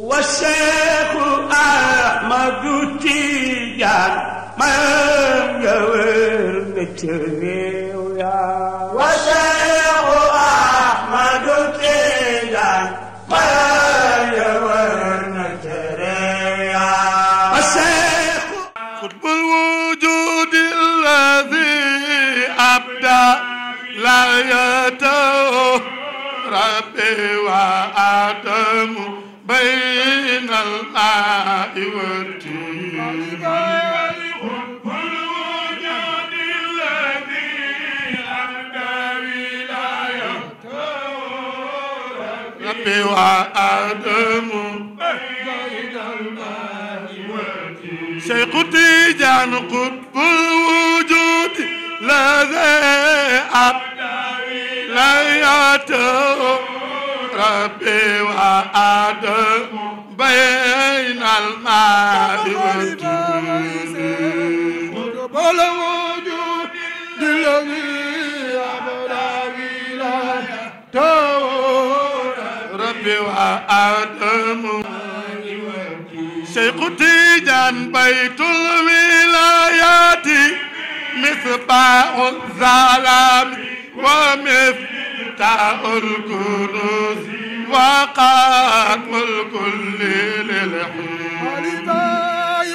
والشيخ أحمد تيجان ما يورد تريويا والشيخ أحمد تيجان ما يورد تريويا الشيخ خطب الوجود الذي أبدى لا يتوه ربي وآدم بين الله والتيم وآدم بين الماء والدين شيخ تيجان قطب الوجود لذي عبد لا يتوب ربي وآدم بين الماء والدين قبل وجود الذي أبدا بلا ربي وآدم شيخ تيجان بيت الولايات مصباح الظلام ومفتاح الكنوز وقاق الكل للحين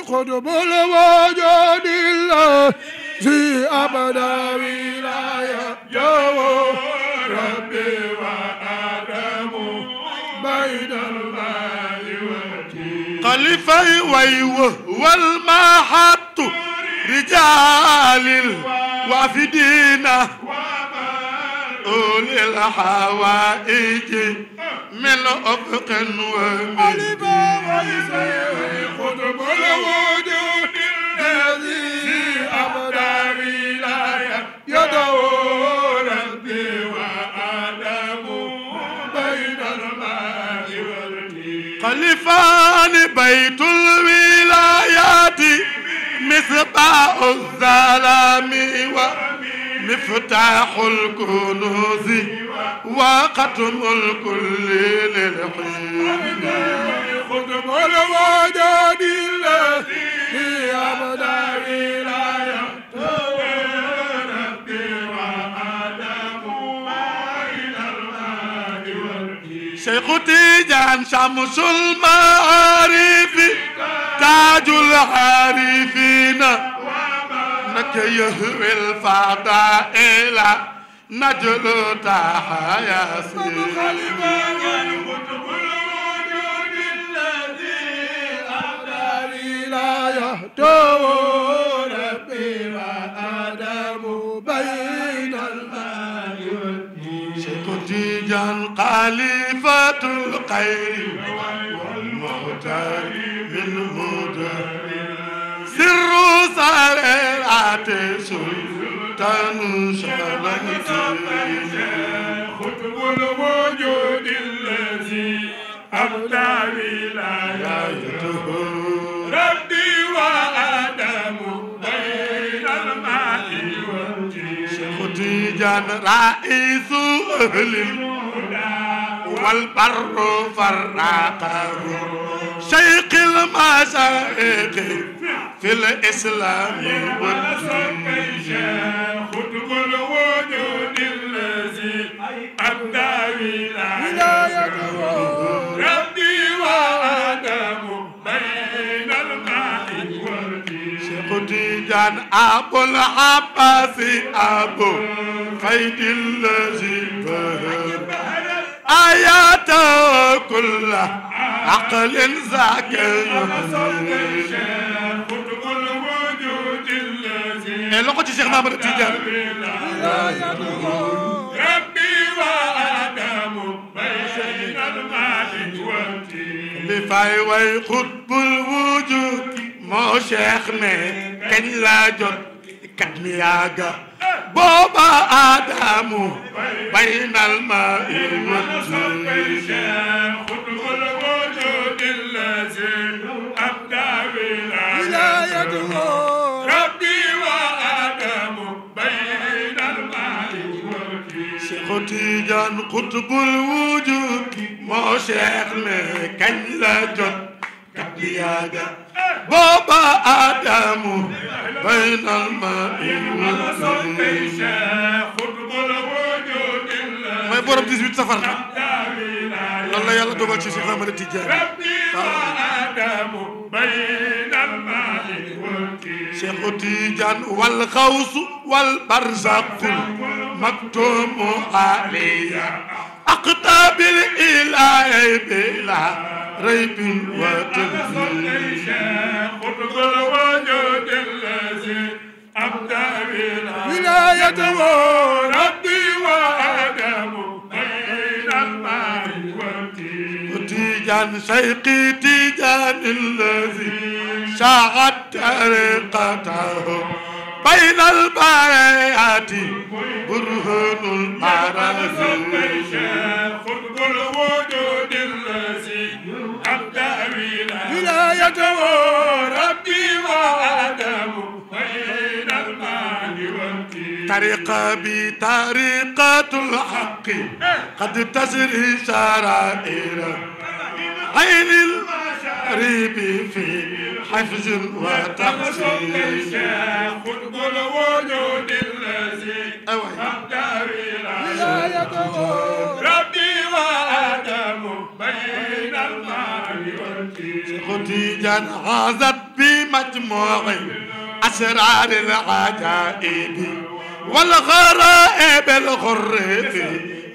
قدم الوجود الذي أبدا ولاية جو ربي وآدم بين الله والدين خليفة ويوه والمحط رجال وافدين أولي الحوائج من أفق ومن خطب الوجود الذي أبدى ولاية يدعو ربي وآدم بين الماء والنيل خلفان بيت الولايات مصباح الظلام ومفتاح الكنوز وختم الكل للحين خدم الوجد الذي أبدا إلى يوم شيخ تيجان شمس المعارف تاج العارفين نك يهوي الفضائل نجل تاح ياسين لا يهدون بما آدم بين الخليفة الخير والموتى من مدر سر سريعة سلطان تنشر خطب الوجود الذي أبدى ولايته ربي وآدم زوجا رئيس أهل المنى والبر فراقه شيخ المشايخ في الإسلام خطب الوجود الذي أدى Cheikh Tidiane Abul Abbas Abu Xaydillazi آيات كل عقل زاكي قطب الوجود الذي لقد شيخ نابر التجار ربي وآدم بين المالك والدين لفاي وي قطب الوجود moo cheikh me kañ laa jot kat mi yaaga booba aadamu baynal ma Tijaan xutbul wujud moo cheikh me kañ la jot كبيادا بابا آدم بين الماء والسمين خطب الوجود ما يبور ب 18 سفر الله يلا دوغال شي شيخ احمد التجاني آدم بين الماء والسمين شيخ التجان والخوص والبرزق مكتوم عليه أقطاب الإله بلا ريب وتنزيل قطب الوجود الذي أبدى بلا ولايته ربي وآدم بين الماء والتين وتيجان شيقي تيجان الذي شاعت طريقته بين البرايات برهن المرازي خذ الوجود الذي أبدأ ولايته ربي وآدم بين المال والدين طريقة بطريقة الحق قد تسري شرائره عين المغرب في حفظ وتحصيل خلق الوجود الذي أبدى ولايته ربي وآدم بين الماء والجيل ختيجا عازت بمجموع أسرار العجائب والغرائب الغرب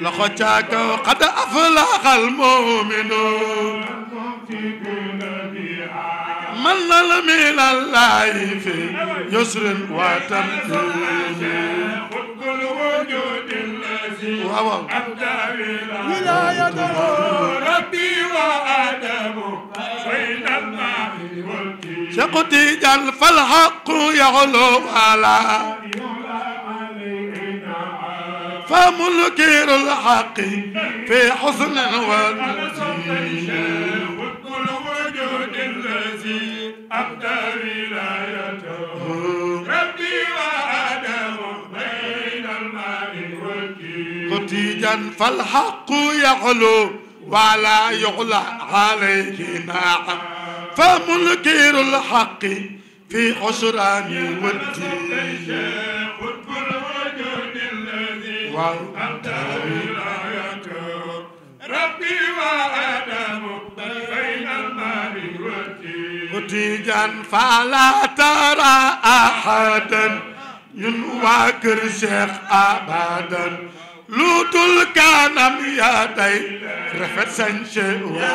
لخطاك قد أفلح المؤمنون من ظلم إلى الله في يسر وتمكين ولاية ربي وآدم بين الماء والكين شقتي جل فالحق يعلو على فمنكر الحق في حسن ونزيل وكل وجود الذي أبدى ولايته ربي وآدم بين الماء والكيل قتيجا فالحق يعلو ولا يعلى عليه نعم فمنكر الحق في حسران والدين قطب الوجود الذي ربي وآدم بين المال والدين خديجا فلا ترى أحدا ينواكر شيخ أبدا lutul kanam يا داي رفت sañse wa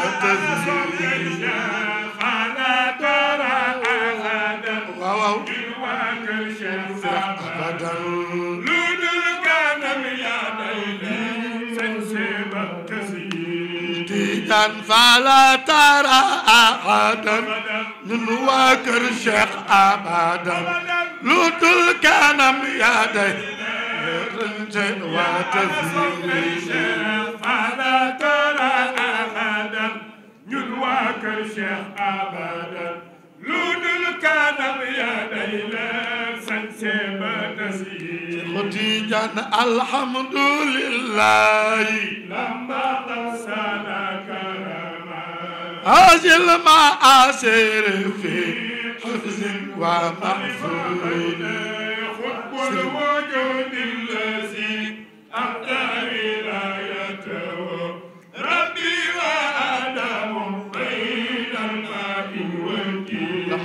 فلا ترى أحدا من واكر شيخ أبدا لو تلك نم يدي رنجن وتزيني فلا ترى أحدا ñun waa kër Cheikh abadan lu dul kaanam yaa day leen sañse ba tas yi xutijaan alhamdulillahi lama qasana karama ajil ma asir fi xafzin wa mahfurin xutbul wujud allazi أحتى ولايته ربي وأنا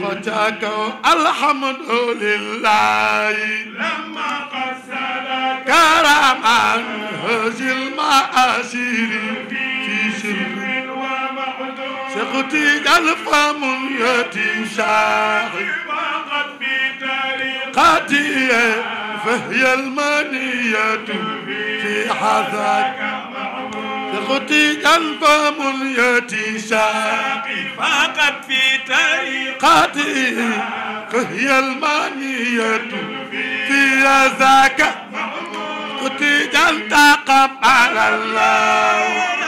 فتاك الحمد لله لما قصد كرما هزي المآسير في سر سقطي ألف من يتيم شاغي قاتية فهي المنية في حذاك اخوتي الفم ياتي ساقي فقط في طريقتي فهي المانية في ذاك اخوتي جل تقبل الله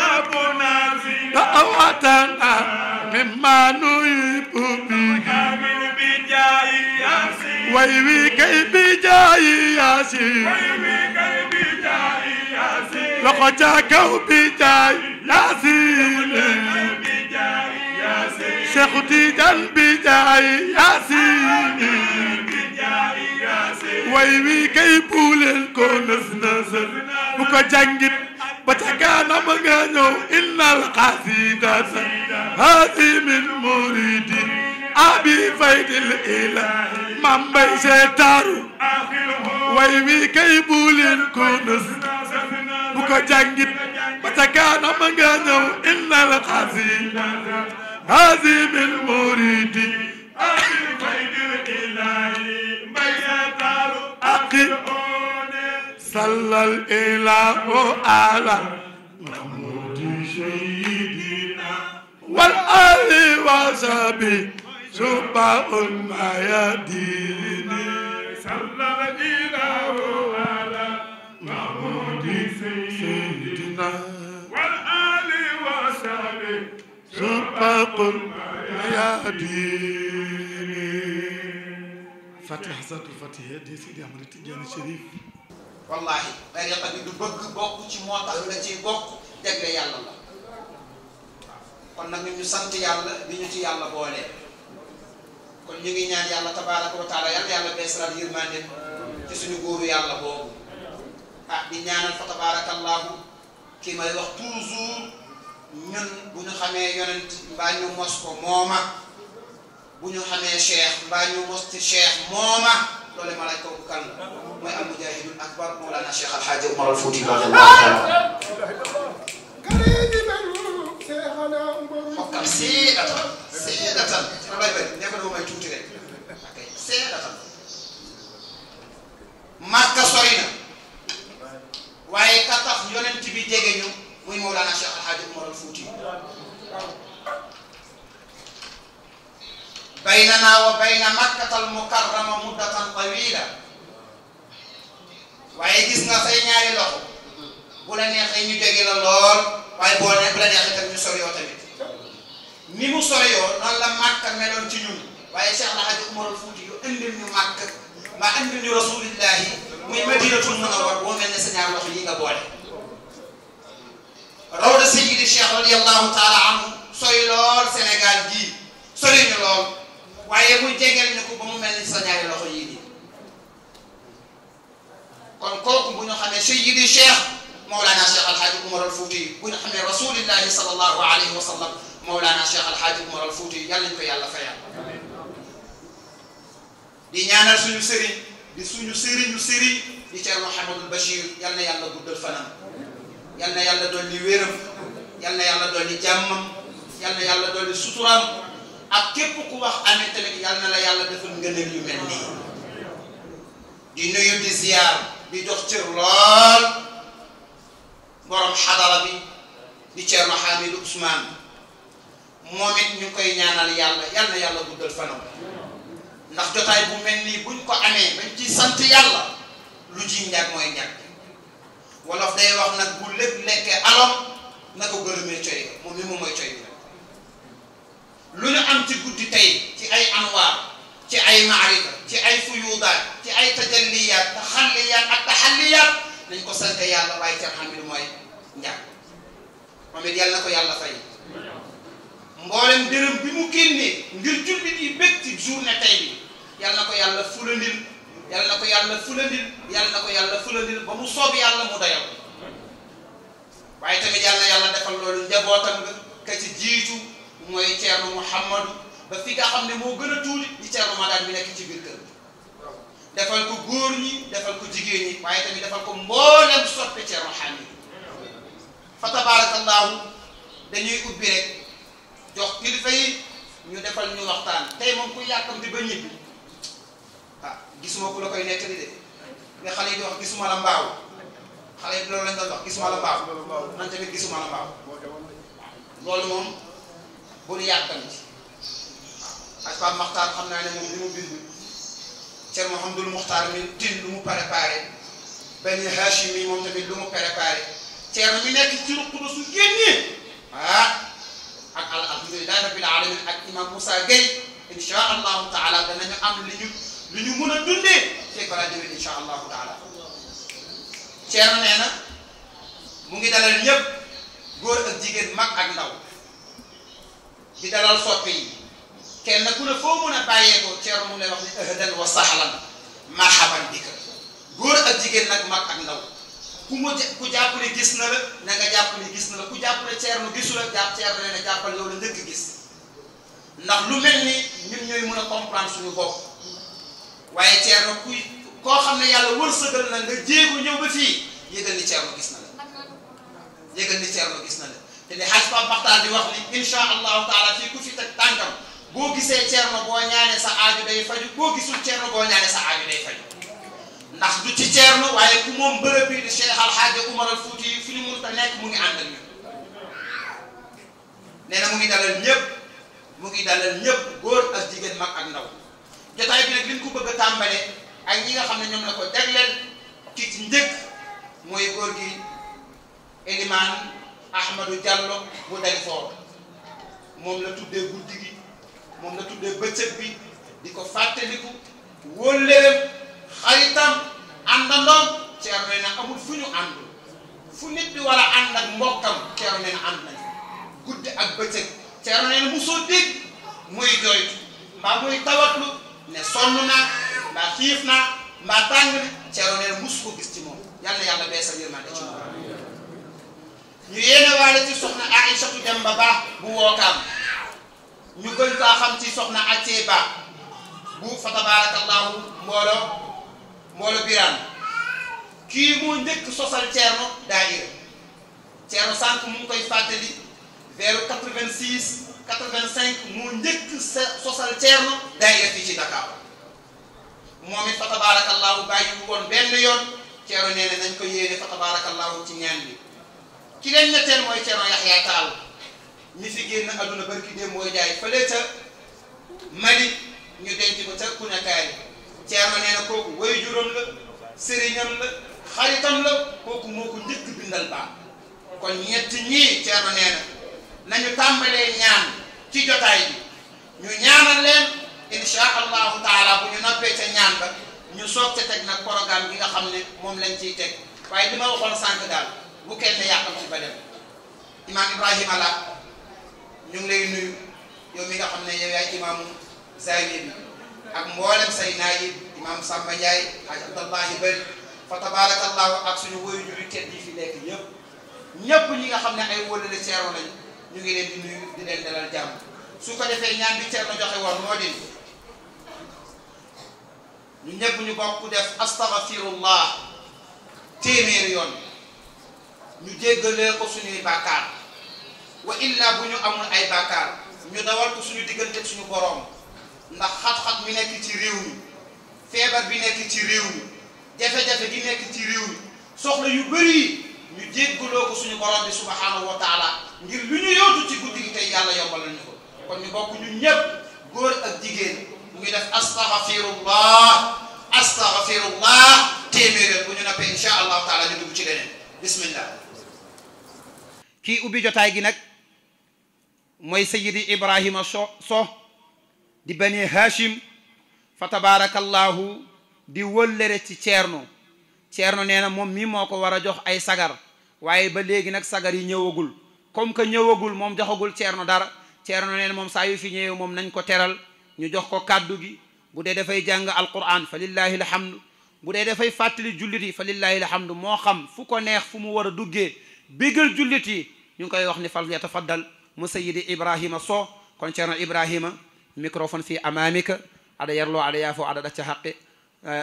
ربنا دعوتنا مما نريد به ويوي كيف جاي ياسين ويوي كيف جاي ياسين loxo ca kaw bi jaay yaasin Seexu Tijaan bi jaay yaasin way wi kay buuleel ko nës nësër bu ko jàngit ba ca kanam nga ñëw innal xasidata hadi min muridin abi faydil ilaah mam bay seetaaru way wi kay buulin kunus bu ko jàngit ba ca kaanam nga ñëw innal xaasi xaasi min muridi abi faydil ilaah bay seetaaru aki sallal ilaahu ala mahmudi sayyidina wal ali wa sabi شفاء ما يديني صلى الإله على محمود سيدنا والآل وصحبه شفاء ما يديني فتح ذات فتح يدي سيدي أحمد التجاني الشريف wallaahi tariqa bi du bëgg bokk ci moo tax nga ciy bokk jagle yàlla la kon nag ñu sant yàlla bi ñu ci yàlla boole. kon ñu ngi ñaan yàlla tabaaraku wa taala yalla na yàlla beesalal yërmande ci suñu góoru yàlla boobu ah di ñaanal fa tabaarakallaahu ki may wax toujours ñun bu ñu xamee yonent ba ñu mos ko mooma bu ñu xamee cheikh ba ñu mos ci cheikh moma lolé ma lay ko kan moy mooy al mujahidul akbar moolana cheikh al alhaaji umar al futi radhiyallahu anhu xokkam seedatan seedatan damay bëri nekk waaye ka tax yonent bi jege ñu muy Mawlana Cheikh El Hadj Omar al Fouti baynana wa bayna makkatal mukarrama muddatan tawila waaye gis nga say ñaari loxo bu la neexee ñu jege la waaye boo ne bu la neexee tamit ñu sori yoo tamit ni mu sori yoo noonu la màkka meloon ci ñun waaye Cheikh El Hadj Umarul Fuuti yu indil ñu màkk ma indil ñu rasulillahi muy madinatul munawwar boo mel ne sa ñaar loxo yi nga boole rawda sayyidi Cheikh radiyallahu taala anhu sori lool Sénégal gii sori ñu lool waaye muy jegeel ñu ko ba mu mel ni sa ñaari loxo yii nii kon kooku bu ñu xamee sayyidi Cheikh مولانا شيخ الحاج عمر الفوتي bu ñu xamee rasulillahi sallallahu alayhi wa sallam مولانا شيخ الحاج عمر الفوتي yàlla ñu ko yàlla fayal di ñaanal suñu sëriñ di suñu sëriñu sëriñ di Cheikh Mouhamadul Bachir yal na yàlla guddal fanam yal na yàlla dolli wéram yal na yàlla dolli jàmmam yal na yàlla dolli suturaam ak képp ku wax amee tamit yal na la yàlla defal ngëneel yu mel nii di nuyu di ziar di dox cër lool. borom xadara bi di Ceerno Hamidou Ousmane moom it ñu koy ñaanal yàlla yal na yàlla guddal fanam ndax jotaay bu mel nii buñ ko amee bañ ci sant yàlla lu ji ñàkk mooy ñàkk wolof day wax nag bu lépp lekkee alom na ko gërëmee coy moom mi moom mooy coy bi lu ñu am ci guddi tey ci ay anwaar ci ay maarifa ci ay fuyuudaat ci ay tajalliyaat taxalliyaat ak taxalliyaat nañ ko sante yàlla waaye carxan bi du mooy njàng moom it yàlla ko yàlla fay mboolem dërëm bi mu génnee ngir jullit yi bég ci journée tey bi yàlla na ko yàlla fulandil yàlla na ko yàlla fulandil ko yàlla fulandil ba mu soob yàlla mu doyal waaye tamit yàlla yàlla defal loolu njabootam nga ka ci jiitu mooy Ceerno Muhammadu ba fi nga xam ne moo gën a tuuti ñi Ceerno Madaan bi nekk ci biir kër defal ko góor ñi defal ko jigéen ñi waaye tamit defal ko mboolem soppe Ceerno Hamidou fa tabaarakallaahu dañuy ubbi rek jox kilifa yi ñu defal ñu waxtaan tey moom ku yàkkam di ba ñibbi ah gisuma ku la koy nettali de nga xale yi di gisuma la mbaaw xale yi loolu lañ doon wax gisuma la mbaaw loolu moom bu nu yàkkam waaw ah, ak Pape xam naa ne moom li mu bind Thierno Mouhamadul Muxtaar mi tin lu mu préparé Bani Hachim mi moom tamit lu mu préparé Thierno mi nekk ci ruq ba su génnee ah ak alhamdulilah rabbil alamin ak imam Moussa Gueye incha allahu taala danañu am li ñu li ñu mën a dundee fekk balaa déwén incha allahu taala Thierno nee na mu ngi dalal ñëpp góor ak jigéen mag ak ndaw di dalal soppi yi. kenn ku ne foo mën a bàyyeekoo ceero mu lay wax ne ahlan wa sahlan marhaban góor ak jigéen nag mag ak ndaw ku ma ku jàppale gis na la na gis na la ku jàppale ceerno gisu la jàpp ceerno nee na jàppal gis ndax lu mel ni ñun ñooy mën a comprendre suñu bopp waaye ceerno kuy koo xam ne yàlla wërsëgal na nga jéego ñëw ba fii yëgal ni ceerno gis na la yëgal ni ceerno gis na la te li xaj ba Baxtaar di wax ni insha allahu taala fii ku fi teg tànkam boo gisee Thierno boo ñaanee sa aaju day faju boo gisul Thierno boo ñaanee sa aaju day faju ndax du ci Thierno waaye ku moom bërëb yi di Cheikh Alxaaji Umar Fuuti yi fi ñu mënta mu ngi ànd ak ñun nee na mu ngi dalal ñëpp mu ngi dalal ñëpp góor ak jigéen mag ak ndaw jotaay bi nag li ñu ko bëgg tàmbale ak ñi nga xam ne ñoom la ko jagleel ci ci njëkk mooy góor gi Elimaan Ahmadou Diallo bu Dalifort moom la tuddee guddi gi. moom la tuddee bëccëg bi di ko fàttaliku wóolleem xaritam àndandoom ceer nee na amul fu ñu àndul fu nit bi war a ànd ak mbokkam ceer nee na ànd nañ guddi ak bëccëg ceer nee na mosoo muy jooytu mbaa muy tawatlu ne sonn naa mbaa xiif naa mbaa tàng na ceer nee na ko gis ci moom yàlla yàlla beesal yërmande ci moom ñu yéene waale ci soxna Aïssatou dem ba baax bu wookaam ñu gën kaa xam ci soxna Athie Ba bu fa tabaarakallaahu mbooloo mbooloo biraan kii moo njëkk sosal Thierno daayira Thierno sànq mu ngi koy fàttali vers quatre-vingt-six quatre-vingt-cinq moo njëkk sa sosal Thierno daayira fii ci Dakar moom it fa tabaarakallaahu bàyyi woon benn yoon Thierno nee nañ ko yéene fa tabaarakallaahu ci ñaan bi ki leen ñetteel mooy Thierno Yaxya Taal mi fi génn àdduna barki dem mooy jaay fële ca Mali ñu denc ko ca Kunakaari Thierno nee na kooku way juróom la sëriñam la xaritam la kooku moo ko njëkk bindal baax kon ñett ñii Thierno nee na nañu tàmbalee ñaan ci jotaay bi ñu ñaanal leen insha allahu taala bu ñu noppee ca ñaan ba ñu soog ca teg nag programme bi nga xam ne moom lañ ciy teg waaye li ma waxoon sànq daal bu kenn yàqam ci ba dem imaam Ibrahima la ñu ngi lay nuyu yow mi nga xam ne yow yaay imaamu Zawiya ak mboolem say naayib imaam Samba Ndiaye xaaj Abdallah yu bëri fa tabarakallahu ak suñu woyu ñu tedd yi fi nekk ñëpp ñëpp ñi nga xam ne ay wóor la ñu su ko defee ñaan bi ceerno joxe woon moo di ñu ñëpp bokk def astaghfirullah téeméeri yoon ñu jéggalee ko suñuy bàkkaar wa illaa bu ñu amul ay bàkkaar ñu dawal ko suñu diggante suñu boroom ndax xat-xat mi nekk ci réew mi feebar bi nekk ci réew mi jafe-jafe gi nekk ci réew soxla yu bëri ñu jéggaloo ko suñu borom bi subhaanahu wa taala ngir lu ñu yootu ci guddi gi tey yàlla yombalal ñu ko kon ñu bokk ñun ñëpp góor ak jigéen mu ngi def astaghfirullah astaghfirullah téeméer bu ñu nappee insha allahu taala ñu dugg ci leneen bismillah kii ubbi jotaay gi nag mooy sayidi ibrahima so di bani hashim fa tabarakallahu di wëllëre ci ceerno ceerno nee na moom mii moo ko war a jox ay sagar waaye ba léegi nag sagar yi ñëwagul comme que ñëwagul moom joxagul ceerno dara ceerno nee na moom saa yu fi ñëwee moom nañ ko teral ñu jox ko kàddu gi bu dee dafay jàng alquran fa lillahi alhamdu bu dee dafay fàttali jullit yi fa xam fu ko neex fu mu war a duggee bégal ñu koy wax ni fal yatafaddal mo sayyidi ibrahima so kono ceerno ibrahima microphone fi amamika aɗa yerlo aɗa yaafo aɗa ɗacca haqqe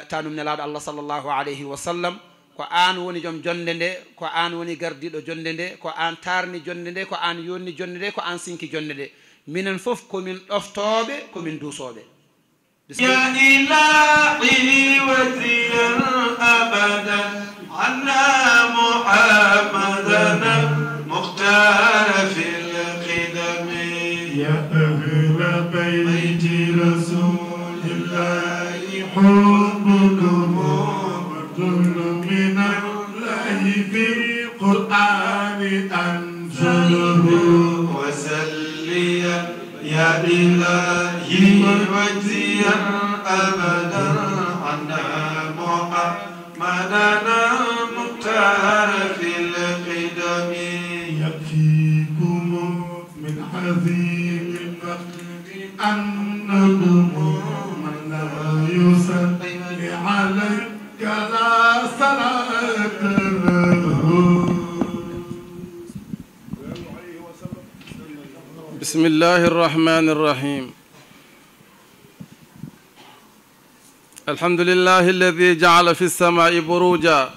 tanum nelaɗo allah sallllahu alayhi wa sallam ko an woni joom jonde nde ko an woni gardiɗo jonde nde ko an tarni jonde nde ko an yonni jonde nde ko an sinki jonde nde minen fof komin ɗoftoɓe komin duusoɓe يا إلهي وزيا أبدا عنا محمدا مختار في بيت رسول الله الله من في القران انزله يا الهي أبدا عنا محمدنا مختارا بسم الله الرحمن الرحيم الحمد لله الذي جعل في السماء بروجا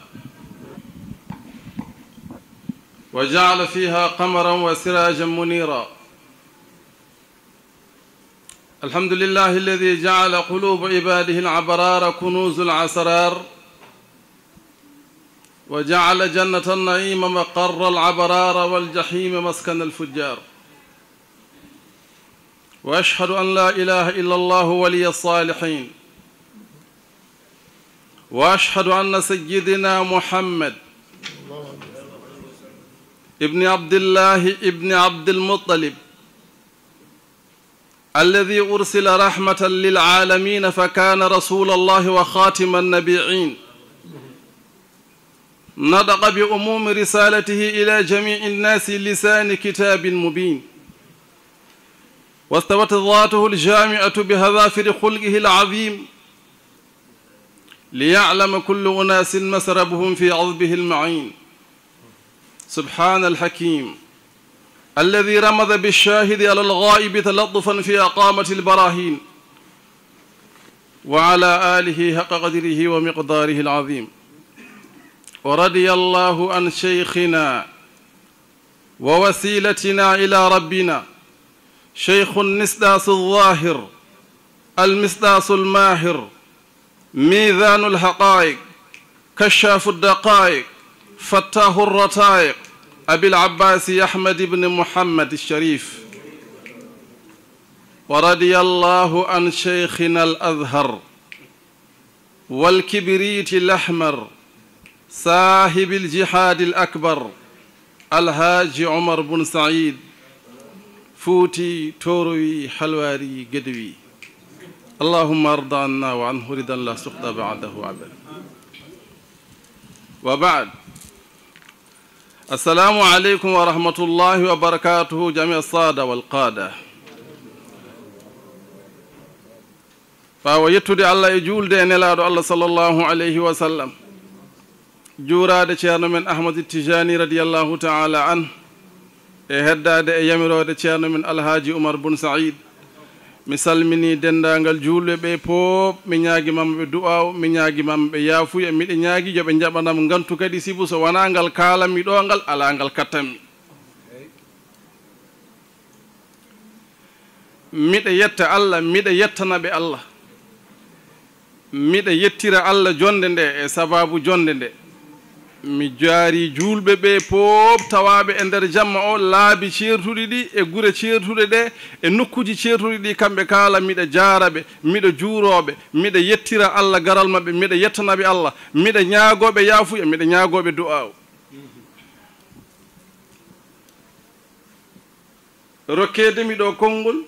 وجعل فيها قمرا وسراجا منيرا الحمد لله الذي جعل قلوب عباده العبرار كنوز العسرار وجعل جنة النعيم مقر العبرار والجحيم مسكن الفجار وأشهد أن لا إله إلا الله ولي الصالحين وأشهد أن سيدنا محمد ابن عبد الله ابن عبد المطلب الذي أرسل رحمة للعالمين فكان رسول الله وخاتم النبيين نطق بأموم رسالته إلى جميع الناس لسان كتاب مبين واستوت ذاته الجامعة بهذافر خلقه العظيم ليعلم كل أناس مسربهم في عذبه المعين سبحان الحكيم الذي رمز بالشاهد على الغائب تلطفا في اقامه البراهين وعلى اله حق قدره ومقداره العظيم ورضي الله عن شيخنا ووسيلتنا الى ربنا شيخ النسداس الظاهر المسداس الماهر ميزان الحقائق كشاف الدقائق فتاه الرتائق أبي العباس أحمد بن محمد الشريف ورضي الله عن شيخنا الأزهر والكبريت الأحمر صاحب الجهاد الأكبر الهاج عمر بن سعيد فوتي توروي حلواري قدوي اللهم ارضى عنا وعنه رضا لا سخط بعده عبد وبعد السلام عليكم ورحمة الله وبركاته جميع الصادة والقادة ɓaawa yettude allah e juulde e nelaaɗo allah sallllahu alayhi wa sallam juuraade ceerno men ahmadou tijani radiallahu taala an e heddaade e yamiroode ceerno men alhaaji oumar bun saïd mi salminii denndaangal juulɓe ɓe pop mi ñaagi mama ɓe du'aw mi ñaagi mama ɓe yaafuya miɗe ñaagi yo ɓe njaɓanam ngantu kadi sibu so wonaa ngal kaalami ɗo ngal alaangal kattanmi miɗe yetta allah miɗe yettana ɓe allah miɗe yettira allah jonde nde e sababu jonde nde mi jaari julɓe ɓe pop tawaɓe e nder jamma o laabi ceertuɗi ɗi e gure ceertuɗe ɗe e nokkuji ceertuɗi ɗi kamɓe kala miɗa jaaraɓe miɗa juuroɓe miɗa yettira allah garal maɓɓe miɗa yettanaɓe allah miɗa ñaagoɓe yaafuya miɗa ñaagoɓe du'a o rokkede miɗo konngol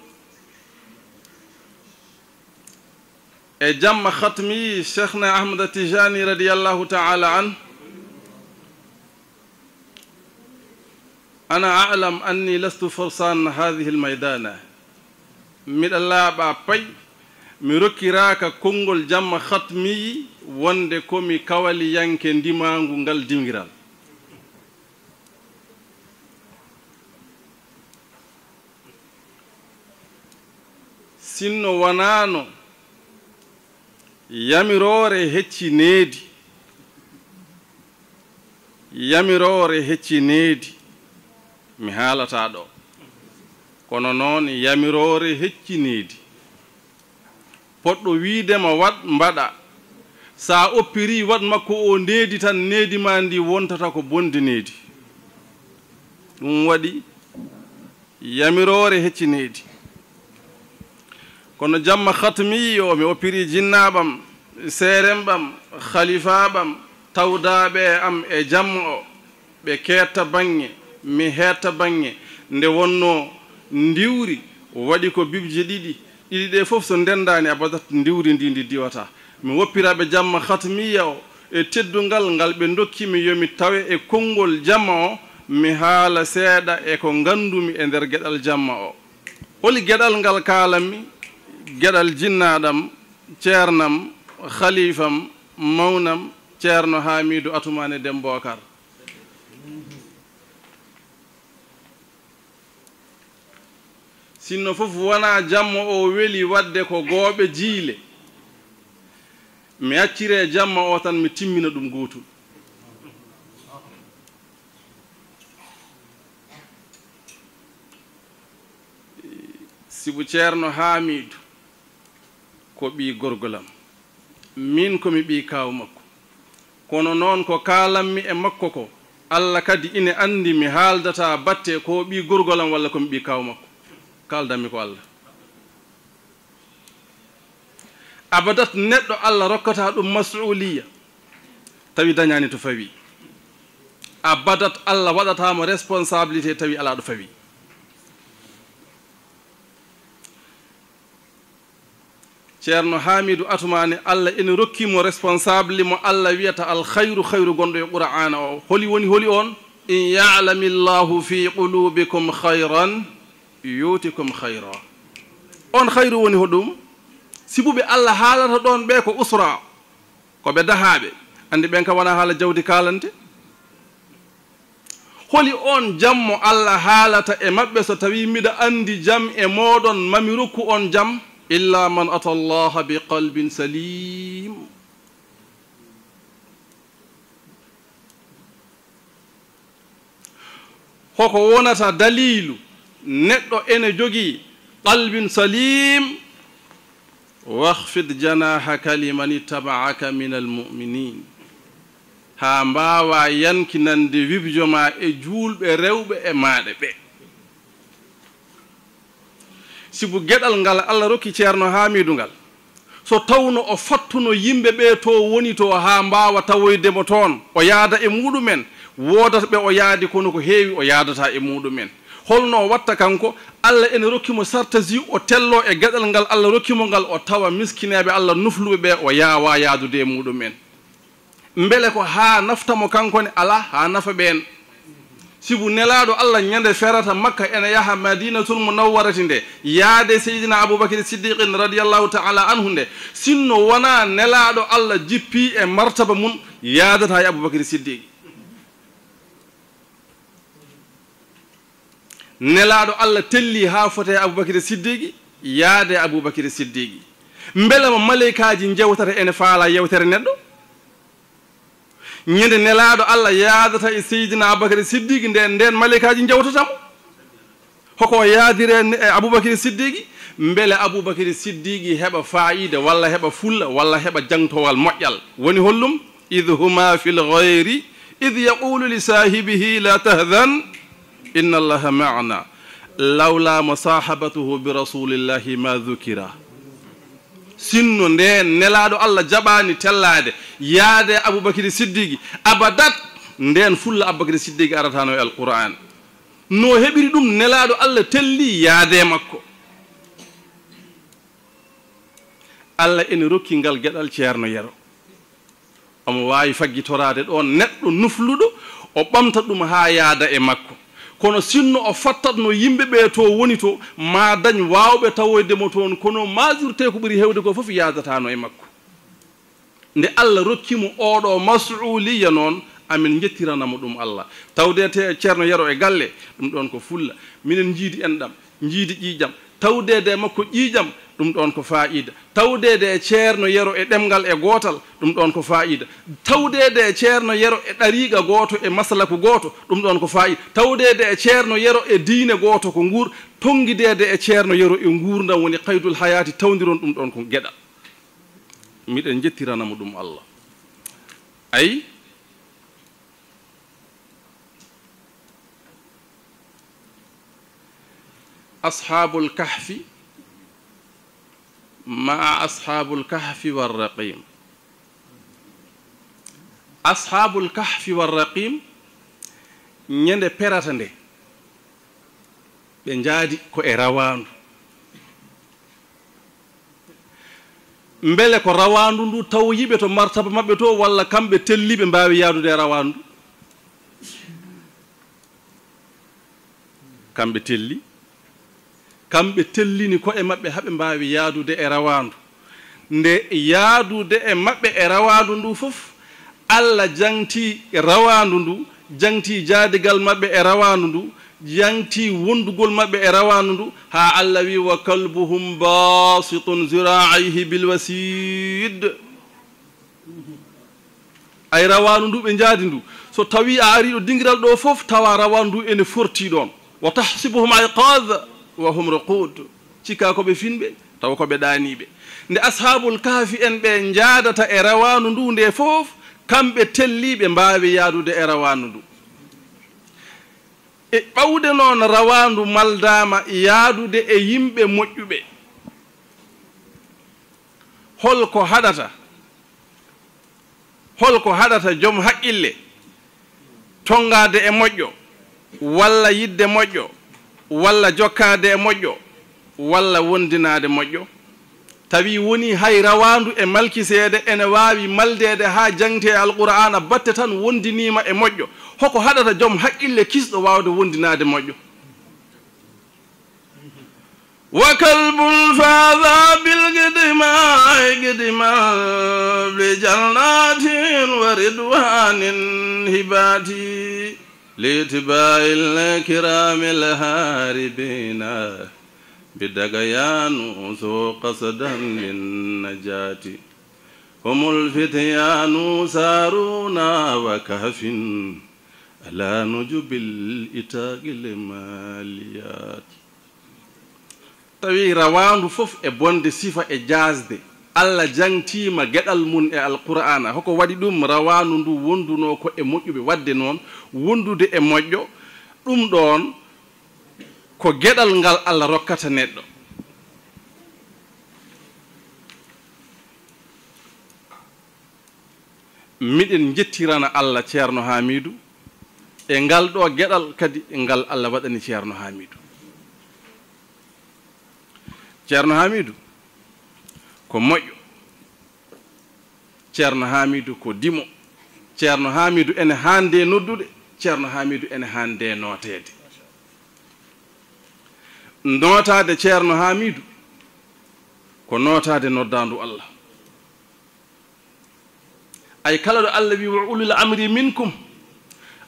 e jamma khatmi cheikhna ahmada tijani radiallahu taala an ana alam anni lastu forsan hadihi lmaydana miɗa laaɓa pay mi rokkiraka konngol jamma hatmiyi wonde komi kawali yanke ndimangu ngal dimgiral sinno wonano yamirore heccineedi yamirore heccineedi mi haalata ɗo kono noon yamiroore hecciniidi poɗɗo wiidema waɗ mbaɗa so a oppiri wat makko o ndeedi tan needi ma ndi wontata ko bondiniidi ɗum waɗi yamiroore hecciniidi kono jamma khatmiyi o mi oppiri jinnaɓam seerem ɓam khalifaɓam tawdaɓe am e jamma o ɓe keetta baŋŋe mi heetta baŋnge nde wonnoo ndiwri waɗi ko bibje ɗiɗi ɗiɗi ɗe fof so ndenndaani abadat ndiwri ndi ndi diwata mi woppiraaɓe jamma hatmiya o e teddungal ngal ɓe ndokkimi yo mi tawe e konngol jamma o mi haala seeɗa e ko nganndumi e ndeer geɗal jamma o holi geɗal ngal kaalanmi geɗal jinnaaɗam ceernam khalifam mawnam ceerno haamidou atumaane dembo kar sinno fof wona jamma o weli wadde ko gooɓe jiile mi accire jamma o tan mi timmina ɗum gootum sibu ceerno haamidu ko ɓii gorgolam min komi ɓii kaw makko kono noon ko kaalanmi e makko ko allah kadi ine anndi mi haaldata batte ko ɓii gorgolam walla komi ɓii kaw makko kaldammi ko allah abadat neɗɗo allah rokkata ɗum masuliya tawi dañani to fawi abadat allah waɗatamo responsibility tawi ala ɗo fawi ceerno hamidou atumani allah ene rokkimo responsable mo allah wiyata alkhayru khairu gonɗo e qur'ana o holi woni holi on in yalami llahu fi qulubikum khairan yuutikum hayro on hayru woni hoɗum sibuɓe allah haalata ɗon ɓe ko usra ko ɓe dahaaɓe anndi ɓen kam wona haala jawdi kaalante holi on jammo allah haalata e maɓɓe so tawi mbiɗa anndi jam e mooɗon mami rukku on jam illa man ata llaha bi qalbin salim hoko wonata dalilu neɗɗo ene jogii qalbin salim wahfid janahaka liman ittabaaka min almuminin haa mbaawa yankinande wibjo maa e juulɓe rewɓe e maaɗe ɓee sibu geɗal ngal allah rokki ceerno haamidu ngal so tawno o fattuno yimɓe ɓee to woni to haa mbaawa tawoydemo toon o yaada e muɗumen woodata ɓe o yaadi kono ko heewi o yaadata e muɗumen holno watta kanko allah ene rokkimo sartasi o tello e gaɗal ngal allah rokkimo ngal o tawa miskineɓe allah nufluɓe ɓe o yawa yaadude e muɗumen mbele ko haa naftamo kankone ala haa nafa ɓeen sibu nelaɗo allah ñande ferata makka ene yaha madinatul munawwarati nde yaade seydina aboubacry siddiqin radiallahu taala anhu nde sinno wona nelaɗo allah jippi e martaba mum yaadata e aboubacry siddiqi nelaaɗo allah telli haa fotee aboubacry siddiqui yaade aboubacry siddiqui mbele ma maleykaaji njewtata ene faala yewtere neɗɗo ñande nelaaɗo allah yaadata e seydina aboubacry siddiqui nde nden maleykaaji njewtatamo hoko yaadire e aboubacry siddiqui mbele aboubacry siddiqui heɓa faayide walla heɓa fulla walla heɓa jangtowal moƴƴal woni hollum id huma fil geyri id yaqulu li sahibihi la tahdan inna allaha maana lawla musahabatuhu bi rasulillahi ma dukira sinno nde nelaɗo allah jaɓani tellade yaade aboubacry siddigui abadat nden fulla aboubacry siddigui aratano e alquran no heɓiri ɗum nelaɗo allah telli yaade makko allah ene rokki ngal gueɗal ceerno yero omo wawi faggitorade ɗo neɗɗo nufluɗo o ɓamta ɗum ha yaada e makko kono sinno o fattatno yimɓe ɓee to woni to ma dañ waawɓe tawoyde mo toon kono majorité ko ɓuri heewde ko fof yaadatano e makko nde allah rokkimo oɗo masuliya noon amin jettiranamo ɗum allah tawdete ceerno yero e galle ɗum ɗon ko fulla minen jiidi en ɗam jiidi ƴiiƴam tawdede makko ƴiiƴam ɗum ɗon ko faa'ida tawdeede e ceerno yero e ɗemngal e gootal ɗum ɗon ko faa'ida tawdeede e ceerno yero e ɗariiga gooto e maslaku gooto ɗum ɗon ko faa'ida tawdeede e ceerno yero e diine gooto ko nguur tonngideede e ceerno yero e nguurndam woni kaydul hayaati tawndiron ɗum ɗon ko geɗa miɗen jettiranamo ɗum allah ayi ashabul kahfi maa ashabu lkahfi waarraqim ashabu lkahfi waarraqim ñande perata nde ɓe njaadi ko e rawaandu mbele ko rawaandu ndu tawyiɓe to martaba maɓɓe to walla kamɓe telliɓe mbaawi yaadude e rawaandu kamɓe telli kamɓe tellini ko'e maɓɓe haɓe mbaawi yaadude e rawaandu nde yaadude e maɓɓe e rawaandu ndu fof allah jantii rawaandu ndu jantii jaadigal maɓɓe e rawaandu ndu jantii wondugol maɓɓe e rawaandu ndu haa allah wii wa kalbuhum basitun ziraaihi bilwasid ay rawaandu ndu ɓe njaadi ndu so tawii a arii ɗo dingiral ɗo fof tawa rawaandu ndu ene fortii ɗoon wa tahsibuhum aiqaad wa hum rokud cikka ko ɓe finɓe taw ko ɓe ɗaniɓe nde ashabul kaafi en ɓe jaadata e rawanu ndu nde fof kamɓe telliɓe mbawi yaadude e rawanu ndu e ɓawde noon rawandu maldama yaadude e yimɓe moƴƴuɓe holko haɗata holko haɗata joom haqqille tongade e moƴƴo walla yidde moƴƴo walla jokkaade e moƴƴo walla wondinaade moƴƴo tawi woni hay rawaandu e malkiseede ene waawi maldeede haa jangtee alqur'ana batte tan wondiniima e moƴƴo hoko haɗata joom haqqille kisɗo waawde wondinaade moƴƴo wa kalbul fada bilgidimai gidima bi jannatin wa ridwanin hibati لاتباع الكرام الهاربين بدقيان سو قصدا للنجاة هم الفتيان سارونا وكهف ألا نجب الإتاق لماليات توي رواند فوف ابوند صفة اجازده allah jangtima geɗal mum e alqur'ana hoko waɗi ɗum rawanu ndu wonduno ko e moƴƴuɓe wadde noon wondude e moƴƴo ɗum ɗon ko geɗal ngal allah rokkata neɗɗo miɗen jettirana allah ceerno hamidou e ngal ɗo geɗal kadi e ngal allah waɗani ceerno hamidou ceerno hamidou ko moƴƴo ceerno hamidou ko dimo ceerno hamidou ene hande noddude ceerno hamidou ene hande notede notade ceerno hamidou ko notade noddandu allah ay kala ɗo allah wi wa ulil amri minkum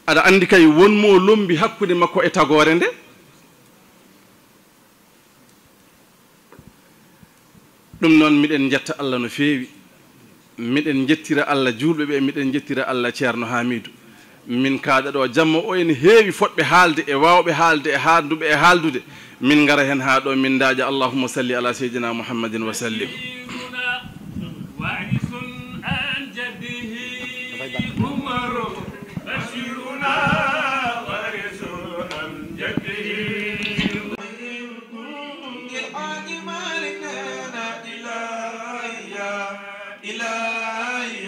aɗa andi kay wonmo lombi hakkude makko e tagore nde ɗum noon miɗen jetta allah no feewi miɗen jettira allah juulɓe ɓe miɗen jettira allah ceerno hamidou min kaaɗa ɗo jamma o ene heewi fodɓe haalde e waawɓe haalde e haanduɓe e haaldude min ngara heen haa ɗo min daaja allahuma salli ala seydina mouhammadin wa sallim Thank you.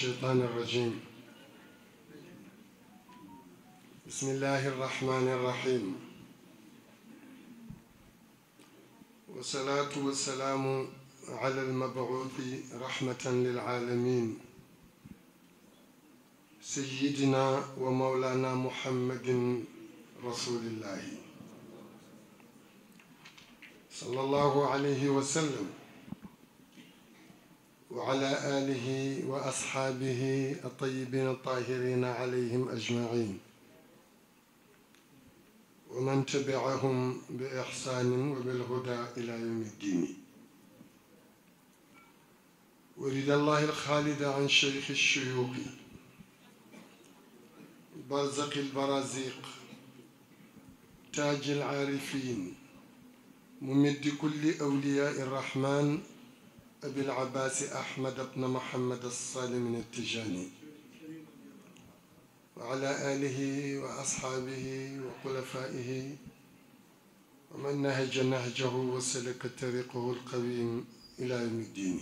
الشيطان الرجيم بسم الله الرحمن الرحيم والصلاة والسلام على المبعوث رحمة للعالمين سيدنا ومولانا محمد رسول الله صلى الله عليه وسلم وعلى آله وأصحابه الطيبين الطاهرين عليهم أجمعين ومن تبعهم بإحسان وبالهدى إلى يوم الدين ورد الله الخالد عن شيخ الشيوخ برزق البرازيق تاج العارفين ممد كل أولياء الرحمن أبي العباس أحمد بن محمد الصالم التجاني وعلى آله وأصحابه وخلفائه ومن نهج نهجه وسلك طريقه القويم إلى يوم الدين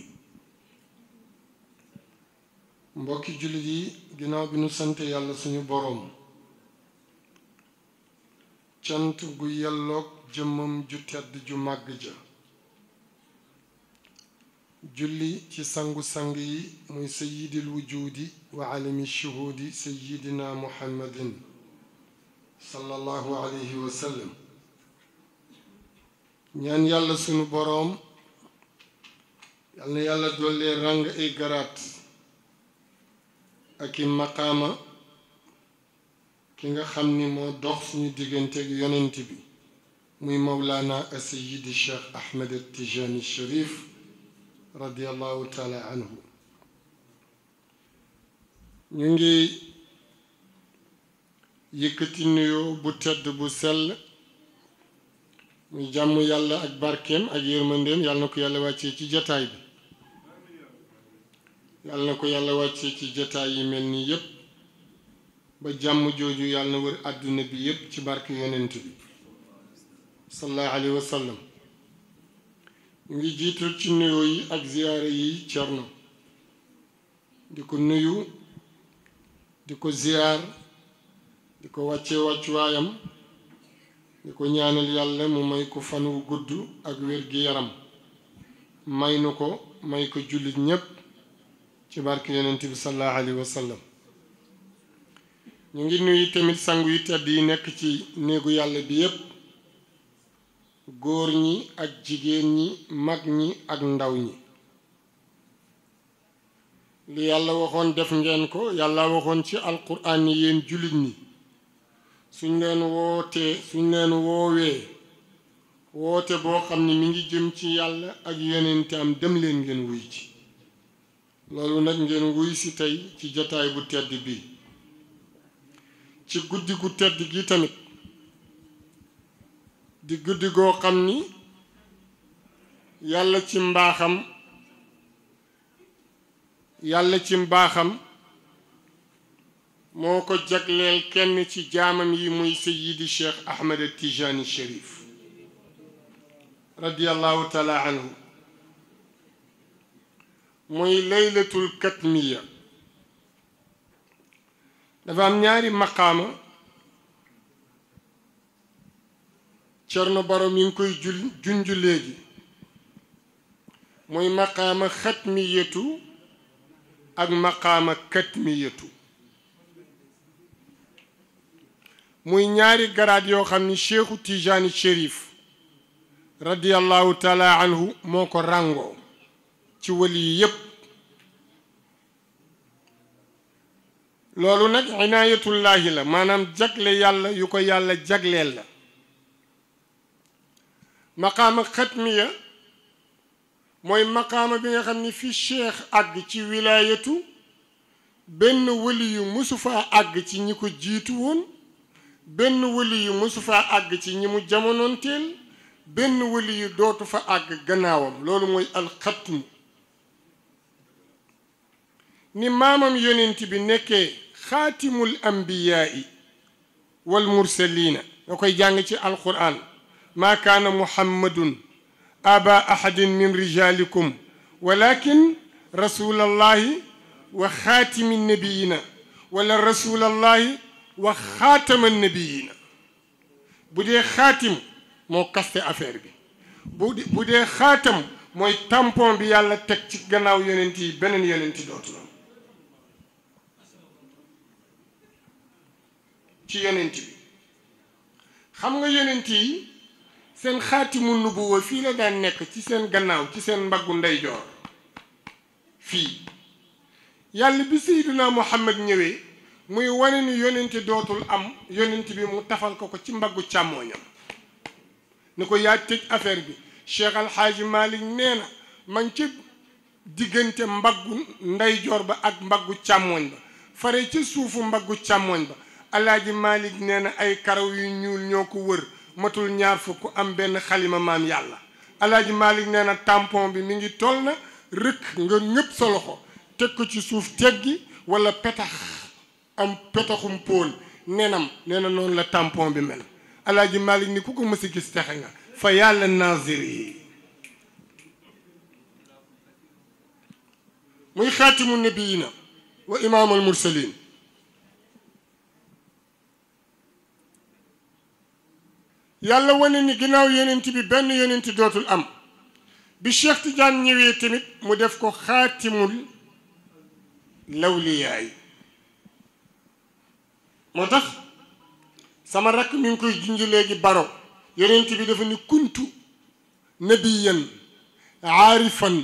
mbokki جلدي yi ginnaaw bi nu sant yàlla suñu boroom cant gu جمع jëmmam julli ci sangu-sang yi muy sayidil wujudi wa alami shuhudi sayidina muhammadin sallallahu alayhi wa ñaan yàlla suñu boroom yal na yàlla dollee ràng ay garaat ak i maqaama ki nga xam ni moo dox suñu digganteeg yonent bi muy mawlaana a sayidi cheikh ahmed al tijani sharif radiallahu taala anhu ñu ngi yëkkati nuyoo bu tedd bu sell muy jàmm yàlla ak barkeem ak yërmandeem yàlla na ko yàlla wàccee ci jataay bi yàlla na ko yàlla wàccee ci jataay yi mel nii yépp ba jàmm jooju yàlla na wër bi yépp ci barke yonent bi sallallahu alayhi wa ngi jiital ci nuyoo yi ak ziyaare yi cerno di ko nuyu di ko ziyaar di ko wàccee wàccuwaayam di ko ñaanal yàlla mu may ko fan wu gudd ak wér gi yaram may nu ko may ko jullit ñépp ci barki yonente bi salaa alayhi wa sallam ñu ngi nuyu tamit sangu yu tedd yi nekk ci néegu yàlla bi yépp góor ñi ak jigéen ñi mag ñi ak ndaw ñi li yàlla waxoon def ngeen ko yàlla waxoon ci alquran ni yéen jullit ñi suñ ngeen woowee woote boo xam ne mi ngi jëm ci yàlla ak yonente am dem leen ngeen wuy ci loolu nag ngeen wuy si tey ci jataay bu tedd bi ci guddi gu tedd gi tamit di guddi go xam ni yàlla ci mbaaxam yàlla ci mbaaxam moo ko jagleel kenn ci jaamam yi muy sayidi cheikh ahmed tijani sharif radiallahu taala anhu muy laylatul katmiya dafa am ñaari maqaama Cerno Baro mi ngi koy jul junju léegi muy maqaama xatmiyatu ak maqaama katmiyatu muy ñaari garaat yoo xam ni Cheikhu Tijaani Chérif radiyallahu taala anhu moo ko ràngoo ci wali yi yépp loolu nag inaayatullaahi la maanaam jagle yàlla yu ko yàlla jagleel la maqaama xatmiya mooy maqaama bi nga xam ni fi cheikh àgg ci wilaayatu benn wëli yu faa àgg ci ñi ko jiitu woon benn wëli yu faa àgg ci ñi mu jamonoonteel benn wëli dootu fa àgg gannaawam loolu mooy alxatmi ni maamam yonent bi nekkee xaatimul ambiyaa'i wal mursaliina nga koy jàng ci alquran ما كان محمد أبا أحد من رجالكم ولكن رسول الله وخاتم النبيين ولا رسول الله وخاتم النبيين بودي خاتم مو كاستي أفير بي بودي, بودي خاتم مو tampon بي yàlla teg ci gannaaw yonent yi beneen yonent dootul am ci yonent seen xaatimu nubuwa fii la daan nekk ci seen gannaaw ci seen mbaggu ndeyjoor fii yàlla bi seyduna muhammad ñëwee muy wane ni yonent dootul am yonent bi mu tafal ko ko ci mbaggu càmmooñam ni ko yaa tëj affaire bi cheikh alxaaji malik nee na man ca diggante mbaggu ndeyjoor ba ak mbaggu càmmooñ ba fare ci suufu mbaggu càmmooñ ba alaaji malik nee ay karaw yu ñuul ñoo ko wër matul ñaar fukk am ben khalima mam yàlla alaaji malik neena tampon bi mi ngi tolna rek nga ñëpp so loxo tek ko ci suuf teggi wala petax am petaxum póol nenam nee non la tampon bi mel alaaji malik ni kuko mësi gis texe nga fa yàlla naziri muy khatimun nabiyina wa imamul mursalin yàlla wane ni ginnaaw yonent bi benn yonent dotul am bi Cheikh Tidiane ñewé tamit mu def ko khatimul lawliyaay motax sama rak mi ngui koy junj léegi baro yonent bi dafa ni kuntu nabiyyan aarifan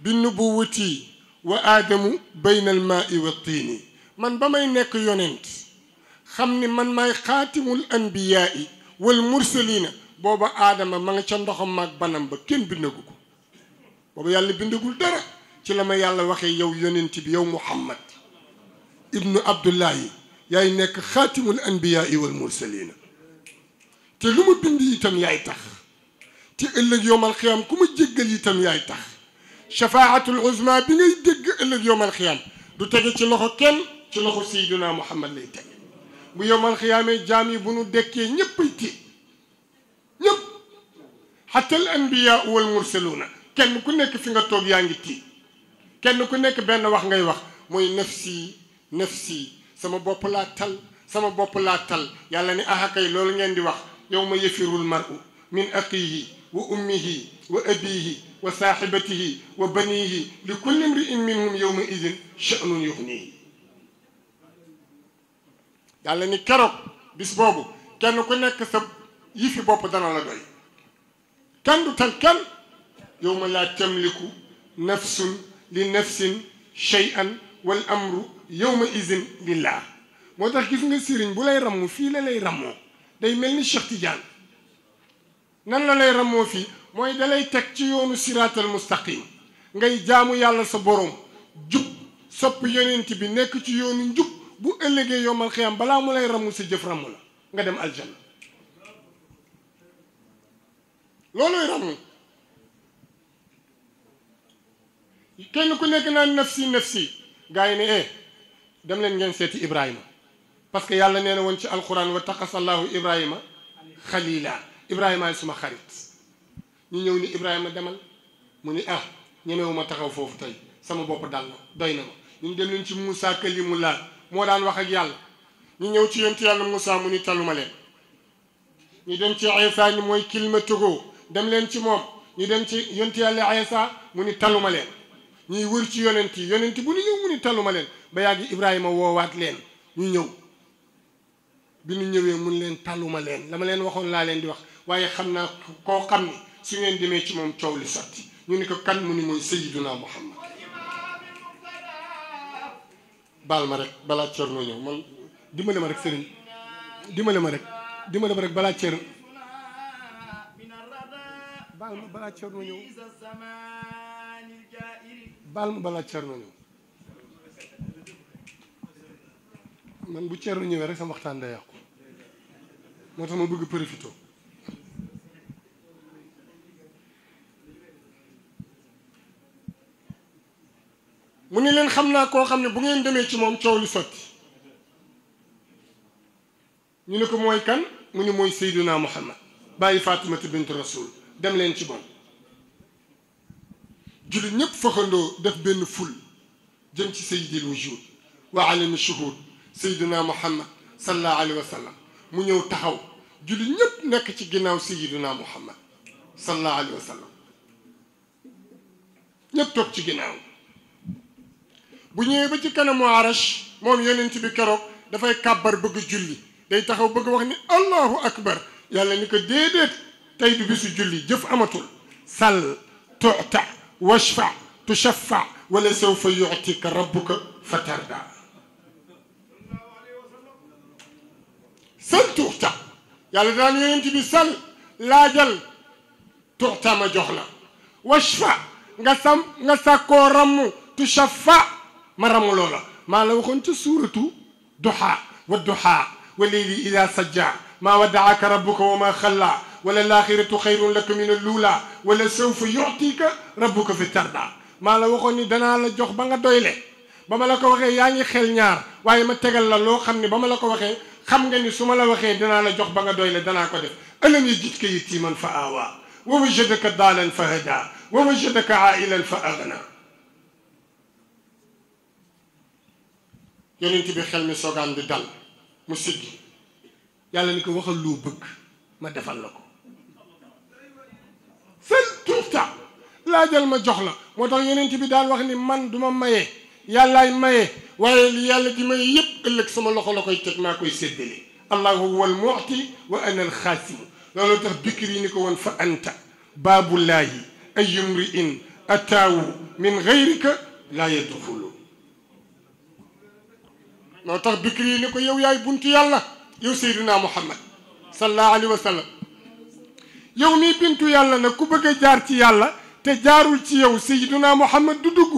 bin nubuwati wa adam bayna al ma'i wa tiini man bamay nek yonent xamni man may khatimul anbiya'i والمرسلين بابا آدم ما نشندهم ماك بنام بكين بندقوك بابا يالله بندقول ترى كلام يالله وخي يو يونين تبي يو محمد ابن عبد الله يعنيك خاتم الأنبياء والمرسلين تلوم بندي يتم يايتخ تقل يوم القيام كم تجقل يتم يايتخ شفاعة العزمى بني يدق إلا يوم القيام دو تجي تلوخو كن تلوخو سيدنا محمد ليتك bu yomal khiyamé jami bu nu dekkee ñëppay tiit ñëpp hatta al anbiya wal mursaluna kenn ku nekk fi nga tok yaangi ti kenn ku nekk ben wax ngay wax moy nafsi nafsi sama bop la tal sama bop la tal yàlla ni ahakay kay ngeen di wax yawma yafirul mar'u min aqihi wa ummihi wa abihi wa sahibatihi wa banihi likulli imrin minhum yawma idhin sha'nun yughnihi yàlla ni keroog bis boobu kenn ku nekk sa yi fi bopp dana la doy kenn du tal kenn yow ma laa tamliku nafsun li nafsin shay'an wal amru yow ma izin lillah moo tax gis nga sëriñ bu lay ramm fii la lay rammoo day mel ni Cheikh Tidiane nan la lay rammoo fii mooy dalay teg ci yoonu siraatal mustaqim ngay jaamu yàlla sa boroom jub sopp yonent bi nekk ci yoonu njub bu ëllëgee yomal xiyam bala mu lay ramu ci jëf ramu la nga dem aljanna looluy ramu kenn ku nekk naan nafsi nafsi gaay ni ne eh dem leen ngeen seeti Ibrahima parce que yàlla nee na woon ci alquran wa taqasallahu Ibrahima xalila Ibrahima ay suma xarit ñu ñëw ni Ibrahima demal mu ni ah ñemewuma taxaw foofu tey sama bopp dal na doy na ma ñun dem leen ci Moussa Kalimullah moo daan wax ak yàlla ñu ñëw ci yonent yàlla Moussa mu ni taluma leen ñu dem ci Isa ñi mooy kilima tëgoo dem leen ci moom ñu dem ci yonent yàlla Isa mu ni taluma leen ñuy wër ci yonent yi yonent bu ñu ñëw mu ni taluma leen ba yàgg Ibrahima woowaat leen ñu ñëw bi ñu ñëwee mun leen taluma leen la ma leen waxoon laa leen di wax waaye xam naa koo xam ni su ngeen demee ci moom coow li sotti ñu ni ko kan mu ni mooy Sayyiduna Muhammad baal ma rek balaa Thierno ñëw man dimbale ma rek sëriñ dimbale ma rek dimbale ma rek balaa Thierno baal ma balaa Thierno ñëw baal ma man bu Thierno ñëwee rek sama waxtaan day yàqu moo tax ma bëgg profité mu len xamna ko xamne bu ngeen deme ci mom ciowli li ñu ne ko moy kan mu moy sayyidina Muhammad baye fatima bint Rasul dem len ci moom julit ñep fakhando def ben ful jëm ci sayyidil wujud wa alim shuhud sayyidina Muhammad sallallahu alayhi wasallam mu ñëw taxaw julit ñep nek ci ginnaaw sayyidina Muhammad sallallahu alayhi wasallam ñep tok ci ginnaaw bu ñëwee ba ci kanamu arash moom yonent bi keroog dafay kàbbar bëgg julli day taxaw bëgg wax ni allahu akbar yàlla ni ko déedéet tey du bisu julli jëf amatul sal tuta washfa tushaffa wala sawfa yutika rabbuka fatarda sal tuta yàlla daan yonent bi sal laajal tuta ma jox la washfa nga sam nga sàkkoo ramm tushaffa مرة مولولا ما لو كنت سورة دحا والدحا والليل إذا سجع ما ودعك ربك وما خلى وللآخرة خير لك من الأولى ولسوف يعطيك ربك في الترضى ما لو كنت دنا على جوخ بانغا دويلة بما لك وخي ياني خيل نار وعي ما تغل لو خمني بما لك وخي خمني سوما لو خي دنا على جوخ بانغا دويلة دنا كو ألم يجدك يتيما فآوى ووجدك دالا فهدا ووجدك عائلا فأغنى yonent bi xel mi sogaan bi dal mu siggi yàlla ni ko waxal loo bëgg ma defal la ko fël tuuta laajal ma jox la moo tax yonent bi daan wax ni man duma maye yàllaay maye waaye li yàlla di maye yépp ëllëg sama loxo la koy teg maa koy séddale allahu huwa almu'ti wa ana alxaasimu loolu tax bikkir yi ni ko woon fa anta baabullaahi ay imri'in ataawu min gayrika laa yadxulu noo tax bikri yi ni ko yow yaay buntu yàlla yow seyduna muhammad sallallahu alayhi wa sallam yow mii bintu yàlla nag ku bëgg jaar ci yàlla te jaarul ci yow seyduna muhammad du dugg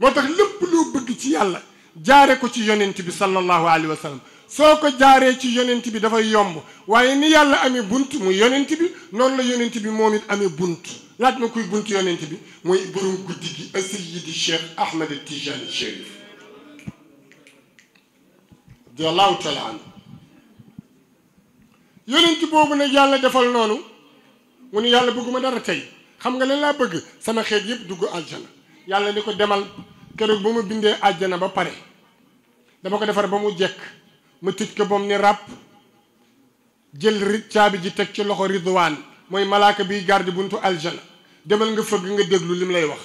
moo tax lépp loo bëgg ci yàlla jaare ko ci yonent bi sallallahu alayhi wa soo ko jaaree ci yonent bi dafay yomb waaye ni yàlla amee bunt muy yonent bi noonu la yonent bi moom it amee bunt laaj ma kuy bunt yonent bi mooy borom guddi gi asayidi cheikh ahmad tijani radiyallahu taala anhu yonent boobu nag yàlla defal noonu mu ne yàlla bëgguma dara tey xam nga lan laa bëgg sama xeet yëpp dugg àjjana yàlla ni ko demal keroog ba mu bindee àjjana ba pare dama ko defar ba mu jekk mu tëj ko boom ni ràpp jël ri caabi ji teg ci loxo ridwaan mooy malaaka biy garde buntu aljana demal nga fëgg nga déglu lim lay wax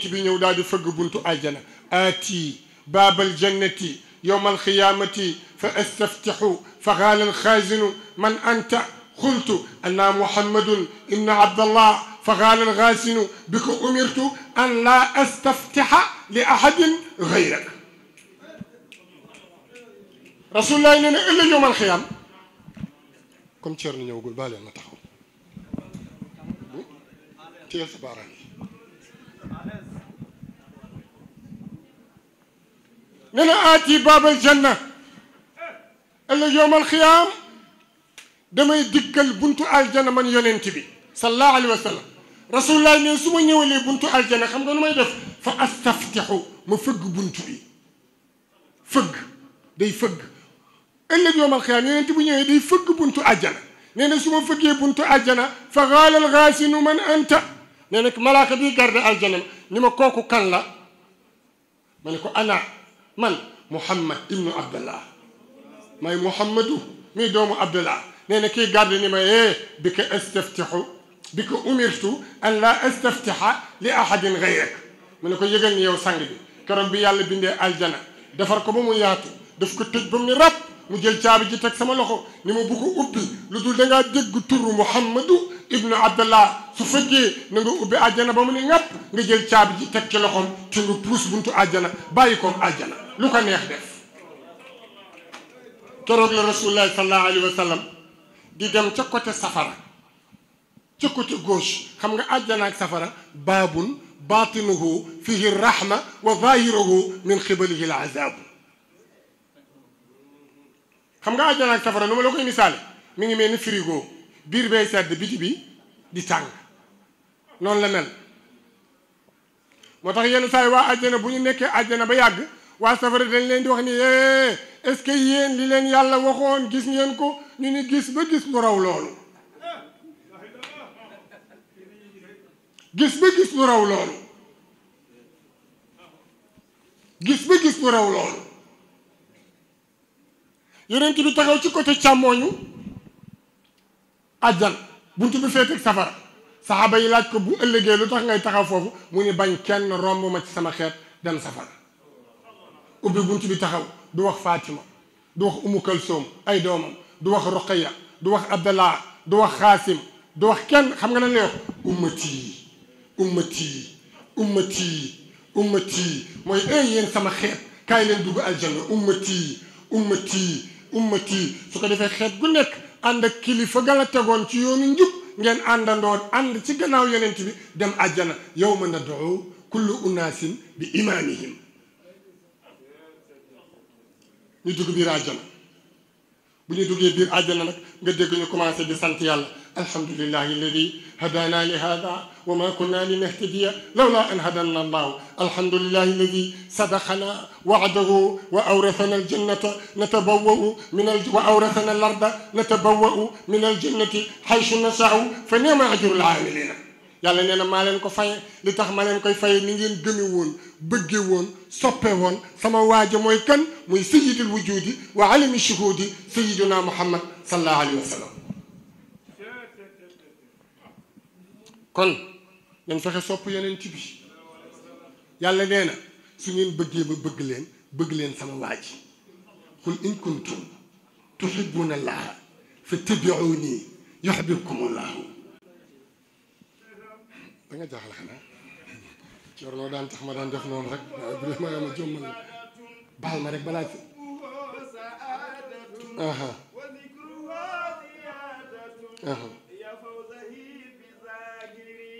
ci bi ñëw daal di fëgg buntu aljana aati baabal jannati يوم القيامة فأستفتح فقال الخازن من أنت قلت أنا محمد إن عبد الله فقال الغازن بك أمرت أن لا أستفتح لأحد غيرك رسول الله إننا إلا يوم القيامة كم تشيرني يقول بالي أنا تخو تيل باراني من آتي باب الجنة إلا يوم الخيام دم يدق البنت الجنة من يلنتبي صلى الله عليه وسلم رسول الله نسمع يولي بنت الجنة خم ما يدف فأستفتحه مفق بنتي فق دي فق إلا يوم الخيام ينتبي يدي فق بنت الجنة نسمع فق بنت الجنة فقال الغاسن من أنت نك ملاك بي قرد الجنة نمو كوكو كان لا أنا man Mouhamad ibnu Abdallah may Mouhamadu mii doomu Abdallah nee na kii garde ni ma eh bi ka astaftixu bi ka umirtu an laa astaftixa li ahadin gayrak mu ne ko yëgal ni yow sang bi keroog bi yàlla bindee aljana defar ko ba mu yaatu daf ko tëj ba mu ni rab. mu jël caabi ji teg sama loxo ni ma bu ko ubbi lu dul da ngaa dégg turu muhammadu ibnu abdallah su fekkee na nga ubbi àjjana ba mu ne ŋàpp nga jël caabi ji teg ci loxoom ci nga plus buntu àjjana bàyyi koom àjjana lu ko neex def keroog la rasulullahi sallallahu alayhi wa sallam di dem ca côté safara ca côté gauche xam nga àjjana ak safara baabun baatinuhu fihi rahma wa zahirahu min xibalihi al azaabu xam nga àjjana safara nu ma la koy misaale mi ngi mel ni frigo biir bay sedd biti bi di tàng noonu la mel moo tax yenn saa yi waa àjjana bu ñu nekkee àjjana ba yàgg waa safara dañ leen di wax ni eh est-ce que yéen li leen yàlla waxoon gis ngeen ko ñu ni gis ba gis lu raw loolu gis ba gis lu raw loolu gis ba gis lu raw loolu yonent bi taxaw ci côté càmmooñu ajjan bunt bi féeteeg safara saxaaba yi laaj ko bu ëllëgee lu tax ngay taxaw foofu mu ni bañ kenn romb ma ci sama xeet dem safara ubbi bunt bi taxaw du wax Fatima du wax Umu Kalsoom ay doomam du wax Roqaya du wax Abdallah du wax Xaasim du wax kenn xam nga lan lay wax ummati ummati ummati ummati mooy ay yéen sama xeet kaay leen dugg aljanna ummati ummati ummati su ko defee xeet gu nekk ànd ak kilifa gala tegoon ci yoonu njub ngeen àndandoon ànd ci gannaaw yonent bi dem àjjana yawma nad'u kullu unaasin bi imaamihim ñu dugg biir àjjana bu ñu duggee biir àjjana nag nga dégg ñu commencé di sant yàlla الحمد لله الذي هدانا لهذا وما كنا لنهتدي لولا ان هدانا الله الحمد لله الذي صدقنا وعده واورثنا الجنه نتبوا من الج... واورثنا الارض نتبوا من الجنه حيث نشاء فنعم اجر العاملين يلا نينا نعم، ما لين كو فاي لي تخ ما لين كاي فاي ني نين گمي وون بگي وون سوبي وون سما واجي موي كان موي سيد الوجود وعلم الشهود سيدنا محمد صلى الله عليه وسلم kon nañ fexe sopp yonent bi yàlla nee su ñeen bëggé ba bëgg leen bëgg leen sama waa kul qul in kuntum tuhibbuuna allaha fattabi'uuni yuhibbukum allahu da nga jaxal xana yor loo daan tax ma daan def non rek waaye bu dee ma ma jommal baal ma rek bala ci aha aha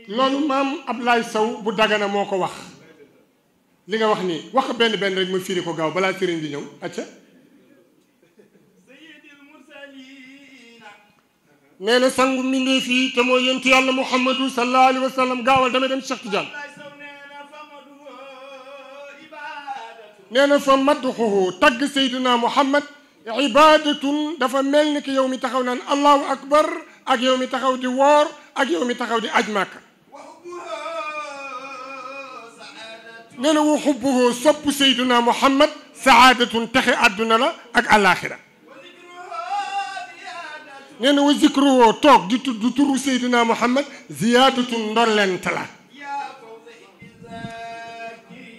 lolou mam ablay saw bu Dagana moko wax li nga wax ni wax ben ben rek ma firi ko gaw bala serigne di ñëw acca nee na sangu mi ngi fi te mo yentu yàlla muhammadu sallallahu alaihi wasallam gawal dama dem Cheikh Tidiane neena fa madhuhu tag sayyidina muhammad ibadatun dafa melni ki yow mi taxaw nan allahu akbar ak yow mi taxaw di wor ak yow mi taxaw di ajmaka نانو حبه صب سيدنا محمد سعادة تخي أدنى لا أك الآخرة نانو ذكره توك دي تدتر سيدنا محمد زيادة نرلن تلا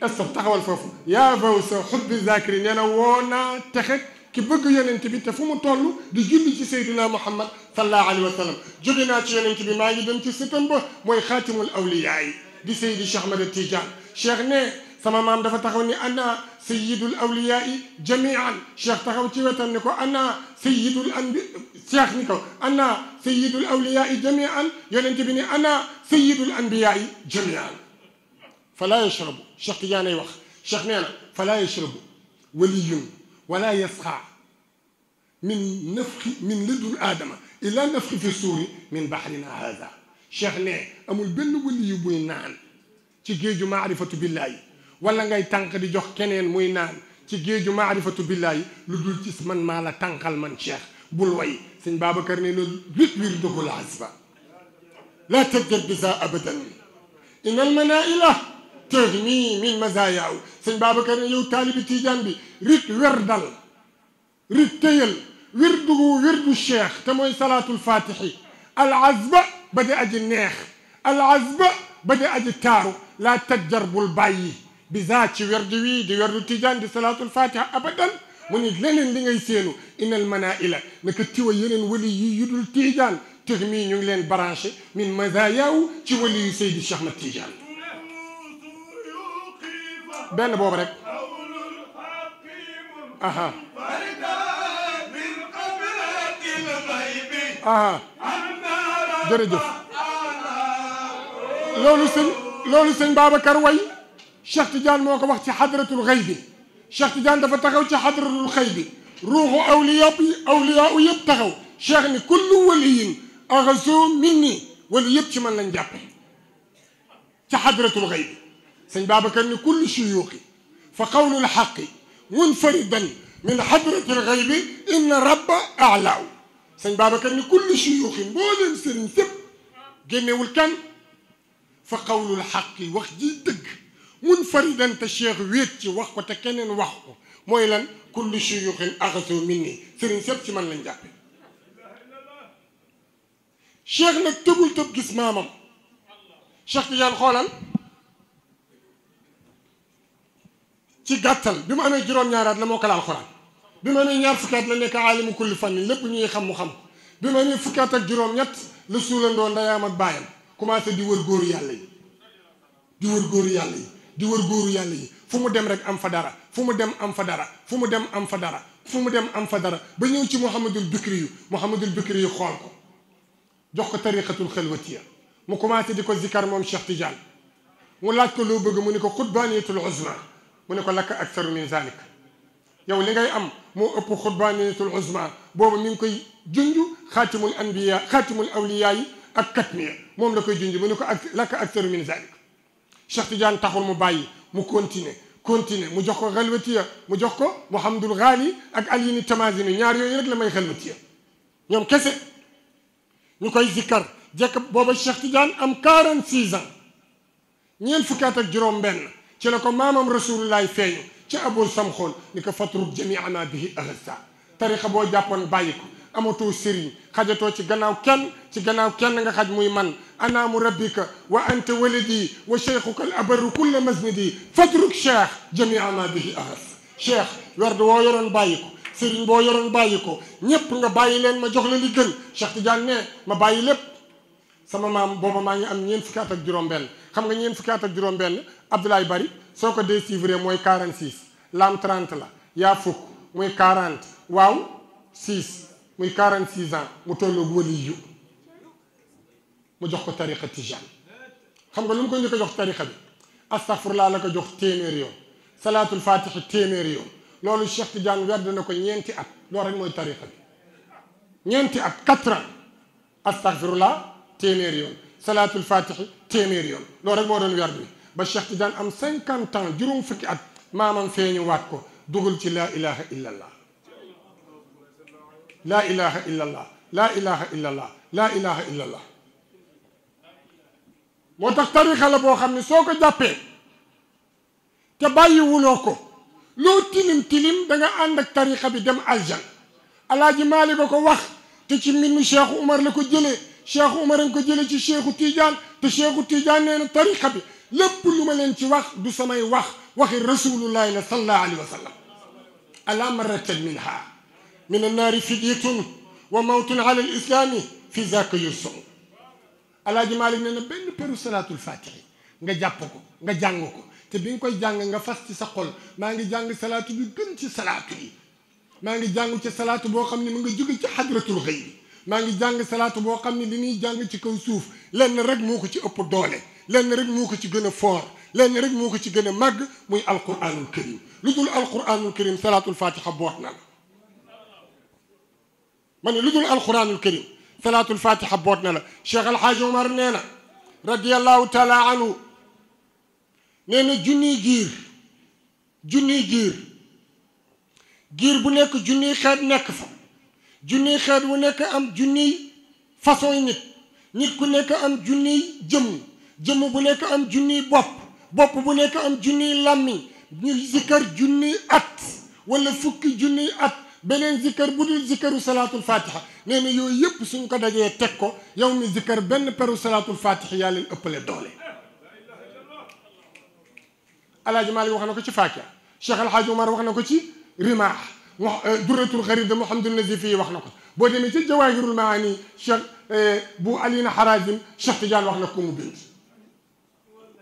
أستف تخوال فوف يا فوس حب ذاكري أنا وانا تخي كي بغ يوننتي بي تفمو تولو دي جولي سي سيدنا محمد صلى الله عليه وسلم جوغينا سي يوننتي بي ماغي دم سي ستم بو موي خاتم الاولياء دي سيدي شيخ احمد التيجان شيخ ني سما مام دافا تخاوني انا سيد الاولياء جميعا شيخ تخاوتي وتن نكو انا سيد الانبياء شيخ نكو انا سيد الاولياء جميعا يلنتي بني انا سيد الانبياء جميعا فلا يشرب شيخ يانا يوخ شيخ نينا فلا يشرب ولي ولا يسقع من نفخ من لد ادم الى نفخ في سوري من بحرنا هذا شيخ ني امول بن ولي بوي نان ci géeju maarifatu billaahi wala ngay tànq di jox keneen muy naan ci géeju maarifatu billaahi lu dul gis man maa la tànqal man cheikh bul way sëñ Babacar ne na lut wir dugu laasba la tajjat bisa abadan ina al manaila tehmi min mazayaaw sëñ Babacar ne yow taalibi tiijaan bi rit werdal rit téyal wir dugu wir du cheikh te mooy salaatul fatihi al azba ba di aji neex al azba bañ a aji taaru laa tajjar bul bàyyi bi zaa ci werdu wii di werdu tijaan di salaatul fatiha abadan mu ne leneen li ngay séenu inal manaila naka tiwa yeneen wali yi yudul tijaan teg mii ñu ngi leen branché min mazayaaw ci wali yu Seydi Cheikh Ahmad Tijaan benn boobu rek aha aha jërëjëf لولو سن لولو سن بابا كروي شيخ تيجان موكو وقت حضرة الغيب شيخ تيجان دفا تغو تي حضرة الغيب روح اولياء بي اولياء ويب تغو شيخ كل ولي اغزو مني ولي يبتش من لنجاب تي حضرة الغيب سن بابا كرني كل شيوخي فقول الحق منفردا من حضرة الغيب إن رب أعلاه سن بابا كرني كل شيوخي بولن سرين سب جنة والكن فقول الحق وخدي دق منفردا تشيخ ويتي وخ كو تكنن مويلا كل شيوخ اغثوا مني سيرن سيب من مان لا نجاب شيخ نك تبول تب ماما مامام شيخ تيان خولا تي غاتال بما انا جيروم نيارات لا موكال القران بما انا نيار فكات لا نيك عالم كل فن لب يخم وخم بما انا فكات ak جيروم نيات لسولندو ندايامات بايام commencé di wër góoru yàlla yi di wër góoru yàlla yi di wër góoru yàlla yi fu mu dem rek am fa dara fu mu dem am fa dara fu mu dem am fa dara fu mu dem am fa dara ba ñëw ci Mouhamadul Bikri yu Mouhamadul Bikri yu xool ko jox ko tariqatul xelwatiya mu commencé di ko zikar moom Cheikh Tidiane mu laaj ko loo bëgg mu ne ko xutbaaniyatul uzma mu ne ko lakk aktaru min zalik yow li ngay am moo ëpp xutbaaniyatul uzma boobu mi ngi koy junj xaatimul anbiya xaatimul awliya yi ak katmiya moom la koy junj mu ne ko ak lakk aktaru min zalik Cheikh Tidiane taxul mu bàyyi mu continuer continuer mu jox ko xelwatiya mu jox ko Mouhamadul Ghali ak Aliyini Tamazini ñaar yooyu rek la may xelwatiya ñoom kese ñu koy zikkar jekk booba Cheikh Tidiane am 46 ans ñeent fukki at ak juróom-benn ci la ko maamam rasulullahi feeñu ci abul samxoon ni ko fatruk jamiama bihi ahsa tariqa boo jàppoon bàyyi ko amatoo sëriñ xajatoo ci gannaaw kenn ci gannaaw kenn nga xaj muy man anaamu rabbika wa anta walidi wa cheikhuka al abaru kulla masnidi fatruk cheikh jamia ma bihi ahas cheikh werd woo yoroon bàyyi ko sëriñ boo yoroon bàyyi ko ñépp nga bàyyi leen ma jox la li gën Cheikh Tidiane ma bàyyi lépp sama maam booba maa ngi am ñeent fukki at ak juróom-benn xam nga ñeent fukki at ak juróom-benn soo ko déchiffré mooy 46 laam la yaa fukk muy 40 waaw 6 muy 46 ans mu tolloog waliyu mu jox ko tariqa tijaan xam nga lu mu ko njëkk a jox tariqa bi astafurlaa la ko jox téeméer yoon salaatul fatixi téeméer yoon loolu Cheikh Tidiane werd na ko ñeenti at loolu rek mooy tariqa bi ñeenti at quatre ans astafurlaa téeméer yoon salaatul fatixi téeméer yoon loolu rek moo doon werd bi ba Cheikh Tidiane am cinquante ans juróom fukki at maamam feeñu waat ko dugal ci laa ilaha illallah لا إله إلا الله laa ilaha illa allah laa ilaha illa allah moo tax tarixa la boo xam ne soo ko jàppee te bàyyi wuloo ko loo tilim tilim da nga ànd ak tarixa bi dem aljan alaaji maali ba ko wax te ci mbindu cheikhu umar la ko jëlee cheikhu umar nga ko jëlee ci cheikhu tiijaan te cheikhu tiijaan nee na tarixa bi lépp lu ma leen ci wax du samay wax waxi rasulullahi la sallallahu alayhi wa sallam ala marraten minha من النار فدية وموت على الإسلام في ذاك يسوع على جمال من بين بيرو صلاة الفاتحة نجابكو نجانكو تبين كو جان نغا فاست سقول ماغي جان صلاة بي گن سي صلاة بي ماغي جان سي صلاة بو خامني ماغي جوغي سي حضرة الغيب صلاة بو خامني لي ني جان سي كو سوف لن رك موكو سي اوب دولي لن رك موكو سي گن فور لن رك موكو سي گن ماغ القران الكريم لودول القران الكريم صلاة الفاتح بوخنا من لدن القران الكريم ثلاث الفاتحه بوتنا شيخ الحاج عمر نينا رضي الله تعالى عنه نينا جوني جير جوني جير جير بنك جوني خير نكفا جوني خير ونك ام جوني فاصوين نيت كنك ام جوني جم جم بنك ام جوني بوب بوب بنك ام جوني لامي ني ذكر جوني ات ولا فك جوني ات beneen zikkër bu dul zikkaru salaatul fatiha nee na yooyu yëpp suñ ko dajee teg ko yow mi zikkër benn peru salaatul fatiha yaa leen ëppale doole alaaji Maalik wax na ko ci faakia Cheikh Alhaaji Omar wax na ko ci rimaax wax duratul xarida Mouhamadou Nazif yi wax na ko boo demee ci jawaahirul maani Cheikh bu Alina Harazim Cheikh Tidiane wax na ko mu bind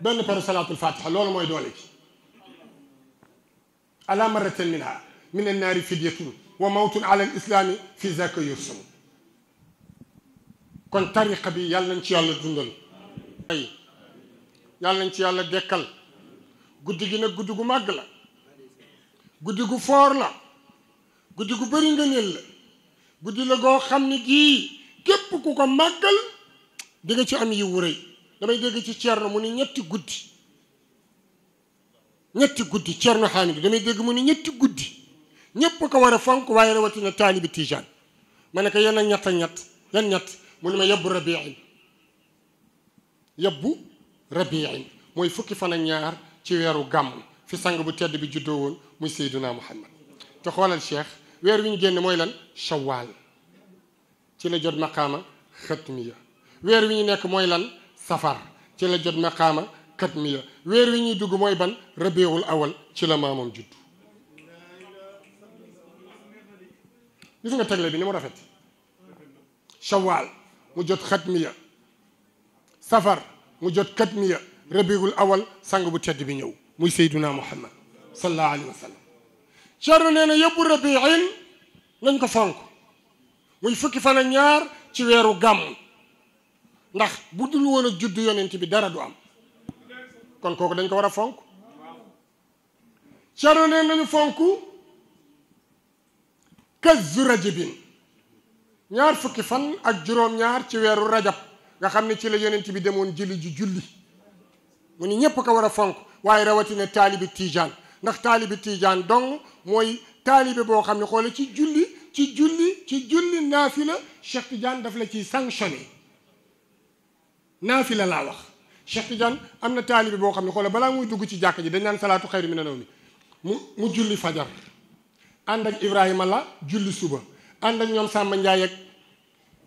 benn peru salaatul fatiha loolu mooy doole ci ala marratin minha min annaari fidyatun wa mawtun ala al islaami fi zaka yursamu kon tariqa bi yàlla nañ ci yàlla dundal ay yàlla nañ ci yàlla dekkal guddi gi nag guddi gu màgg la guddi gu foor la guddi gu bëri ngëneel la guddi la goo xam ne gii képp ku ko màggal di nga ci am yi wuréy damay dégg ci ceerno mu ni ñetti guddi ñetti guddi ceerno bi damay dégg mu ni ñetti guddi ñépp ko war a fonk waaye rawatina taalibi tijaan ma ne ko yenn ñett a ñett yan ñett mu ne ma yebbu rabiin yebbu rabiin mooy fukki fan ak ñaar ci weeru gàmm fi sang bu tedd bi juddoo woon muy Seydina Muhammad te xoolal cheikh weer wi ñu génn mooy lan shawaal ci la jot maqaama xatmiya weer wi ñu nekk mooy lan safar ci la jot maqaama xatmiya weer wi ñuy dugg mooy ban rabiul awal ci la maamam judd gis nga tegle bi ni mu rafet shawaal mu jot xatmiya safar mu jot xatmiya rabiul awal sang bu tedd bi ñëw muy sayduna muhammad sallallahu alayhi wa sallam Cerno nee na yëpp rabiin nañ ko fonk muy fukki fana ak ñaar ci weeru gàmm ndax bu dul woon a judd yonent bi dara du am kon kooku dañ ko wara a fonk Cerno nee nañu fonk kazu rajabin ñaar fukki fan ak juróom-ñaar ci weeru rajab nga xam ne ci la yonent bi demoon jëli ji julli mu ni ñépp ko war a fonk waaye rawatina taalibi tijaan ndax taalibi tijaan dong mooy taalibe boo xam ne xoole ci julli ci julli ci julli naafila Cheikh Tidiane daf la ciy sanctionné naafila laa wax Cheikh Tidiane am na taalibe boo xam ne muy dugg ci jàkk ji dañ naan salaatu xayri mi mu julli fajar ànd ak Ibrahima la julli suba ànd ak ñoom Samba ndjay ak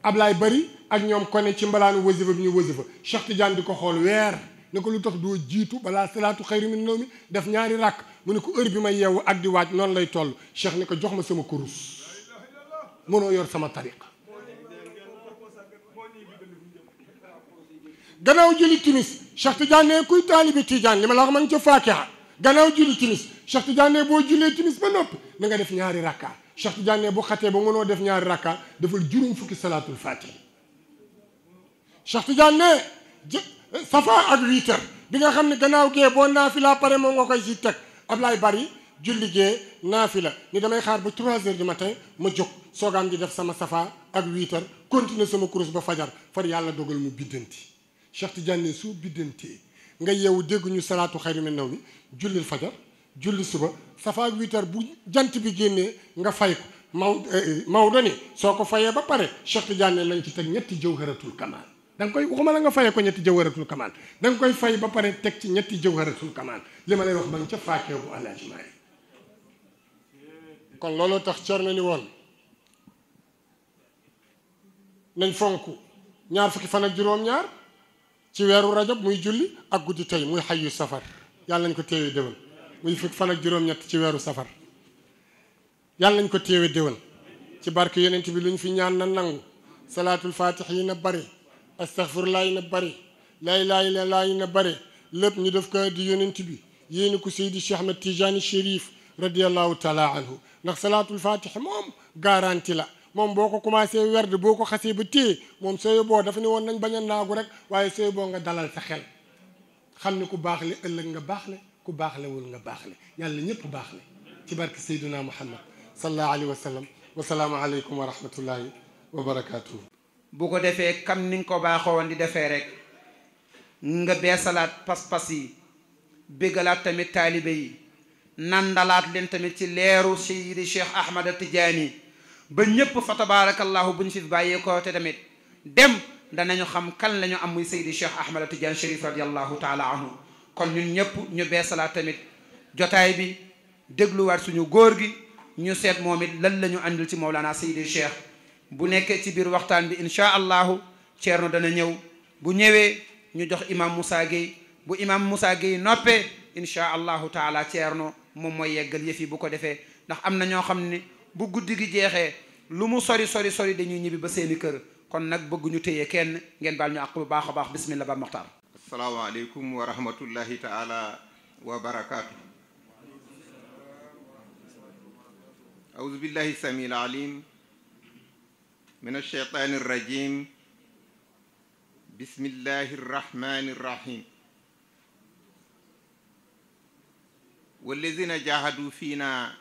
ablay Bari ak ñom kone ci mbalan wasifa bi ñu wasifa Cheikh Tidiane diko xol wer ne ko lu tax do jitu bala salatu xayri min nawmi def ñaari rak mu ne ko heure bi may yew ak di waj non lay toll Cheikh ne ko jox ma sama kurus mënoo yor sama tariqa ganaw julli timis Cheikh Tidiane kuy talibi Tidiane lima la wax ma ci ca ganaw julli timis Cheikh Tidiane ne boo jullee timis ba noppi na nga def ñaari rakka Cheikh Tidiane ne bu xatee ba mënoo def ñaari rakka defal juróom fukki salaatul fatiha Cheikh Tidiane ne safa ak huit heures bi nga xam ne gannaaw gee boo naafila pare moom nga koy si teg Ablaye Bari julli gee naafila ni damay xaar ba trois heures du matin ma jóg soogaam di def sama safa ak huit heures continuer sama course ba fajar far yàlla dogal mu biddanti Cheikh Tidiane ne soo biddantee nga yeewu dégg ñu salaatu xayri min nawmi jullil fajar julli suba safaak witar bu jant bi génnee nga fay ko maw eh, eh, Maodo ni soo ko fayee ba pare Cheikh Tidiane lañ ci teg ñetti jawharatul kamal da nga koy waxuma la nga fayee ko ñetti jawharatul kamal da nga koy fay ba pare teg ci ñetti jawharatul kamal li ma lay wax man nga ca faakee bu alaaji maari kon looloo tax Cerno ni woon nañ fonk ñaar fukki fan ak juróom-ñaar ci weeru rajab muy julli ak guddi tey muy xayu safar yàlla nañ ko téewee déwén muy fi fan ak juróom-ñett ci weeru safar yàlla nañ ko téewe déwén ci barke yonent bi lu ñu fi ñaan na nangu salaatul fatix yi na bari astaxfirullah yi na bari lay laay la laa yi na bari lépp ñu def ko di yonent bi yéeni ko Seydi Cheikh Ahmed Tijaani Chérif radiallahu taala anhu ndax salaatul fatix moom garanti la moom boo ko commencé werd boo ko xasee ba téye moom sooy boo dafa ne woon nañ bañ a naagu rek waaye sooy boo nga dalal sa xel xam ne ku baax le ëllëg nga baax le ku baaxlewul nga baaxle yàlla ñëpp baaxle ci barke Seydina Muhammad sallallahu alayhi wa sallam wasalaamu aleykum wa rahmatullahi wa barakaatu. bu ko defee kam ni nga ko baaxoon di defee rek nga beesalaat pas-pas yi bégalaat tamit taalibe yi nandalaat leen tamit ci leeru Seydi Cheikh Ahmada Tijaani ba ñépp fa tabaarakallahu bu ñu fi bàyyee ko te tamit dem danañu xam kan la ñu am muy Seydi Cheikh Ahmada Tijaani Cherif radiallahu taala anhu kon ñun ñëpp ñu beesalaat tamit jotaay bi dégluwaat suñu góor gi ñu seet moom it lan la ñu àndil ci Mawlana Seydi Cheikh bu nekkee ci biir waxtaan bi incha allahu no dana ñëw bu ñëwee ñu jox imaam Moussa Gueye bu imam Moussa Gueye noppee incha allahu taala no moom mooy yeggal yëf yi bu ko defee ndax am na ñoo xam ne bu guddi gi jeexee lu mu sori sori sori dañuy ñibbi ba seeni kër kon nag bëgguñu téye kenn ngeen baal ñu àq bu baax a baax bismillah ba السلام عليكم ورحمة الله تعالى وبركاته أعوذ بالله السميع العليم من الشيطان الرجيم بسم الله الرحمن الرحيم والذين جاهدوا فينا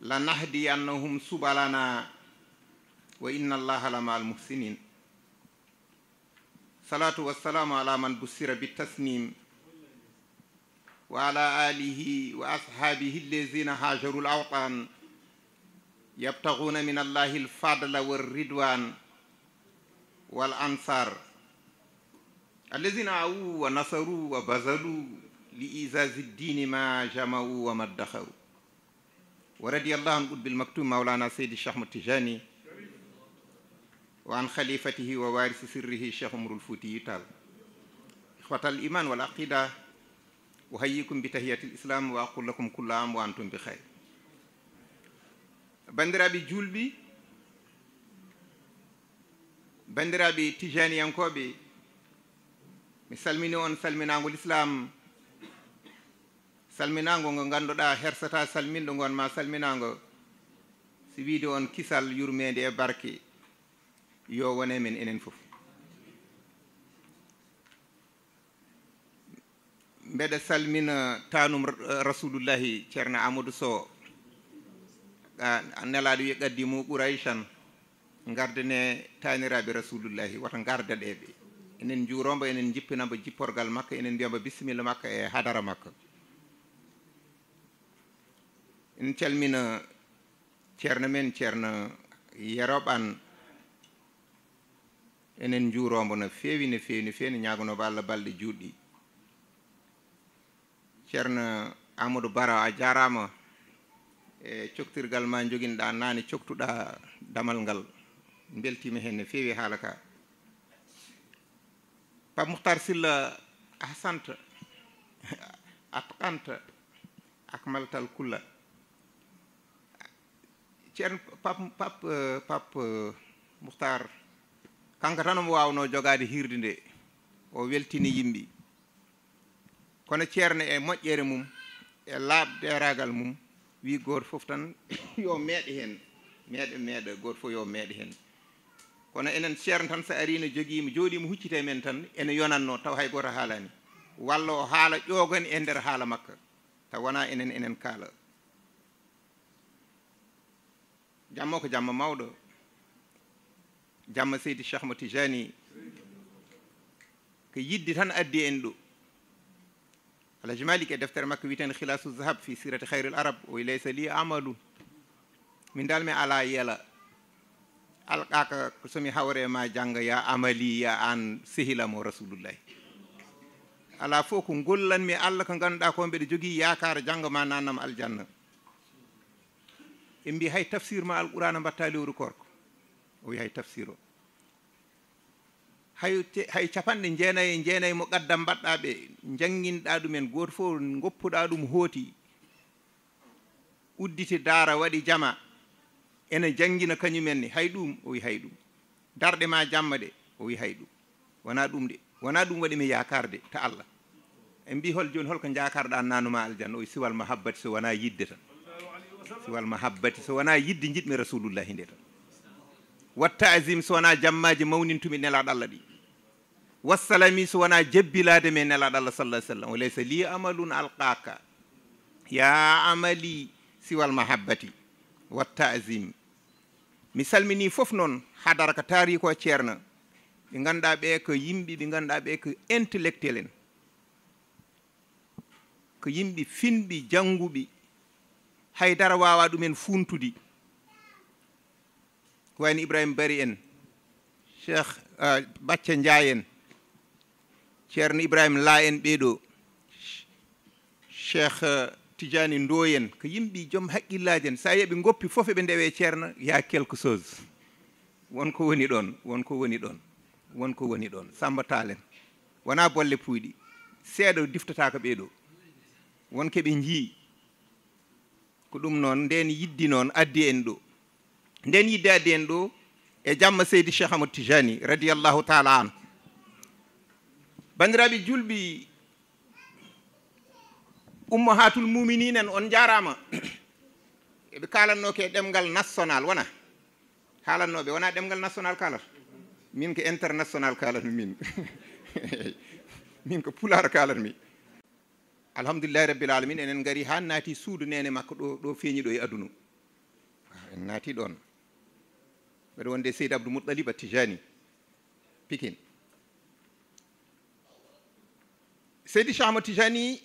لنهدي أنهم سبلنا وإن الله لمع المحسنين الصلاة والسلام على من بسر بالتسنيم وعلى آله وأصحابه الذين هاجروا الأوطان يبتغون من الله الفضل والردوان والأنصار الذين عووا ونصروا وبذلوا لإيزاز الدين ما جمعوا وما ادخروا ورضي الله عن قطب المكتوم مولانا سيد الشيخ متجاني وعن خليفته ووارث سره الشيخ عمر الفوتي تال إخوة الإيمان والعقيدة أحييكم بتحية الإسلام وأقول لكم كل عام وأنتم بخير بندرابي جولبي بندرابي تجاني أنكوبي mi salmini on salminagol islam salminago ngo ganduɗa hersata salminɗo gon ما salminago si wiide on kisal yurmede e باركي yo wone men enen fof mbeɗa salmina tanum eh, rasulullahi ceerno amadou sow a nelaaɗo wi gaddi mo ɓuraychan gardane taniraɓe rasulullahi wata garda ɗeɓe enen juromba enen jippinamba jipporgal makka enen mbiyamba bisimilla makka e hadara makka en calmina ceerno men ceerno yeroɓan enen juurombo no feewi no feewi no feewi no ñaagonooɓe allah balɗe juuɗɗi ceerno amadou bara a jaaraama e coktirgal ma chok naane coktuɗa damal ngal beltima hen no feewi haala ka pa mouhtar silla ahsanta atqanta akmaltal kulla ceerno pap pap pap mouhtar kanko tan omo wawno jogade hirde nde o weltini yimɓe kono ceerno e moƴƴere mum e laaɓderagal mum wi goto foof tan yo meeɗe hen meeɗe meeɗa goto foof yo meeɗe hen kono enen ceerno tan so arino joguimo joɗimo huccite men tan ene yonanno taw hay goto haalani walla o haala ƴogani e nder haala makka taw wona enen enen kaala jammo ko jamma mawɗo jamma seydi chahma tijani ko yidde tan addi en ɗo alhaji malik e deftere makko witen khilasu zahab fi sirati hayril arab o laysa li amalum min dal mi ala yela alqaka somi hawre ma janga ya amali ya an sehilamo rasulullahi ala fof ko gollanmi allah ko ganduɗa ko mbeɗa jogui yakara janggo ma nannam aljanna en mbi hay tafsir ma alqurana mbatta lewru korko o wi hay tafsir o hay capanɗe jeenayi e jeenayi mo gaddam mbaɗɗa ɓe janginɗa ɗumen goto fof goppuɗa ɗum hooti uddite daara waɗi jama ene janngina kañumen ni hay ɗum o wi hay ɗum darɗe ma jamma ɗe o wi hay ɗum wona ɗum de wona ɗum waɗi mi yakarde ta allah en mbi hol joni holko jakarɗa nanuma aljanna o siwal mahabbati so wona yidde tan siwal mahabbati so wona yidde jiɗmi rasulullahi nde tan watta asim so wona jammaji mawnintumi nelaɗo allah ɗi والسلامي سوانا جبلا دمين الله صلى الله عليه وسلم وليس لي عمل القاك يا عملي سوى المحبة والتعزيم مثال مني ففنون حضرك تاريخ وشيرنا بغندا بيك يمبي بغندا بيك انتلكتلين كيمبي فينبي جانغوبي هاي دارا واوا دومين فونتودي كوين ابراهيم بريين شيخ آه باتشن جاين ceerno ibrahima la en ɓeeɗo cheikh eh, tidiani ndoyen ko yimɓe joom haqqillaji en so yooɓe goppi fof eɓe ndewe ceerno ya quelque chose wonko woni ɗon wonko woni ɗon wonko woni ɗon samba talen wona bolle puyɗi seeɗa diftatako ɓeeɗo wonkoɓe jii ko ɗum noon nden yiddi noon addi en ɗo nden yidde addi en ɗo e jamma seydi cheikh hamadou tidiani radiallahu taala anu banndiraaɓe julɓi ummo haatul muminin en on njaraama eɓe kaalatno ke ɗemngal national wona haalatnoɓe wona ɗemngal national kaalata min ko international kaalatmi min min ko pular kaalatmi alhamdulillahi rabbil alamin enen ngari haa naati suudu nene makko ɗo ɗo feeñi ɗo e aduna en naati ɗon mbeɗa wonde seydi abdou moutalib a tijani pikine seydi chahma tijani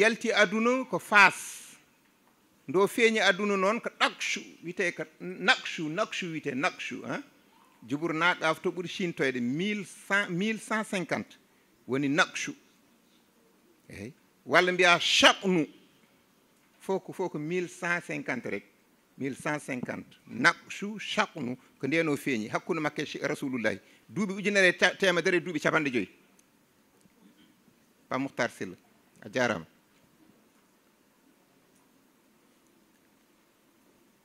yalti aduna ko fas ndo feeñi aduna noon ko ɗakchu wite ko nakchu nakchu wite nakchu hein ah. jubur naaɗaaf to ɓuri chintoyde mille cent mille cent cinquante woni nakchu eyi walla mbiya chaqnu fof ko fof ko mille cent cinquante rek mille cent cinquante nakchu chaqnu ko ndeno feeñi hakkude makke rasoulullahi duuɓi ujunere e temedere e duuɓi capanɗe joyyi pas Makhtar Sylla a Djaram.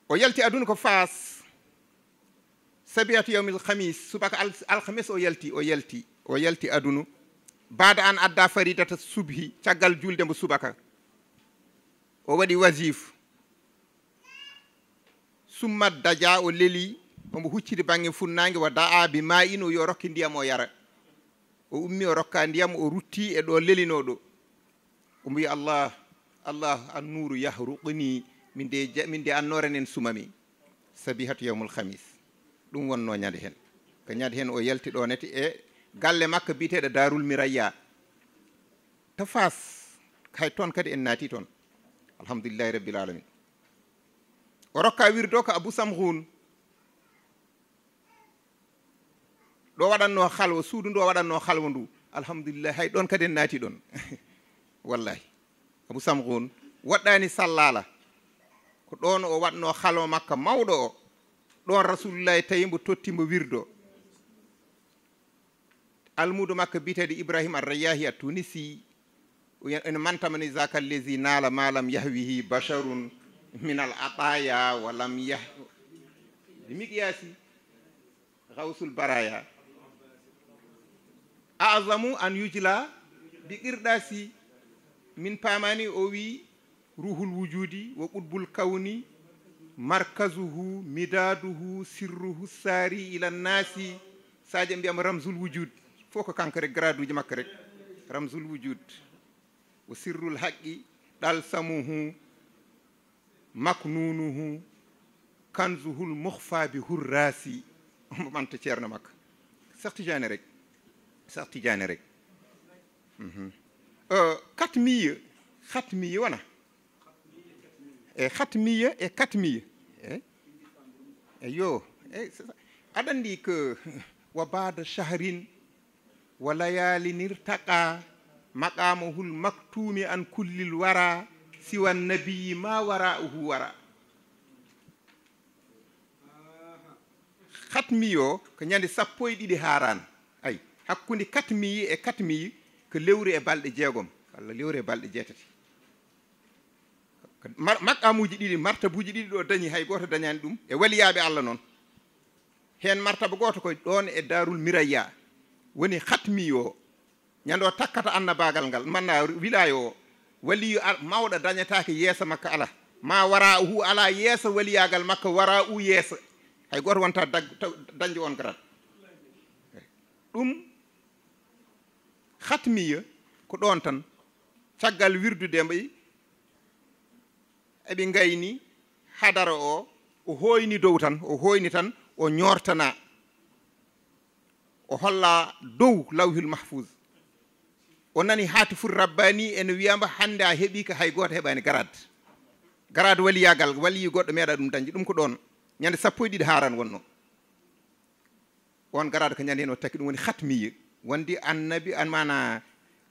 Au yalti aduna ko faas sabiyatu yawmil khamis subaka alkhamis o yalti o yalti o yalti aduna baada an adda faridata subhi caggal julde mbo subaka o waɗi wasif summat daja o leeli omo huccidi bange funnague wa in o yo rokki ndiyam o ummi o rokka ndiyam o rutti e ɗo lelinoo ɗo omo wiya allah allah an nuru yahruqni min de min de annore nen sumami sabihatu yawmul hamis ɗum wonno ñande hen ko ñande hen o yalti ɗonete e galle makko biyeteɗo darul miraya to fas hay toon kadi en naati toon alhamdulillahi rabbil alamin o rokka wirdo ko abou samhoune ɗo waɗatno halwo suudu ndu waɗatno halwo ndu alhamdulillahi hay ɗon kadi en naati ɗon wallahi abou samgun woɗɗani sallala ko ɗon o waɗno halwo makka mawɗo o ɗon rasulullahi tawi mbo totti mbo wirdo almudo makka biteede ibrahima arrayahi a tunisi ene mantamani zakallesi naala malam yahwihi basharun min al ataya walam yah mi qiyasi rawsul baraya a azamu an yujila bi qirɗa si min paamani o wi ruhul wujudi wo ɓuɗbul kawni markaseuhu midaduhu sirruhu saari ilan naasi sadia mbiyama ramsul wujud fof ko kanko rek grade uji makko rek ramsul wujud wo sirrul haqqi ɗal samuhu maknunuhu kanseuhul mohfa bi hurrasi omo ɓanta ceerno makko sertijane rek sax tidiane rek quatre mille quatre mille wona e quatre mille e eh? quatre mille eyo eh, aɗa andi que wa bada shahrin wa layali nirtaqa maqama hul maktumi an kullil wara siwa nabiyi ma wara'uhu wara quatre mille o ko ñande sappo e ɗiɗi harana hakkunde quatre mille e quatre mille ko lewru e balɗe jeegom walla lewru e balɗe jeetati maqamuji ɗiɗi martabuji ɗiɗi ɗo dañi hay goto dañani ɗum e waliyaɓe allah noon hen martaba goto ko ɗon e darul miraya woni hatmi o ñando takkata annabagal ngal manna wilayo o waliyo mawɗo dañatake yeesa makka ala ma wara hu ala yeesa waliyagal makka wara u yeesa hay goto wonta dañde on garat ɗum khatmiya ko ɗon tan caggal wirdude mba i eɓe ngayni hadara o o hoyni dow tan o hoyni tan o ñortana o holla dow lawhul mahfus o nani hati fur rabbani ene wiyamba hannde a heeɓi ko hay goto heɓani garad garad waliyagal waliyi goɗɗo meeɗa ɗum dañde ɗum ko ɗon ñande sappo e ɗiɗi haran wonno on garad ko ñande hen o takki ɗum woni khatmiya wondi annabi mana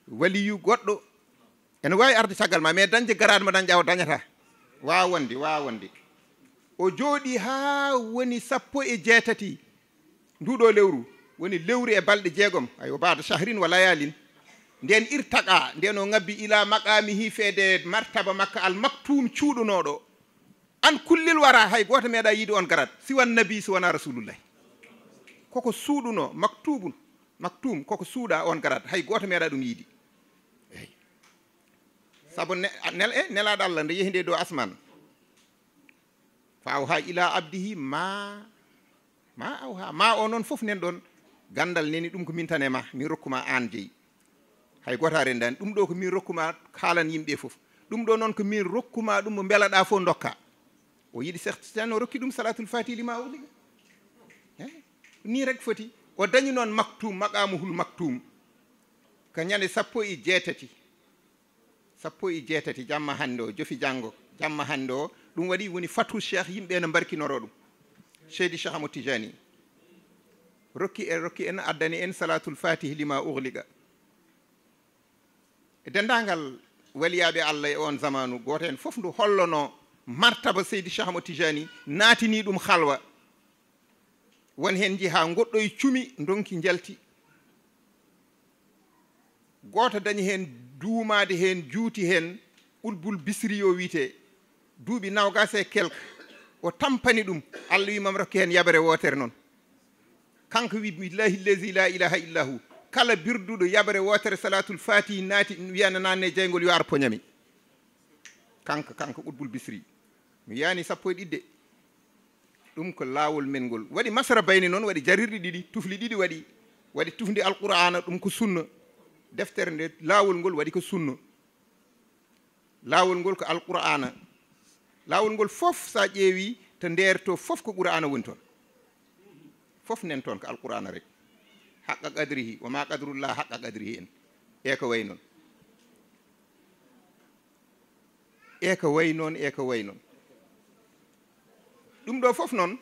waliyu goɗɗo ene wawi arde caggal ma mais dañde garaɗe ma dañɗa o dañata waw wonde waw wonde o jooɗi ha woni sappo e jeetati nduɗo lewru woni lewru e balɗe jeegom ayo baada sahrin wala yalin nden irtaqa nden o ngabbi ila maqami hi feede martaba makka al maktum cuuɗunoɗo an kullil wara hay goto meeɗa yiide on garat siwan nabi siwana rasulullahi koko suuɗuno maktubun maktum koko suuɗa on garat hay goto meeɗa ɗum yiidi eyi saabu nel e eh, nelaɗo allah nde yehi nde dow asman faw ha ila abdihi ma ma aw ha ma o noon foof nen ɗon gandal neni ɗum ko min tan e ma min rokkuma an jeeyi hay goto a rendani ɗum ɗo ko min rokkuma kalan yimɓe foof ɗum ɗo noon ko min rokkuma ɗum mo beelaɗa fo dokka o yiiɗi sehtan o rokki ɗum salatul fatili ma o ɗiga eh, ni rek foti o dañi noon maktum maqamuhul maktum ko ñande sappo e jeetati sappo e jeetati jamma hannde o jofi janngo jamma hannde o ɗum waɗi woni fatu cheikh yimɓe no mbarkinoro ɗum cheydi cheikh amo tijani rokki en rokki en addani en salatul fatih lima ugliga e denndaangal waliyaɓe allah e on zamanu gooto en fof ndu hollono martaba seydi cheikh amo tijani naatini ɗum halwa won hen jiha goɗɗo e cumi donki jalti goto dañi hen duumade hen juuti hen ulbul bisri o wiite duuɓi nawgase e kelk o tampani ɗum allah wimam rokki hen yaɓere wootere noon kanko wi billahi lesi la ilaha illa hu kala birduɗo yaɓere wootere salatul fatihi naati wiyana nanne e jeygol yo ar poñami kanko kanko ɓuɗbul bisri mi wiyani sappo e ɗiɗde ɗum ko laawol men ngol waɗi masara bayni noon waɗi jarirɗi ɗiɗi tufli ɗiɗi waɗi waɗi tufdi alqur'ana ɗum ko sunna deftere nde laawol ngol waɗi ko sunna laawol ngol ko alqur'ana laawol ngol fof so a ƴeewi to ndeerto fof ko qur'ana woni toon fof nen toon ko alqur'ana rek haqqa qadrihi wama qadrullah haqqa qadrihi en e ko way noon e ko way noon e ko way noon ɗum ɗo fof noon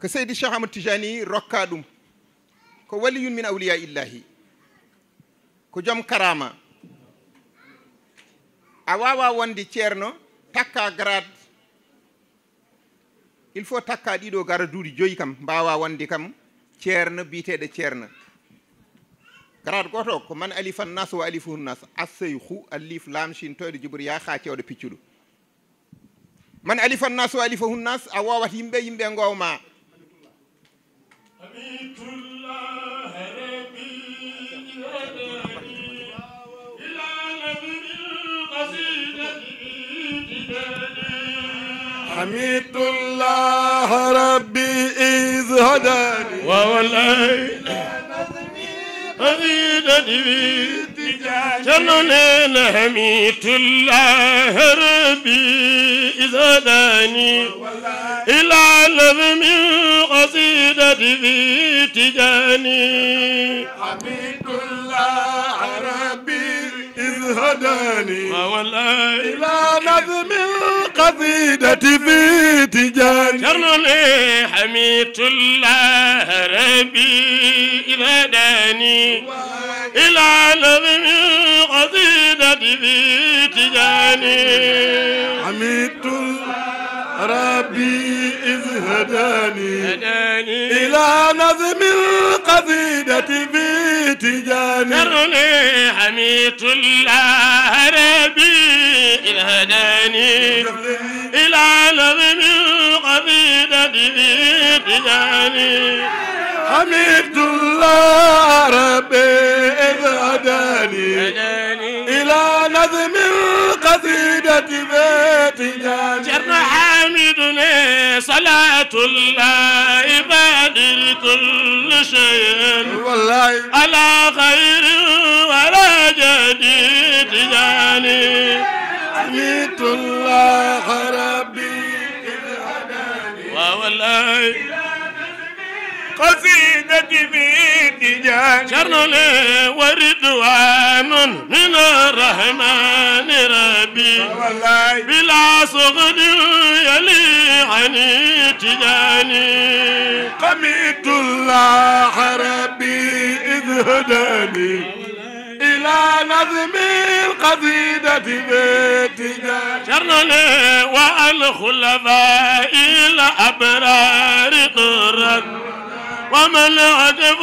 ko seydi chahamou tijani rokka ɗum ko waliyum min awliya illahi ko joom karama a wawa wonde ceerno takka grade il faut takka ɗiɗo gara duuɗi joyi kam mbawa wonde kam ceerno biteɗo ceerno grade goto ko man alifan nas wa alifuhu nas asseyhu allif lamchin toyɗo jibriya ha cewɗo piccuɗo من ألف الناس وألفه الناس أوا وهم بهم بينقوما حميد الله ربي إذ هداني وولاي نظمي قصيدتي جنون نهميت الله ربي إذا داني إلى من قصيدة ذي تجاني حميد الله ربي هداني إلى نظم القصيدة في تجاني شرني حميت الله ربي إذا هداني إلى نظم القصيدة في تجاني حميت ربي إذ هداني, هداني إلى نظم القصيدة في تجاني ترني حميت الله ربي الهداني إلى نظم قصيدة تجاني حميد الله ربي إذ هداني إلى نظم القصيدة بيت جر حميدني صلاة الله بادر كل شيء والله على خير ولا جديد جاني حميد الله ربي إذ هداني والله قصيدة بيتي باتجاه شر وردوان من الرحمن ربي بلا صغد يلي عن تجاني قميت الله ربي إذ هداني إلى نظم القصيدة بيتنا شرنا والخلفاء الأبرار طرا ومن عجب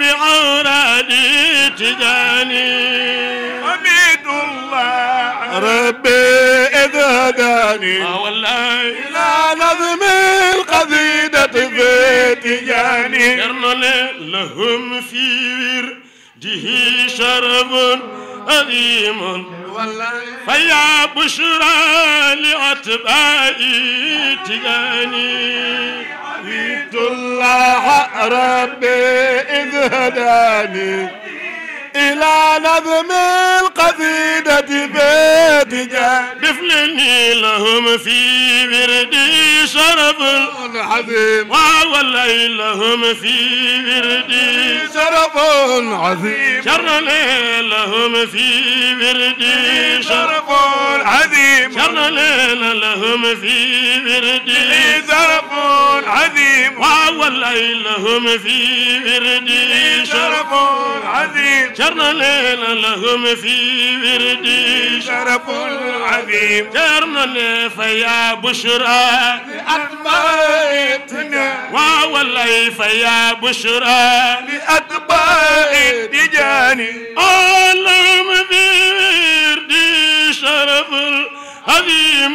بعراد تجاني حميد الله ربي إذا جاني آه، والله إلى نظم القذيدة في تجاني لهم في ورد جه شرب أليم فيا بشرى لأتباعي تجاني عبد الله ربي إذ هداني إلى نظم القصيدة بيت بفلني لهم في بردي شرف عظيم والله لهم في بردي شرف عظيم شر لهم في بردي شرف عظيم شر لهم في بردي شرف عظيم والله لهم في بردي شرف عظيم جرنا ليلا لهم في وردي شرف عظيم جرنا لفيا بشرى لأتباعتنا والله فيا بشرى لأتباع الدجاني اللهم في وردي شرف عظيم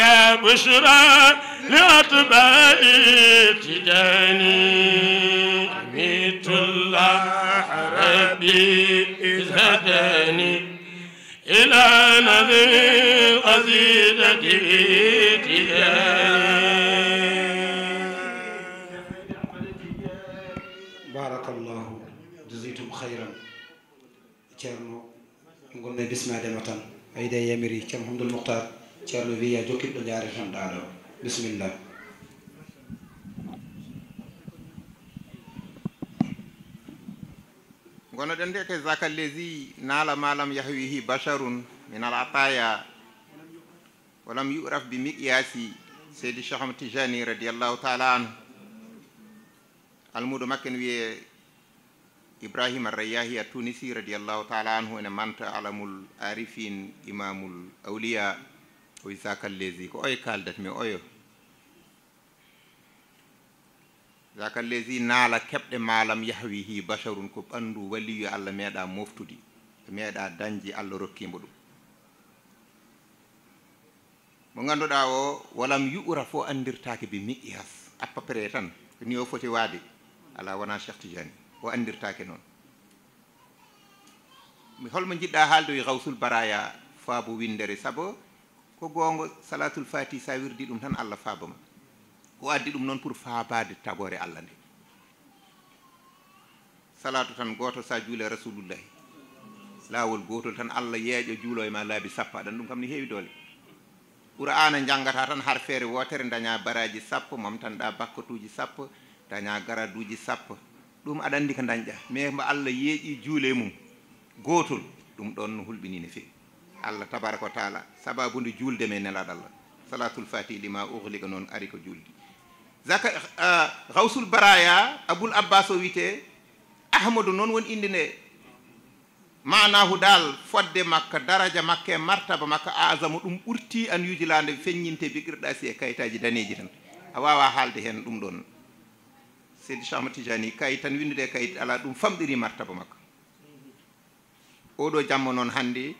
يا بشرى لأطباء تداني أميت الله ربي إذ هداني إلى نذر القصيدة بارك الله جزيتم خيرا تيرنو نقول بسم الله أيدا يميري كم حمد المختار شارلو فيا جوكيب نجاري خمد عالو بسم الله غنا دندك زكا الذي نال مالم يهويه بشر من العطايا ولم يعرف بمقياسي سيد الشيخ تجاني رضي الله تعالى عنه المود مكن ibrahima rayahi a tunisi radiallahu taala anhu ene manta alamul arifin imamul awliya o zakal lesi ko oyo kaldata mi oyo zakal lesi naala keɓɗe maalam yahwi hi basharun ko ɓandu waliyo allah meeɗa moftude e meeɗa dañde allah rokkimo ɗum mo ngannduɗa o walam yu'ra fo andirtake be mi'yas appa pre tan ni o foti waade ala wona chertijani o anndirtaake non mi holmo jiɗɗa haaldoye gawsul baraya faabo windere sabo ko gongo salatul fati sa wirdi dum tan allah faaba ma o addi dum non pour faabaade tagore alla nde salatu tan goto sa juule rasulullah lawol goto tan allah yeeƴo juulo e ma laabi sappa dan dum kam ni heewi doole qur'ana jangata tan har fere wotere daña baraji sappo da bakkatuji sappo daña garaduji sappo ɗum aɗa anndi ko dañƴa mais mo allah yeeƴi juule mum gootol ɗum ɗon hulɓini no feewi allah tabaraka wa taala sababude juulde men nelaaɗo allah salatul fati lima ohlika noon ari ko juuldi zaka rawsul baraya aboul abbas o wiyete ahmadou noon won indi nde manahu dal fodde makka daraja makka e martaba makka asama ɗum ɓurti an yujilande feññinte bigirɗa si e kayitaji daneji tan a wawa haalde hen ɗum ɗon seydi chama tijani kayitan windude kayit e ala ɗum famɗiri martaba makko oɗo jamma noon hannde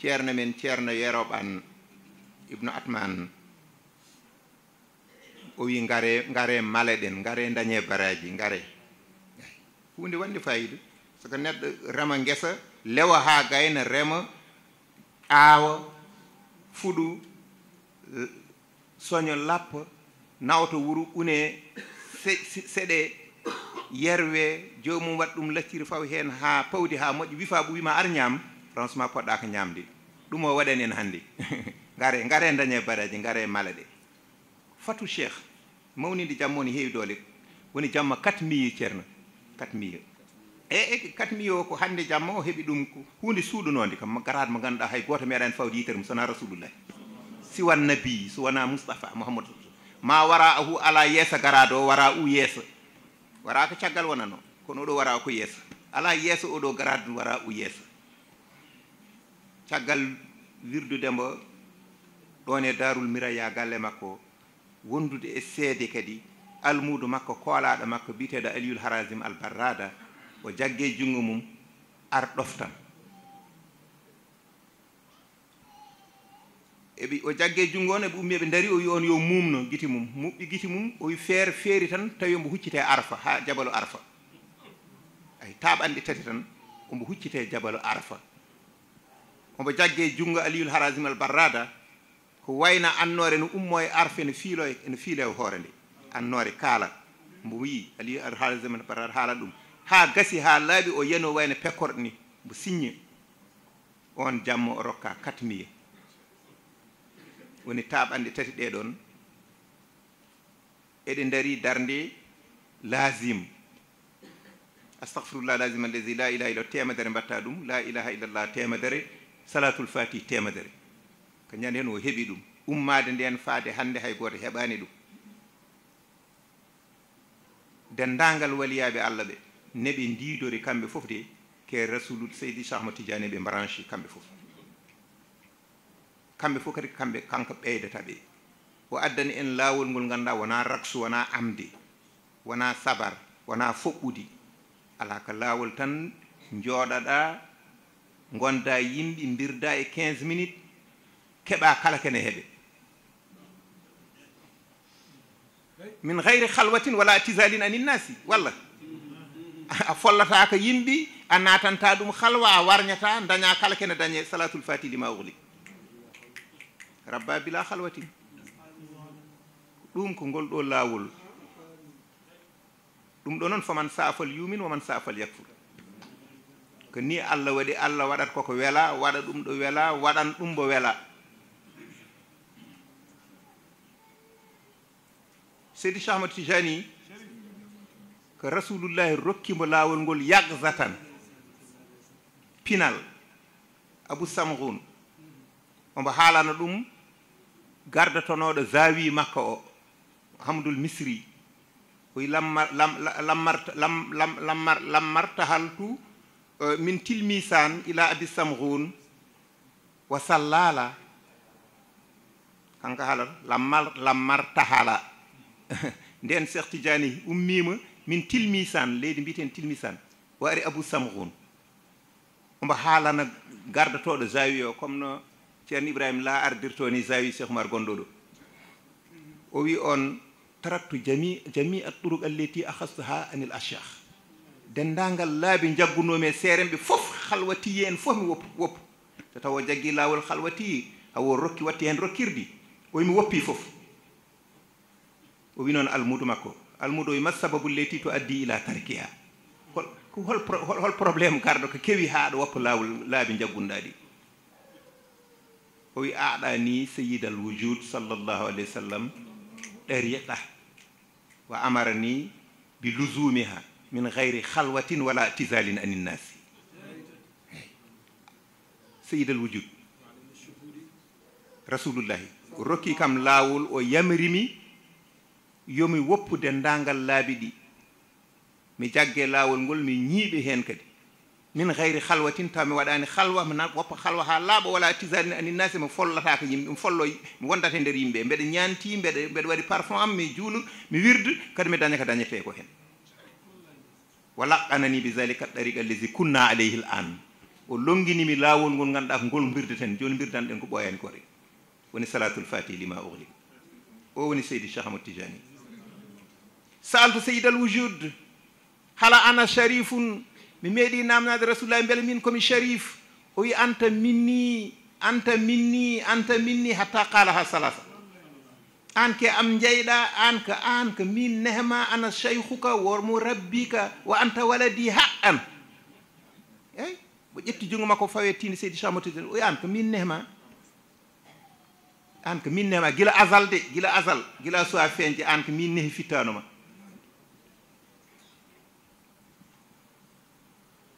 ceerno men ceerno yeroɓan ibnu atman o wi ngare ngare male ɗen ngare dañe baraji ngare hunde wande fayida so que neɗɗo rema guesa lewa ha gayna rema aawa fuɗu soño lappa nawta wuro une seɗe yerwe jomum waɗa ɗum laccir faw hen ha pawdi ha moƴƴa wifa ɓo wima ar ñaam franchement poɗɗa ko ñamdi ɗum o waɗen en hanndi gare gare dañe baraji gare mala ɗe fatou cheikh mawnide jamma woni heewi doole woni jamma quatre mille ceerno quatre mille eyy eyi quatre mille o ko hannde jamma o heɓi ɗum hunde suuɗunode kam garade mo ganduɗa hay goto meeɗa en fawde yitere mum sona rasoulullahi siwan nabi suwana moustapha mouhamadou ma wara ahu ala yeesa garade o wara u yeesa wara ko caggal wonano kono oɗo wara ko yeesa ala yeesa oɗo garade n wara u yeesa caggal wirdudembo ɗon e darul miraya galle makko wondude e seede kadi almudu makko koolaɗo makko biteɗo aliyul harasim albarrada o jaggue junngo mum ar ɗoftan eɓi o jaggee junngo on eɓe ummi eɓe ndari o wi on yo muumno giti mum muɓɓi giti mum o wi feere feeri tan tawi ombo huccitee arfa haa jabalo arfa ay taaɓanɗe tati tan ombo huccitee jabalo arfa ombo jaggee junngo aliyul harasim al barrada ko wayna annoore no ummo e arfa ene fiilo ene fiile e hoore nde annoore kaala mbo wi aliyul harasim al barrada haala ɗum haa gasi haa laaɓi o yano wayno pekkorɗo ni mbo signe on jamma o rokka quatre mille woni taaɓande tati ɗeɗon eɗe ndari darde lasim astahfirullah lasim allaysi la ilaha illah temedere mbatta ɗum la ilaha illallah temedere salatul fati temedere ko ñande hen o heeɓi ɗum ummade nden faade hannde hay goto heɓani ɗum dendagal waliyaɓe allah ɓe neɓe ndidori kamɓe foof de ke rasulu seydi chahma tidiane ɓe branchi kamɓe foof kamɓe fof kadi kamɓe kanko ɓeydata ɓe o addani en laawol ngol ngannduɗaa wonaa raksu wonaa amde wonaa sabar wonaa foɓɓudi alaa ko laawol tan njooɗaɗaa ngonndaa yimɓe mbirdaa e quinze minute keɓaa kala kene heɓe min hayri halwatin wala tisaline aninnasi walla a follataa ko yimɓe a naatantaa ɗum halwa a warñataa dañaa kala kene dañee salatul fatili ma ohli ربي بلا خلوتي دوم كنقول دو لاول دوم دونن فمن سافل اليومين ومن سافل اليكفر كني الله ودي الله ودر كوكو ولا ودر دوم دو ولا ودر دوم بو ولا سيدي شامة تجاني كرسول الله ركي ملاول نقول يقزتن بينال أبو سامغون أما حالنا دوم gardatonoɗo zawi makka o hamdul misri koye lammar lammar lammar lammar tahal tu e, min tilmisan ila abi samhun wa sallala kanka haalata lammar lammar tahala nden cheikh tidiani ummima min tilmisan leydi mbiten tilmisan wa ari abou samhun omo haalana gardatoɗo zawi o comme no ceerno ibrahima la ardirto ni zawi cheikh umar gonɗo ɗo o wi on tractu jami jami a ɗuruk alleti ahastu ha anil achah dendagal laabi jaggunomi e seerenɓe fof halwati hen fof mi woppu woppu so tawa o jaggi lawol halwati hawo rokki watti hen rokkirdi oyimi woppi fof o wi noon almudou makko almudou wi ma sababu leti to addi ila tarkiha hol hol hol probléme garɗo ko kewi haɗo woppa lawol laabi jaggunɗa ɗi o wi aɗa ni seyidal wujud sallllahu alayhi wa sallam ɗariɗa wa amara ni bi lusumiha min gayri halwatin wala tisalin aninnasi seyidal wujud rasulullahi rokki kam laawol o yamrimi yomi woppude ndangal laabi ɗi mi jagge laawol ngol mi ñiiɓe heen kadi min hayri halwatin taw mi waɗani halwa mi woppa halwa ha laaɓa wala tisani ani nasi mi follataka yimɓe mi follo mi wondata e nder yimɓe mbeɗa ñanti mbeɗa mbeɗa waɗi parfum am mi juulu mi wirdu kadi mi daña ko dañete ko hen wala anani bi zalika ɗariqa lesi kunna alayhi l an o longinimi laawol ngol ganduɗa ko ngol birdeten joni birdan ɗen ko ɓoyani kore woni salatul fatihi lima ohli o woni seydi cheikh amadou tijani saaltu seyid al wujud hala ana sharifun ميلي نامنا رسول الله بل منكم الشريف هو أنت مني أنت مني أنت مني حتى قالها سلاسة أنك أم جيدا أنك أنك من نهما أنا شيخك ومربيك وأنت ولدي حقا أي بجت جنو ما كفايتين سيدي شامتو جنو أنك من نهما أنك من نهما جلا أزل دي جلا أزل جلا سوى فينجي أنك من نهي فتانو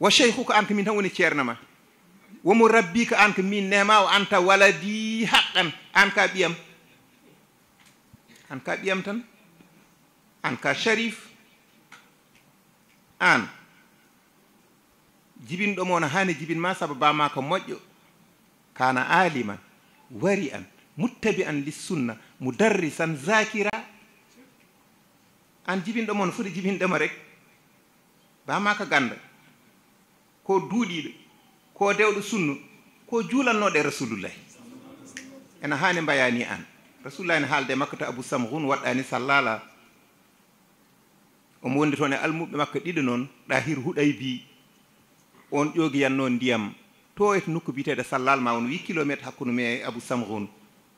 wo cheikhu ko an ko min tan woni ceerno ma womo rabbi ko an ko min nema o anta waladi haqqan an ka ɓiyam an ka ɓiyam tan an ka sharif an jibinɗomo no hani jibin ma saabu bama ko moƴƴo kana aliman wari an muttabi an li sunna mudarrisan zakira an jibinɗomo no foti jibinɗoma rek bama ko ganda ko duuɗiiɗo ko dewɗo sunnu ko juulannooɗo e rasulullahi ene haani mbayaani aan rasulullahi ne haalde e makka to abou samhun waɗɗaani sallala omo wondi toon e almuɓe makka ɗiɗo noon ɗahir huɗay bii on ƴoogiyatnoo ndiyam e to eto nokku biteede sallal ma won huit kilométre hakkunde mi e abou samhun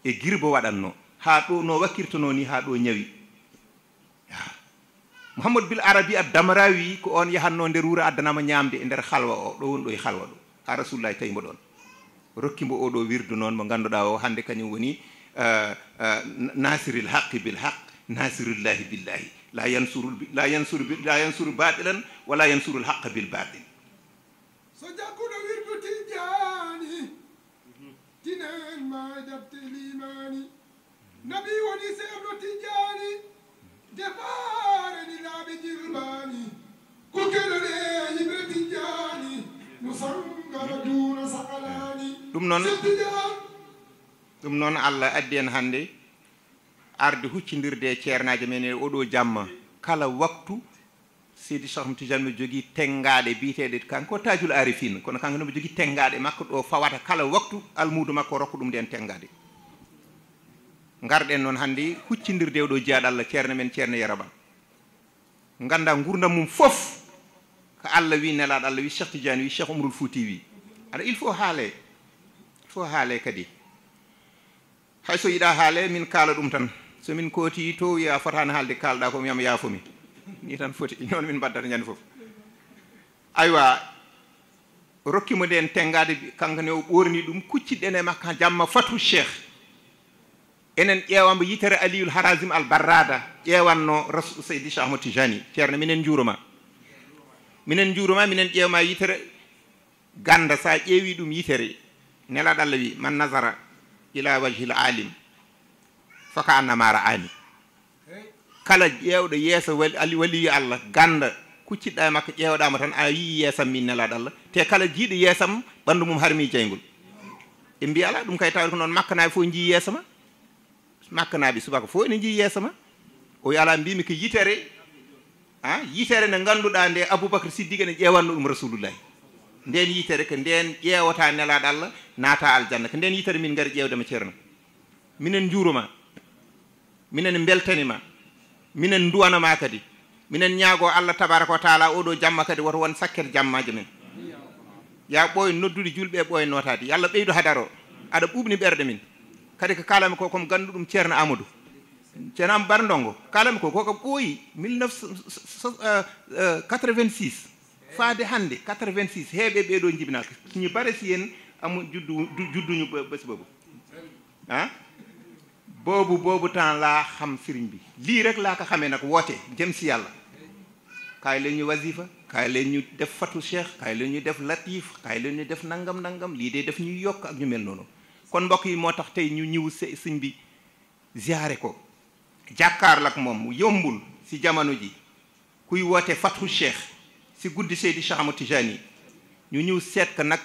e girbo waɗatnoo haa ɗo no wakkirtonoo nii haa ɗo ñawi mouhamadou bil arabi a damara wi ko on yahatno nder wuro addanama ñamde e nder halwa o ɗo woni ɗo e halwa ɗo a rasulullahi tawi mbo ɗon rokkimbo oɗo wirdu noon mo ganduɗa o hande kañum woni eh, eh, nasiril haqqi bil haq nasirullahi billahi la yansuru la yansuru la yansuru baɗilan wala yansuru l haqqa bil baɗil so jakkuɗo wirdu ti jaani dinan ma jabte l'imani nabi woni sehlo ti jaani ɗum noon ɗum noon allah addi en hannde arde huccidirde e ceernaaji men e oɗo jamma kala waktu seydi sohma tijanmo jogii tenngaaɗe biyeteeɗe kanko tajul arifine kono kanko nomo jogii tenngaaɗe makko ɗo fawata kala waktu almuudu makko rokka ɗum nden tenngaade ngarɗen noon hannde huccindirde o e ɗo jeyaɗo allah ceerno men ceerno yaraba ngannda ngurdam mum fof ko allah wi nelaɗo allah wi cheikh tidiane wi cheikh omrul fouti wi aɗa il faut haale il faut haale kadi hay so yiɗa haale min kaala ɗum tan somin kooti to wiya fotani haalde kaalɗa ko miyama yaafomi ni tan foti noon min mbaddata ñande fof aywa rokkimo nden tengade kanko ne o ɓorni ɗum kuccitɗen e makka jamma fatou cheikh enen ƴeewamo yitere aliyul harasim al barrada ƴeewanno rasul seydi chahmo tijani ceerno minen juuroma minen juuroma minen ƴeewma yitere ganda sa ƴeewi ɗum yitere nelaɗa allah wi man nasara ila wajhil alim foka annamara ani kala ƴeewɗo yeeso waliyi allah ganda kuccitɗa e makko ƴeewɗama tan a yii yeesam min nelaɗa allah te kala jiiɗo yeesam ɓanndu mum harmi jeygol e mbiya ala ɗum kay tawde ko noon makka naɓe fof jii yeesama makkanaaɓe subaka fof ene njii yeesa ma o yo ala mbimi ko yitere a yitere nde ngannduɗaa nde aboubacre siddiga ne ƴeewanno ɗum rasulullahi ndeen yitere ko ndeen ƴeewata nelaaɗo allah naata aljanna ko ndeen yitere min ngari ƴeewdema ceerno minen njuuroma minen mbeltanima minen nduwanama kadi minen ñaago allah tabaraka wa taala oɗo jamma kadi woto won sakkere jammaji men ya ɓooy noddude julɓe e ɓooy notaade yo allah ɓeydo hadar o aɗa ɓuuɓni ɓerɗe min kadi kala mi ko kom gandu dum cerna amadou ceerno amadou kala mi ko koko koyi 1986 faade hande 86 be do jibina ni bare si en amu juddu ah? ñu bes bobu ah bobu bobu tan la xam serigne bi li rek la ka xame nak wote dem si yalla kay lañu wazifa kay lañu def fatou cheikh kay lañu def latif kay lañu def nangam nangam li de def ñu yok ak ñu mel nonou kon mbokk yi moo tax tey ñu ñëw sëñ bi ziyaare ko jàkkaarloo ak moom yombul si jamono ji kuy woote fathu cheikh si guddi Seydi Cheikh Ahmad Tijani ñu ñëw seet nag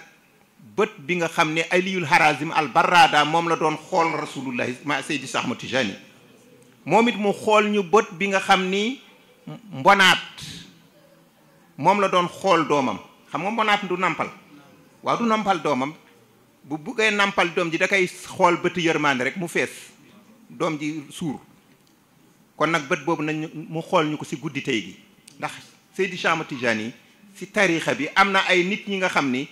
bët bi nga xam ne aliyul harazim al barrada moom la doon xool rasulullahi ma Seydi Cheikh Ahmad moom it mu xool ñu bët bi nga xam ni mbonaat moom la doon xool doomam xam nga mbonaat du nampal waaw du nampal doomam bu buggee nàmpal doom ji da xool bëti yërmaande rek mu fees doom ji suur kon nag bët boobu nañ mu xool ñu ko ci guddi tey gi ndax Seydi Chama Tijaan yi ci tariixa bi am na ay nit ñi nga xam ni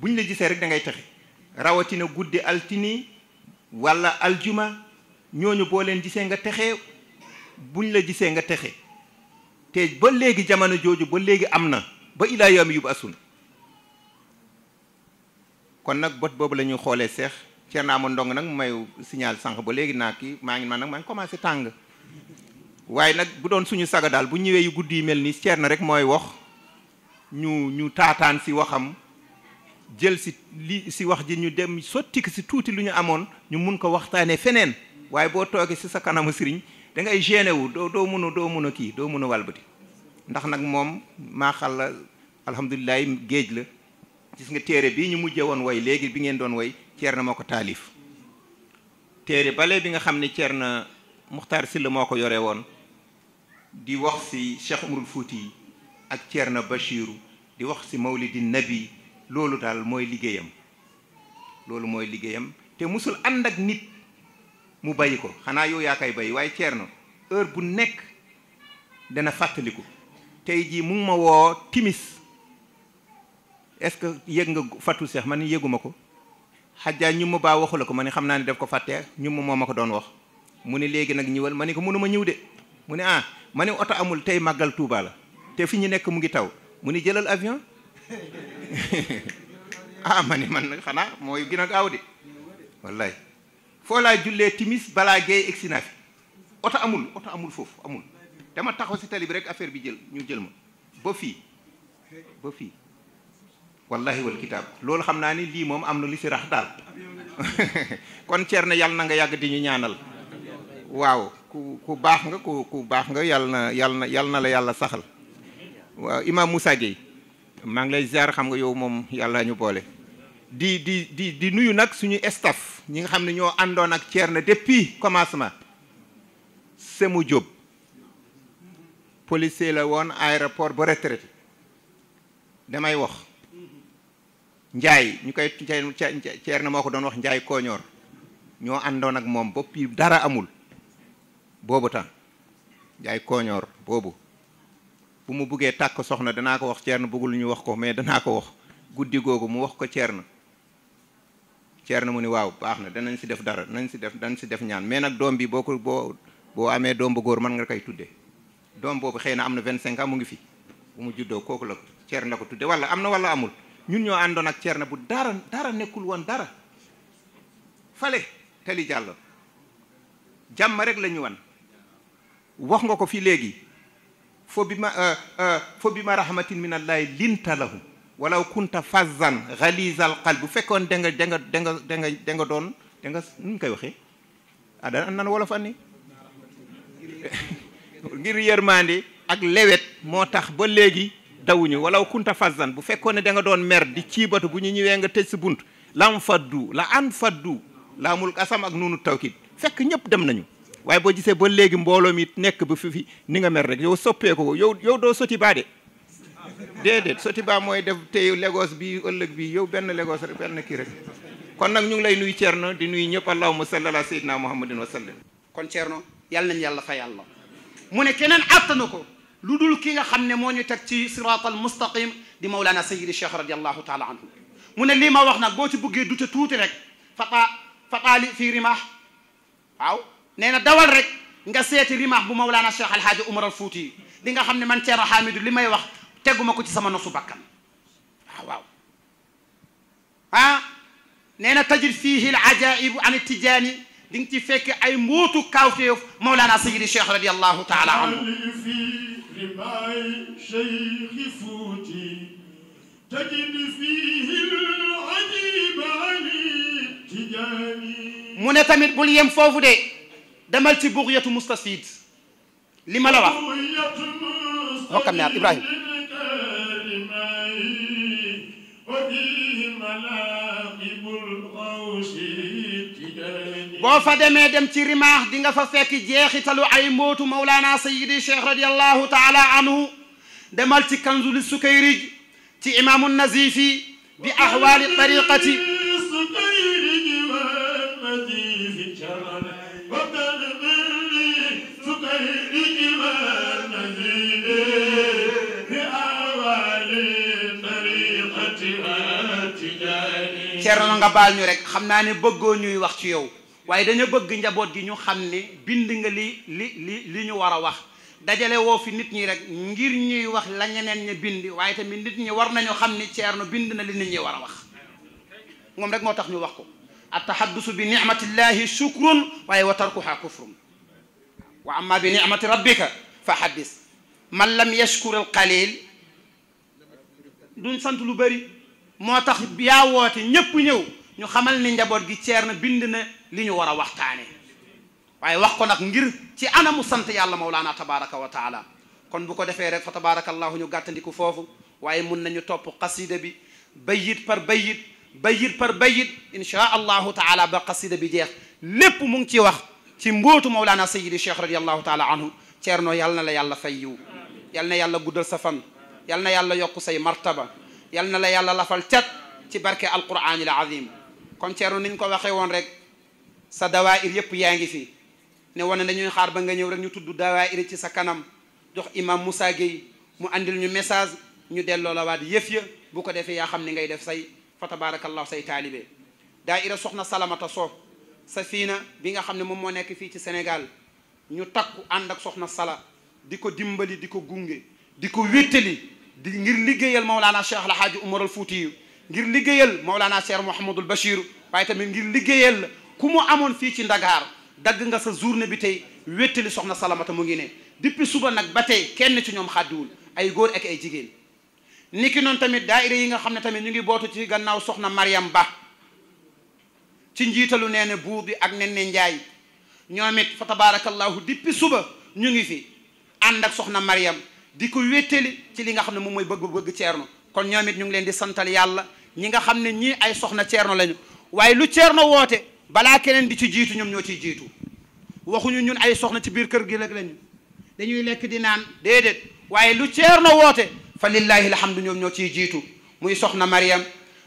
buñ la gisee rek da ngay texe rawatina guddi altini walla aljuma ñooñu boo leen gisee nga texe buñ la gisee nga texe te ba léegi jamono jooju ba léegi am na ba ilaa yub yub'asun kon nak bot bobu lañu xolé xoolee seex mo Ndong nak may signal sank ba léegi naa kii maa ngi man nak ma ngi commencé tang waye nak bu doon suñu saga dal bu yu guddii melni mel rek moy wax ñu ñu tataan si waxam jël si li ci wax ji ñu dem sotti ci si tuuti lu amon, amoon ñu mun ko waxtane fenen waye bo toge ci sa kanamu sëriñ da ngay gêné wu do do mënu do mënu ki do mënu walbati ndax nak mom ma xal alhamdullilah gis nga téere bi ñu mujje woon way léegi bi ngeen doon way Ceerno moo ko taalif téere bale bi nga xam ne ceer Ceerno Muxtaar Silla moo ko yore woon di wax si Cheikh Umarul Fuuti yi ak Ceerno Bachiru di wax si Mawlidi Nabi loolu daal mooy liggéeyam loolu mooy liggéeyam te mosul ànd ak nit mu bàyyi ko xanaa yow yaa koy bàyyi waaye ceer na heure bu nekk dana fàttaliku tey jii mu ma woo timis est-ce que yëg nga fatu seex ma ni yëguma ko xajaa ñu ma baa waxula ko ma ni xam naa ne def ko fàttee ñu ma moo ma ko doon wax mu ni léegi nag ñëwal ma ni ko mënuma ñëw de mu ne ah ma ni oto amul tey màggal tuubaala te fi ñu nekk mu ngi taw mu ni jëlal avion ah ma ni man nag xanaa mooy gën a de wallaay foo jullee timis balaa géey egsi naa fi oto amul oto amul foofu amul dama taxaw si tali bi rek affaire bi jël ñu jël ma ba fii ba fii wallahi wal kitab lolou xamna ni li mom am li fi rax dal kon cierna yalla na nga yag di ñu ñaanal waaw ku ku bax nga ku ku yal nga yalla na yalla na na la yalla saxal waaw Imam musa Gueye ma ngi lay ziar xam nga yow mom yalla ñu boole di di di di nuyu nak suñu staff ñi nga xamni ño ando nak cierna depuis commencement semu job policier la won aéroport bo retraité damay wax njaay ñu ceer na moo ko doon wax njaay kooñoor ñoo àndoon ak moom bopp yi dara amul boobu temps njaay koñoor boobu bu mu buggee tàkk soxna danaa ko wax ceer Ceerno bëggul ñu wax ko mais danaa ko wax guddi googu mu wax ko na ceer na mu ni waaw baax na danañ si def dara nañ si def dañ si def ñaan mais nag doom bi boo ko boo boo amee doom bu góor mën nga koy tudde doom boobu xëy na am na vingt-cinq ans mu ngi fi bu mu juddoo kooku la Ceerno na ko tudde wala am na wala amul ñun ñoo àndoon ak ceer na bu dara dara nekkul woon dara fale Tali Diallo jàmm rek la ñu wan wax nga ko fii léegi fo bi ma euh, euh, fo bi ma rahmatin min allahi linta lahum walaw kunta fazan xaliza al bu fekkoon da nga da doon da nga nu ñu koy waxee ah nan wolof anni ngir yërmande ak lewet moo tax ba léegi dawuñu wala kunta fazan bu fekkone da nga doon mer di ciibatu bu ñu ñëwee nga tej ci buntu lam faddu la an faddu la mul qasam ak nunu tawkid fekk ñëpp dem nañu waye bo gisé ba légui mbolo mi nekk bu fifi ni nga mer rek yow soppé ko yow yow do soti ba dé dédé soti ba moy def tey Lagos bi ëlëk bi yow ben Lagos rek ben ki rek kon nak ñu ngi lay nuy cierno di nuyu ñëpp allahumma salli ala sayyidina muhammadin wa sallam kon cierno yalla nañ yalla fa yàlla mu ne keneen àttanu ko lu dul ki nga xam ne ñu teg ci siraatal mustaqim di mawlana sayyidi cheikh radiallahu taala anhu mu ne lii ma wax nag boo ci bëggee du ca tuuti rek fata fataali fii rimah waaw nee dawal rek nga seeti rimah bu mawlana cheikh alhaaji umar al fuuti yi li nga xam ne man ceerno xaamidu li may wax teguma ko ci sama nosu bakkan waaw waaw ah nee na al ajaibu an tijaani di nga ci fekk ay mbootu kaawteef mawlana sayyidi cheikh radiallahu taala anhu لماء شيخ فوتي تجد فيه العجيبان التجاني mu ne tamit bul yem foofu de demal ci bugyatu mustasid li ma la wax rokkam ñaar Ibrahima وفيه ملاقب الغوث boo fa demee dem ci rimaax di nga fa fekk jeexitalu ay mbootu mawlaana sayidi cheikh radiallahu taala anhu demal ci kanzul sukayrij ci imaamu nazifi bi ahwaali tariqati Thierno nga bal ñu rek xamna naa ne bëggoo ñuy wax ci yow waaye dañu bëgg njaboot gi ñu xam ne bind nga li li li li ñu war a wax dajale woo fi nit ñi rek ngir ñuy wax la ñeneen ñi bind waaye tamit nit ñi war nañu xam ni Thierno bind na li nit ñi war a wax moom rek moo tax ñu wax ko التحدث بنعمة الله شكر وتركها كفر وأما بنعمة ربك فحدث من لم يشكر القليل دون سنت لبري motax tax yaa woote ñépp ñëw ñu xamal ni njabot gi Ceerno bind na li ñu wara waxtane waye wax ko nak ngir ci anamu sant yàlla mawlana tabaarak wa taala kon bu ko defé rek fa tabaarak allah ñu gàttandiku fofu waye mën nañu top qasida bi bayit par bayit bayit par bayit insha allah taala ba qasida bi jeex lépp mu ngi ci wax ci mbotu mawlana sayidi cheikh radiallahu taala anhu cierno yal na la yàlla fayyu yiw na yàlla guddal sa fam yal na yàlla yok say martaba yal na la yàlla lafal cat ci barke alquraanil azim kon ceeru niñ ko waxee woon rek sa dawaayir yëpp yaa ngi fi ne wane dañuy xaar nga ñëw rek ñu tudd dawaayir ci sa kanam jox imam Moussa Gueye mu andil ñu message ñu delloo la waat yëf ya bu ko defee yaa xam ngay def say fa tabarakallahu say taalibe daaira soxna salamata soo safina bi nga xam ne moom moo nekk ci Sénégal ñu takku ànd ak soxna sala diko ko dimbali di gunge di ko di ngir liggeyal maulana Cheikh El Hadj Umar al Fuutiyu ngir liggeyal maulana Cheikh Mouhamadul Bachir way tamit ngir liggeyal ku amone fi ci Ndakaar dag nga sa journée bi tay wéttali soxna Salamata mo ngi ne depuis suba nak batay kenn ci ñom xàddiwul ay góor ak ay jigen niki non tamit daayira yi nga xamne tamit ñu ngi botu ci gannaaw soxna Mariam Ba ci njitalu neene ne bi ak neene Njaay ñomit fa tabarakallah depuis suba ñu ngi fi ànd ak soxna Mariam. diko ko ci li nga xamne mom moy bëgg-bëgg ceerno kon ñoom ñu ngi leen di santal yàlla ñi nga xamne ñi ay soxna ceerno lañu waye lu ceerno wote bala keneen di ci jitu ñom ñoo jitu waxu ñu ñun ay soxna ci biir kër gi rek lañu dañuy lek di naan dedet waye lu ceerno wote fa lillahi alhamdu ñom ñoo ciy jiitu muy soxna maryam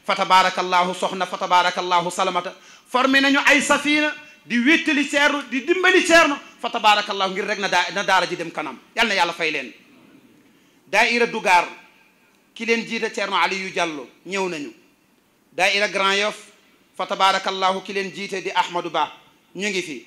fa tabarakallahu soxna fa tabarakallahu salamata formé nañu ay safina di wéttali ceerno di dimbali ceerno fa tabarakallahu ngir rek na daara ji dem kanam yalla na yàlla fay leen daaira Dugar ki leen jiite ali Aliou Diallo ñëw nañu daaira Grand yof fa tabarakallahu ki len jiite di Ahmadou Ba ñu ngi fi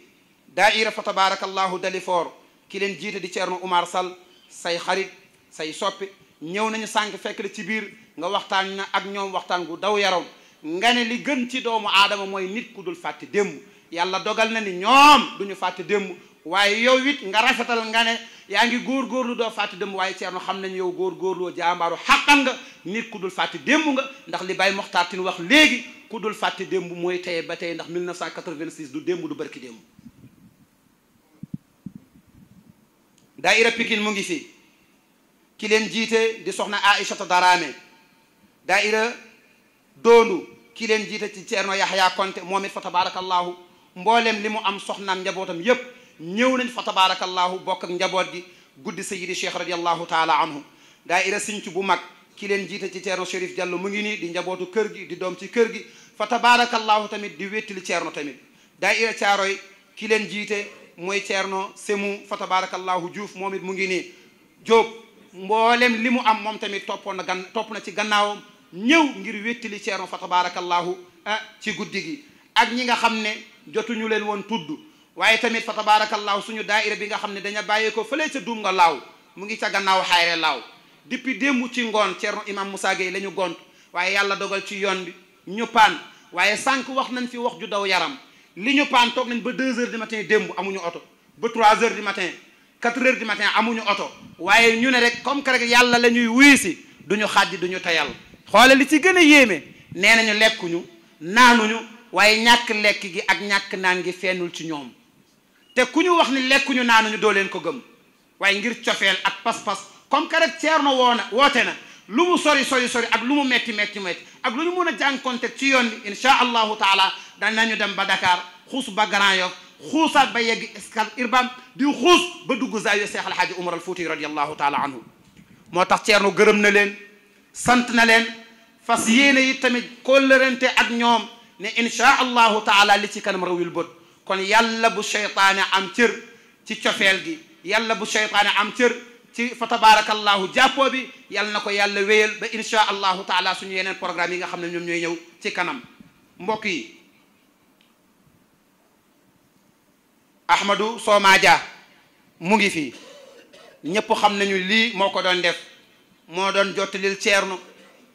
daaira fa tabarakallahu Dalifor ki len jiite di cerno Oumar Sall say xarit say soppi ñëw nañu sank fekk la ci bir nga waxtaan na ak ñom waxtaan gu daw yaram nga ne li gën ci doomu adama moy nit ku dul fàtte dem yàlla dogal na ni ñom duñu fàtte dem waaye yow it nga rafetal nga ne yaa ngi góorgóorlu doo fàtte démb waaye Ceerno xam nañ yow góorgóorloo jaambaaru xàqan nga nit ku dul fàtte démb nga ndax li bay Moxtaar Tine wax léegi ku dul fàtte démb mooy tey ba tey ndax 1986 du démb du barki démb daayira Pikine mu ngi fi ki leen jiite di soxna Aïchata Darame daayira doondu ki leen jiite ci Ceerno Yaxya Konte moom it fa tabarakallahu mboolem li mu am soxnaam njabootam yépp ñëw nañ fa tabaarakallaahu bokk ak njaboot gi guddi sayidi cheikh radiallahu taala anhu daayira sincu bu mag ki leen jiite ci ceerno Chérif Diallo mu ngi nii di njabootu kër gi di doom ci kër gi fa tabaarakallaahu tamit di wéttili ceerno tamit daa daayira caaroy ki leen jiite mooy ceerno semu fa tabaarakallaahu juuf moom it mu ngi ni jóob mboolem li mu am moom tamit toppoon na gan topp na ci gannaawam ñëw ngir wéttili ceerno fa tabaarakallaahu ah ci guddi gi ak ñi nga xam ne jotuñu leen woon tudd waaye tamit fa tabaarakallaahu suñu daaira bi nga xam ne daña bàyyee ko fële ca duum nga laaw mu ngi ca gannaaw xayre laaw depuis démb ci ngoon Ceerno Imam Moussa Gueye la ñu gont waaye yàlla dogal ci yoon bi ñu paan waaye sànq wax nañ fi wax ju daw yaram li ñu paan toog nañ ba deux heures du matin démb amuñu oto ba trois heures du matin quatre heures du matin amuñu oto waaye ñu ne rek comme que rek yàlla la ñuy wuyu si duñu xàjj duñu tayal xoole li ci gën a yéeme nee nañu lekkuñu naanuñu waaye ñàkk lekk gi ak ñàkk naan gi fennul ci ñoom te kuñu wax ni lekkuñu ñu do leen ko gëm way ngir cofeel ak pass pass comme que rek Ceerno woo na na lu mu sori sori sori ak lu mu metti metti metti ak lu ñu mëna jànkonte ci yoon bi insha allah taala nañu dem ba Dakar khous ba Grand Yoff xuusaat ba yegg escal Urbam di khous ba dugg zaawiya Seex Alxaaji Umar al radiyallahu taala anhu motax tax gëreem na leen sant na leen fas yene yi tamit kóllërante ak ñoom ne insha allah taala li ci kanam rawul bot kon yàlla bu shaytan am cër ci tiofel gi yàlla bu shaytan am cër ci fa tabarakallah jappo bi yàlla nako yàlla weyel ba insha allah taala suñu yenen programme yi nga xamne ñom ñoy ñëw ci kanam mbok yi ahmadou soomaaja mu ngi fi ñépp xamnañu li moko doon def mo doon jotalil ceernu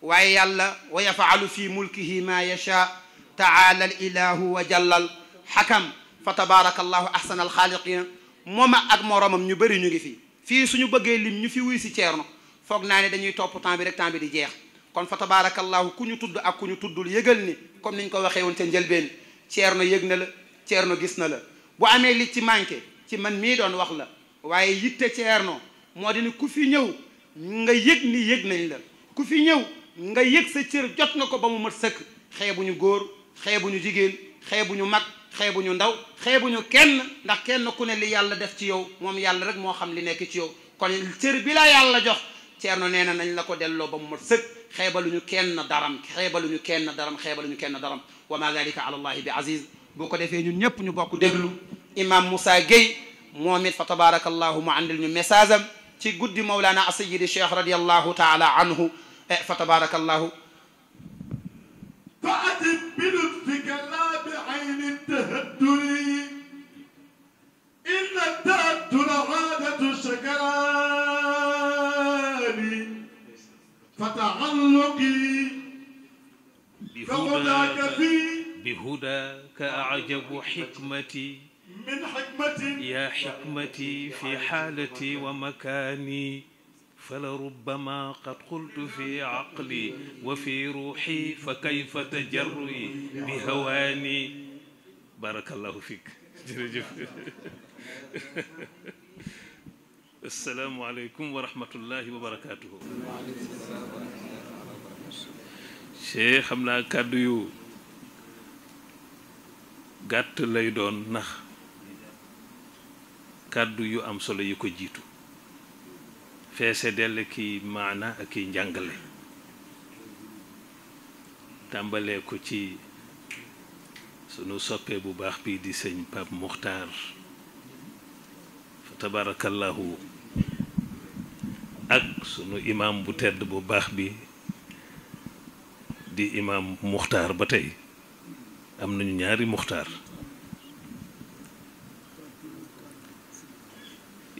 waye yàlla wa yaf'alu fi mulkihi ma yasha taala al ilahu wa jallal hakam fa tabaarakallaahu ahsanal xaaliqiin moom ak moromam ñu bëri ñu ngi fii fii suñu bëggee lim ñu fi wuy si ceerno foog naa ne dañuy topp temps bi rek temps bi di jeex kon fa tabaarakallaahu ku ñu tudd ak ku ñu tuddul yëgal ni comme niñ ko waxee woon ca njëlbeen ceerno yëg na la ceerno gis na la bu amee li ci manqué ci man mii doon wax la waaye yitte ceerno moo di ni ku fi ñëw nga yëg ni yëg nañ la ku fi ñëw nga yëg sa cër jot nga ko ba mu mat sëkk xeebuñu góor xeebuñu jigéen xeebuñu mag xeebuñu ndaw xeebuñu kenn ndax kenn ku ne li yàlla def ci yow moom yàlla rek moo xam li nekk ci yow kon cër bi la yàlla jox ceerno nee na nañ la ko delloo ba mu mat sëg xeebaluñu kenn daram xeebaluñu kenn daram xeebaluñu kenn daram wa ma dalika ala allahi bi aziz boo ko defee ñun ñëpp ñu bokk déglu imam Moussa Gueye moom it fa tabaraka allahu mu àndil ñu message am ci guddi mawlaana asayidi cheikh radiallahu taala anhu fa tabaraka allahu فأتت بلطفك لا بعين التهدر إن التهدر عادة شكران فتعلقي فهناك في بهداك أعجب حكمتي من حكمتي يا حكمتي في حالتي ومكاني فلربما قد قلت في عقلي وفي روحي فكيف تجري بهواني بارك الله فيك السلام عليكم ورحمة الله وبركاته شيخ xam naa kàddu ليدون نخ lay doon nax جيتو feese dell kiy maana ak kiy njàngale tàmbalee ko ci sunu soppee bu baax bii di sëñ Pape Muxtaar fa tabarakallahu ak sunu imaam bu tedd bu baax bi di imaam Muxtaar ba tey am nañu ñaari Muxtaar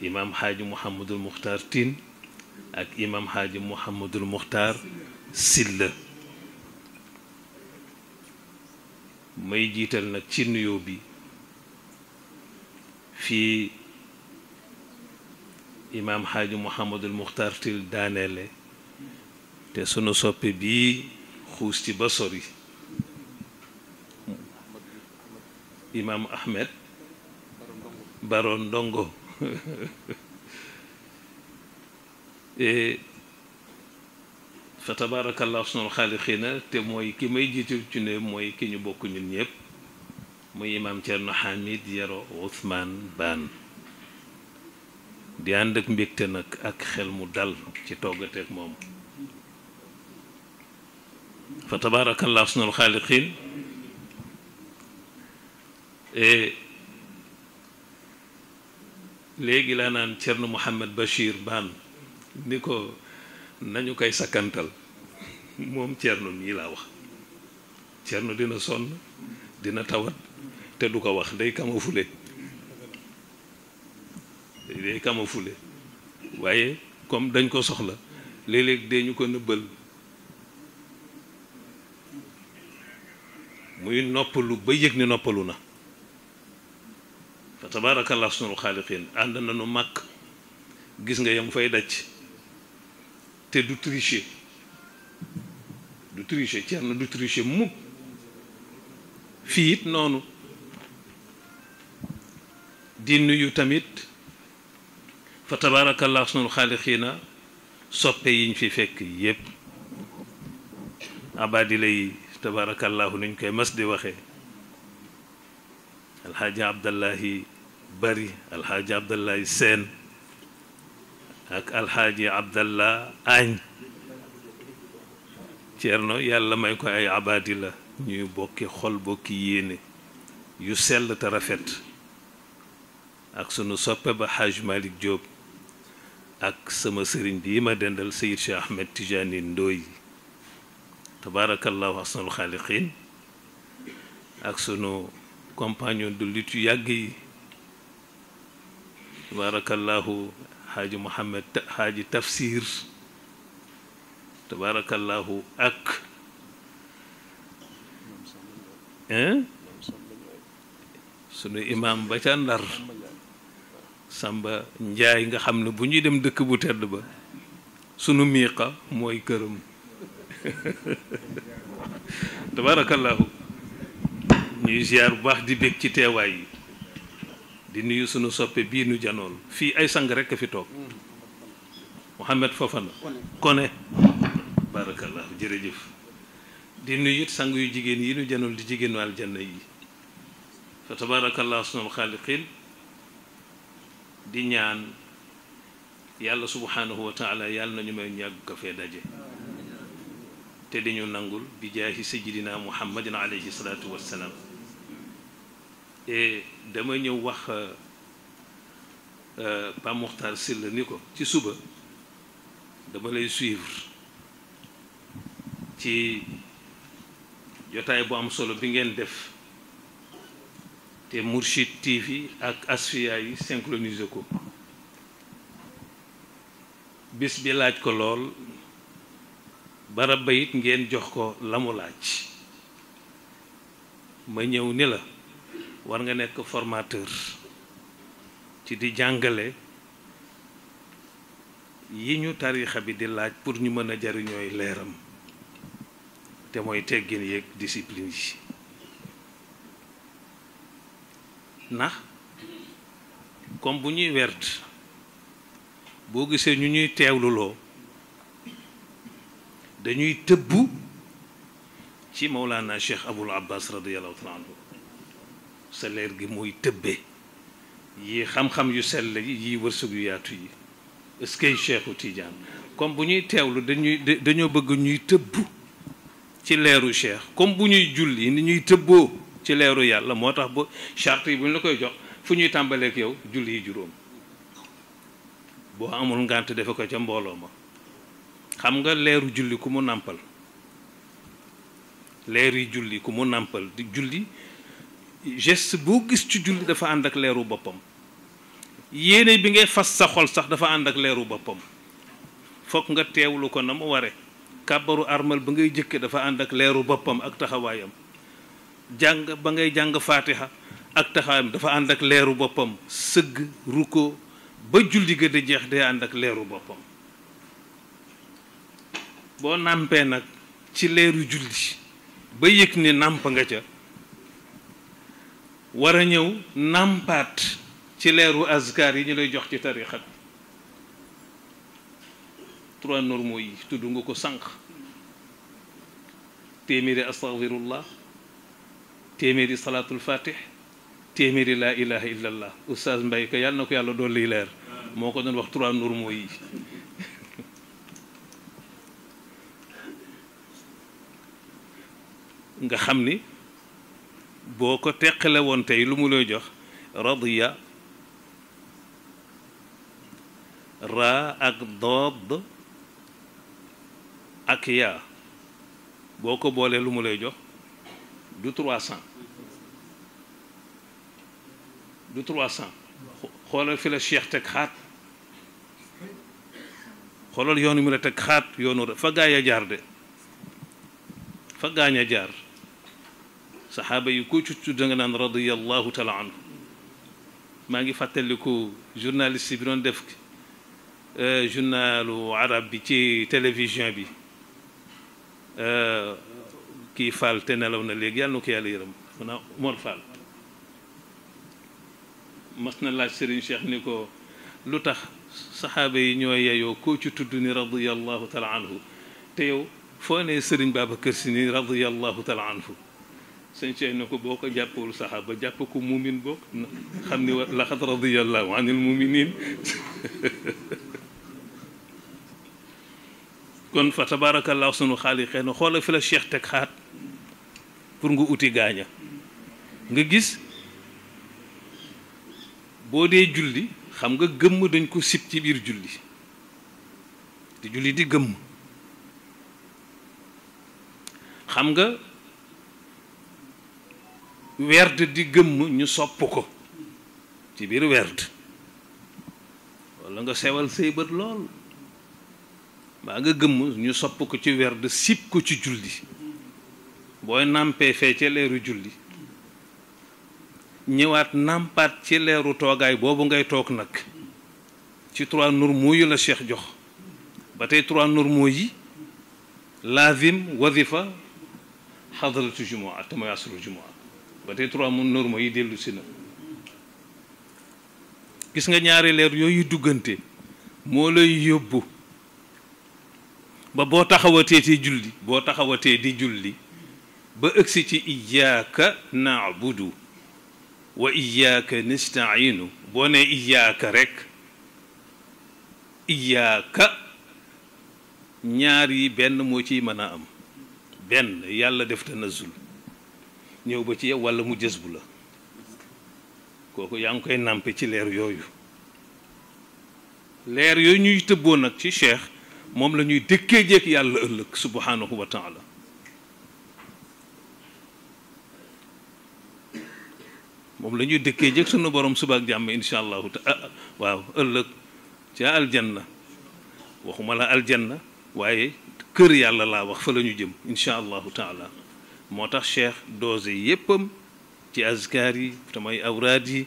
imaam xaaji mouhamadul muxtaar tin ak imaam xaaji mouhamadul muxtaar silla may jiital nag ci nuyoo bi fii imaam xaaji mouhamadul muxtaar til daaneele te sunu soppe bii xuus ci ba sori imaam ahmed baroon ndongo Eh, fa tabaarakallah sunul xaaliqiina te mooy ki may jiitu ci ne mooy ki ñu bokk ñun ñëpp muy imaam Thierno Hamid Yero Ousmane Bane di ànd ak mbégte nag ak xel mu dal ci toggateeg moom fa tabaarakallah sunul xaaliqiin eh, léegi laa naan Thierno Mouhamed Bachir Bane ni ko nañu koy sakkantal moom Thierno mii laa wax Thierno dina sonn dina tawat te du ko wax day kama fule day kama waaye comme dañ ko soxla léeg-léeg dee ñu ko nëbbal muy noppalu ba yëg ni noppalu na fa tabaarakallah sunu xaaliqiin ànd nañu màkk gis nga yam fay daj te du tricher du tricher Thierno du tricher mukk fii it noonu di nuyu tamit fa tabaarakallah sunu xaaliqiina soppe yiñ fi fekk yépp abadila yi tabaarakallahu nuñ koy mas di waxee alxaaji abdallahi bari alxaaji abdallahi seen ak alxaaji abdallah añ ceerno yàlla may ko ay abaadi la ñuy bokki xol bokki yéene yu sell te rafet ak sunu soppe ba xaaj malik jóob ak sama sëriñ bii ma dendal sayid cheikh ahmed tijaani ndooy tabarakallahu ahsanul xaaliqin ak sunu compagnon de lutte yu tabaarakallaahu xaaji Mouhamed xaaji Tafsir tabaarakallaahu ak sunu imaam ba ca Ndar Samba Njaay nga xam ne bu ñuy dem dëkk bu tedd ba sunu miiqa mooy këram tabaarakallaahu ñuy ziar bu baax di bég ci teewaay yi di nuyu sunu soppee bii nu janoon fii ay sang rekk a fi toog Mouhamed Fofana Koné barakallah jërëjëf di nuyu it sang yu jigéen yi nu janoon di jigéenu aljanna yi fa tabarakallah sunal xaaliqin di ñaan yàlla subhanahu wa taala na ñu may ñàgg ko fee daje te di ñu nangul bi jaahi sayyidina muhammadin alayhi salaatu wassalaam dama ñëw wax euh, euh, Pa Mokhtar Sylla ni ko ci suba dama lay suivre ci jotaay bu am solo bi ngeen def te Mourchid TV ak Asfiya yi synchronisé ko bis bi laaj ko lool barab ba it ngeen jox ko la mu laaj ma ñëw ni la war nga nekk formateur ci di jàngale yi ñu tariixa bi di laaj pour ñu mën a jariñooy leeram te mooy teggin yeeg discipline yi ndax comme bu ñuy wert boo gisee ñu ñuy teewluloo dañuy tëbb ci Mawlana Cheikh Abul Abbas radiyallahu taala salaire gi mooy tëbbee yi xam-xam yu sell yi wërsëg yu yaatu yi est-ce que Cheikhu comme bu ñuy teewlu dañuy dañoo bëgg ñuy tëbb ci leeru Cheikh comme bu ñuy julli ni ñuy tëbboo ci leeru yàlla moo tax ba charte yi bu ñu la koy jox fu ñuy tàmbaleek yow julli juróom boo amul ngànt defe ko ca mbooloo ma xam nga leeru julli ku mu nàmpal leer yi julli ku mu nàmpal di julli geste boo gis ci julli dafa ànd ak leeru boppam yéene bi ngay fas sa xol sax dafa ànd ak leeru boppam fokk nga teewlu ko na mu ware kàbbaru armal ba ngay jëkke dafa ànd ak leeru boppam ak taxawaayam jàng ba ngay jàng faatiha ak taxawaayam dafa ànd ak leeru boppam sëgg ruko ba julli ga di jeex day ànd ak leeru boppam boo nàmpee nag ci leeru julli ba yëg ne nàmp nga ca war a ñëw nàmpaat ci leeru azkar yi ñu lay jox ci tarixa bi trois normaux yi tudd nga ko sànq téeméeri astaghfirullah téeméeri salaatul fatih téeméeri laa ilaha illallah oustaz mbay ka yàlla na ko yàlla doon liy leer moo ko doon wax trois normaux yi nga xam ni boo ko teqale woon tey lu mu lay jox radiya raa ak dood ak yaa boo ko boolee lu mu lay jox du trois cent du trois cent xoolal fi la cheikh teg xaat xoolal yoonu mi la teg xaat yoonu fa gaañ a jaar de fa gaañ jaar صحابي يكوتشو تدنغنان رضي الله تعالى عنه ماغي فاتلكو جورناليست بي دون ديف ا جورنال عربي تي تلفزيون بي ا كي فال تنالون ليغي يالو كي يالرم هنا مور فال مسنا لا سيرين شيخ نيكو لوتخ صحابي ньо ييو كوتشو تدني رضي الله تعالى عنه تيو فوني سيرين بابا كرسيني رضي الله تعالى عنه سنشاهد نكو بوك جابو الصحابة جابوكو مؤمن بوك خمني لخط رضي الله عن المؤمنين كون فتبارك الله سنو خالي خير نخول في الشيخ تكحات pour nga outil gaña nga gis bo dé julli xam nga gëm dañ ko sip ci bir julli di julli di gëm xam nga werd di gëmm ñu sopp ko ci biir werd walla nga sewal say bët lool baa nga gëmm ñu sopp ko ci werd sib ko ci julli booy nàmpee fee ci leeru julli ñëwaat nàmpaat ci leeru toogaay boobu ngay toog nag ci trois nur mooyu la cheikh jox ba tey trois nur yi laazim wazifa xadratu jumaa te mooy asru jumaa ba tey trois moom normes yi dellusi na gis nga ñaari leer yooyu duggante moo lay yóbbu ba boo taxawatee di julli boo taxawatee di julli ba ëgsi ci iyaaka naabudu wa iyaaka nasta'inu boo nee iyaaka rekk iyaaka ñaar yi benn moo ciy mën a am benn yàlla def tanazul ñëw ba ci yow walla mu jës bu la kooku yaa ngi koy nàmpe ci leer yooyu leer yooyu ñuy tëbboo nag ci cheikh moom la ñuy dëkkee jékk yàlla ëllëg subhanahu wa taala moom la ñuy dëkkee jëkk sunu borom subaak jàmm incha allahu taala ah, waaw ëllëg ca aljanna waxuma la aljanna waaye kër yàlla laa wax fa la ñu jëm incha allahu taala moo tax cheikh doose yéppam ci azkar yi tamay awraad yi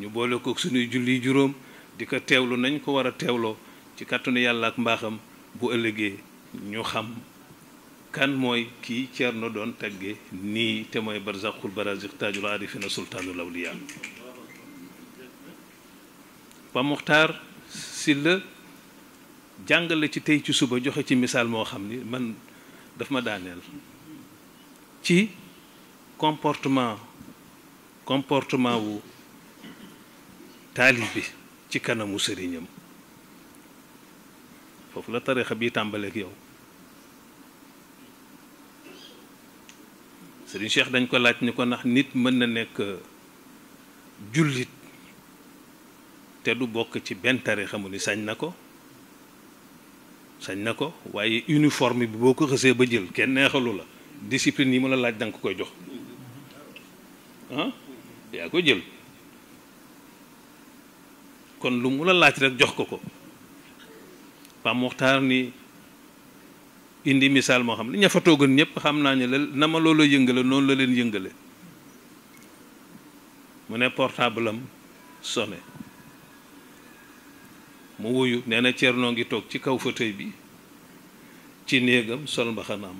ñu boole ko sunuy julli juróom di ko teewlu nañ ko war a teewloo ci kàttanu yàlla ak mbaaxam bu ëllëgee ñu xam kan mooy kii Ceerno doon tagge nii te mooy barzaqul barazix taajul arifina sultaanul awliya ba muxtaar si la jàngale ci tey ci suba joxe ci misaal moo xam ni man daf ma daaneel ci comportement comportement wu taalif bi ci kanamu sëriñam foofu la tarixa bi tàmbaleek yow sëriñ Cheikh dañ ko laaj ni ko ndax nit mën na nekk jullit te du bokk ci benn tarixa mu ni sañ na ko sañ na ko waaye uniforme bi boo ko xësee ba jël kenn neexalu la discipline yi mu la laaj da ko koy jox ah yaa ko jël kon lu mu la laaj rek jox ko ko Pape Mokhtar ni indi misaal moo xam ne ña fa toogoon ñëpp xam naa ne la na ma loola yëngale noonu la leen yëngale mu ne portable am sonné mu wuyu nee na Thierno ngi toog ci kaw fauteuil bi ci néegam sol mbaxanaam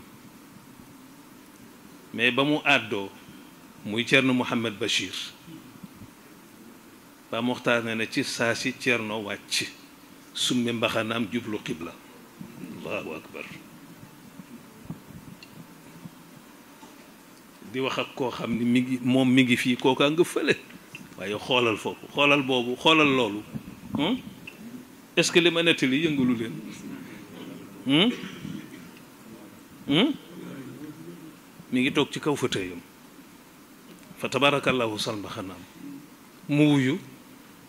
mais ba mu àddoo muy Thierno Mouhamed Bachir ba Moxtaar ne na ci saa si Thierno wàcc summi mbaxanaam jublu xibla allahu akbar di wax ak koo xam ni mi ngi moom mi ngi fii kookaa nga fële waaye xoolal foofu xoolal boobu xoolal loolu hmm? est-ce que li ma nettali yëngalu leen hmm? Hmm? mi ngi toog ci kaw fauteuilam fa tabarakallahu sol mbaxanaam mu wuyu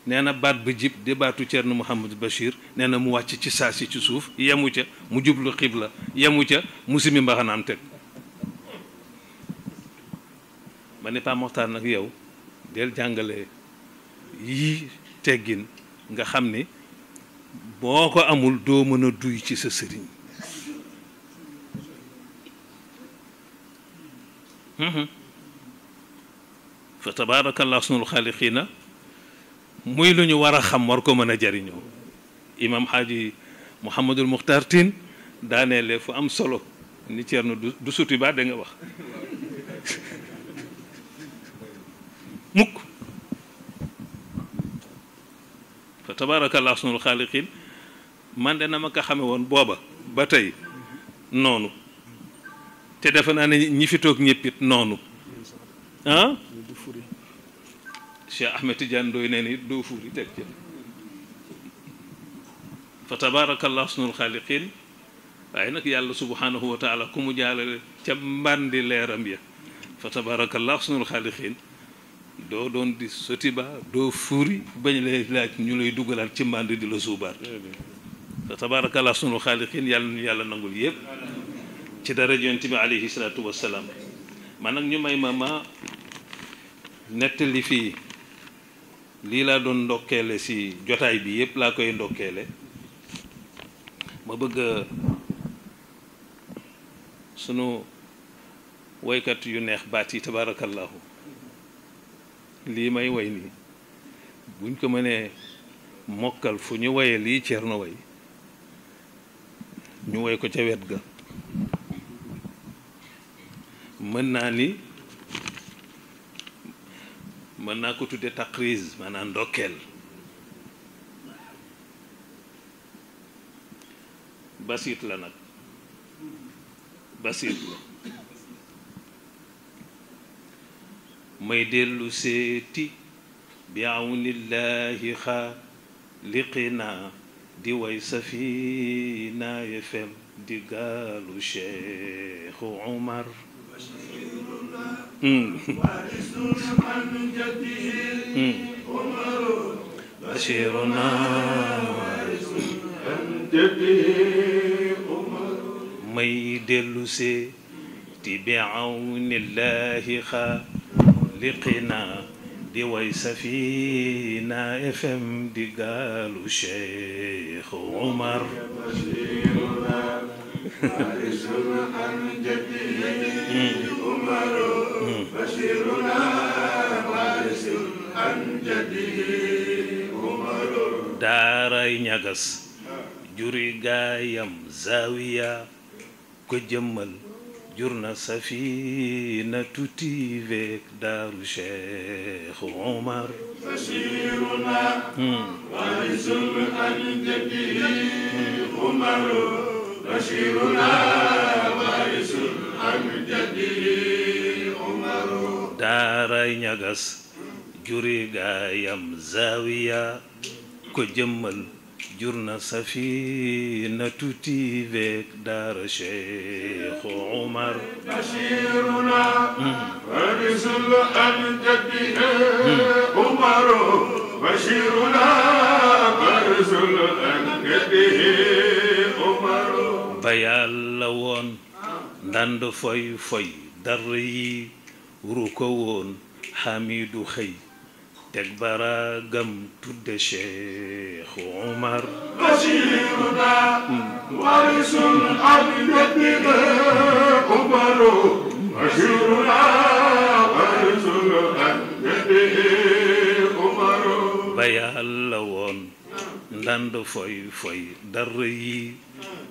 nee na baat ba jib di baatu Thierno Mouhamadou Bachir nee na mu wàcc ci saa ci suuf yemu ca mu jublu xibla yemu ca mu simi mbaxanaam teg ma ne Paa Moxtaar nag yow del jàngale yi teggin nga xam ni boo ko amul doo mën a duy ci sa sëriñ Mm-hmm. fa tabaarakallah sunul xaaliqiina muy lu ñu war a xam war ko mën a jariñoo imam xaaji mouhamadul muxtar tin daaneele fu am solo ni Ceerno nga wax mukk fa tabaarakallah sunul xaaliqiin man de na ma ko xame woon booba ba tey noonu te dafa naa ñi fi toog ñëpp it noonu ah Cheikh Ahmed Tidiane doy nee ni doo fuuri teg ci fa tabaarakallahu sunul xaaliqin waaye nag yàlla subhanahu wa taala ku mu jaalale ca mbàndi leeram ya fa tabaarakallahu sunul xaaliqin doo doon di sotiba doo fuuri bañ lay laaj ñu lay dugalaat ci mbandi di la suubaat fa tabaarakallahu sunul xaaliqin yàlla nu yàlla nangul yëpp ci dara yonent alayhi salatu wassalam man nag ñu may mama netali fi li la doon si jotay bi yépp la koy ndokkelé ma bëgg sunu woykat yu neex baati tabarakallah li may way ni buñ ko mëne mokkal fu ñu wayé li ceerno way ñu way ko ca mën naa ni mën naa ko tudde taqriz maanaam ndokkeel basiit la nag basiit la may dellu seeti bi àwnillaahi xaaliqinaa di woy safina fm di gaalu Cheikh Omar بشيرنا وارث من جده may dellusee ti bi àwnillaahi xaaliqina di way Safina FM di gaalu Cheikh Omar daaray ñagas juri gaayam zawiya ko jëmmal jur na safina tuuti veeg daaru Cheikh Omar. Bashiruna. warisul an jaddihi بشيرنا وارث عن جده عمر daaray ñagas juri gaayam zaawiya ko jëmmal jurna na safina tuuti veeg daara Cheikh Omar ba yàlla woon ndànd foy foy dara yi ru ko woon xamidu xëy teg baraagam tudde cheikh omar basiruda warisul abidina umaru basiruda warisul abidina umaru woon ndànd foy foy dar yi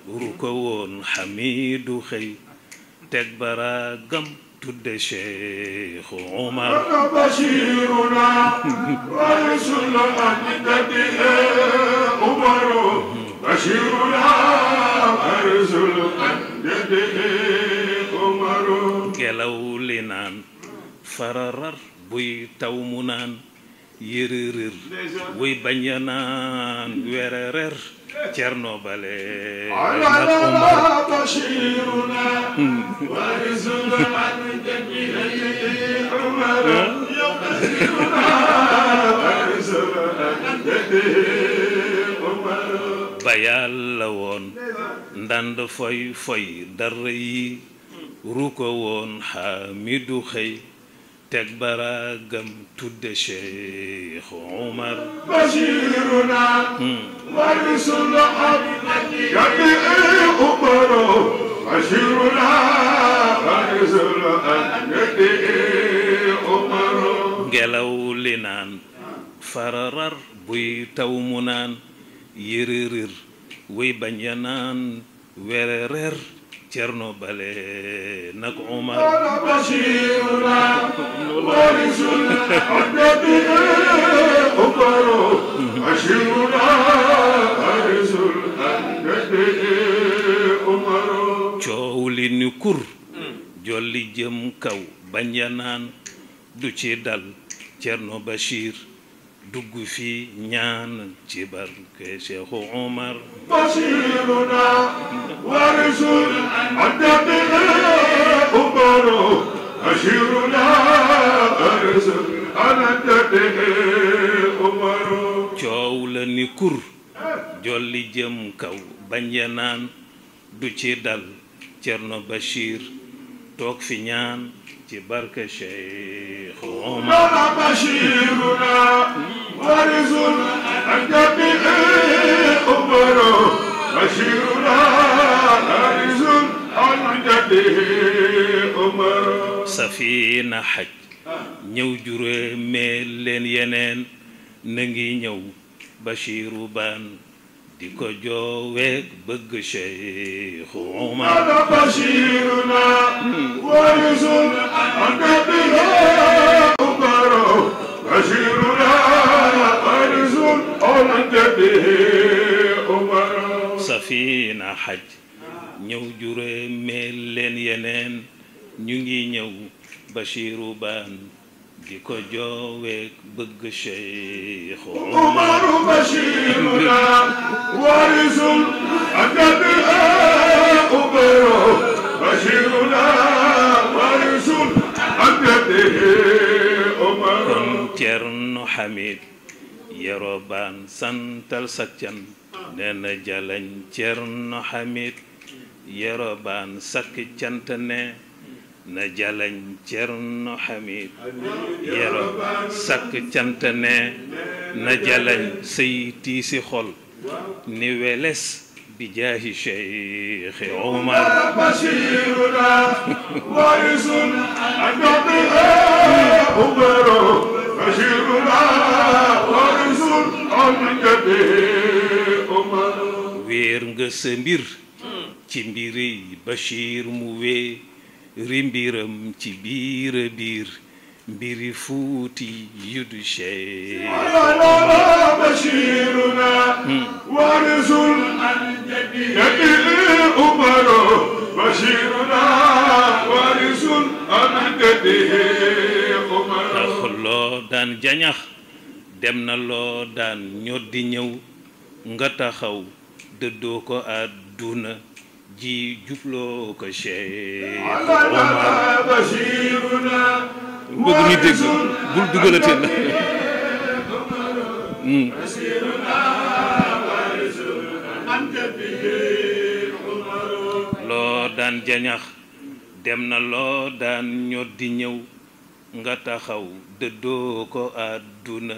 ru ko woon teg baraagam tudde cheikh omar bashiruna wa rasulna andadi umaru bashiruna wa rasul andadi umaru gelaw fararar buy taw mu naan yërërër wuy bañ ya naan wererer cerno bale alala bashiruna warisuna an jami'i umar yaqdiruna warisuna an jami'i umar ba yàlla woon ndand foy foy dara yi ru ko woon xaamidu xëy teg baraagam tudde Cheikh Omar bashiruna hmm. warisul abnati yabi Umar bashiruna warisul ngelaw li naan fararar buy taw mu naan yërërër way bañ ya naan werereer cerno bale nak umar bashiruna warisuna abdabi umaru bashiruna warisul abdabi umaru coow li ni kur jolli jëm kaw bañ du ci dal cerno bashir dugg fi ñaan ci ke cheikh omar bashiruna wa rasul adabi ubaru bashiruna wa rasul adabi ubaru ciow la ni kur jolli jëm kaw bañya naan du ci dal cerno bashir tok fi ñaan ci barke Cheikh Omar Bachiruna warisul anjabi umaro Bachiruna warisul anjabi umaro safina xaj ñëw juree mel leen yeneen na ngi ñëw Bachiru Baan di ko jooweeg bëgg Cheikh Oumar bashiruna wa yusul an kabiru ukaro bashiruna wa yusul an kabiru ukaro safina xaj ñëw juree mel leen yeneen ñu ngi ñëw bashiru baan ki ko jooweeg bëgg Cheikh Omar Bachiruna warisul annabiyaa Omar Bachiruna warisul annabiyaa Omar kon Cerno Hamid Yerobaan santal sa cant nee na jalañ Cerno Hamid Yerobaan sakk cant na jalañ cerno xamid yero sakk cant na jalañ sëy tiisi xol ni weles bijaahi cheikh omar bashiruna warisun annabiha umaru bashiruna warisun nga sa mbir ci mbiri bashir mu wee rimbiram ci biir biir mbiri fuuti yu du Cheikh bashiruna warisul loo daan janax dem na loo daan ñoddi ñëw nga taxaw dëddoo ko àdduna ji jubloo ko Cheikh Omar bëgg ñu hmm. loo daan janax dem na loo daan ñoddi ñëw nga taxaw dëddoo ko àdduna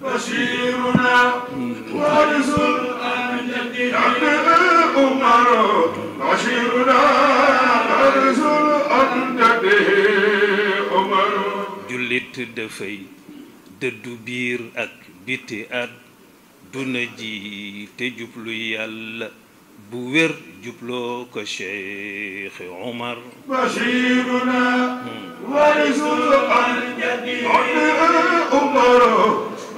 بشيرنا jullit dafay dëddu biir ak biti at duna ji te jublu yàlla bu wér jubloo ko Cheikh Omar bashiruna hmm. warisu an jadi Omar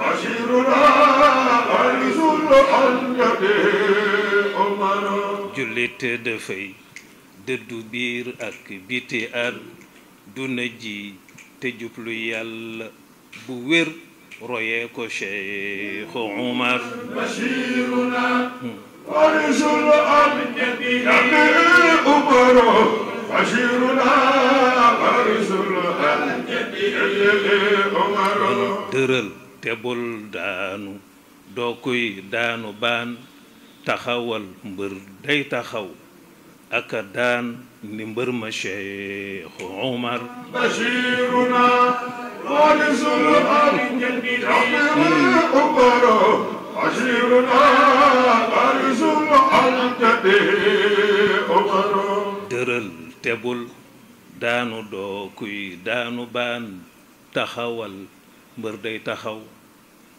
bashiruna warisu an jadi Omar jullit dafay dëddu biir ak biti ar du na ji te jublu yàlla bu wér royee ko Cheikh Omar bashiruna hmm. ورجل النبي أمر بشيرنا ورجل النبي أمر tëral te bul daanu doo kuy daanu baan taxawal mbër day taxaw aka daan ni mbër ma Cheikh Omar bashiruna walisul am jandi rahmana ubaro bashiruna walisul am jandi ubaro dëral tebul daanu doo kuy daanu baan taxawal mbër day taxaw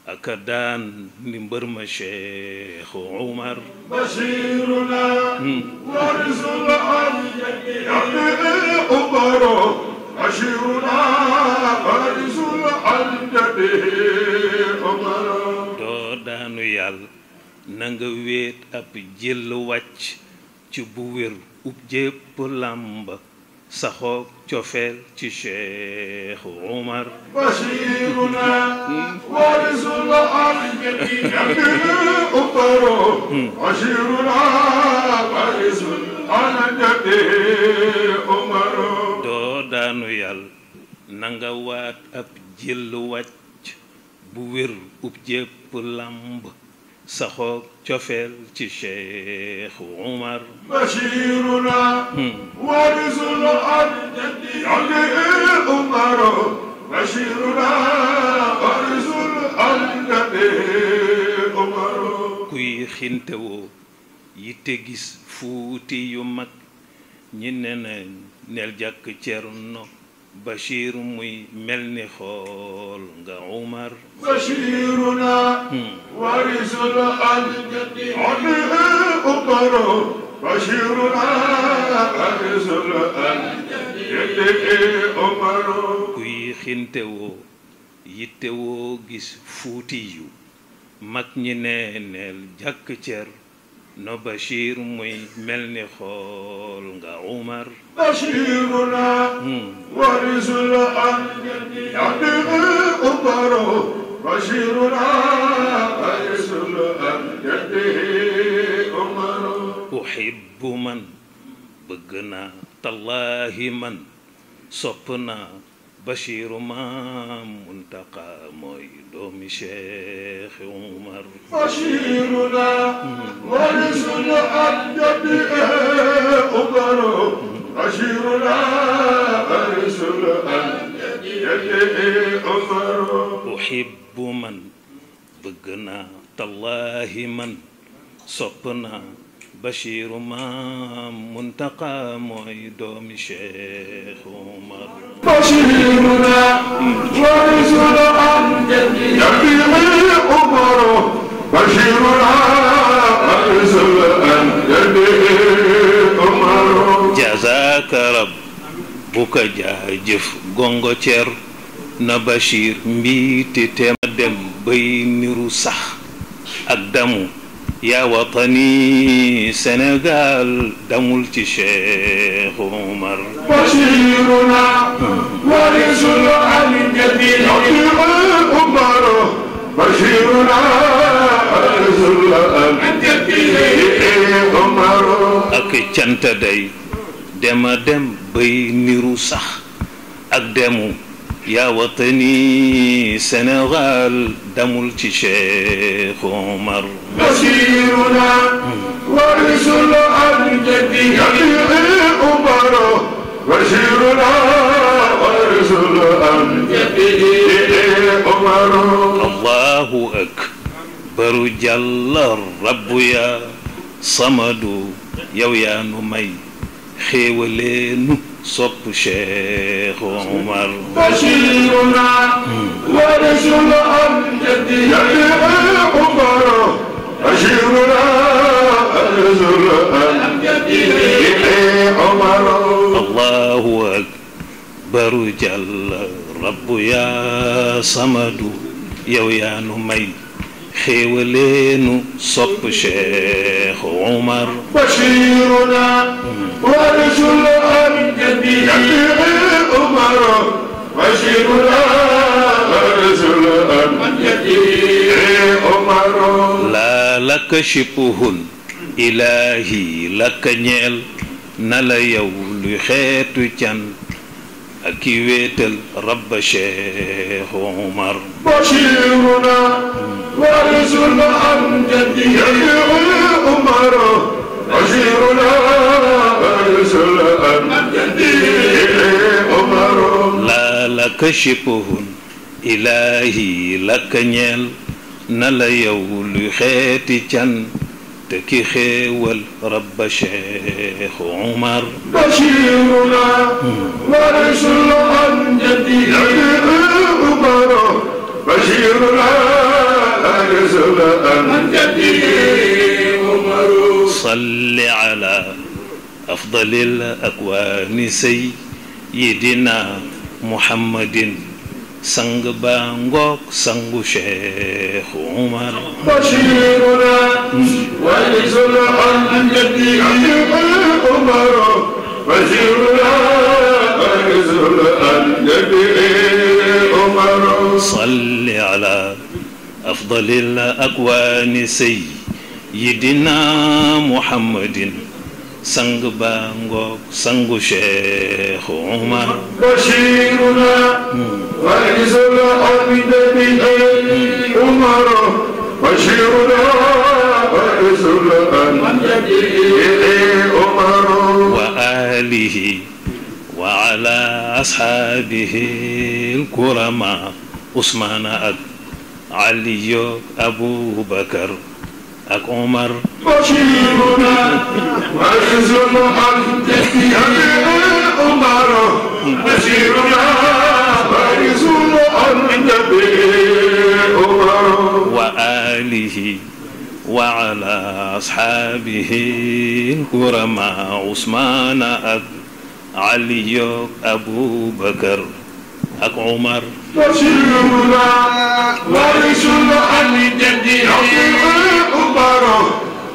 aka daan ni mbër ma Cheikh Oumar bashiruna hmm. warisul aljadi ubaro bashiruna warisul aljadi ubaro doo daanu yàlla nanga nga ab jël wàcc ci bu wér ub jépp làmba saxoog cofeel ci Cheikh Omar doo daanu yàlla nanga waat ab jël wàcc bu wér ub jépp làmb saxoo cofeel ci Cheikh Oumar bashiruna warisul an jaddi ali kuy xintewoo yitte gis fuuti yu mag ñi ne na jàkk ceeru Bachir muy mel ni xool nga Umar. Bachiruna. Hmm. warisul anjati. ami umaru. Bachiruna. warisul anjati umaru. kuy xintewoo gis fuuti yu mag ñi neeneel jàkk cer. no Bachir muy mel ni xool nga Umar. Bachiruna. Hmm. warisul anbiya. yàgg Umaru. Bachiruna. warisul anbiya Umaru. uhibbu man. bëgg naa. tallaahi man. sopp naa. Bachiru maam Muntaqa mooy doomi Cheikh Umar. Bachiru naa. wali sunu ak jabi umaru. Bachiru naa wali sunu ak jabi umaru. Uhibbu man bëgg naa tallaahi man sopp naa. Bachiru maam Muntaqa mooy doomi Cheikh Umar. Bachiru maam warisu la am jabbi Umaru Bachiru maam warisu la am jabbi Umaru. Jazaaka rabbuka jaajëf gongo cer na Bachir mbiite te ma dem bay niru sax ak damu. yaa watani Sénégal damul ci Cheikh Oumar. Bachiruna wa rasulu alin jadid Oumar Bachiruna wa rasulu alin jadid day dema dem bay niru sax ak demu yaa watani Sénégal damul ci Cheikh Omar. Basiiruna wa rusul an jaddi Umar. Basiiruna wa rusul an jaddi Umar. Allahu akbaru jàlla rabbu yaa samadu yow yaa nu may xéewaleenu صب شيخ عمر بشيرنا ورسول عن جدي يعني عمر بشيرنا الرسول عن جدي عمر الله أكبر جل رب يا صمد يا ويا نميت حولينه صب شيخ عمر بشيرنا ورجل أمجد عمر بشيرنا ورجل أمجد عمر لا لك شبهن إلهي لك نيل نلا يولي لخيت جنت أكيد الرب شيخ عمر بشيرنا وارث الأمجد يحيي عمر بشيرنا وارث الأمجد يحيي عمر لا لك شبهن إلهي لك نيل نلا يولي خيتي تكي خيول رب شيخ عمر بشيرنا وارث الأمجد عمر بشيرنا عن الأمجد عمر صل على أفضل الأكوان سيدنا محمد سنگ بانگوك سنگ شیخ عمر بشيرنا ويزل عن جدي عمر بشيرنا ويزل عن جدي عمر صل على أفضل الأكوان سيدنا محمد sang baa ngoog sangu Cheikh Umar bashiruna wa insul amidati Umar bashiruna wa insul amidati Umar wa alihi wa ala ashabihi al-kurama Usmaan ak Aliyu Abu Bakar أك عمر بشيرنا وعز محمد أبي عمر بشيرنا وعز محمد أبي عمر وآله وعلى أصحابه الكرماء عثمان أك علي أبو بكر اك عمر الله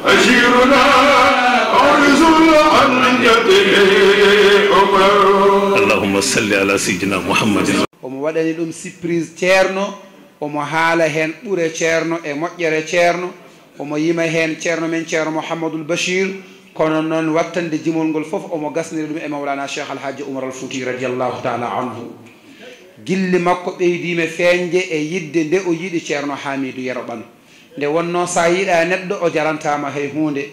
ورسول اللهم صل على سيدنا محمد ومو وداني دوم سيبريز تيرنو ومو حالا هن بوري تيرنو اي موجيري تيرنو ومو يما هن تيرنو من تيرنو محمد البشير kono non wattande jimol gol fof omo gasnire dum e mawlana cheikh alhaji umar alfouti radiyallahu ta'ala anhu gille makko ɓeydima feeñde e yidde nde o yiɗi ceerno hamidou yeroɓano nde wonno sa yiɗa neɗɗo o jarantama hay hunde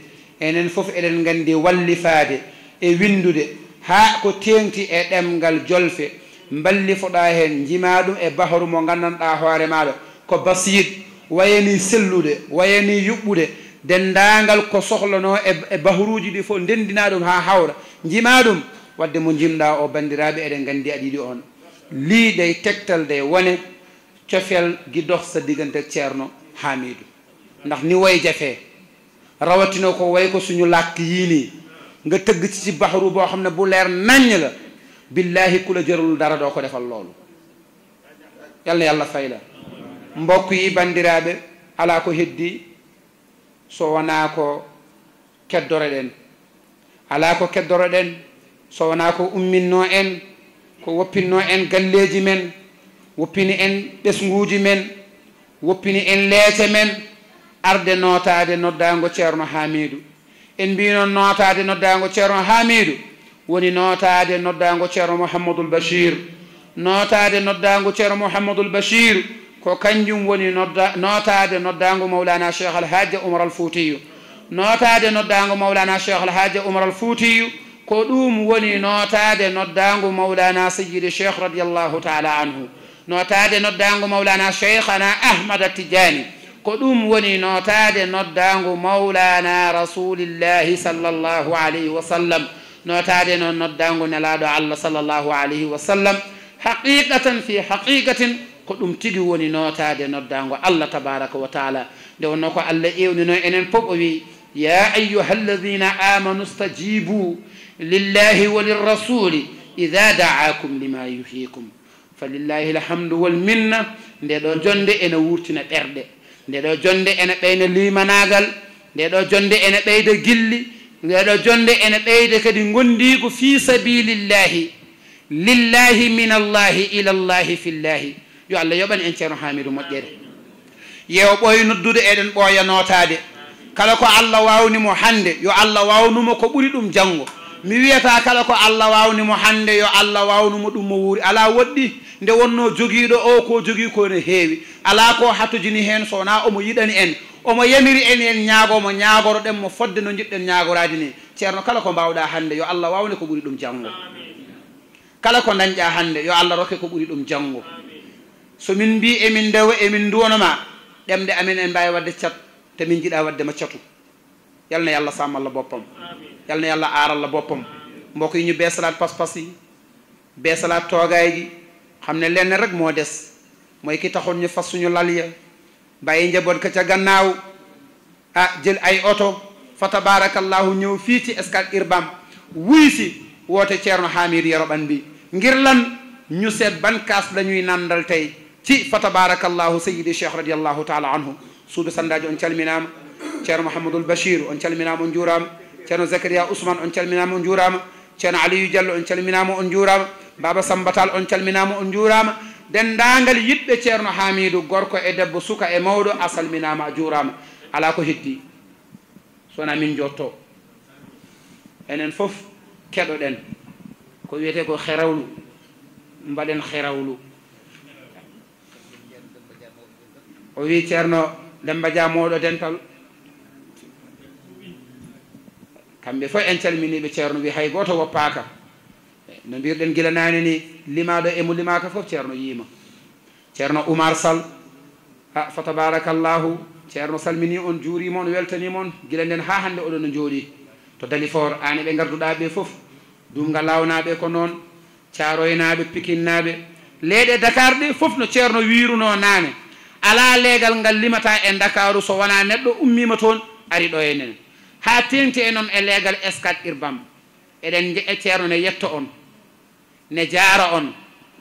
enen foof eɗen gandi wallifade e windude ha ko tengti e ɗemgal jolfe ballifoɗa hen jima ɗum e bahru mo gandanɗa hoore maɗa ko basid wayani sellude wayani yuɓɓude dendagal ko sohlano e, e bahruji ɗi foof ndendina ɗum ha hawra jima ɗum wadde mo jimɗa o bandiraɓe eɗen gandi aɗiɗi on lii day tegtal day wane cofeel gi dox sa diggante ak no Hamidou ndax ni way jafe rawatina ko way ko suñu làkk yii nii nga tëgg ci ci baxaru boo xam ne bu leer naññ la billaahi ku la dara doo ko defal loolu yàlla yàlla fay la mbokk yi bandiraaɓe alaa ko heddi so wonaa ko keddoro ɗen alaa ko keddoro ɗen so wonaa ko umminnoo en وقنا ان غاليجي من وقنا ان بسموجي من وقنا ان لاتي من اردن نوتا دن دانغو شارنو هاميدو ان بينو نوتا دن دانغو شارنو هاميدو وني نوتا دن دانغو شارنو محمد البشير نوتا دن دانغو شارنو محمد البشير كوكانجم وني نوتا دن دانغو مولانا شيخ الحاج عمر الفوتيو نوتا دن دانغو مولانا شيخ الحاج عمر الفوتيو كلهم وني نتاد دانغو مولانا سيدي الشيخ رضي الله تعالى عنه نتاد ندعو مولانا شيخنا أحمد التجاني كلهم وني نتاد ندعو مولانا رسول الله صلى الله عليه وسلم نتاد ندعو نلاد الله صلى الله عليه وسلم حقيقة في حقيقة كلهم تيجي وني نتاد ندعو الله تبارك وتعالى لو نقول الله إيه وننو إنن فوق يا أيها الذين آمنوا استجيبوا lillahi wa lirrasuli ida daakum lima yuhikum falillahi alhamdu wal minna nde ɗo jonde ene wurtina ɓerɗe nde ɗo jonde ene ɓeyna limanagal nde ɗo jonde ene ɓeyda gilli nde ɗo jonde ene ɓeyda kadi gondigo fi sabilillahi lillahi min allahi ilallahi fillahi yo allah yoɓani en ceerno hamidou moƴƴere yeew ɓooy noddude eɗen ɓooya notade kala ko allah wawnimo hande yo allah wawnuma ko ɓuri ɗum janggo mi wiyata kala ko allah wawnimo hande yo allah wawnumo ɗum mo wuuri ala woɗɗi nde wonno jogiiɗo o ko jogii kone heewi ala ko hattojini heen sowona omo yiɗani en omo yamiri en en ñaagomo ñaagoro ɗen mo fodde no jiɗɗen ñaagoraji ni ceerno kala ko mbawɗa hande yo allah wawne ko ɓuuri ɗum janngo kala ko dañƴa hande yo allah rokke ko ɓuuri ɗum janngo so min mbi emin dewo emin duwonoma ɗemde amin en mbawi wadde cat te min jiɗa wadde ma catu yalna yallah samallah boppam Amen. yal na yàlla aaral la boppam mbokk yi ñu beesalaat pas-pas yi beesalaat toogaay gi xam ne lenn rek moo des mooy ki taxoon ñu fas suñu lal ya bàyyi njaboot ka ca gannaaw ah jël ay oto fa tabarakallahu ñëw fii ci Scat Urbam wuy si woote Ceerno Hamid Yoroban bi ngir lan ñu seet ban kaas la ñuy nandal tey ci fa tabarakallahu sayyidi cheikh radiallahu taala anhu suudu sandaaji on calminaama ceerno mouhamadoul bachir on calminaama on juuraama ceerno zacharia ousmane on calminama on juurama ceerno aliyu diallo on calminama on juurama baba sambatal on calminama on juurama dendagal yiɗɓe ceerno hamidou gorko e debbo suka e mawɗo a salminama a juurama ala ko heddi sowona min jotto enen foof keɗoɗen ko wiyete ko herawlu mbaɗen herawlu o wi ceerno demba diamoɗo dental kamɓe fof en calminiɓe ceerno wi hay goto woppaka no mbirɗen gila nani ni limaɗo emo limaka fof ceerno yiima ceerno oumar sall a fa tabarakallahu ceerno salmini on juurima on weltanima on gila nden ha hande oɗo no jooɗi to dali for ane ɓe garduɗaɓe fof dumga lawnaɓe ko noon caroynaɓe pikinnaɓe leyɗe dakar ɗe fof no ceerno wiruno nane ala leegal ngal limata e dakaru so wona neɗɗo ummima toon ari ɗo e enen haa tenti e noon e leegal escat irbam eɗen jeƴe ceerno ne yetto on ne jaara on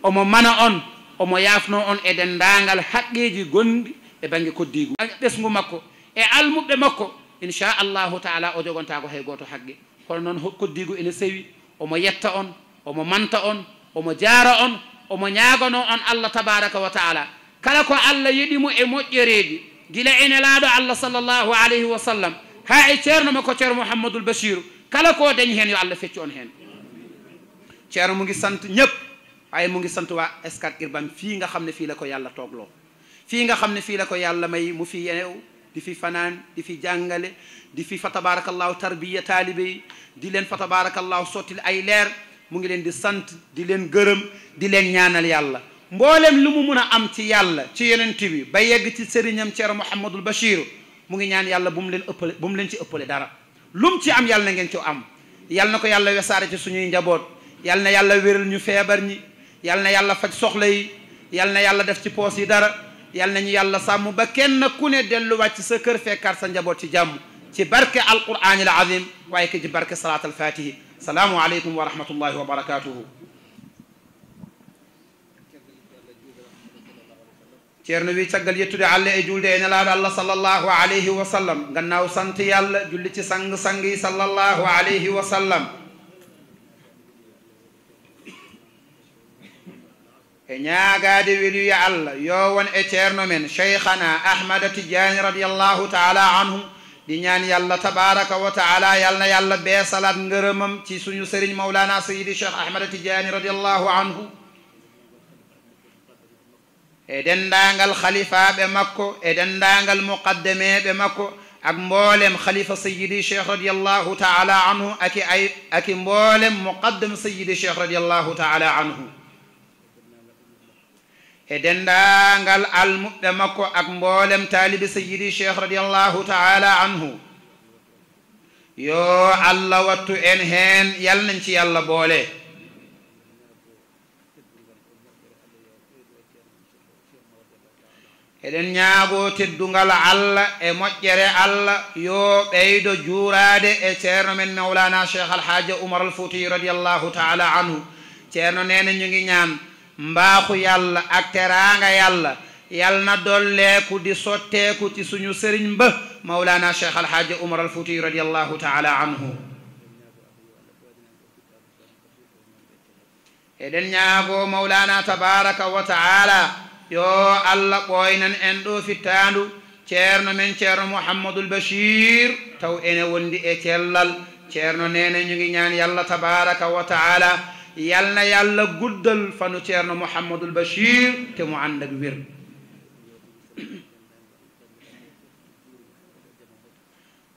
omo mana on omo yaafno on e denndaangal haqqeeji gonɗi e baŋnge koddiigu ɓesngu makko e almuɓe makko inchallahu taala o jogontaa ko hay gooto haqqe kono noon koddiigu ene sewi omo yetta on omo manta on omo jaara on omo ñaagano on allah tabaraka wa taala kala ko allah yiɗimo e moƴƴereeji gila ene laaɗo allah sallllahu alayhi wa sallam ha e ceerno makko ceerno mouhamadoul bachiru kala ko dañi heen yo allah fecci on heen ceerno mu ngi sant ñëpp waaye mu ngi sant waa Scat Urbam fii nga xam ne fii la ko yàlla toogloo fii nga xam ne fii la ko yàlla may mu fi yeew di fi fanaan di fi jàngale di fi fa tabarakallahu tarbiya taalibe yi di leen fa tabarakallahu sottil ay leer mu ngi leen di sant di leen gërëm di leen ñaanal yàlla mboolem lu mu mun a am ci yàlla ci yonent bi ba yegg ci sëriñam ceerno mouhamadul bachiru mu ngi ñaan yàlla bu mu leen ëppale bu mu leen ci ëppale dara lum ci am yàlla na ngeen ci am yàlla na ko yàlla wesaare ci suñuy njaboot yàlla na yàlla wéral ñu feebar ñi yàlla na yàlla faj soxla yi yàlla na yàlla def ci poos yi dara yàlla na ñu yàlla sàmm ba kenn ku ne delluwaat ci sa kër fekkaat sa njaboot ci jàmm ci barke alquraanil azim waaye ke ci barke salaat alfaatihi salaamu aleykum wa rahmatullahi wa barakatuhu ceerno wi caggal yettude allah e julde e nelaaɗo allah sallallahu alayhi wa sallam gannaaw sant yàlla julli ci sang sangi sallallahu alayhi wa sallam e ñaagaade welu ya allah yoowon e ceerno men cheykhana ahmada tidiani radiallahu taala anhu ɗi ñaan yàlla tabaraka wa taala yalna yàlla beesalat ngërëmam ci suñu sëriñe mawlana sayidi cheikh ahmada tidiani radiallahu anhu e denndaangal halifaaɓe makko e denndaangal muqaddameeɓe makko ak mboolem halifa sayidi cheikh radiallahu taala anhu aki ay aki mboolem muqaddam sayidi cheikh radiallahu taala anhu e denndaangal almuɓɓe makko ak mboolem taalibi sayidi cheikh radiallahu taala anhu yo allah wattu en heen yalnañ ci yàlla boolee eɗen ñaago teddungal allah e moƴƴere allah yo ɓeydo juuraade e ceerno men mawlana cheikh alhaaji oumar alfoutii radiallahu taala anhu ceerno nene ñu ngi ñaan mbaaku yàlla ak teraanga yàlla yalna dolleeku di sotteeku ci suñu sëriñ mba mawlana cheikh alhaaji oumar alfoutii radiallahu taala anhu eɗen ñaago mawlana tabaraka wa taala yo allah ɓoynan en ɗo fittandu ceerno men ceerno mouhammadoul bachir taw ene wondi e cellal ceerno nene ñugi ñaan yallah tabaraka wa taala yalna yallah guddal fanu ceerno mouhammadoul bachir te mo andak wir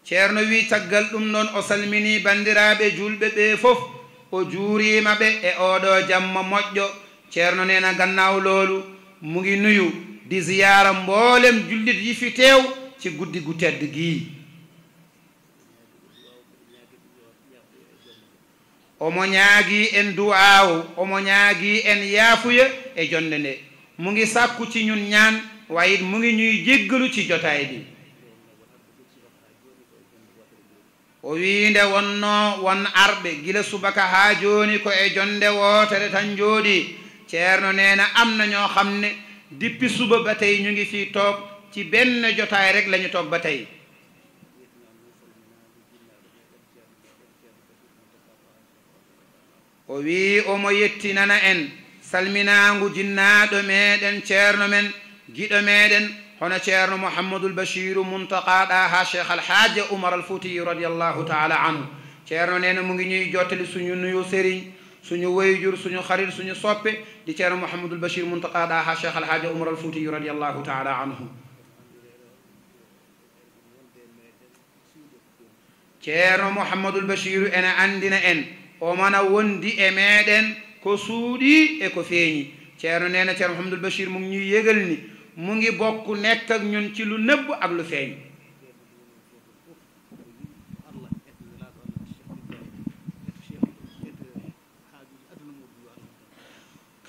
ceerno wi taggal ɗum noon o salmini bandiraɓe julɓe ɓe fof o juurimaɓe e oɗo jamma moƴƴo ceerno nena gannaw loolu mu ngi nuyu di ziyaara mboolem jullit yi fi teew ci guddi gu tedd gii omo ñaagi en duwaaw omo ñaagi en yaafuya e jonde nde mu ngi sàkku ci ñun ñaan waaye it mu ngi ñuy jéggalu ci jotaay bi o wiinde wonnoo won arɓe gila subaka haa jooni ko e jonde wootere tan jooɗi ceerno neena am na ñoo xam ne dippi suba ba tey ñu ngi fii toog ci benn jotaay rek la ñu toog ba tey o wii omo yetti nana en salminaangu jinnaaɗo meeɗen ceerno men giɗo meeɗen hono ceerno mouhammadul bachiru muntaqaaɗaa ha cheikh alhaaja umar alfoutiyi radiallahu taala anu ceerno neena mu ngi ñuy jottali suñu nuyu sëriñe suñu wayjur suñu xarit suñu soppe di ceerno mouhamadul bachir muntaqa daha cheikh alhaaja umar al fuutiyu radiallahu taala anhu ceerno mouhamadul bachiru ene andina en o mana wondi e meɗen ko suuɗi e ko feeñi ceerno nena ceerno mouhamadul bachir mu ngi ñuy yëgal ni mu ngi bokk nekk ak ñun ci lu nëbb ak lu feeñ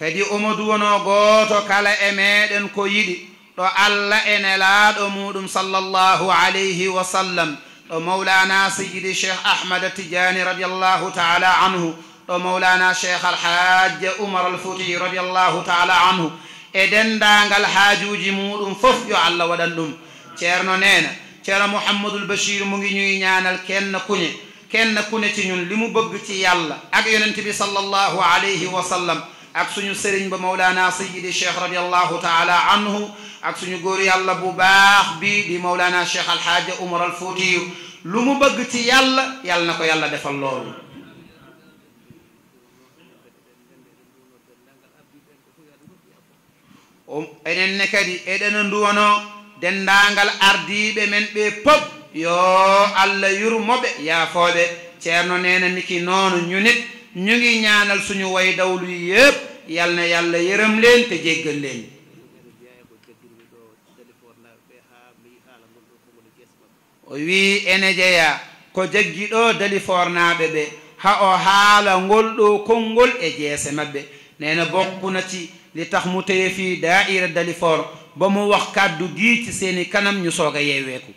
kadi omo duwono gooto kala e meden ko yidi ɗo alla e nelaaɗo mudum sallallahu alayhi wa sallam ɗo maulana seyidi sheikh ahmad tijani radiyallahu taala anhu ɗo mawlana cheikh alhaja umar alfouti radiyallahu taala anhu e dendangal haajuji mudum fof yo alla wadan dum ceerno nena ceerno mouhamadoul bashir mu ngi ñuy ñaanal kenn kuñe kenn kuñe ci ñun limu bëgg ci yàlla ak yenenbi sallallahu alayhi wa sallam ak suñu sëriñ ba mawlaana sayyidi cheikh radiallahu taala anhu ak suñu góor yàlla bu baax bi di mawlaana cheikh alxaaja umar al fuutiyu lu mu bëgg ci yàlla yàlla na ko yàlla defal loolu enen ne kadi eɗen nduwono dendagal ardiɓe men ɓe pop yo allah yurmoɓe yaafoɓe ceerno nena miki noon ñu ñu ngi ñaanal suñu way dawlu yépp yal na yàlla yërëm leen te jéggal leen wi enejeya ko jaggi ɗo dalifoor naaɓe ɓe ha o haala ngol ɗo konngol e jeese maɓɓe neena bokku na ci li tax mu teye fii daa'ira dalifoor ba mu wax kaddu gii ci seeni kanam ñu sooga yeeweeku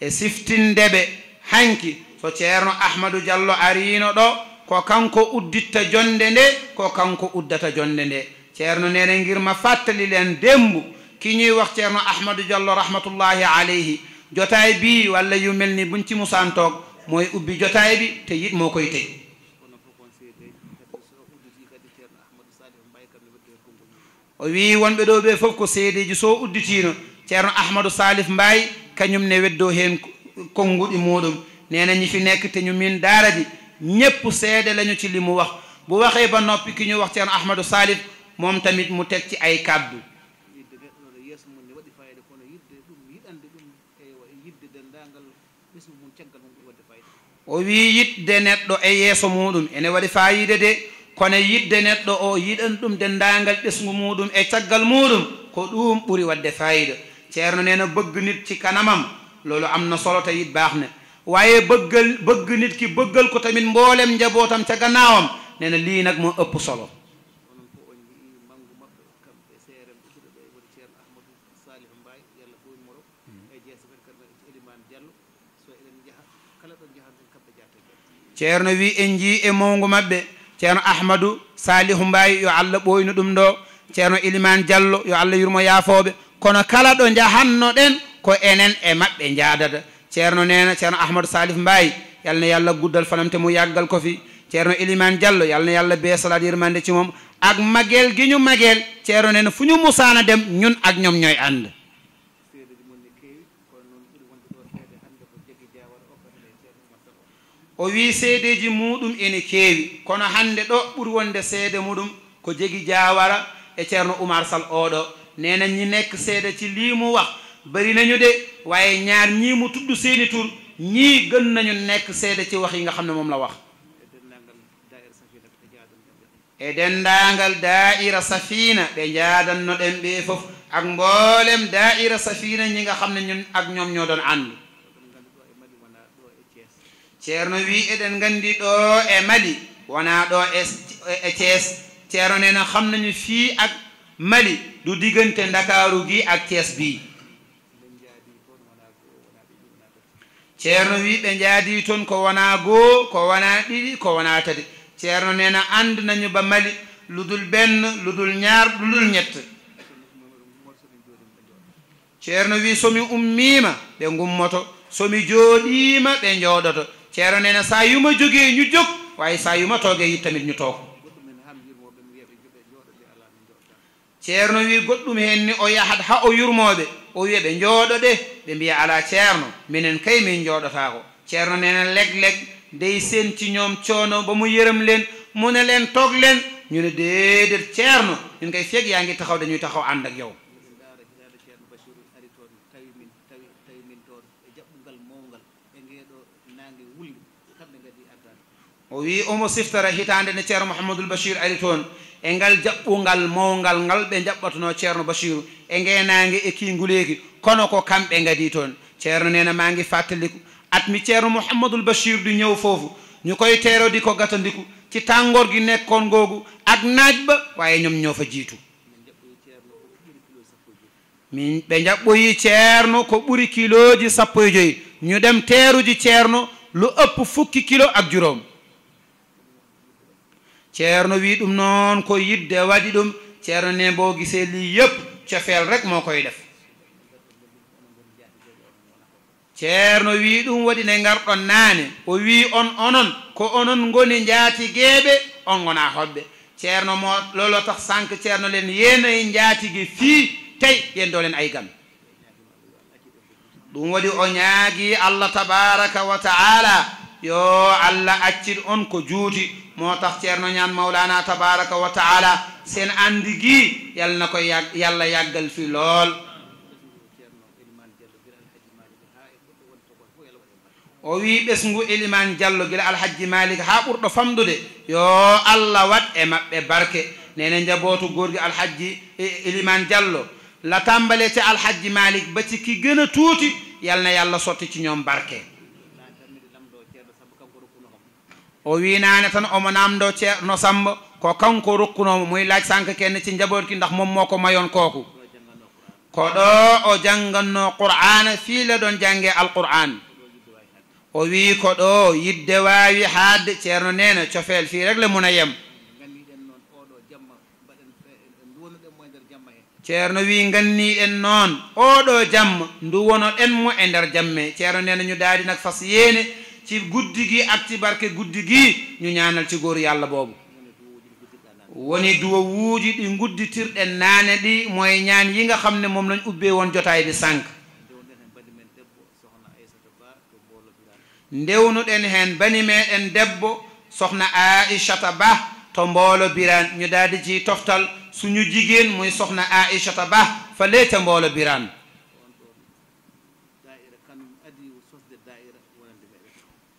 e siftindeɓe hanki so ceerno ahmadou diallo ariino ɗo ko kanko udditta jonde nde ko kanko uddata jonde nde ceerno nene girma fattalilen dembu kiñuy wax ceerno ahmadou diallo rahmatullahi aleyhi jotaay bi walla yu mel ni bunci ci musaan toog mooy ubbi jotaay bi te yit moo koy tëj o wi wonɓe ɗo ɓe fof ko seedeji so udditiino ceerno ahmadou salif mbaye kañum ne weddoo heen konnguɗi muɗum neena ñifi nekk te ñu min daara di ñépp seede lañu ci li mu wax bu waxee ba noppi ki ñu wax ceen ahmadou salif moom tamit mu teg ci ay kàddu o wii yidde neɗɗo e yeeso muɗum ene waɗi fayide de kono yidde neɗɗo o yiɗan ɗum dendaangal ɓesgu muɗum e caggal muɗum ko ɗum ɓuri waɗde fayida ceerno nee na bëgg nit ci kanamam loolu am na solo te it baax na waaye bëggal bëgg nit ki bëggal ko tamit mboolem njabootam ca gannaawam nee na lii nag moo ëpp solo ceerno wi en njii e mawngu maɓɓe ceerno ahmadou salihu mbaye yo allah ɓooynu ɗum ɗo ceerno ilimane diallo yo allah yurmo yaafooɓe kono kala ɗo jahannoɗen ko enen e maɓɓe jaadata ceerno nena ceerno ahmadou salif mbayi yalno yallah guddal fanamte mum yaggal ko fi ceerno iliman diallo yalno yallah be salat yirmande ci moom ak magel gi magel ceerno nena fu musana dem ñun ak ñoom ñooy ànd o wi seedeji muɗum ene keewi kono hannde ɗo ɓuri wonde seede muɗum ko jegi jawara e ceerno oumar sall oɗo nee nañ ñi nekk seeda ci lii mu wax bëri nañu de waaye ñaar ñii mu tudd seeni tur ñii gën nañu nekk seeda ci wax yi nga xam ne moom la wax e dendaangal daaira safina ɓe njaadan no ɗen ɓee fof ak mboolem daaira safina ñi nga xam ne ñun ak ñoom ñoo doon ànd ceerno wii eɗen nganndi ɗoo e mali wonaa ɗoo e thies e ceerno nee na xam nañu fii ak mali du diggante dakaru gi ak tees bi ceerno wi ɓe njaadi toon ko wonaa goo ko wonaa ɗiɗi ko wonaa tati ceerno neena annd nañu ba mali ludul benn ludul ñaar ludul ñett ceerno wi somi ummiima ɓe ngummoto somi jooɗiima ɓe njooɗoto ceerno neena saa yuma jogee ñu jóg waaye saa yuma tooge yit tamit ñu took ceerno wi goɗɗum hen ni o yahat ha o yurmode o wiya ɓe jooɗo de ɓe mbiya ala ceerno minen kay min jooɗotako ceerno nena leg leg dey senti ñoom coono ba mu yërëm len mu ne leen toog leen ñu ne déedéet ceerno ñun kay feeg yaa ngi taxaw dañuy taxaw ànd ak yow o wi omo siftara hitaande ne ceerno mouhamadoul bachir ari toon e ngal jaɓɓungal mawngal ngal ɓe jaɓɓatono ceerno basiru e ngeenaange e kinguleeki kono ko kamɓe ngadi toon ceerno nena maangi fatteliku atmi ceerno mouhammadoul basir du ñaw foofu ñu koy teerodi ko gatandiku ci tàngorgi nekkon ngoogu ak naaj ba waaye ñoom ñoo fa jiitu min ɓe jaɓɓoyi ceerno ko ɓuri kilooji sappo e joyi ñu dem teeruji ceerno lu ëpp fukki kilo ak juróom ceerno wii ɗum noon ko yidde waɗi ɗum ceerno ne mbo gisee li yëpp cofeel rek moo koy def ceerno wii ɗum waɗi ne ngarɗon naane o wii on onon ko onon ngoni njaati geeɓe on ngonaa hoɓɓe ceerno moo looloo tax sank ceerno len yeenayi njaatigi fii tey yen doolen aygam ɗum waɗi o ñaagii allah tabaraka wa taala yo allah accit on ko juuti moo tax ceerno ñaan mawlana tabaraka wa taala seen andi gi yalna koy yag yàlla yàggal fi lool o wii ɓesngu ilimane diallo gila alhaji malik haa ɓurɗo famdude yo allah wat e maɓɓe barke nene njabootu gorgi alhaji e, ilimane diallo la tambale ci alhaji malik ba ci ki gën a tuuti yalna yàlla sotti ci ñoom barke o winani tan omo namdo ceerno sambo ko kanko rokkunomo moy laaj sank kenn ci njaborki ndax mom moko mayon koku ko ɗo o janganno qur'ana fiila ɗon jange alqur'an o wi ko ɗo yidde wawi haadde ceerno nena cofeel fi rek le muna yem ceerno wi nganni en noon oɗo jamma ndu wono en mo e nder jamme ceerno nena ñu daadi nag fas yeene ci guddigi ak ci barke guddigi ñu ñaanal ci góor yàlla boobu woni duwa wuuji ɗi gudditirɗe naane ɗi mooy ñaan yi nga xam ne moom lañ ubbee woon jotaay bi sànq ndewnu ɗen heen bani meeɗen debbo soxna aichata ba to mboolo biraan ñu daal di ci toftal suñu jigéen muy soxna aichata ba fa leete mboolo biraan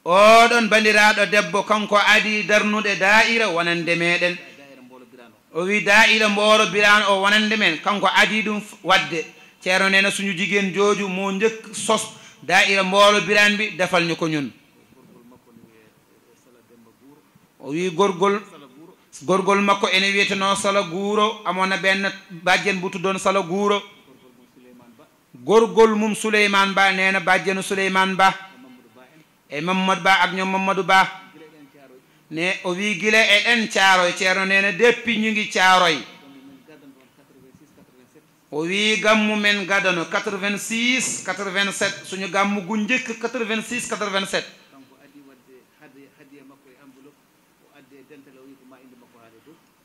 oɗon bandiraɗo debbo kanko adi darnude daa'ira wonande meɗen o wi daa'ira mboro birano o wonande men kanko adi ɗum wadde ceerno nena suñu jigen jooju mo jekk sos daa'ira mboro birani mbi defalni ko ñun o wi gorgol gorgol makko ene wiyeteno sala guuro amona ben bajjen buttudon sala guuro gorgol mum souleyman ba nena bajjeno souleyman ba e mamadou ba ak ñoom mamadou ba ne o wi gile e ɗen caaroy ceerno neene deppi ñu ngi caaroy o wi gammu men gadano 86 87 suñu gàmmu gu njëkk 86 87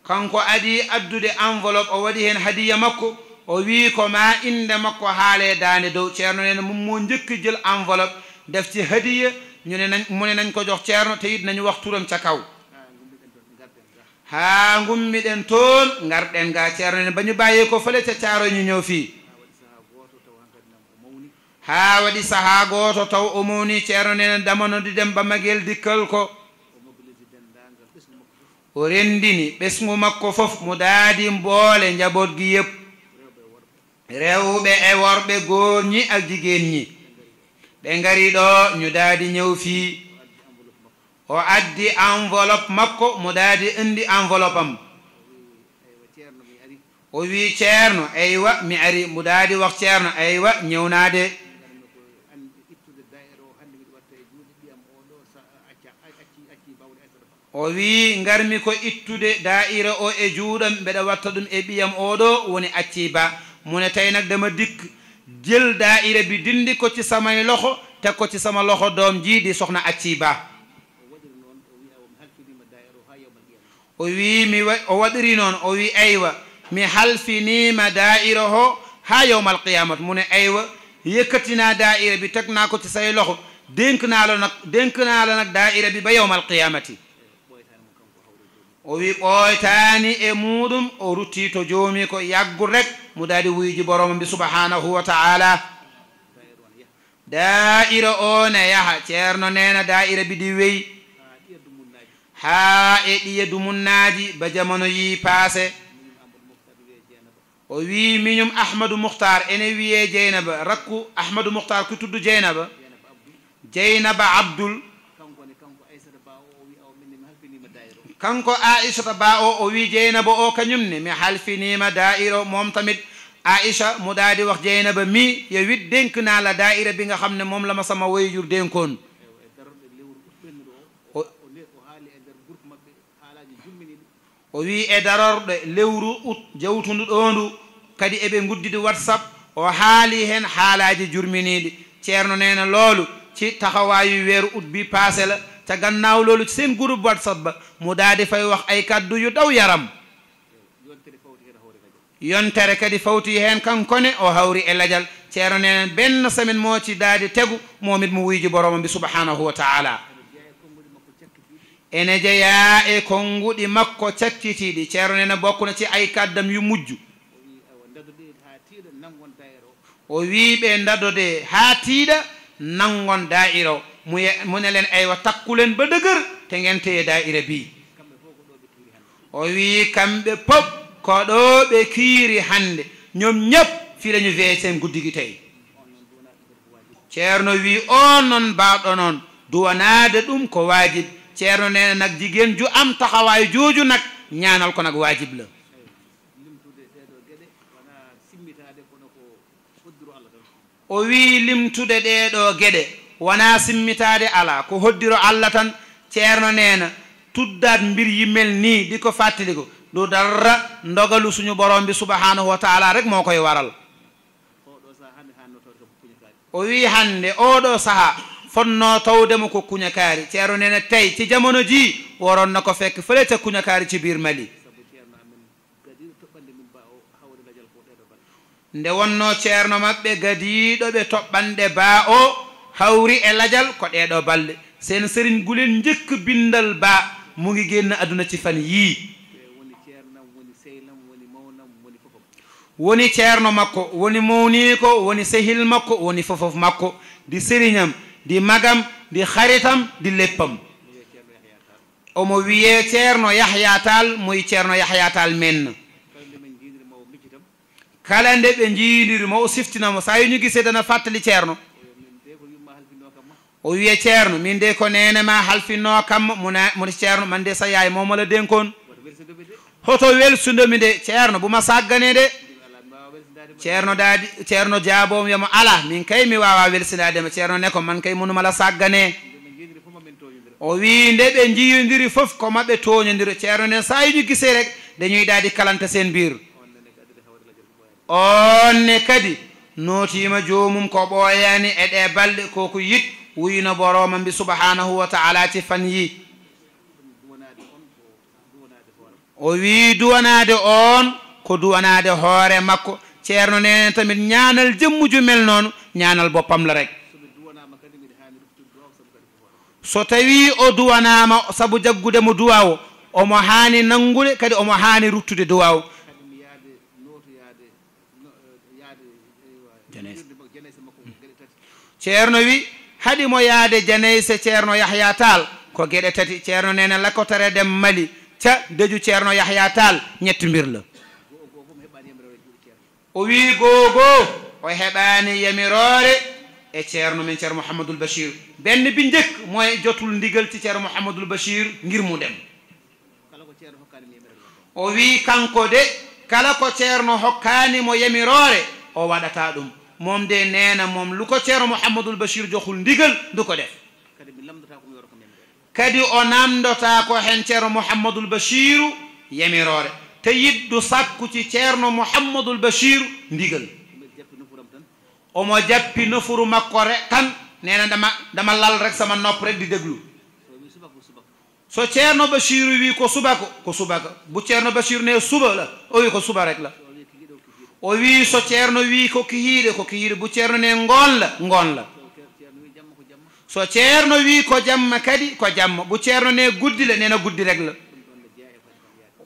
kanko adi addude enveloppe o waɗi heen hadiya makko o wii ko ma inde makko haalee daane dow ceerno neene mum moo njëkk jël enveloppe def ci hadiya ñu ne nañ mu ne nañ ko jox ceerno te it nañu wax turam ca kaw haa ngummiɗen toon ngarɗen ngaa ceerno ne ba ñu bàyyee ko fale ca caaro ñu ñëw fii haa waɗi sahaa gooto taw omowni ceerno nene damano di dem ba magel dikkal ko o renndini ɓesngu makko fof mu daadi mboole njabot gi yëpp rewɓe e worɓe goor ñi ak jigéen ñi ɓe ngarii ɗo ñu daadi ñaw fii o addi enveloppe makko mo daadi inndi enveloppe am o wii ceerno eywa mi ari mo daadi wax ceerno eywa ñawnaade o wii ngarmi ko ittude daa'ira o e juuɗam mbeɗa watta ɗum e ɓiyam oo ɗo woni accii ba mune tawi nag dema dikk jël daa'ira bi dindi ko ci samay loxo teg ko ci sama loxo doom ji di soxna acciba o wii mi o waɗiri noon o wii aywa mi halfiniima daa'ira ho ha yowma alqiyamat mu ne aywa yëkkatinaa daa'ira bi teg naa ko ci say loxo dénk naa la nag dénk naa la nag daa'ira bi ba yowma alqiyamati o wii ɓooytaani e muuɗum o ruttii to joomii ko yaggu rek مدادي ويجي بروم سبحانه وتعالى دائرة أونا يا هاتير نونا دائرة بدوي ها إي دومون نادي بجامونوي passe وي مينيوم أحمد مختار إني وي جينب ركو أحمد مختار كتب جينب جينب عبدل kanko ta ba o o wi jeynaba o kanyum ne mi halfinima dairo mom tamit aisha mudadi daal di wax jeynaba mi yow wit dénk na la daa'ira bi nga xamne mom la ma sama wayjur denkon o wi e de lewru ut jawtundu ɗo kadi ebe guddidi whatsapp o haali hen haalaji jurminidi ceerno neena lolou ci taxawayu weru ut bi paase la ca gannaaw loolu seen groupe whatsapp ba mu daa di fay wax ay kàddu yu daw yaram yontere kadi fawtu yi heen kan kone o hawri e lajal ceero nee benn semaine moo ci daa di tegu moomit mu wuyji boroomam bi subhanahu wa taala ene jeyaa e konnguɗi makko cakkitiiɗi ceero nee bokkuna ci ay kaddam yu mujj o wii ɓe ndadode haa tiiɗa nangon daa iro muye mu ne leen aywa takku leen ba dëgër te ngeen teye daa'ira bii o wii kamɓe pop ko ɗoo ɓe kiiri hannde ñoom ñëpp fii la ñu weeye seen guddigi tey ceerno wii oon noon baaɗo noon duwanaade ɗum ko waajib ceerno neene nag jigéen ju am taxawaay jooju nag ñaanal ko nag waajib la o wii limtude ɗee ɗoo geɗe wona simmitaade alaa ko hoddiro allah tan ceerno neena tuddaat mbir yimmel ni di ko fàttiliko du darra ndogalu suñu borom bi subhanahu wa taala rek moo koy waral o wii hannde oo ɗoo saha fonnoo tawdemo ko kuñakaari ceerno neena tey ci jamono jii woron na ko fekk fële ca kuñakaari ci biir mali nde wonnoo ceerno maɓɓe gadiiɗo ɓe toɓɓande baa o hawri e lajal ko ɗeɗo balɗe seeno sérine gulel jekk bindal ba mu ngi genna aduna ci fan yii woni ceerno makko woni mawniko woni sehil makko woni fofof makko ndi sériñam ndi magam ndi xaritam ndi leppam omo wiye ceerno yahya tal muy ceerno yahya tal menn kala nde ɓe jiidiri mawo siftinamo sa yo ñu gise dana fàttali ceerno o wiye ceerno min de ko nene ma halfinno kam mona mono ceerno mande sa yaye momola denkon hoto welsudemi de ceerno buma saggane de ceerno daadi ceerno jaabomo wiyamo ala min kay mi wawa welsidadema ceerno ne ko man kay munumala saggane o wi nde ɓe jiyodiri foof ko maɓɓe toñodiri ceerno nden sa yiɗi gise rek deñoy daadi kalanta sen mbir onne kadi notima joomum ko ɓoyani e ɗe balɗe koko yiɗ wuyino boromam bi subhanahu wa taala ti fan yi o wi duwanade on ko duwanade hoore makko ceerno nene tamit ñaanal jëmmuju mel noon ñaanal boppam la rek so tawi o duwanama sabu jaggude mo duwa o omo haani nanngude kadi omo haani ruttude duwa o ceerno wi haɗimo yaade janeyse ceerno yahya tal ko geɗe tati ceerno nene lakkotorede mali ca deju ceerno yahya tal ñettimbirla o wi googo o heɓani yamiroore e ceerno min ceer mouhamadoul bachir benn bi njëkk mooy jotul ndigal ci ceer mouhamadoul bachir ngir mu dem o wi kanko de kala ko ceerno hokkanimo yamiroore o waɗata ɗum moom de nee na moom lu ko ceero mouhamadul bachir joxul ndigal du ko def kadi o namdotaa ko heen ceero mouhamadul bachiru yemiroore te yit du sakku ci ceerno mouhamadul bachiru ndigal omo jappi nofuru makko re tan nee na dama dama lal rek sama nopp rek di déglu so ceerno bachiru wii ko subako ko subaka bu ceerno bachir nee suba la o wii ko suba rek la o wii so ceerno wii koki hiiɗe koki hiiɗe bu ceerno ne ngolla ngolla so ceerno wii ko jamma kadi ko jamma bu ceerno ne guddile nena guddi regla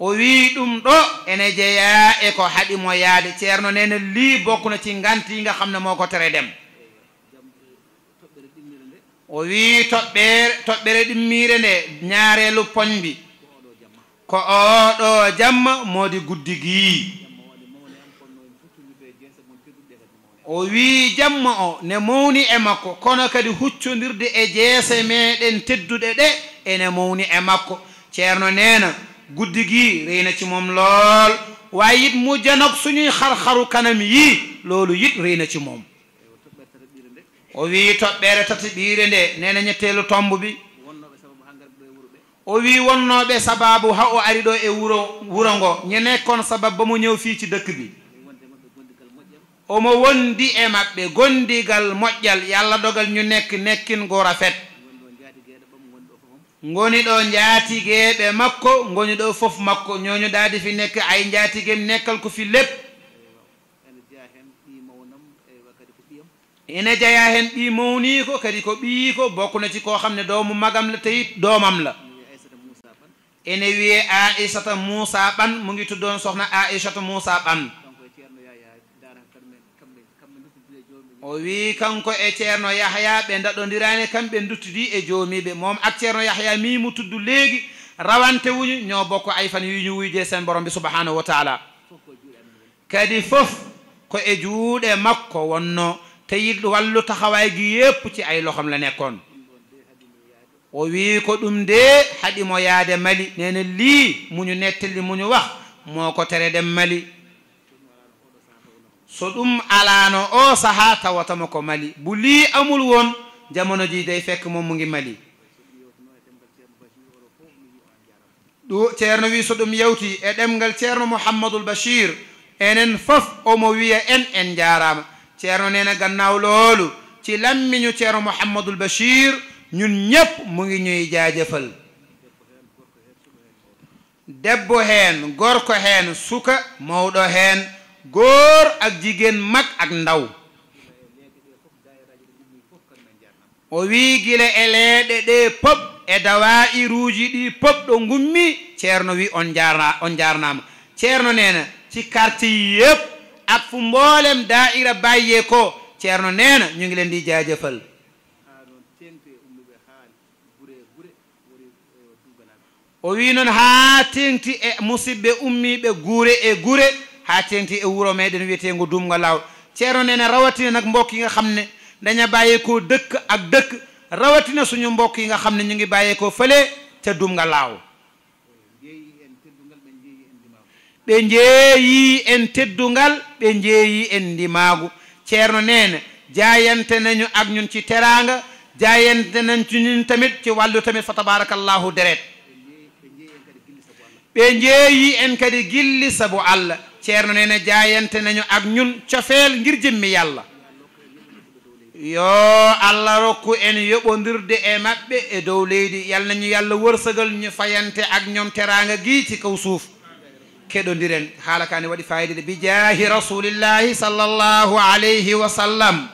o wii ɗum ɗo ene jeeya e ko haɗimo yaade ceerno nene li bokkuno ci ngantinga xam ne moo ko tere dem o wii toɓɓere toɓɓere ɗimmiire nde ñaareelu poñbi ko oɗo jamma moodi guddi gii o wii jamma o ne mawni e makko kono kadi huccondirde e jeese meeɗen tedduɗe ɗe ene mawni e makko ceerno neena guddigi reyna ci moom lool waay yit mujjanog suñuy xarxaru kanam yii loolu yit reyna ci moom o wii toɓɓeere tata ɓiire nde neena ñetteelu tomb bi o wii wonnooɓe sababu ha o ari ɗo e wuro wuro ngo ñe nekkon sabab ba mu ñëw fii ci dëkk bi omo wondi e maɓɓe gondigal moƴƴal yo allah dogal ñu nekk nekkingo rafet ngoni ɗo jaatigueɓe makko ngoni ɗo foof makko ñooñu daadi fi nekk ay jaatiguem nekkal ko fi lepp ene jeya hen ɓi mawni ko kadi ko ɓi ko bokkuna ci ko xam ne doomu magam la tawi doomam la ene wiye aissata moussa ɓan mu ngi tuddoon sohna aissata moussa ɓan o wii kanko e ceerno yahya ɓe ndaɗondirani kamɓe duttidi e joomiɓe mom ak ceerno yahya mimo tuddu leegi rawante wuñu ñoo bokko ayfan wiñu wiide sen boromɓe subahanahu wa taala kadi fof ko e juuɗe makko wonno te yiɗ wallu tahawaygi yépp ci ay loxom la nekkon o wii ko ɗum de haɗimo yaade mali nene lii muñu nettelli muñu wax moo ko tere dem mali so ɗum alano o saha tawatama ko mali buli amul won jamono ji day fekk moom mu ngi mali ɗu ceerno wi so ɗum yawti e ɗemgal ceerno mouhammadoul bachir enen fof omo wiya en en jaarama ceerno nena gannaaw loolu ci lammiñu ceerno mouhammadoul bachir ñun ñëpp mu ngi ñuy jaajëfal debbo heen gorko heen suka mawɗo heen góor ak jigéen mag ak ndaw o wii gila e leeɗe ɗe pop e dawairuuji ɗi pop ɗo ngummi ceerno wii on jarna on jarnaama ceerno neena si quartie yëpp ak fu mboolem daa'ira bàyyee ko ceerno neena ñu ngi leen di jaajëfal o wii noon haa tengti e musidɓe ummiiɓe guure e gure ha tenti e wuro meɗen wiyetengo dumgo lawɗo ceerno nena rawatina nak mbokki nga xam ne daña bàyyi ko dëkk ak dëkk rawatina suñu mbokk yi nga xam ne ñu ngi bàyyi ko fële ca dumga laaw ɓe njeeyi en teddungal ɓe njeeyi en ndimaagu ceerno neene jaayante nañu ak ñun ci teraanga jaayante nañ ci ñun tamit ci wàllu tamit fa tabaracallahu dereet ɓe njeeyi en kadi gilli sabu allah ceerno nee na jaayante nañu ak ñun cofeel ngir jëmmi yàlla yoo allah rokku en yoɓondirde e maɓɓe e dow leydi yal nañu yàlla wërsëgal ñu fayante ak ñoom teraanga gii ci kaw suuf keɗondiren haala kaani waɗi fayide de bi jaahi rasulillahi sall allahu alayhi wa sallam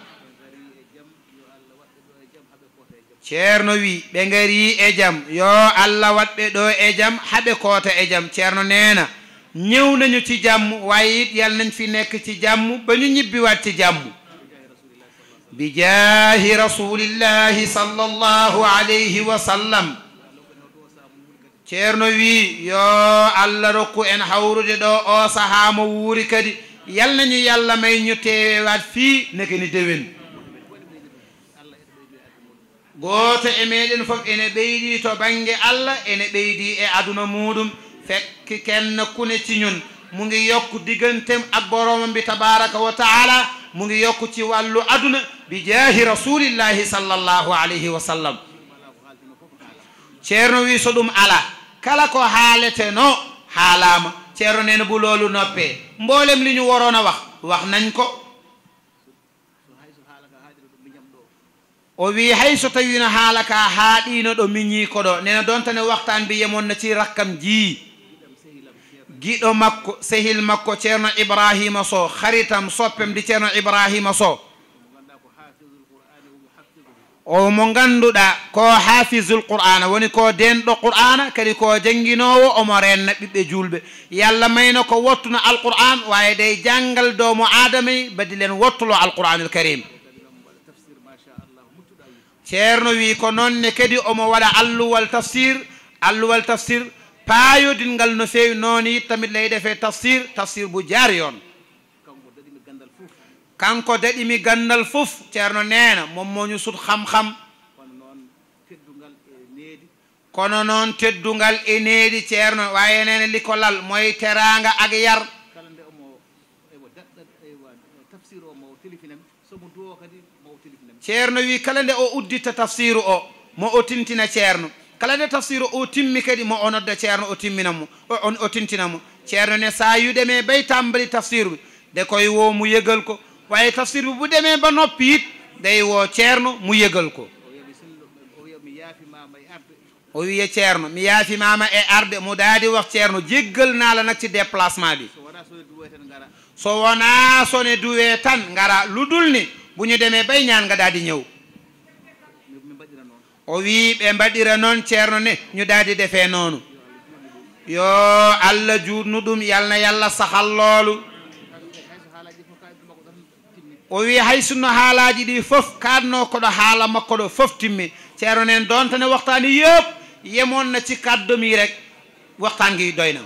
ceerno wi ɓe ngari e jam yo allah waɗɓe ɗo e jam haɓe koota e jam ceerno neena ñëw nañu ci jàmm waaye it yàlla nañ fi nekk ci jàmm ba ñu ñibbiwaat ci jàmm bi jaahi rasulillahi salallahu alayhi wa sallam ceerno wii yoo allah rokku en hawrude ɗo o sahaama wuuri kadi yàlla nañu yàlla may ñu teewewaat fii neke ni déwén gooto e meeɗen fof ene ɓeydii to baŋnge allah ene ɓeydii e aduna muɗum fekk kenn ku ne ci ñun mu ngi yokk digganteem ak boroomam bi tabaaraka wa taala mu ngi yokk ci wàllu aduna bi jaahi rasulillahi sallallahu alayhi wa sallam ceerno wi so ɗum ala kala ko haaleteno haalama ceerno nee na bu loolu noppee mboolem li ñu waroon a wax wax nañ ko o wii hay so tawino haala ka haaɗiino ɗo miñii ko ɗo nee na waxtaan bi yemoon na ci rakkam jii giiɗo makko sehil makko ceerno ibrahima sow haritam soppem di ceerno ibrahima sow o mo ngannduɗa ko hafisul qur'ana woni ko denɗo qur'ana kadi ko jannginowo omo renna ɓiɓɓe julɓe yallah mayno ko wottuna alqur'an wawi de janngal dow mo adamay badilen wottulo alqur'anul karim ceerno wi ko noonne kadi omo waɗa alluwal tafsir alluwal tafsir payodin ngal no fewi noon yittamit ley ɗe fe tafsir tafsir bo jaari on kanko daɗimi gandal fof ceerno neena mommoñu sut xam xam kono noon teddungal e needi ceerno wayenene likolal moye teranga ak yar ceerno wi kala nde o uddita tafsir o mo o tintina ceerno kala de tafsire o timmi kadi mo o nodda ceerno o timminamo on o tintinamo ceerno ne sa yudeme ɓay tambali tafsire ɓe nde koye wo mo yegal ko waye tafsire ɓe ɓudeme ba noppi yit dey wo ceerno mo yegal ko o wiye ceerno mi yaafi mama e arde mo daadi wax ceerno jiggal naala nacci déplacement ɗi so wona sone duwe tan gara ludul ni buñu deme ɓay ñaan nga daadi ñëw o wi ɓe mbaɗira noon ceerno ne ñu daadi defee noonu yo allah juutnu ɗum yalna yallah sahal loolu o wi hay sunno haalaaji ɗi fof kaatnoo ko ɗo haala makko ɗo fof timme ceerno nen doon tane waxtaani yëpp yemoon na ci kàddum yi rek waxtaan gi doy na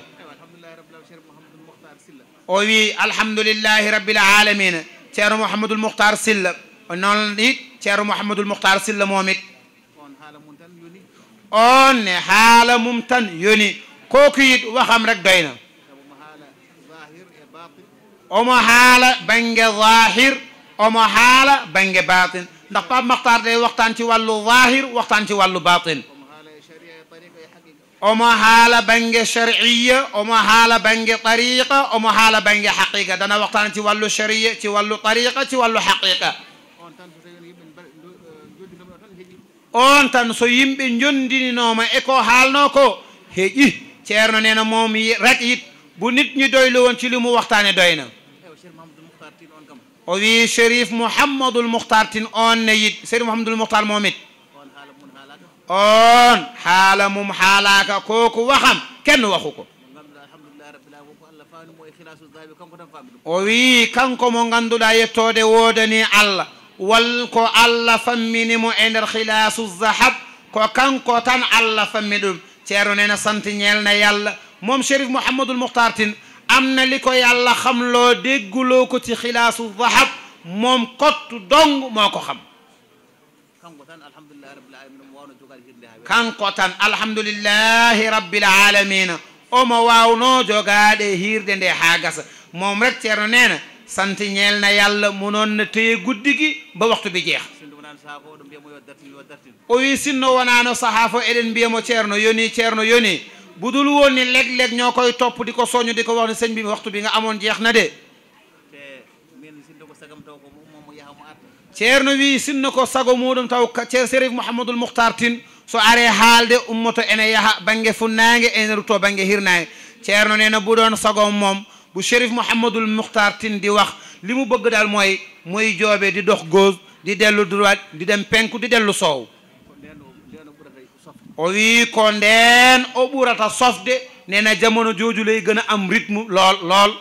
o wi alhamdulillahi rabbil alamina ceerno mouhamadoul mouhtar silla noon it ceerno mouhamadoul mouhtar silla moom it on ne haala mum tan yoni kooku yit waxam rek doy na omo haala bange zahir omo haala bange batin ndax Pape Makhtar day waxtaan ci wàllu zahir waxtaan ci wàllu batin omo haala bange shar'iyya omo haala bange tariqa omo haala bange haqiqa dana waxtaan ci wàllu shar'iyya ci wàllu tariqa ci wàllu haqiqa on tan so yimbe yimɓe jondininooma e ko halno ko heƴi ceerno neena mom moom rek it bu nit ñi doylu won ci limu waxtane doyna o wi sherif muhammadul mouhtar tin on ne yit chérif muhammadul mouhtar momit on halamum halaka koku waxam kenn waxuko o wi kanko mo ngannduɗaa yettode wodani allah walko allah fammini mo e nder khilasu zahab ko kanko tan allah fammi ɗum ceerno nee na sant ñeel na yàlla moom chérif mouhamadul mukhtar tin am na li ko yàlla xamloo dégguloo ko ci xilaasu zahab moom kott dong moo ko xam kanko tan alhamdulillahi rabbil alamina omo waawnoo jogaaɗe hiirde nde haa gasa moom rek ceerno nee na sant ñeel na yàlla munoon na téye guddi gi ba waxtu bi jeex o wi sinno wonaano sahaafo eɗen mbiyamo ceerno yoni ceerno yoni budul woon ni léeg-léeg ñoo koy topp di ko soññu di ko wax ne sëñ bi waxtu bi nga amoon jeex na de ceerno wi sinno ko sago muɗum taw ceer sérif mouhamadoul mouhtar tin so are haalde ummoto ene yaha bange funnaange ene ruto bange hirnaange ceerno nee na bu doon sagom moom bu shérif mohammedul Muxtaar tin di wax limu bëgg dal moy moy jobé di dox goz di delu droit di dem penku di delu sow o wii ko o ɓurata jamono joju lay gëna am rythme lol lol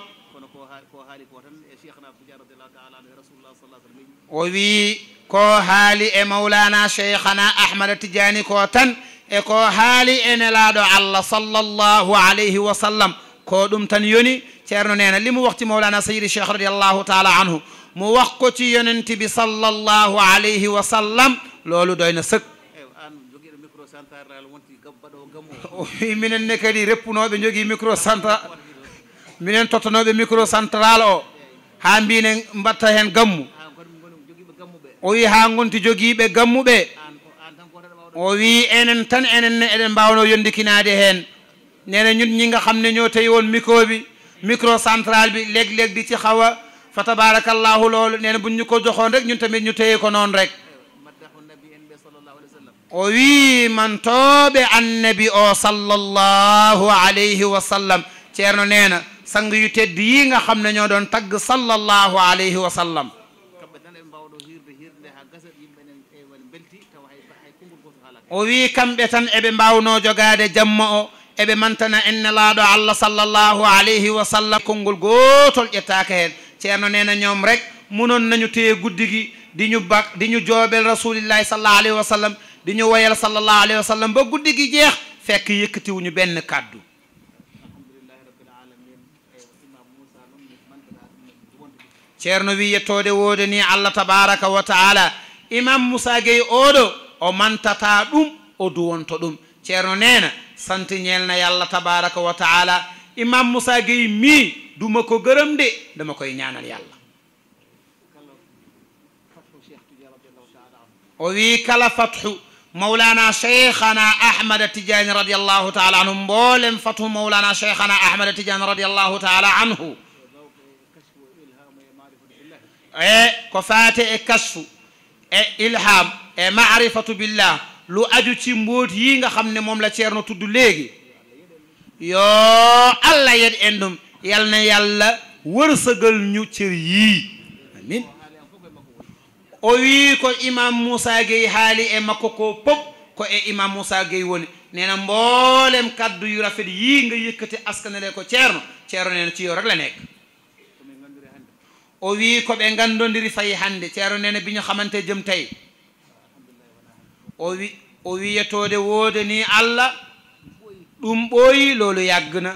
o ko hali e maulana sheikhana ahmad tijani ko tan e ko hali e allah sallallahu alayhi wa sallam ko dum tan yoni تيرنو نينا لي وقت مولانا سيد الشيخ رضي الله تعالى عنه مو وقتي يوننتي بي صلى الله عليه وسلم لولو دوينا سك من النكدي ريب نوبي نيوغي ميكرو سانتر منين توتو نوبي ميكرو سانتر لو هامبين مباتا هن غمو وي هانغون تي جوغي بي غمو بي وي انن تان انن ادن باونو يوندي كينادي هن نينا نيون نيغا خامني نيو تاي وون ميكرو بي microcentral bi léeg-léeg di ci xaw a fa tabaarakallaahu loolu nee na buñ ñu ko joxoon rek ñun tamit ñu téye ko noonu rek o wiimantoɓe annabi o sallallahu alayhi wa sallam ceerno neena sang yu tedd yi nga xam ne ñoo doon tagg sallallahu alayhi wa sallam o wii kamɓe tan eɓe mbawno jogaade jamma o eɓe mantana en nelaɗo allah sallllahu alayhi wa sallam konngol gootol ƴettaaka heen ceerno nena ñoom rek munon nañu teye guddigi diñu ba diñu jooɓel rasulillahi sallllah alayhi wa sallam diñu wayal sallllahu alayhi wa sallam ba guddigi jeex fekk yëkkatiwuñu benn kàddu ceerno wi yettoode woode ni allah tabaraka wa taala imam moussa gueye oɗo o mantata ɗum o duwonto ɗum ceerno nena sant ñel na yàlla tabaraka wa taala imam musa Gueye mi du ma ko gërëm de dama koy ñaanal yàlla o wi kala fathu مولانا شيخنا احمد tidiani رضي الله تعالى عنه مولم mawlana مولانا شيخنا احمد radiallahu رضي الله e عنه faate e كشف e ilham e marifatu بالله lu aju ci mbóot yi nga xam ne moom la ceerno tudd léegi yoo àlla yen endum yal na yàlla wërsëgal ñu cër yii amin o wii ko imam moussa gay haali e makko koo pëpp ko e imam moussa gay woni nee na mboolem kaddu yu rafet yii nga yëkkati askanele ko ceerno ceerno nee na ci yow rek la nekk o wii ko ɓe nganndondiri fay hannde ceerno nee na bi ñu xamante jëm tey o wiyatode woode ni allah ɗum ɓooyi loolu yàgg na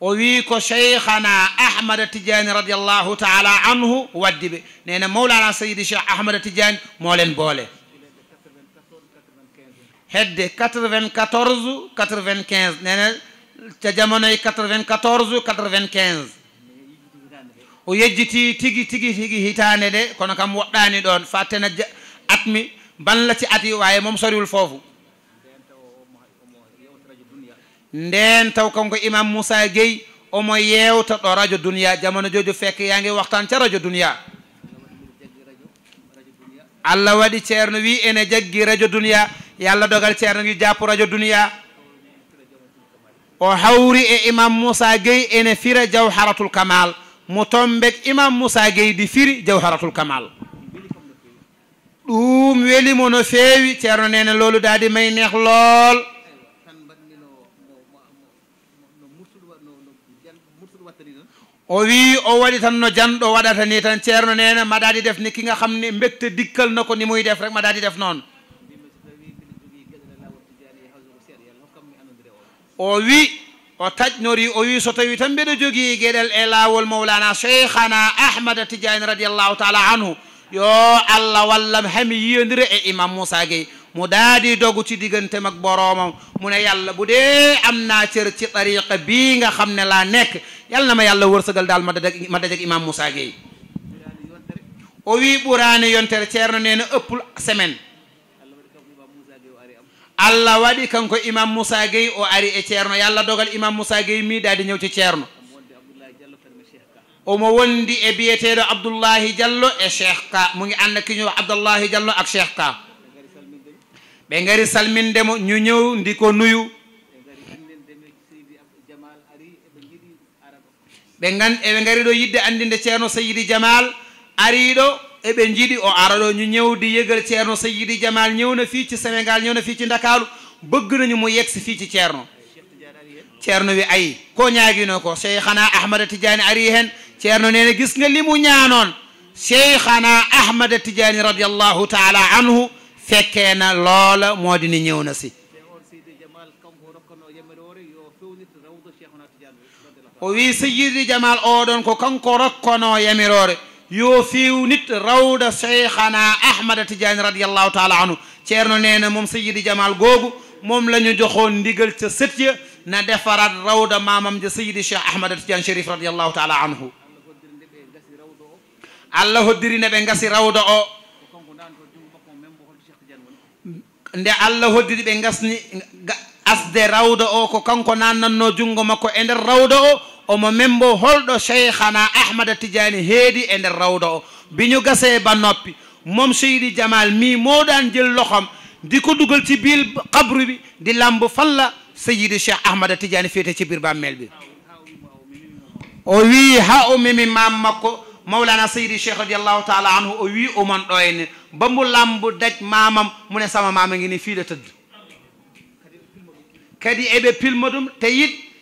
o wii ko cheikhana ahmada tidiane radiallahu taala anhu waddi ɓe nee na mawlana sayidi cheikh ahmada tidiane moo leen boole hedde 94 95 nee na ca jamonoy 94 95 o yejjiti tigi tigi tigi hitaane de kono kam woɗɗaani ɗoon fatena atmi banlati ati waye moom soriwul foofu ndeen taw kanko imam moussa gueyi omo yewta ɗo radio dunia jamono jojo fekk yaa ngi waxtaan ca radio dunia allah waɗi ceerno wi ene jaggi radio dunia yo allah dogal ceerno ngi japp radio dunia o hawri e imam moussa gueyi ene fira diaw haratul kamal motombek imam musa gueye firi jawharatul kamal dum weli mono feewi cerno neena lolou dadi may neex lol o wi o wadi tan no jando wadata ni tan cerno neena ma dadi def ni ki nga xamni mbekte dikkal nako ni muy def rek ma dadi def non o wi وتاج نوري أويس وتويتم بدجوجي جل الإلا والمولانا شيخنا أحمد تجاين رضي الله تعالى عنه يا الله واللهم همي يندر إمام موسى جي مدادي دوغو تي ديغنت ماك بوروم مون يالا بودي امنا تير تي طريق بيغا خامن لا نيك يالنا ما يالا ورسغال دال ما داج امام موسى جي او وي بوران يونتر تيرنا نينا allah waɗi kanko imam moussa gueyi o ari e ceerno yo allah dogal imam moussa gueyi miiɗade ñewti ceerno omo wondi e biyeteɗo abdoullahi diallo e cheikh ka mo gi anda kiñowo abdoullahi diallo ak cheikh ka ɓe gari salmindemo ñu ñëw ndi ko nuyu ɓe gan eɓe gari ɗo yidde andinde ceerno sayidi jamal ariɗo eɓe jiiɗi o ara ɗo ñu ñewdi yegal ceerno sayidi jamal ñewna fiici sénégal ñewna fiici dakalu bëgguenañu mu yegsi fiici ceerno ceerno wi ayi ko ñaagino ko cheikhana ahmada tidiani ari hen ceerno nene gis nga li mu ñaanoon cheikhana ahmada tidiani radiallahu taala anhu fekkeena loola moo dini ñëwna si o wi sayidi jamal oɗon ko kanko rokkono yamiroore yoo fiiw nit rawda cheikhana ahmada tidiane radiallahu taala anhu ceerno nee na moom jamal googu moom la ñu joxoon ndigal ca sët ya na defaraat rawda maamam ja sayidi cheikh ahmada tidiane chérif radiallahu taala anhu allah hoddiri nde ngasi rawda o nde allah hoddiri ɓe gasni asde rawda o ko kanko nannanno junngo makko e nder rawda o omo membo holdo sheikhana ahmad tijani heedi e der rawdo biñu gasse ba nopi mom seydi jamal mi modan jël loxam diko duggal ci bil qabru bi di làmb falla la seydi cheikh ahmada tidiani féete ci biir bàmmeel bi o wi ha o mimi maam makko mawlana seydi cheikh radiallahu taala anhu o wi o man doyne ba mu làmb daj mamam mune sama mamangi ni fi la teud kadi ebe pilmadum ɗum te yit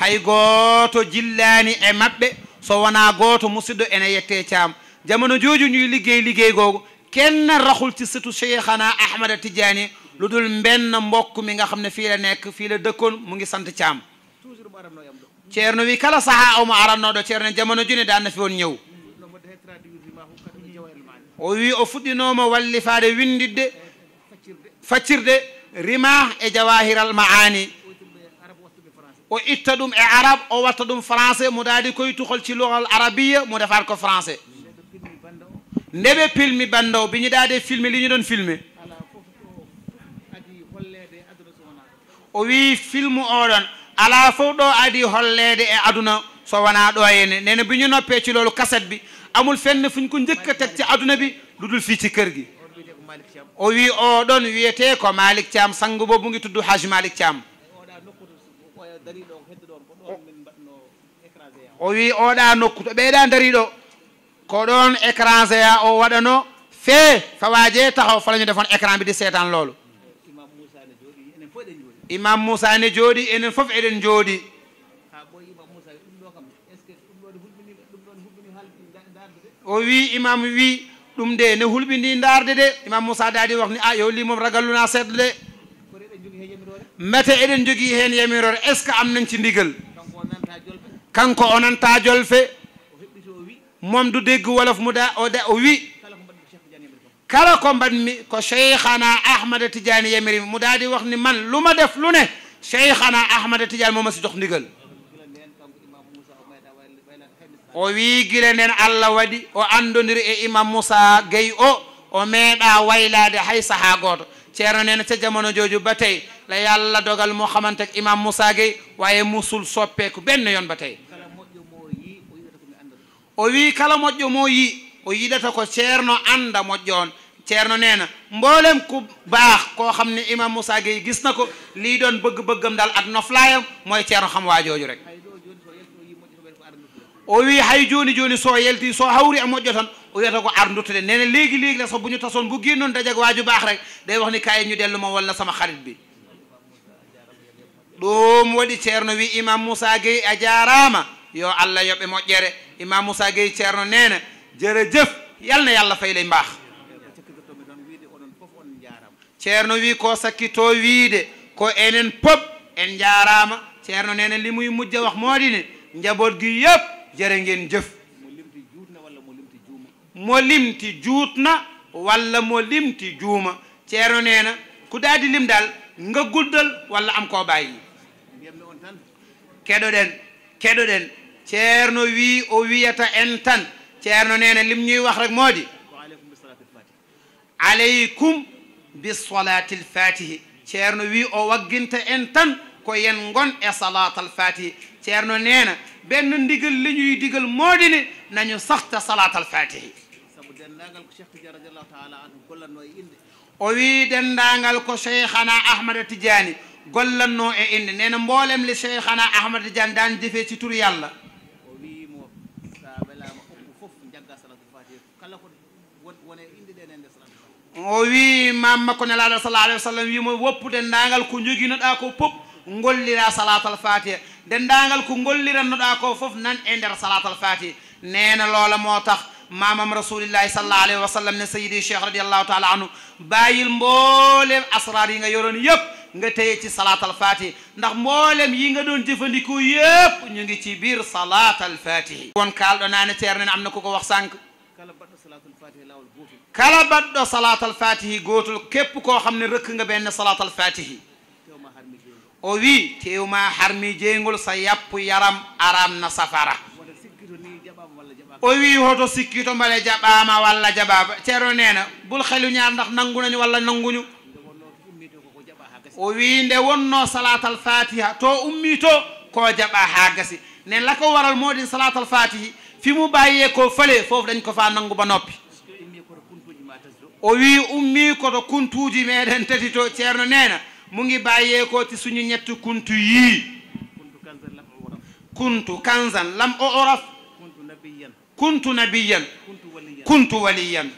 hay gooto jillaani e maɓɓe so wonaa gooto musiɗɗo ene yettee caam jamano jooju ñuy liggey liggey googo kenn raxulti sutu cheikhana ahmada tidiani lu dul mbenn mbokk mi nga xam ne fii la nekk fii la dëkkoon mu ngi sant caam ceerno wi kala saha omo arannooɗo ceerno jamono juni daanna fi woon ñëw o wi o fuɗɗinooma wallifaade winndidde faccirde rima e jawahiral ma aani o itta ɗum e arabe o watta ɗum français mo daadi koye tuhol ci lugal arabiya mo defat ko français nde ɓe pilmi banda o biñi daade filme li ñu ɗon filme o wi ala fof ɗo adi hollede e aduna so wona ɗo henne nene biñu noppe ci lolu cassette bi amul fenn fuñ ko njëkka teg ci aduna bi lu dul ci kër gi o wi oɗon wiyete ko malik thiam sangu boobu ngi tudd haj malik thiam o wi oɗa nokku to ɓeyɗa dariɗo ko ɗon écrangé a o waɗano fee fawaje taxa falañude fon écran bidi setan lolo eh, imam moussa ne jooɗi enen foof eɗen jooɗi o wi imam wi ɗum de ne hulɓindi darde de imam moussa daadi wax ni a ah, yo limom ragalluna seeɗo de mete eɗen jogii heen yamirore est ce que am nañ ci ndigal kanko o nanta jolfe moom du dégg wolof mu daa o da o wi kala ko mbatmi ko cheikhana ahmada tidiane yamiri mu daa di wax ni man lu ma def lu ne cheikhana ahmada tidiane moo ma si jox ndigal o wi gila nden allah waɗi o anndodiri e imam moussa guey o o meeɗa waylade hay sahaa gooto ceerno neena ca jamono jooju ba tey la yàlla dogal moo xamante ak imam moussa gay waaye musul soppeeku benn yoon ba tey o wii kala moƴƴo moo yii o yiɗata ko ceerno ànda moƴƴoon ceerno neena mboolem ku baax koo xam ne imam moussa gay gis na ko lii doon bëgg-bëggam dal ak noflaayam mooy ceerno xam waajooju rek أوي هاي جوني جوني سو يلتي سو هوري أمو جوتان أوي أتاكو أرنوت لين ليك ليك لسو بنيو تاسون بو جينون داجاكو واجو باخرك داي وخني كاي نيو ديلو ولا سما خريت بي دوم ودي تيرنو وي إمام موسى جي أجاراما يو الله يوب إمو جيري إمام موسى جي تيرنو نين جيري جف يلنا يلا فايلين باخ تيرنو وي كو سكيتو ويد كو إنن بوب إن جاراما تيرنو نين اللي موي مجا وخ مودي ni jërë ngeen jëf mo limti juut na walla mo limti juuma ceerno nee ku daal lim daal nga guddal walla am koo bàyyi keɗoɗen keɗoɗen ceerno wii o wiyata en tan ceerno nee na lim ñuy wax rek moo di aleykum bi salatil fatihi o wagginta en ko yen ngon e salatal fatihi ceerno nee benn ndigal li ñuy digal moo di ne nañu saxta salaatal fatihi e o wii dendaangal ko cheikhana ahmada tidiani gollannoo e inde neena mboolem li cheikhana ahmada tidiani daan jëfee ci tur yàlla o wii mam e makko ne laada salaalah w sallam wiimo woppu dendaangal ko njogino ɗaa ko pop ngolliraa salaatal fatiha dendaangal ko ngollirannoɗa ko fof nan e der salatul fati neena lola motax mamam maamam rasulillahi sallallahu alaihi wasallam ne sayyidi cheikh radiyallahu taala anu bayil mbolem asrar yi nga yoron yep nga téye ci salatul fatihi ndax mbolem yi nga don jëfandiku yep ñu ngi ci bir salatul fatihi won kal do nana terne amna kuko wax sank kala baddo salatul ko lawul sànq kala baddo salatul fatihi gootul kep ko xamne rek nga ben salatul fatihi o wii tewma harmi jeyngol sa yappu yaram aran na safara o wii hoto sikkito mbale jaɓaama walla jaɓaaba ceero neena bul xelu ñaar ndax nangunañu walla nanguñu o wii nde wonno salatal fatiha to ummi to ko jaɓa ha gasi nen lako waral moo ɗin salatal fatihi fi mu bàyye ko fële foof dañ ko fa nangu ba noppi o wii ummi koto kuntuuji meɗen tati to ceerno neena mu baye ko ci suñu ñett kuntu yii kuntu kanzan lam o oraf kuntu nabiyan kuntu waliyan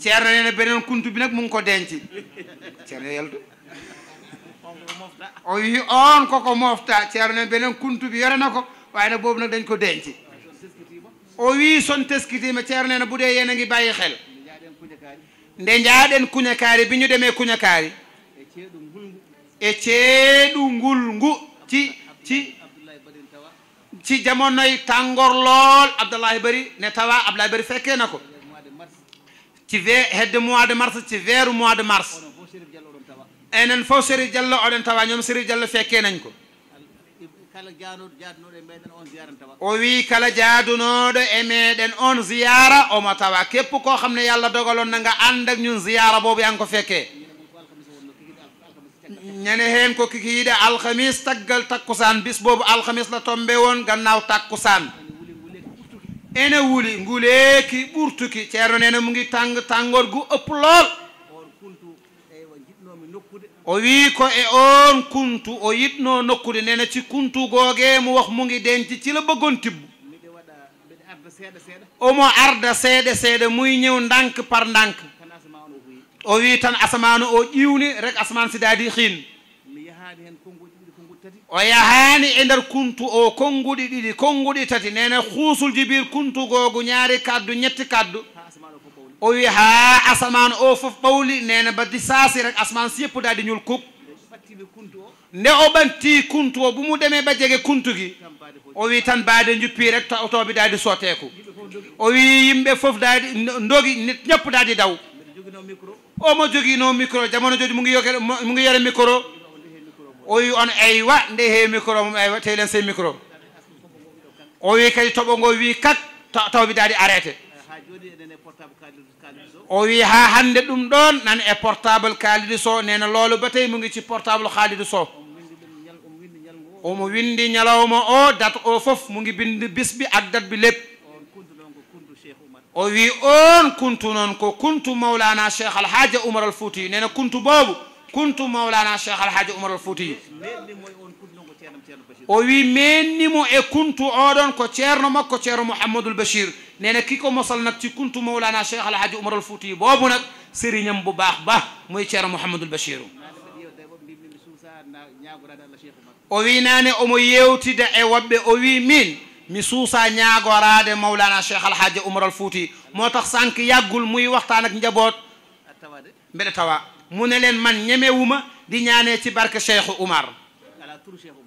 ceerno nee benen kuntu bi nag mu ngi ko denci ceerno yaltu o yi on koko mofta ceerno benen kuntu bi yore nako ko waaye nag boobu nag dañ ko denci o wi son teskitima ceerno nee na budé yeena ngi bàyyi xel nde den kuñakaari bi ñu kuñakaari e ceeɗu ngul ngu ci ci ci jamonoy tangorlool abdoulahi bari ne tawa abdoulahi bari fekke na ko ci ve hedde mois de mars ci veeru mois de mars enen fof séri diallo oɗen tawa ñoom séri diallo fekke nañ ko o wii kala jaadunooɗo e meeɗen on ziyara omo tawa képp koo xam ne yàlla dogaloon na nga ànd ak ñun ziyara boobu yan ko fekkee mm -hmm. ñane heen ko kiki yiide alhamis taggal takkusaan bis boobu alhamis la tombe won gannaaw takkusaan ene wuli nguleeki ɓurtuki ceerno nene mu ngi tàng tàngor gu ëpp lool o wii ko e oon kuntu o yiɗnoo nokkude nene ci kuntu googee mu wax mu ngi denc ci la bëggoon tibbu omo arda seeɗa seeɗa muy ñëw ndànk par ndànk o wii tan asamanu o ƴiwni rek asaman sidaadi hiin o yahaani e ndeer kuntu o konnguɗi ɗiɗi konnguɗi tati nene huusul jibir kuntu googo ñaari kaddu ñetti kaddu o wi haa asaman o fof ɓawli nene baddi saasi rek asaman siyeppudaadi ñul kub nde o ɓanti kuntu o bu mu ɗeme ɓajjege kuntugi o wi tan baade juppi rek tooɓi daadi sooteeku o wi yimɓe fof daadi ndogi ñeppudaadi daw omo joguino micro jamono joni mu ngi yoge mu ngi yere micro o wi on aywa nde he micro mum aywa teylen sey micro o wi kadi toɓo ngo wi kat taw widaadi arrêté o wi ha hande ɗum ɗon nan e portable kaalidi so nena loolo batey mu ngi ci portable haalidi so omo windi ñalawma o date o fof mu ngi bindi bisbi ak date bi lépp وفي أون كنت ننكو كنت مولانا شيخ الحاج عمر الفوتي نينا كنت بابو كنت مولانا شيخ الحاج عمر الفوتي وفي ميني مو اي كنت اودن كو تيرنا ما كو تير محمد البشير نينا كيكو مصل نكتي كنت مولانا شيخ الحاج عمر الفوتي بابو نك سيري نم بباخ با موي إيه تير محمد البشير وفي ناني امو يوتي دا اي وابي اوي مين mi suusaa ñaagoraade mawlaana cheikh alhaaji umar al fuuti moo tax sànq yàggul muy waxtaan ak njaboot mbede tawa mu ne leen man ñemewuma di ñaanee ci barke cheikhu umar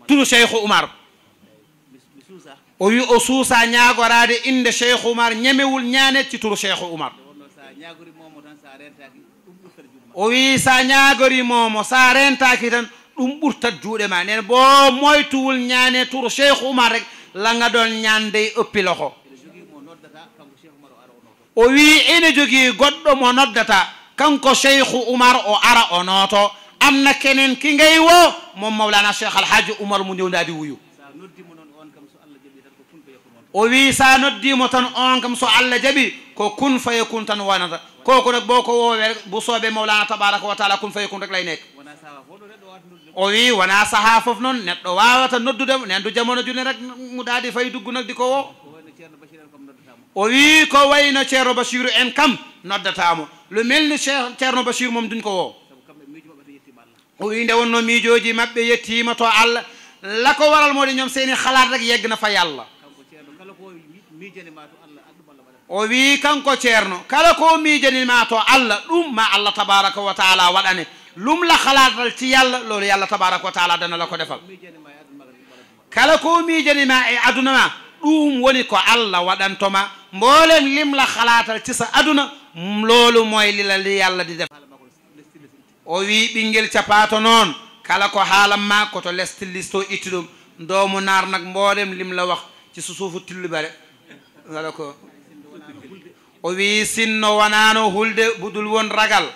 turu cheikhu umar o wi o suusaa ñaagoraade inde cheikhu umar ñemewul ñaane ci turu cheikhu umar o wi sa ñaagori momo sa rentaki tan ɗum ɓurtat juuɗe ma nen bo moytuwul ñaane turu cheikhu umar rek la nga doon ñaandey ëppi loxo o wii ina jogii goɗɗo mo noddata kanko cheikhu umar o ara o nooto am na keneen ki ngay wo moom mawlana cheikh alhaji umar mu ñëwndaadi wuyu o wii sa noddiimo tan on kam so allah jaɓi ko kun faye kun tan wanata kooku nag boo ko woowee bu soobee mawlana tabaraka wa taala kun faye kun rek lay nekk o wi wona saha fof noon neɗɗo wawata noddude ne andu jamono june rek mudadi fayi duggu nagdi ko wo o wi ko wayno ceerno basiru en kam noddatamo lu mel ni ceerno basiru mom din ko wo o wi nde wonno miijoji mabɓe yettima to allah lako waral moɗe ñoom seeni xalat rek yeggna fa yallah o wi kanko ceerno kala ko miijanima to allah ɗum ma allah tabaraka wa taala waɗane lu mu la xalaatal ci yàlla loolu yàlla tabaraka wa taala dana la defal kala ko miijanima e aduna ma ɗum woni ko allah waɗantoma mboolem lim la xalaatal ci sa aduna loolu mooy li la li yàlla di def o wi ɓinngel capaato noon kala ko haalam ma koto les tillisto itti ɗum doomu naar nag lim la wax ci so suufu tillibare wala o wi sinno wonaano hulde budul won ragal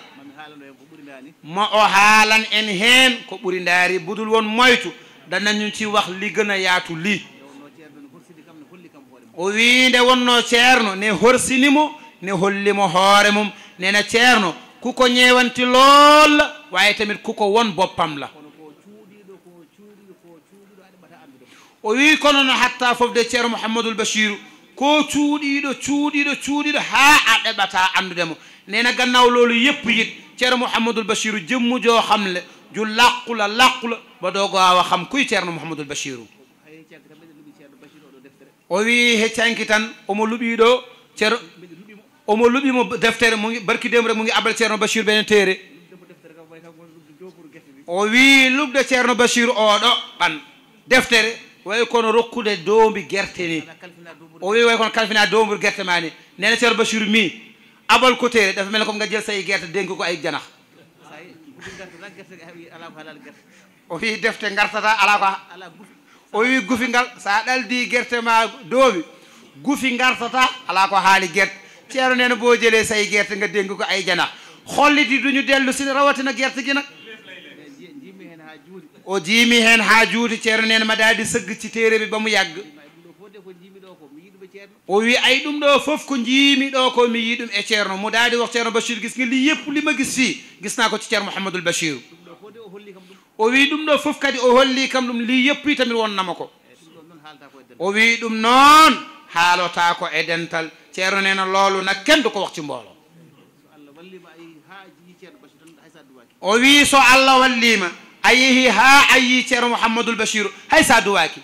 ma o haalan en heen ko ɓuri ndaari budul won moytu dananñum ci wax li gën a yaatu lii o wiinde wonno ceerno ne horsinimo ne hollimo hoore mum nena ceerno kuko ñeewanti lool la waaye tamit kuko won boppam la o wii kono no hatta fof de ceerno mouhammadoul bachiru ko cuuɗiiɗo cuuɗiiɗo cuuɗiiɗo haa a ɗeɓataa anndude mo nena gannaaw loolu yëpp yit Thierno Mouhamadul Bachir jëmm joo xam le ju làqu la làqu la ba doo gaaw a xam kuy Thierno Mouhamadul Bachir o wi heccanki tan omo luɓii ɗo defter omo luɓiimo deftere mu ngi barki demre mu ngi abal ceerno bachir ɓene téere o wii luɓde ceerno bachir oɗo ɓan deftere way kono rokkude doombi gerte ni o kono kalfina doombur gerte nene ceerno bachir mi abal ko téere dafa mel ne comme nga jël say gerte dénk ko ay janax o fi defte ngartata alaa ko o wi gufingal sa daldi gerte ma doobi gufi ngartata alaa ko haali gerte ceero neena boo jëlee say gerte nga dénk ko ay janax xollit yi duñu dellu si rawatina gerte gi nag o jiimi heen haa juuti ceero neena ma daal di sëgg ci téere bi ba mu yàgg ووي اي دوم دو فوف كو نجيمي دو كو مي دوم اي تيرنو مو بشير غيس لي ييب لي ما غيس في غيس ناكو محمد البشير ووي دوم دو فوف كادي او هولي كام دوم لي ييب بي تامير نامكو ووي دوم نون حالو تاكو إدنتال تيرنو نينا لولو نا كين دوكو واخ تي ووي سو الله وليما ايي ها ايي تير محمد البشير هاي سادواكي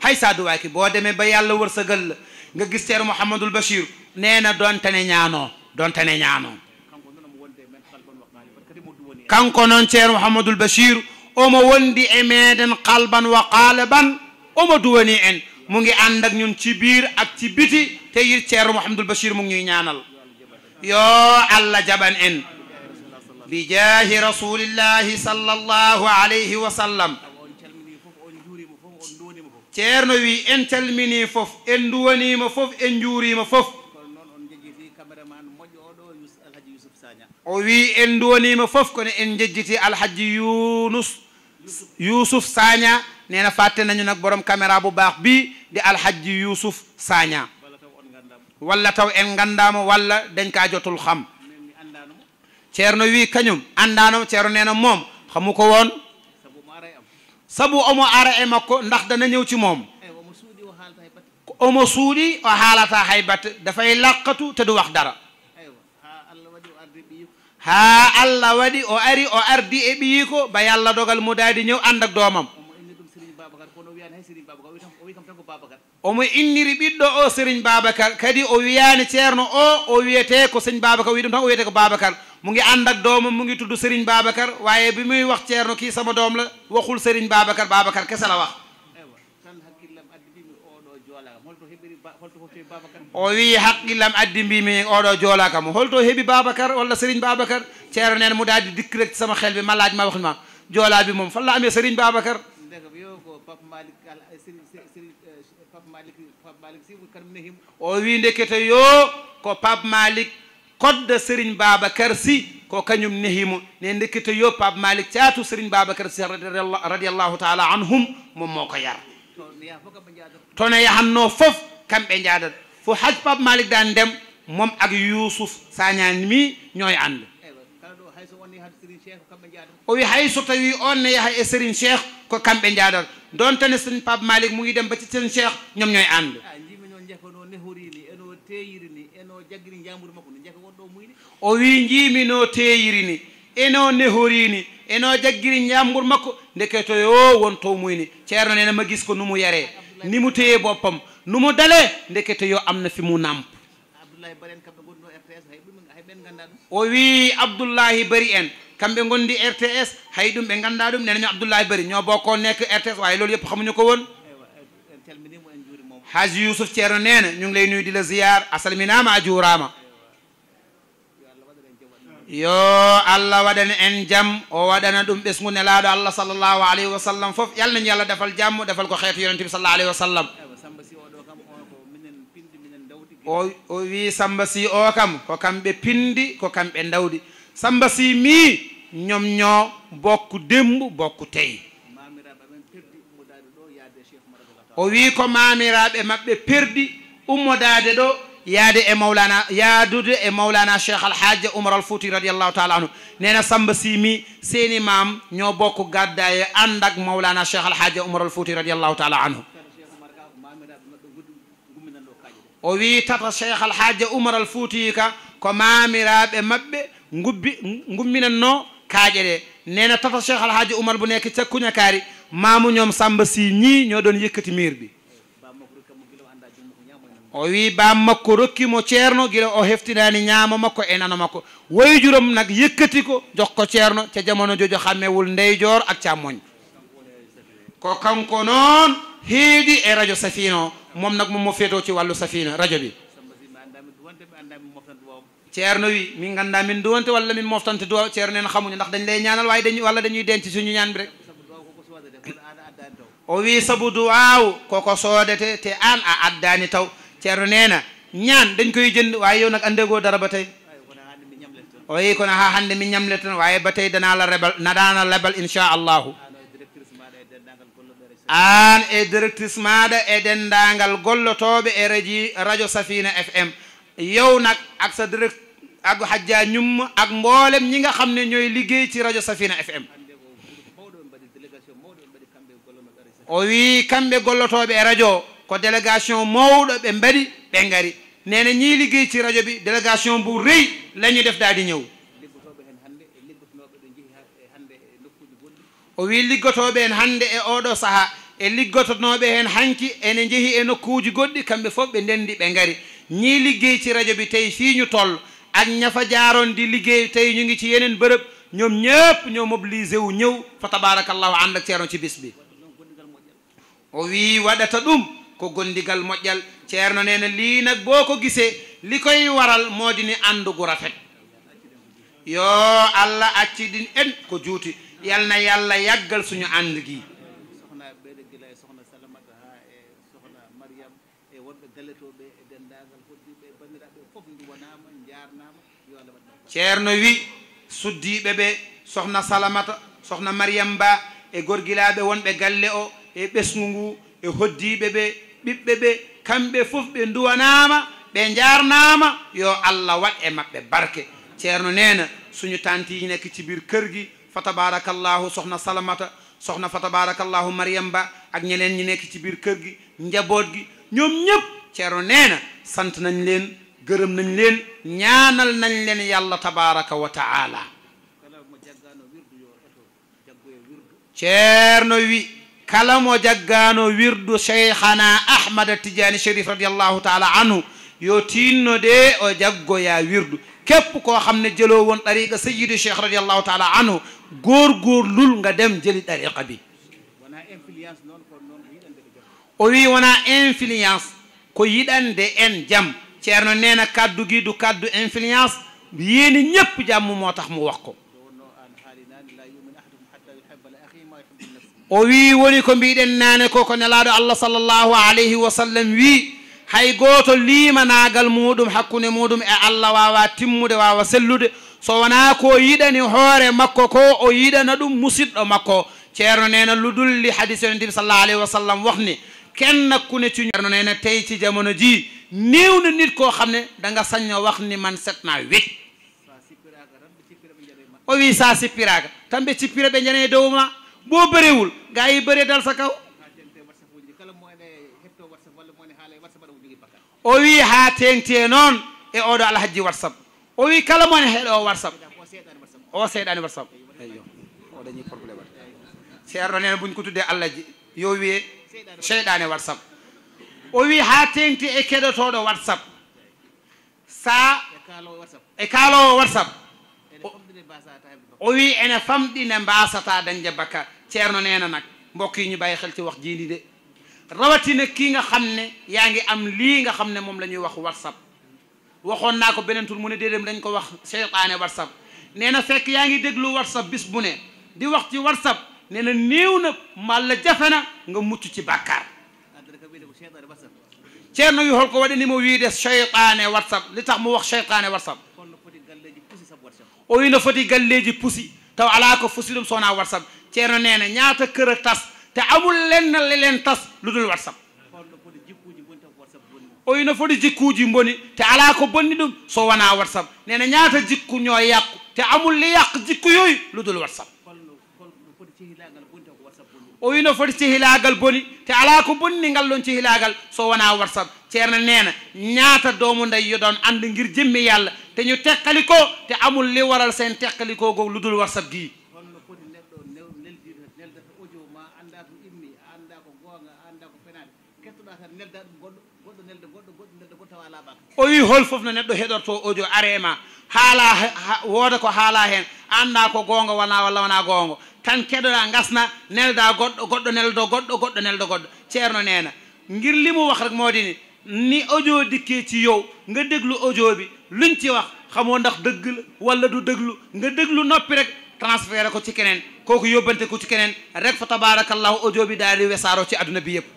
hay saadu waaki boo demee ba yàlla wërsëgal la nga gis seer mouhamadul bachir nee na doontane ñaanoo doontane ñaanoo kanko noon ceer mouhamadul bachir omo wondi e meeden xalban wa qaaliban omo duwani en mu ngi ànd ak ñun ci biir ak ci biti te yit ceer mouhamadul bachir mu ngi ñuy ñaanal yoo allah jaban en bi jaahi rasulillahi sal allahu alayhi wa sallam ceerno wi en calmini fof en duwanima fof en juurima fof o wi en duwanima fof kono en jejjiti alhaji yunus yusuf sagna nee na fàtte nañu nag borom caméra bu baax bii di alhaji yusuf sagna walla taw en ngandamo walla dañ kaa jotul xam ceerno wi kañum andanamo ceerno nee na moom xamu ko woon sabu omo ara e makko ndax dana ñëw ci mom omo suudi o halata haybat da fay làqatu te du wax dara ha allah wadi o ari o ardi e biiko ba yàlla dogal mu daal ñëw andak domam omo inniri ɓiɗɗo o sérigne babacar kadi o wiyani ceerno o o wiyete ko sérigne babacar o wi ɗum tan o wiyete ko babacar mo gi andat domam mo gi tuddu sérigne babacar waye bimuy wax ceerno ki sama dom la waxul sérigne babacar babacar kese la wax o wi haqqillam addi mbimi oɗo joolakamo holto heeɓi babacar walla sérigne babacar ceerno nene mo daadi dikk rek sama xel ɓe malaaji ma waxima joola bi moom falla amee sérigne babacar Pape Malick Al Serigne Serigne Pape Malick Pape Malick Sy kam nehimo o wi ndekete yo ko Pape Malick kodde Serigne Babacar Sy ko kañum nehimo ne ndekete yo Pape Malick caatu Serigne Babacar Sy radiallahu taala anhum mom moo ko yar tono yahanno fof kamɓe jaadat fo haj Pape Malick dan ndem moom ak Youssouf Sagnane mi ñooy ànd o wi hay so tawi on ne yaha e Serigne Cheikh ko kamɓe jaadoto don tane sen pape malik mu ngi dem ba ci sen cheikh ñoom ñooy ànd o wi njiimi no teeyiri ni eno e nehori ni eno jaggiri ñamgur makko ndeketo yo won to muy ni ceerno nena ma gis ko nu mu yaree ni mu teye boppam nu mu dalee ndekete yo am na fi mu namp o wi abdoullahi bari en kamɓe gondi rts hay ɗum ɓe ganda ɗum nenemi abdoullahi bari ño bokko nek rts way loolu yepp xamuñu ko won haji yusuf ceerno nena ñu ngi lay nuyu di la ziyar a salminama a juurama yo allah waɗana en jam o waɗana ɗum ɓesgu nelaɗo allah sallllahu alayhi wa sallam foof yalna ñu yallah defal jamm defal ko xeetu yonente bi sallllah alayhi wa sallam o o wi samba si o kam ko kamɓe pindi ko kamɓe dawdi samba si mi ñom ño bokku démb bokku tey o wi ko mamiraabe mabbe perdi ummodade do yaade e maulana yaadude e mawlana cheikh alhaji oumar alfouti radiyallahu taala anhu neena samba simi seeni mam ño bokku gadda andak maulana sheikh mawlana cheikh alhaji oumar alfouti radiyallahu taala anhu o wi tata cheikh alhaji oumar alfouti ka ko mamiraabe mabbe ngubbi ngumminanno kaaƴe ɗe neena tata cheikh alhaaji oumar bo nekk cakkuña kaari maamu ñoom samba si ñii ñoo doon yëkkati mur bi o wii baam makko rokkiimo ceerno gila o heftinaani ñaama makko e nano makko wayi juróom nag yëkkati ko jox ko ceerno ca jamono jojo xàmmewul ndey joor ak càmmoñ ko kanko noon heedi e radio safiine o moom nag moom mo féetoo ci wàllu safiina radio bi ceerno wi min nganndaa min duwante walla min moftante duwa ceerno neen xamuñu ndax dañ lay ñaanal waaye dañ walla dañuy denc suñu ñaan bi rek o wii sabu duwaaw ko ko soodete te aan a addaani taw ceerno nee na ñaan dañ koy jënd waaye yow nag andegoo dara ba tey oyi kono haa hannde mi ñamletan waaye ba tey danaa la rebal na daana rebal incha allahu aan e directrice maaɗa e denndaangal gollotooɓe e radio safina fm yow nag ak sa direct ak xajja ñum ak mboolem ñi nga xam ne ñooy liggéey ci rajo safina fm owi kamɓe gollotooɓe e radio ko délégation mawɗo ɓe mbaɗi ɓe ngari neena ñii liggéey ci radio bi délégation bu rëy la ñu def daa di ñëw o wi liggotooɓe heen hannde e ooɗoo sahaa e liggotonooɓe heen hanki ene njehii e nokkuuji goɗɗi kamɓe fof ɓe ndenndi ɓe ngari ñii liggéey ci rajo bi tey fii ñu toll ak ñafa jaaroon di liggéey tey ñu ngi ci yeneen bërëb ñoom ñëpp ñoo mobilisé wu ñëw fa tabaarakallahu ànd ak ceeroon ci bis bi o wii waɗata ɗum ko gondigal moƴƴal ceerno nee na lii nag boo ko gisee li koy waral moo di ni àndugu rafet yoo allah acci din en ko juuti yal na yàlla yàggal suñu ànd gii ceerno wi suddiiɓe ɓe sohna salamata sohna mariame ba e gorgilaaɓe wonɓe galle o e ɓesngu ngu e hoddiiɓe ɓe ɓiɓɓe ɓe kamɓe fof ɓe nduwanaama ɓe njaarnaama yo allah waɗ e maɓɓe barke ceerno neena suñu tanti yi nekk ci biir kër gi fa soxna salamata soxna fa tabarakallahu mariam ba ak ñeneen ñi nekk ci biir kër gi njaboot gi ñoom ñëpp ceerno neena sant nañ leen gërëm nañ leen ñaanal nañ leen yàlla tabaraka wa taala ceerno wi kala mo jaggaano wirdu cheikhana ahmada tidiani sherif radiallahu taala anhu yo tinno de o jaggoya wirdu képp koo xam ne jëloo woon ɗariqa sayidu cheikh radiallahu taala anhu góor góor lul nga dem jëli ɗariqa bi o wi wona influence ko yiɗande en jam ceerno neena kaddu gi du kaddu influence yéeni ñëpp jàmm moo tax mu wax ko o wii woni ko mbiɗen naane ko ko nelaaɗo allah salllahu alayhi wa sallam wii hay gooto liimanaagal muɗum hakkunde muɗum e allah waawa timmude waawa sellude so wonaa ko yiɗani hoore makko ko o yiɗana ɗum musiɗɗo makko ceerno neena ludulli hadis o nodibi sallllahu alayhi wa sallam wax ni kennakkune cuñerno neena tey ci jamono jii néew na nit koo xam ne danga sañ a wax ni man set naa wéj o wi saa si piraaga tambe ci pira ɓe njanee dowuma boo bëréwul gaa yi bëree dal sa kaw o wi haa teentee noon e oo ɗo alhaji warsab o wi kala moone heɗo e o warsab oo seeɗaani warsab eyyo o dañii probléme ceerno neene buñ ko tuddee allah ji yo wiye seeɗaane warsab o wi haa tengti e keɗotooɗo whatsapp sa e kaalowo whatsapp o wi ene famɗine mbaasata dañde bakka ceerno neena nag mbokk yi ñu bàyyi xel ci wax jiini de rawatina kii nga xam ne yaa ngi am lii nga xam ne moom la ñuy wax whatsapp waxoon naa ko beneen tur mu ne déedéem dañ ko wax seytaane whatsapp nee na fekk yaa ngi déglu whatsapp bis bu ne di wax ci whatsapp nee na néew na mal la na nga mucc ci bàkkaar ceerno wi holko waɗi nimo wiide cheytane whatsapp li tax mu wax cheytane whatsapp o wi no foti galleji pusi taw ala ko fusi ɗum sowna whatsapp ceerno nene ñaata këra tas te amul lenn leleen tas lu dul whatsapp o wi no foti jikkuji mboni te ala ko bonni ɗum so wona whatsapp nene ñaata jikku ñoo yàqu te amul li yàq jikku yooyu lu dul whatsapp o wi no foti cihilagal boni te ala ko bonni ngal ɗon cihilagal so wona warsab ceerno nena ñaata domu nday yo ɗon andi guir jimmi yalla te ñu tekkali ko te amul liwaral sen tekkali ko go ludul warsab gui o wi hol foof no neɗɗo heɗorto audio arema haala wooda ko haala hen anda ko gonga wona walla wona gonga tan keɗoɗa gasna nelda goɗɗo goɗɗo neldo goɗɗo goɗɗo neldo goɗɗo ceerno nena girlimo wax rek moo di ni ni audio dikke ci yow nga déglu audio bi luñ ci wax xamoo ndax dëgg la wala du déglu nga déglu noppi rek transféré ko ci keneen kooku yóbbante ko ci keneen rek fa tabaracallahu audio bi daa di wesaaroo ci àdduna bi yëpp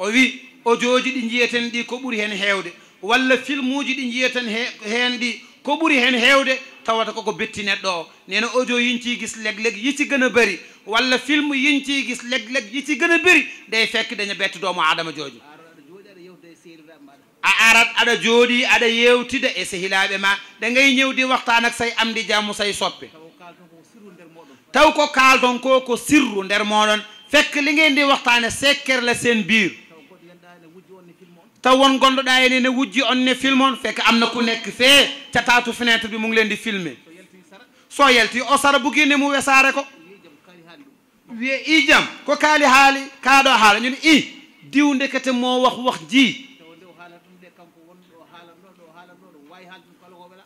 o wi audio ji ɗi njiyeten ɗi ko ɓuri heen heewde walla film uji ɗi jiya tan heen ɗi ko ɓuri heen heewde tawata koko betti neɗɗo o neno audio yinti gis leg leg yiti gëna bëri walla film yinti gis leg leg yiti gëna bëri ɗe fekk daña ɓetto doomo adama jooju a arat aɗa jooɗi aɗa yewtida e sehilaaɓe ma ɗa ngay ñewdi waxtaan ak say amdi jammu say soppe taw ko kaalton ko ko sirru nder mooɗon fekk li ngeen di waxtaane sekker la seen biir taw won gonɗoɗa e ene ne wujji on ne film on fekk am na ku nekk fee catatu fenêtre bi mu ngi leen di filmé so yalti o sara bugine mu wesare ko wiye i jam ko kaali haali kaaɗo haala ñun i diw ndekete mo wax wax ji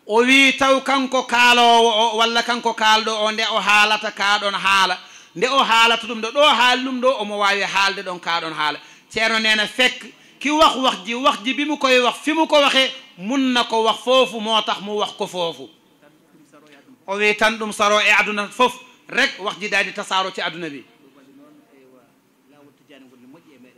o wi taw kanko kaalowo o walla kanko kaalɗo o nde o haalata kaaɗon haala nde o haalata ɗum ɗo ɗo haali ɗum ɗo omo wawi haalde ɗon kaaɗon haala ceerno nena fekk ki wax wax ji wax ji bimu koy wax fimu ko waxe mun nako wax fofu motax mu wax ko fofu o we tan ɗum saro e aduna fof rek wax ji dadi tasaro ci aduna bi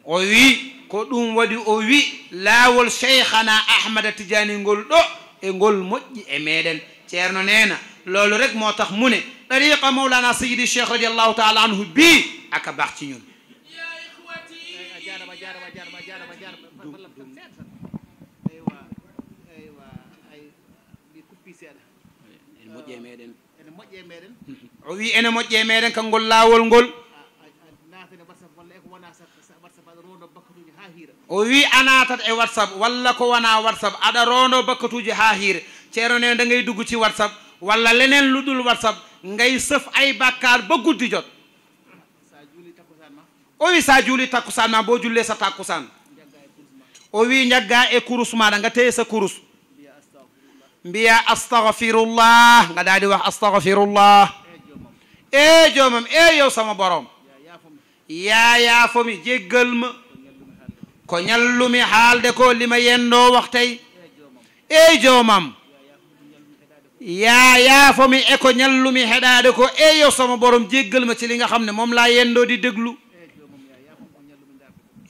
o wi ko dum wadi o wi lawol cheikhana ahmad tijani ngol do e ngol moƴƴi e meden cierno neena lolou rek motax muné tariqa ne ɗariqa mawlana sayidi cheikh radiallahu taala anhu bi aka baax ci ñun moƴƴe meɗen o wi ene moƴƴe meɗen kanngol laawol ngol e o wi a naatat e whatsapp walla ko wonaa whatsapp aɗa roondo bakatuji haa hiire ceero ne nde ngay duggu ci whatsapp walla leneen luɗɗul whatsapp ngay sëf ay bakkar ba guddi jot o wi sa juuli takkusan ma boo jullee sa takkusan o wi njaggaa e kurus maɗa e nga teye sa kurus بيا استغفر الله غدا واخ استغفر الله اي جومم اي يو سما بروم يا يا فمي جيغل ما كو نالومي حال دكو لما يندو وقتي اي جومم يا يا فمي اكو إيه نالومي هدا دكو اي يو سما بروم جيغل ما سي ليغا خامني موم لا يندو دي دغلو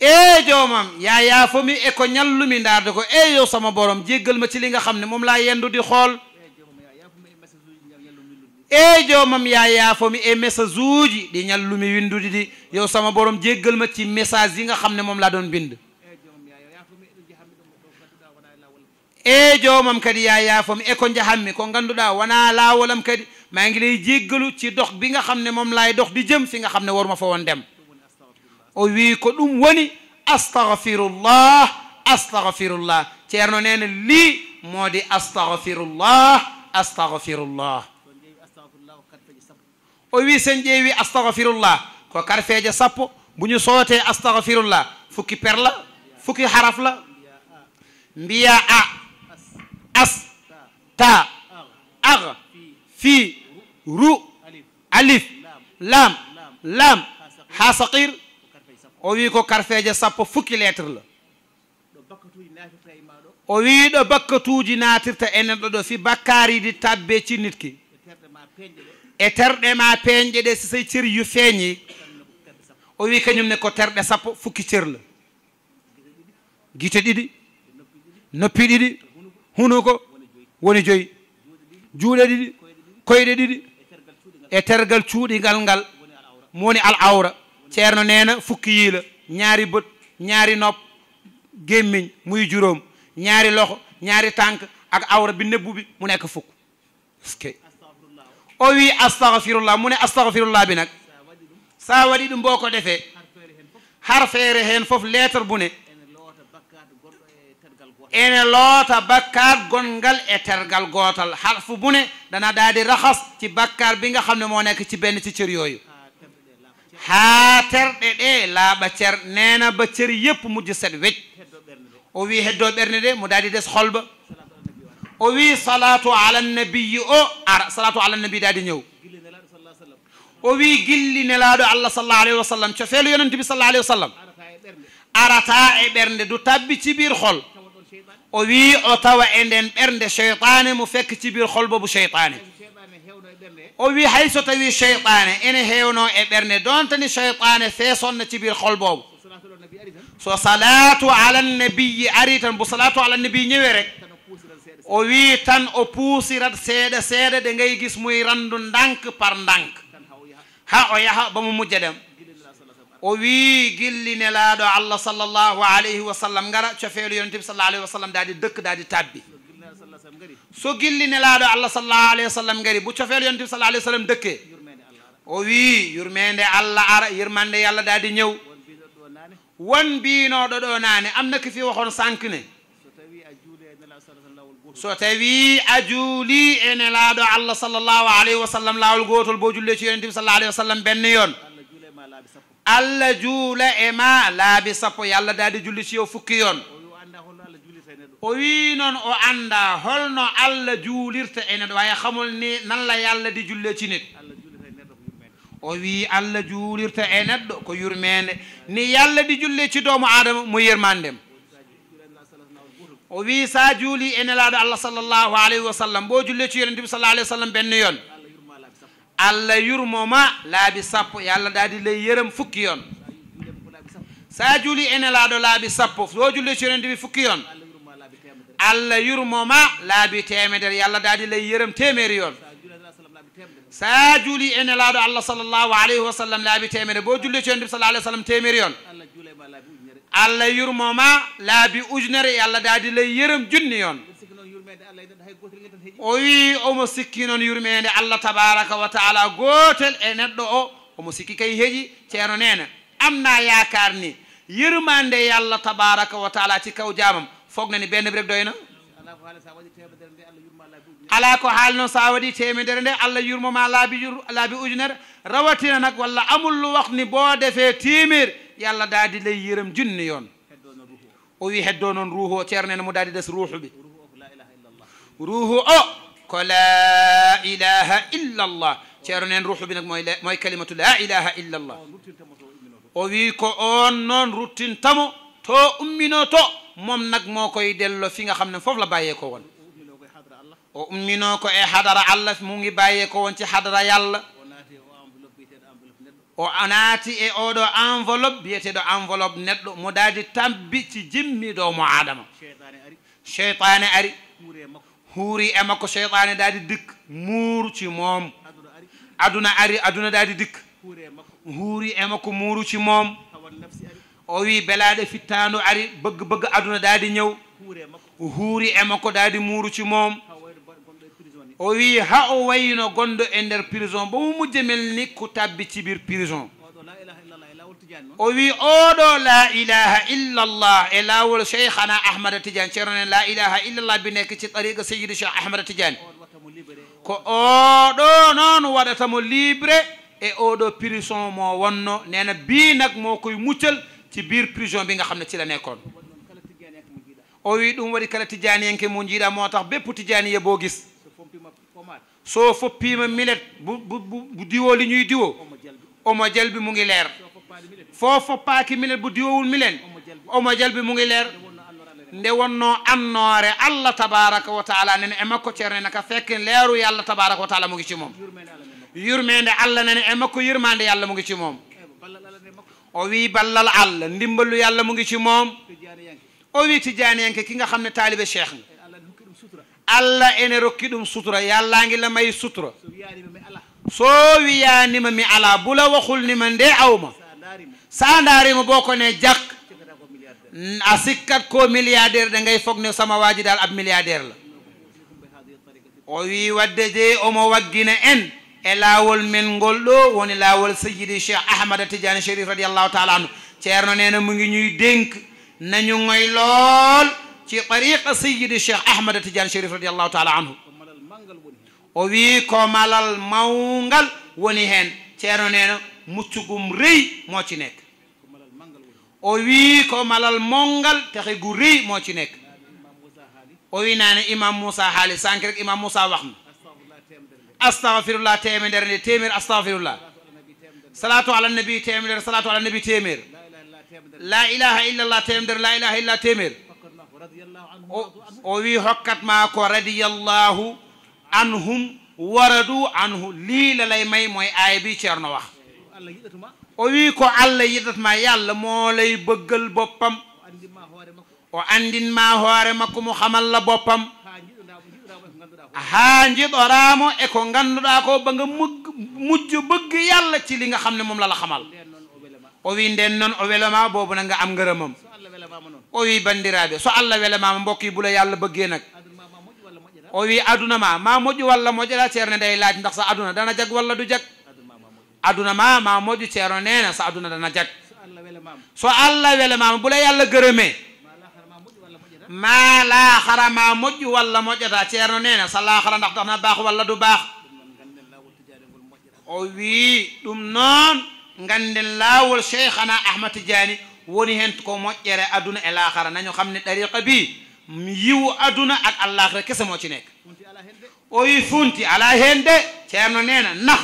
e joomam yaa yaafami e ko ñallumi ndaarde ko e yow sama borom jéggal ma ci li nga xam ne moom laa yendu di xool e joomam yaa yaafami e message uji ɗi ñallumi windude ɗi yow sama borom jéggal ma ci message yi nga xam ne moom laa doon bind e joomam kadi yaa yaafami e ko njahammi ko ngannduɗaa wonaa kadi maa ngi lay jéggalu ci dox bi nga xam ne moom laay dox di jëm fi nga xam ne waruma fa woon dem o wi ko ɗum woni astahfirullah astahfirullah ceerno nene li moodi astahfirullah astahfirullah o wi sen ƴeewi astahfirullah ko karfeeje sappo buñu soote astahfirullah fukki perla fukki haraf la mbiya a as ta ag fi ru alif lam lam ha saqir o wi ko karfeje sappo fukki lettre la e o wi ɗo bakkatuji natirta enen ɗo ɗo fi bakkaridi tabbe cinnit ki e, e terɗe ma peñƴe ɗe si soy ceri yu feeñi o wi kañum ne ko terɗe sappo fukki cerla guite ɗiɗi noppi ɗiɗi hunuko woni joyi juuɗe ɗiɗi koyɗe ɗiɗi e tergal cuuɗigal ngal e mo woni al awra ceerno neena fukki yii la ñaari bët ñaari nopp gémmiñ muy juróom ñaari loxo ñaari tànk ak awra bi nëbbu bi mu nekk fukk ske o wii astahfirullah mu ne astahfirullah bi nag sa waɗi ɗu mboo ko defee har feere heen fof lettre bu ne ene loota bakkaar gongal e tergal gootal harfu bu ne dana daadi raxas ci bakkaar bi nga xam ne moo nekk ci benn ci cër yooyu ah. haa terɗe ɗe laaɓa cer neena ba cer yépp mujj set wecc o wii heddoo ɓernde ɗe mo daadi des holba o wii salatu ala nabiyi o ara salatu ala nabi daadi ñëw o wii gilli nelaaɗo allah sallallahu alayhi wa sallam cofeelo yonente bi sallallahu alayhi wa sallam arata e ɓernde du tabbi ci biir xol o wii o tawa e nden ɓernde cheytane mo fekk ci biir xol boobu cheytane o wi hay so tawi cheytane ene hewno e ɓernde ɗon tani cheytane feesonna cibir holbobo so salatu alannabiyi ari tan bo salatu alannabiyi ñewi rek o wi tan o puusirat seeɗa seeɗa ɗe ngay gis moye randu ndank par ndank ha o yaha bamo mujja ɗem o wi gilli nelaɗo allah sallllahu alayhi wa sallam ngara cofeelo yontibi sallah alayhi wa sallam daadi dëkk daadi tabbi so gilli nelaaɗo allah sallallahu alayhi wa sallam ngari bu cofeel yonti sallallahu alayhi wa sallam o wii yurmeende allah ara yirmande yàlla daal di ñëw won mbiinooɗo ɗo naane am na ki fi waxoon sànq ne so tawii a juulii e nelaaɗo allah sallallahu alayhi wa sallam laawol gootol boo jullee ci yonente sallallahu alayhi wa sallam benn allah juula e ma laabi sappo yàlla daal julli ci yow fukki yoon ويينون او اندا هولنو الله جولرت ان دوايا خمول ني نان لا يالا دي جولي تي نيت او وي الله جولرت ان دو كو يورمن ني يالا دي جولي تي دومو ادم مو يرماندم او وي سا جولي ان لا دو الله صلى الله عليه وسلم بو جولي تي يونتبي صلى الله عليه وسلم بن يون الله يرمما لا بي صاب يالا دادي لي ييرم فوك يون سا جولي ان لا دو لا بي صاب فو جولي تي يونتبي فوك يون allah yurmoma la bi yo allah daadi ley yerum temere yon sa juuli e nelaaɗo allah sallallahu alayhi wa sallam bi temere bo julle cewndim sallah alih w sallam temere yon allah yurmoma la bi e allah daadi ley yerum junni yon o wi omo sikki noon yurmede allah tabaraka wa taala gotel e neɗɗo o omo sikki kay heeƴi ceerno nena amna yakar ni yirmande e allah tabaraka wa taala ci kaw jamam foog nga ni benn bi rek doy na ala ko haalno sa waɗi temedere nde allah yurmoma laabi jur laabi ujunere rawatina nag walla amul lu wax ni boo defee tiimir yàlla daa di lay yërëm junni yoon o wi heddoo noon ruuhu o ceernene mu daa di des ruuhu bi ruuhu o ko la ilaha illa allah ceero nen ruuhu bi nag mooy mooy kalimatu la ilaha illa allah o wi ko on noon ruttintamo to ummino to mom nak moo koy delloo fi nga xamne ne la baye ko won o umminoo ko e hadara allah mu ngi baye ko won ci hadara yàlla o anati e odo envelope biete do envelope neddo mo dadi tambi ci jimmi do mo adama cheytane ari huri e mako cheytane dadi dik muru ci mom aduna ari aduna dadi dik huri e mako muru ci mom o wi belaɗo fittano ari bëgg bëgg aduna daadi ñëw huuri e makko daadi muurucu moom o wi ha o wayino gonɗo e nder prison bomo mujje mel ni ko tabbi cibir prison o wi oɗo la ilaha illallah e lawol cheikhana ahmada tidiane ceerone la ilaha illallah bi nekk ci tariqa seydi cheikh ahmada tidiane ko oɗo noon waɗatamo libre e oɗo prison mo wonno nena bi nag mo koye muccal ci biir prison bi nga xam ne ci la nekkoon o wi ɗum waɗi kala tijaaniyenke mu njiiɗa moo tax bépp tijaaniye boo gis soo foppiima minet bu bu diwoo li ñuy diwo omo jël bi mu ngi leer foo foppaaki minet bu diwowul mi leen omo jël bi mu ngi leer nde wonnoo annoore allah tabaraka wa taala nene ema ko cer ne naka fekk leeru yàlla tabaraka wa taala mu ngi ci moom yurmeende allah nene ema ko yurmaande yàlla mu ngi ci moom o wi ballal allah ndimbalu yàlla mu ngi ci moom o wi tijaaniyanke ki nga xam ne taalibe cheikh nga allah ene rokki ɗum sutura yàllaa ngi la may sutura soo wiyaanima mi alaa bu la waxul ni ma nde aw ma saa ndaarima boo ko ne jàkk a sikkat ko milliardaire da ngay foog ne sama waaji daal ab milliardaire la o wi wadde de omo waggina en elawol men ngol ɗo woni lawol sayyidi cheikh ahmad tidiane chérif radiallahu taala anu cierno neena mu ngi ñuy dénk nañu ngoy lol ci tariqa sayyidi cheikh ahmad tidiane chérif radiallahu taala anhu o wi ko malal mawngal woni hen cierno neena muccugum reey mo ci nek o wi ko malal mongal taxe gu reey mo ci nek o wi nana imam musa haali sank rek imam musa waxna astahfirullah temedere nde temer astahfirullah salatu ala nabi temedere salatu ala nabi temer la ilaha illallah temedere la ilaha illa temer o wi hokkatma ko radiyallahu anhum waradu anhu lii la lay may mooy aaya bi ceerno wax o wi ko allah yidatma yàlla moo lay bëggal boppam o andin ma hoore makko mu xamal la boppam haa njiɗoraamo e ko ngannduɗa ko bange mujjo bëggi yalla cili nga xam ne moom lala xamal o wi nden noon o weloma boobu nanga am ngërëmam o wi banndiraaɓe so allah welemama mbokki bula yalla bëggee nag o wi aduna ma ma moƴu walla moƴoɗa ceero ne nday laaj ndax sa aduna dana jag walla du jag aduna ma ma moƴu ceero neena sa aduna dana jag so allah welemama bula yalla gërëmee ما لا حرام موج ولا موجرا تيرو نينا صلا خرا ندخ دخنا باخ ولا دو باخ او وي دوم نون الله لاول شيخنا احمد تجاني وني هنت كو موجرا ادنا الاخره نانيو خامني طريقه بي ميو ادنا اك الله كسه موتي نيك او وي فونتي على هنده تيرو نينا نخ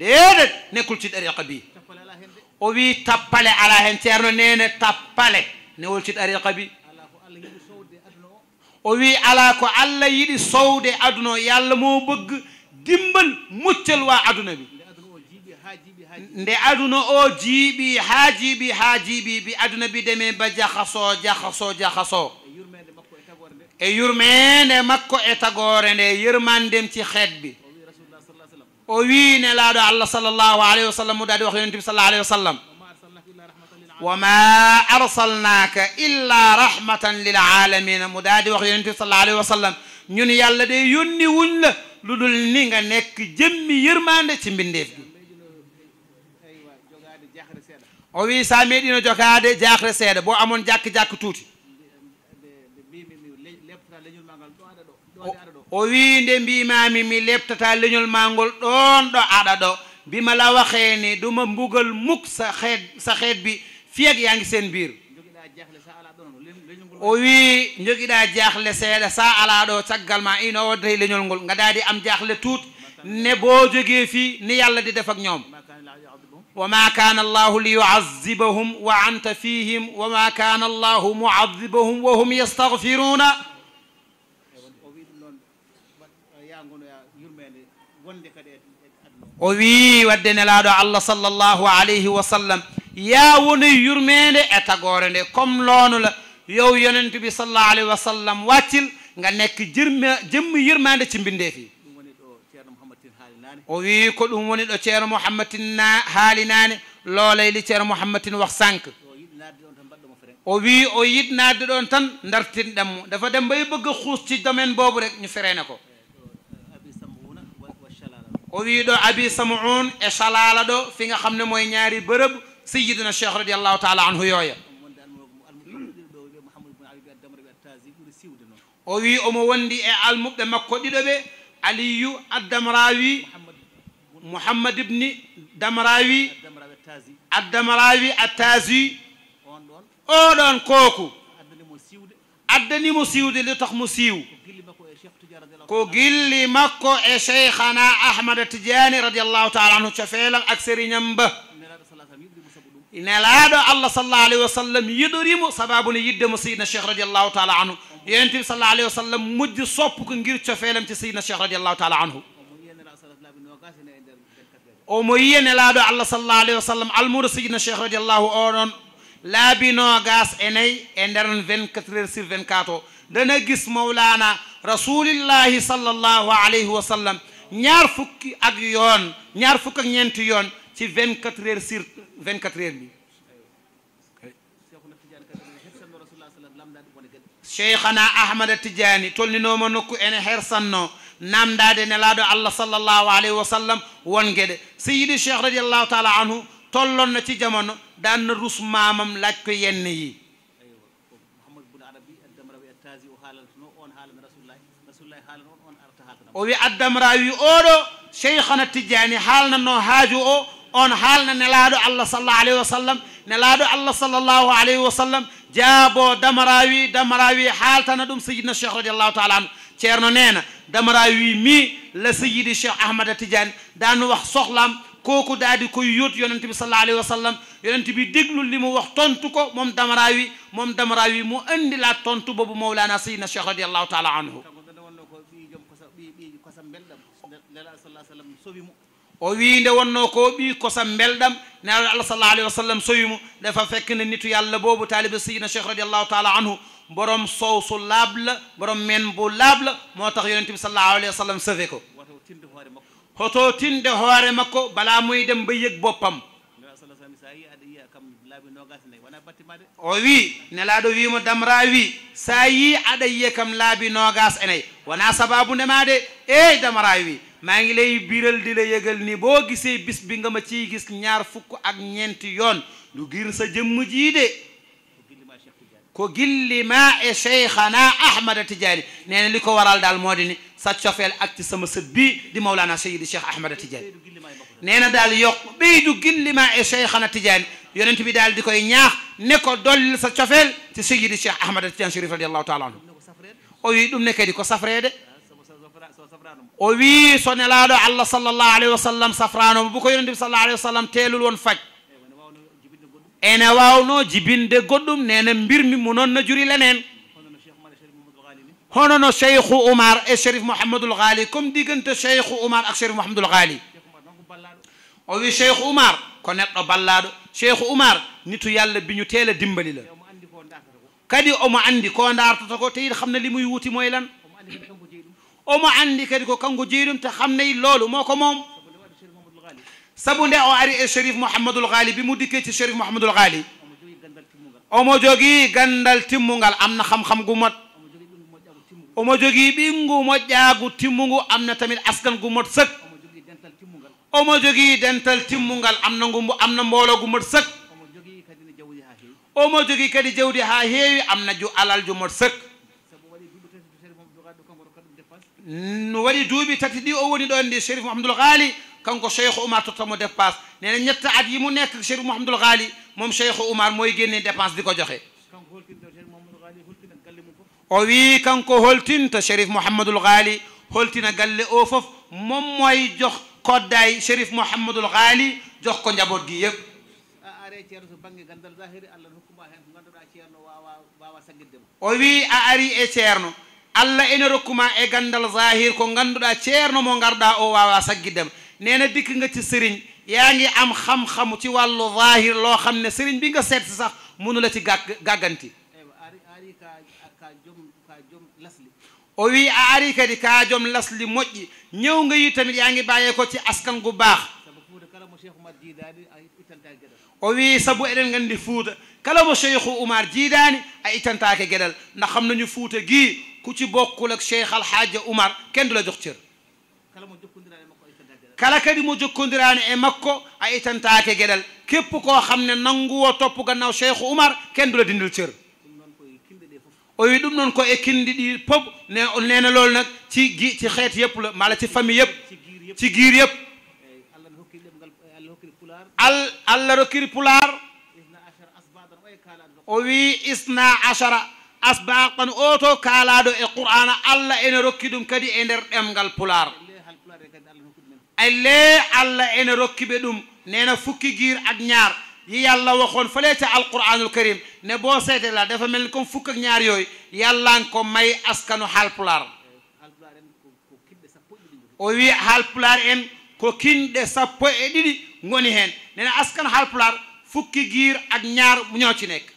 ديدت نيكول تي طريقه بي او على هنده تيرو نينا تابالي نيول تي طريقه وي على كو الله يدي سودي ادنو يالا مو بغ ديمبل موتشل وا ادنا بي ندي ادنو او جيبي حاجي بي حاجي بي بي ادنا بي ديمي با جاخاسو جاخاسو جاخاسو اي يرمند مكو اتاغورندي اي يرمند مكو اتاغورندي يرمندم تي خيت بي او وي رسول الله صلى الله عليه وسلم او وي نلا دو الله صلى الله عليه وسلم دادي واخ يونتي صلى الله عليه وسلم وما أرسلناك إلا رحمة للعالمين مداد وخير أنت صلى الله عليه وسلم نيون يالا دي يوني وون لا نيغا نيك جيمي يرماند سي مبنديف او وي سا ميدينا جوكاد جاخر سيد بو امون جاك جاك توتي او وي دي مامي مي ليبتا لنيول مانغول دون دو ادادو بيما لا وخيني دوما مبوغل موك سا بي fii ak yaa ngi seen biir o wii jogiɗa jaahle seeɗa sa ala ɗo caggal ma ino wadda e leñol ngol gadadi am le tuut ne boo jogee fii ni yàlla di def ak ñoom wa ma kana allahu li yuazibahum wa anta fihim wa ma kana allahu muazibahum wa hum yastahfiruna o wii wadde nelaaɗo allah sallllahu alayhi wa sallam yaa woni yurmeende e tagoore nde comme loonu la yow yonent bi sallallahu alayhi wa sallam wàccil nga nekk jirme jëmm yërmande ci mbindeef yi o wii ko ɗum woni ɗo ceerno mouhammadin na haali naane loolay li ceerno mouhammadin wax sànq o wii o yiɗnaadde ɗon tan dartinɗen mo dafa dem bay bëgg a xuus ci domaine boobu rek ñu fereene ko o wii ɗo abi samoun e salala ɗo fi nga xam ne ñaari bërëb سيدنا الشيخ رضي الله تعالى عنه يويا او وي او موندي اي المبد مكو ديدوبي علي الدمراوي محمد ابن دمراوي الدمراوي التازي او دون كوكو ادني مو سيود لي تخ مو سيو كو غيلي مكو اي شيخنا احمد التجاني رضي الله تعالى عنه شفيلا اكسري نمبه nelaaɗo allah sallah alayhi wa sallam yiɗorimo sababune yiddemo seydna cheikh radiallahu taala anhu yentim sallah alayhi wa sallam mujji soppu ko ngir cofeelem ci seydna cheikh radiallahu taala anhu omo yiya nelaaɗo allah sallah alayhi wa sallam almuɗo seydna cheikh radiallahu oɗon laabi nogas e nayyi e nder 24 heures sur 24 o dana gis mawlana rasulillahi sallallahu alayhi wa sallam ñaar fukki ak yoon ñaar fukk ak ñeenti yoon ci 24 heures sur 24 heures bi cheikhana ahmada tidiani tolninomo nokku ene hersanno namdade nelaɗo allah sallllahu alayhi wa sallam wongueɗe seyidi cheikh radiallahu taala anhu tollonno ci jamono danno rus mamam laaj ko yenne yi o wi addamrawi oɗo cheikhana tidiani haalnanno haaju o on haalna nelaaɗo allah sallah alayhi wa sallam nelaaɗo allah sallllahu alayhi wa sallam jaabo damarawi damarawi haaltana ɗum sayidna cheikh radiallahu taala anu ceerno neena damarawi mi la sayidi cheikh ahmada tidiane daan wax soxlam kooku daal di koy yóot yonent bi sallallahu alayhi wa sallam déglu li wax tontu ko moom damarawi moom damarawi mu indi laa tontu boobu mawlaana sayidna cheikh radiallahu taala anhu o wiinde wonno ko bi ko sa belɗam ne allah sallallahu alaihi wasallam sallam soyimo fa fek ne nitu yàlla bobu talib sayyidina cheikh radiyallahu taala anhu borom sawsu labla borom men bu labla motax moo bi sallallahu alaihi wasallam sëfe ko hoto tinde hore makko bala muy dem ba yëg bopam o wi ne la do wi mo sa yi aɗa yiya kam labi nogas enay wana sababu ndema de ey damara wi maa ngi lay biiral di la yëgal ni boo gisee bis bi nga ma ciy gis ñaar fukk ak ñeenti yoon du ngir sa jëmm jii de ko gilli ma e cheikhana ahmada tijaani nee na li ko waral daal moo di ni sa cofeel ak ci sama sët bi di mawlaana seyidi cheikh ahmada tijaani nee na daal yokk bay du gilli maa e cheikhana tijaani yonent bi daal di koy ñaax ne ko dollil sa cofeel ci seyidi cheikh ahmada tijaani sharif radi taala anhu o yi ne kadi ko safreede o wii so nelaaɗo allah sallllahu alayhi wa sallam safranoma bo ko yonente bi sallah alayhi wa sallam teelul won faj ene wawno jibinde goɗɗum nene mbirmi mu noon no juri lenen hono no cheikhu oumar e chérif mouhamadoul ghali comme diggante cheikhu oumar ak chérif mouhamadoul ghali o wi cheikhu oumar ko neɗɗo ballaɗo cheikhu oumar nitu yallah biñu teele dimbali la kadi omo andi ko dartata ko te yit xam ne li muy wuti moy lan omo andi kadi ko kanngo jeyi ɗum te xam ne loolu moo o ari sherif chérif mouhamadoul ghali bi mu dikkee ci chérif mouhamadoul ghali omo jogii ganndal timmungal am na xam-xam gu mot omo jogii ɓinngu moƴƴaagu timmungu am na tamit askan gu mot sëg omo jogii dental timmungal am na ngu am na mbooloo gu mot sëg omo jogii kadi jawdi haa heewi am ju alal ju mot sëg نوالي دوبي تتدي أولي دون دي شريف محمد الغالي كان كو شيخ عمر تطمو ديباس نينا نيت عاد يمو شريف محمد الغالي موم شيخ عمر موي генي ديباس ديكو جوخي او وي كان كو هولتين تا شريف محمد الغالي هولتين غالي اوفوف موم موي جوخ كوداي شريف محمد الغالي جوخ كو نجابوت جي ييب او اري اتيرنو allah ene rokuma e gandal zahir ko ganduda cierno mo garda o wawa sagidem neena dik nga ci sëriñ yaangi am xam-xam ci walu zahir lo xamne ne bi nga set sax munu la ci gaganti o wi ari ka di ka jom lasli moji ñëw nga yi tamit yaangi baye ko ci askan gu bax o wi sabu eden ngandi fuuta kala mo cheikhu oumar jidani ay tantake gedal ndax xam nañu fuuta gi ku ci bokkul ak cheikh alhaaja oumar kenn du la jox cër kala kadi mo jokkondiraani e makko a itantaake geɗal képp koo xam ne nanguwo topp gannaaw cheikh oumar kenn du la dindil cër o wi ɗum noon ko e kindi ɗi pop ne nee na loolu nag ci gi ci xeet yëpp la mala ci famille yëpp ci giir yëpp allah rokkiri pulaar o wi isna achara أسباقاً أوتو كالادو القرآن الله إن ركدهم كدي إن رمغال بولار اللي الله إن ركبهم نينا فكي جير أجنار يالله وخون فليت القرآن الكريم نبو سيد الله دفع ملكم فكي جنار يوي يالله انكم مي أسكنو حال بولار ويوي حال بولار إن كوكين دي سبو إدي نغني هن نينا أسكن حال بولار فكي جير أجنار منيوتي نيك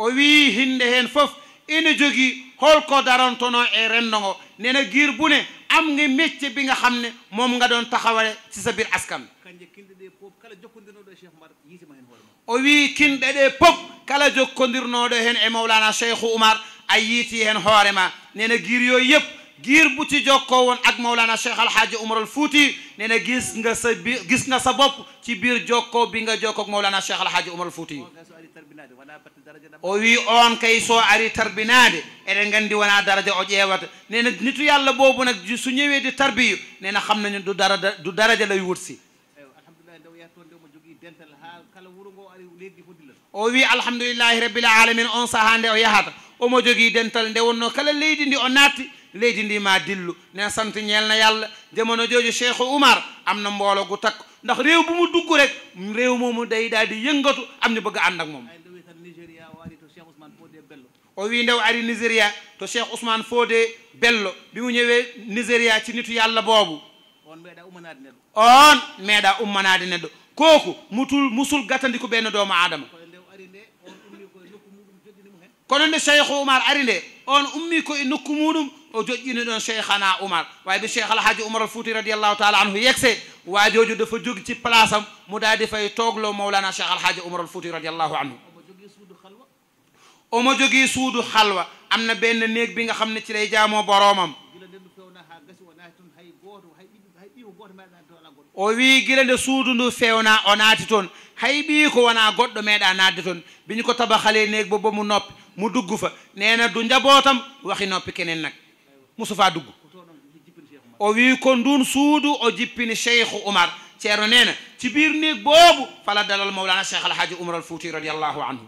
o wii hinde heen fof ina jogi holko darontono e renndo ngo nena giir bune am nge mecce bi nga xam ne moom nga ɗon taxawale sisabir askan e o wii kinɗe ɗe pop kala jokkondirnoɗo heen e mawlana cheikhu oumar a yiiti heen hoore ma nena giir yo yëpp غير بوتي جوكوون اك مولانا شيخ الحاج عمر الفوتي نينا غيس nga sa غيس nga sa bop ci bir joko bi nga joko مولانا شيخ الحاج عمر الفوتي وي اون كاي سو اري تربيناد ادي غاندي وانا درجه او جيوات نينا نيتو يالا بوبو نك سو نيوي دي تربي نينا خامنا ني دو درجه دو درجه لا يورسي وي الحمد لله رب العالمين اون ساهاندي او يحات او مو جوغي دنتال ندي ونو كالا ليدي ندي او ناتي leydi ndi ma dillu ne sant ñeel na yàlla jamono jooju cheikhu umar am na mboolo gu takk ndax réew bu mu dugg rek réew moomu day daal di yëngatu am ñu bëgg ànd ak moom o wii ndew ari nigéria to cheikh ousmane foo dee bello bi mu ñëwee nigéria ci nitu yàlla boobu on meeda ummanaa di neddo kooku mutul musul gàttandiku benn doomu aadama kono nde cheikhu umar ari nde on ummii ko e nokku muɗum وجيني دون شيخنا عمر واي بي شيخ الحاج عمر الفوتي رضي الله تعالى عنه يكسي واجوجو دا فا جوج سي بلاصام مو دادي فاي توغلو مولانا شيخ الحاج عمر الفوتي رضي الله عنه وما جوغي سودو خلوة امنا بين نيك بيغا خامني تي لاي جامو بروامم o wi gilande suudundu feewna onati ton haybi ko wana goddo meeda nadde ton biñ ko tabaxale neek bo bo mu nopp mu duggu fa neena du njabotam waxi nopp kenen nak musu faa dugg o wii ko ndun suudu o jippini cheikhu oumar ceerno nee na ci biir néeg boobu fala dalal mawlana cheikh alhaji oumar al fouti radiallahu anhu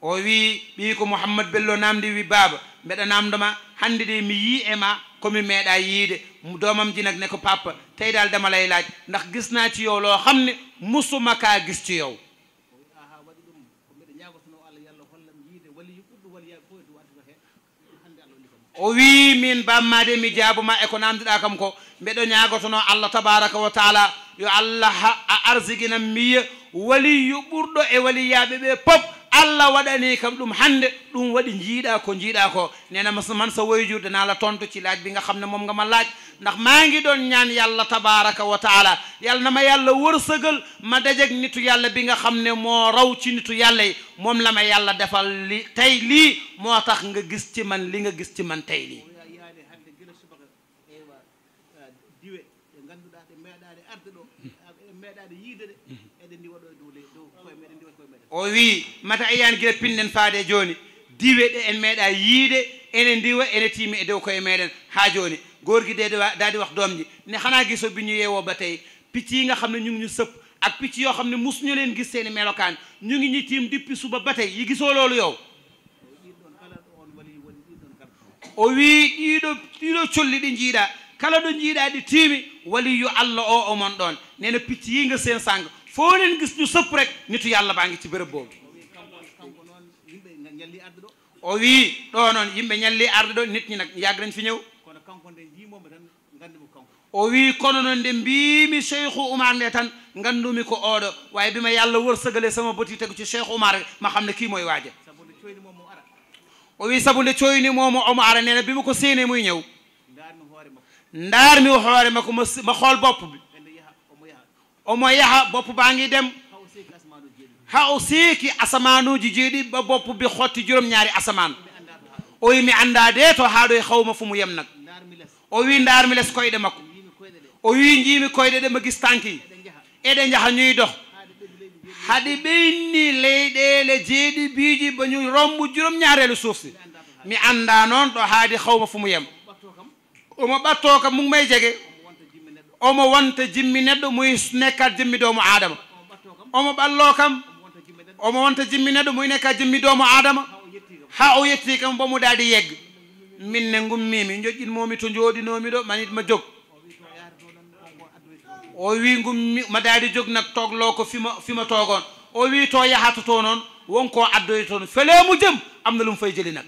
o wii ɓii ko mouhammad bello namdi wi baaba mbeɗa namdoma hannde de mi yii e ma komi meeɗa yiide doomam ji nag ne ko papa tey daal dama lay laaj ndax gis naa ci yow loo xam ne musuma kaa gis ci yow o wi min bammade mi jaabuma e ko namdiɗa kam ko mbeɗo ñagotono allah tabaraka wa taala yo allah a arsiginam miya waliyu ɓurɗo e waliyaɓe ɓe pop allah waɗani kam ɗum hannde ɗum waɗi njiiɗa ko njiiɗa ko nena man so woyjurde naala tonto cilaaji bi nga xam ne moom nga mallaaji ndax maa ngi ɗoon ñaan yàlla tabaraka wa taala yàlla na ma yàlla wërsëgal ma dajeg nitu yàlla bi nga xam ne moo raw ci nitu yàlla yi moom la ma yàlla defal li tey lii moo tax nga gis ci man li nga gis ci man tey lii o wii mata eyan gila pinɗen faade jooni diwe ɗe en meeɗa yiide ene ndiwa ene tiimi e dow koye meɗen haa jooni gorgi de daadi wax doom ji ne xanaa gis o biñu yeewoo ba tey picc yi nga xam ne ñu ngi ñu sëpp ak picc yoo xam ne musuñu leen gis seeni melokaan ñu ngi ñu tiim depuis suba ba tey yi gisoo loolu yow o wii ɗiiɗo ɗiiɗo colli ɗi njiiɗa kala ɗo njiiɗaa ɗi tiimi waliyu allah o omon ɗoon nena picc yi nga seen sàng foo leen gis ñu sëpp rek nitu yàlla baa ngi ci bërëb boobu o oh, wi ɗoo noon yimɓe ñalli arde ɗo nit ñi nag yàgg nañ fi ñëw o oh, wi kono noon nde mbiimi cheikhu oumar nde tan nganndumi ko ooɗo waaye bi ma yàlla wërsëgale sama boti tegu ci cheikhu oumar ma xam ne kii mooy waaje o oh, wi sabu nde cooyni moomu omo ara nee na bi ma ko séenee muy ñëw ndaar mi hoore ma ko ma xool bopp bi omo yaha bopp dem ha o seeki asamanuji jeeɗiɗi ɓa bi xotti juróom ñaari asaman o yimi anndade to haa ɗo e hawma fo mu yem nag o wi ndaarmi les koyɗe makko o wi jiimi koyɗe ɗe ma gis tanki eɗe njaha ñuy dox haɗi ɓeyni leyɗeele jeeɗi biiji ba ñu rombu juróom ñaareelu suuf mi annda noon ɗo haadi hawma fo mu yem omo ɓattoo kam mu may jege omo wonta jimmi neɗɗo moy nekkat jimmi doomo adama omo ɓalloo kam omo wonta jimmi neɗɗo moy nekkat jimmi doomo adama ha o yetti kam bomo daadi yegg min ne ngummimi joƴƴinmomi to jooɗinomi ɗo manit ma jog o wi gummi ma daadi jog nag togloo ko fima fima toogoon o wi to yahata to noon wonko addoy toon felemu jëm am na lum fay jëli nag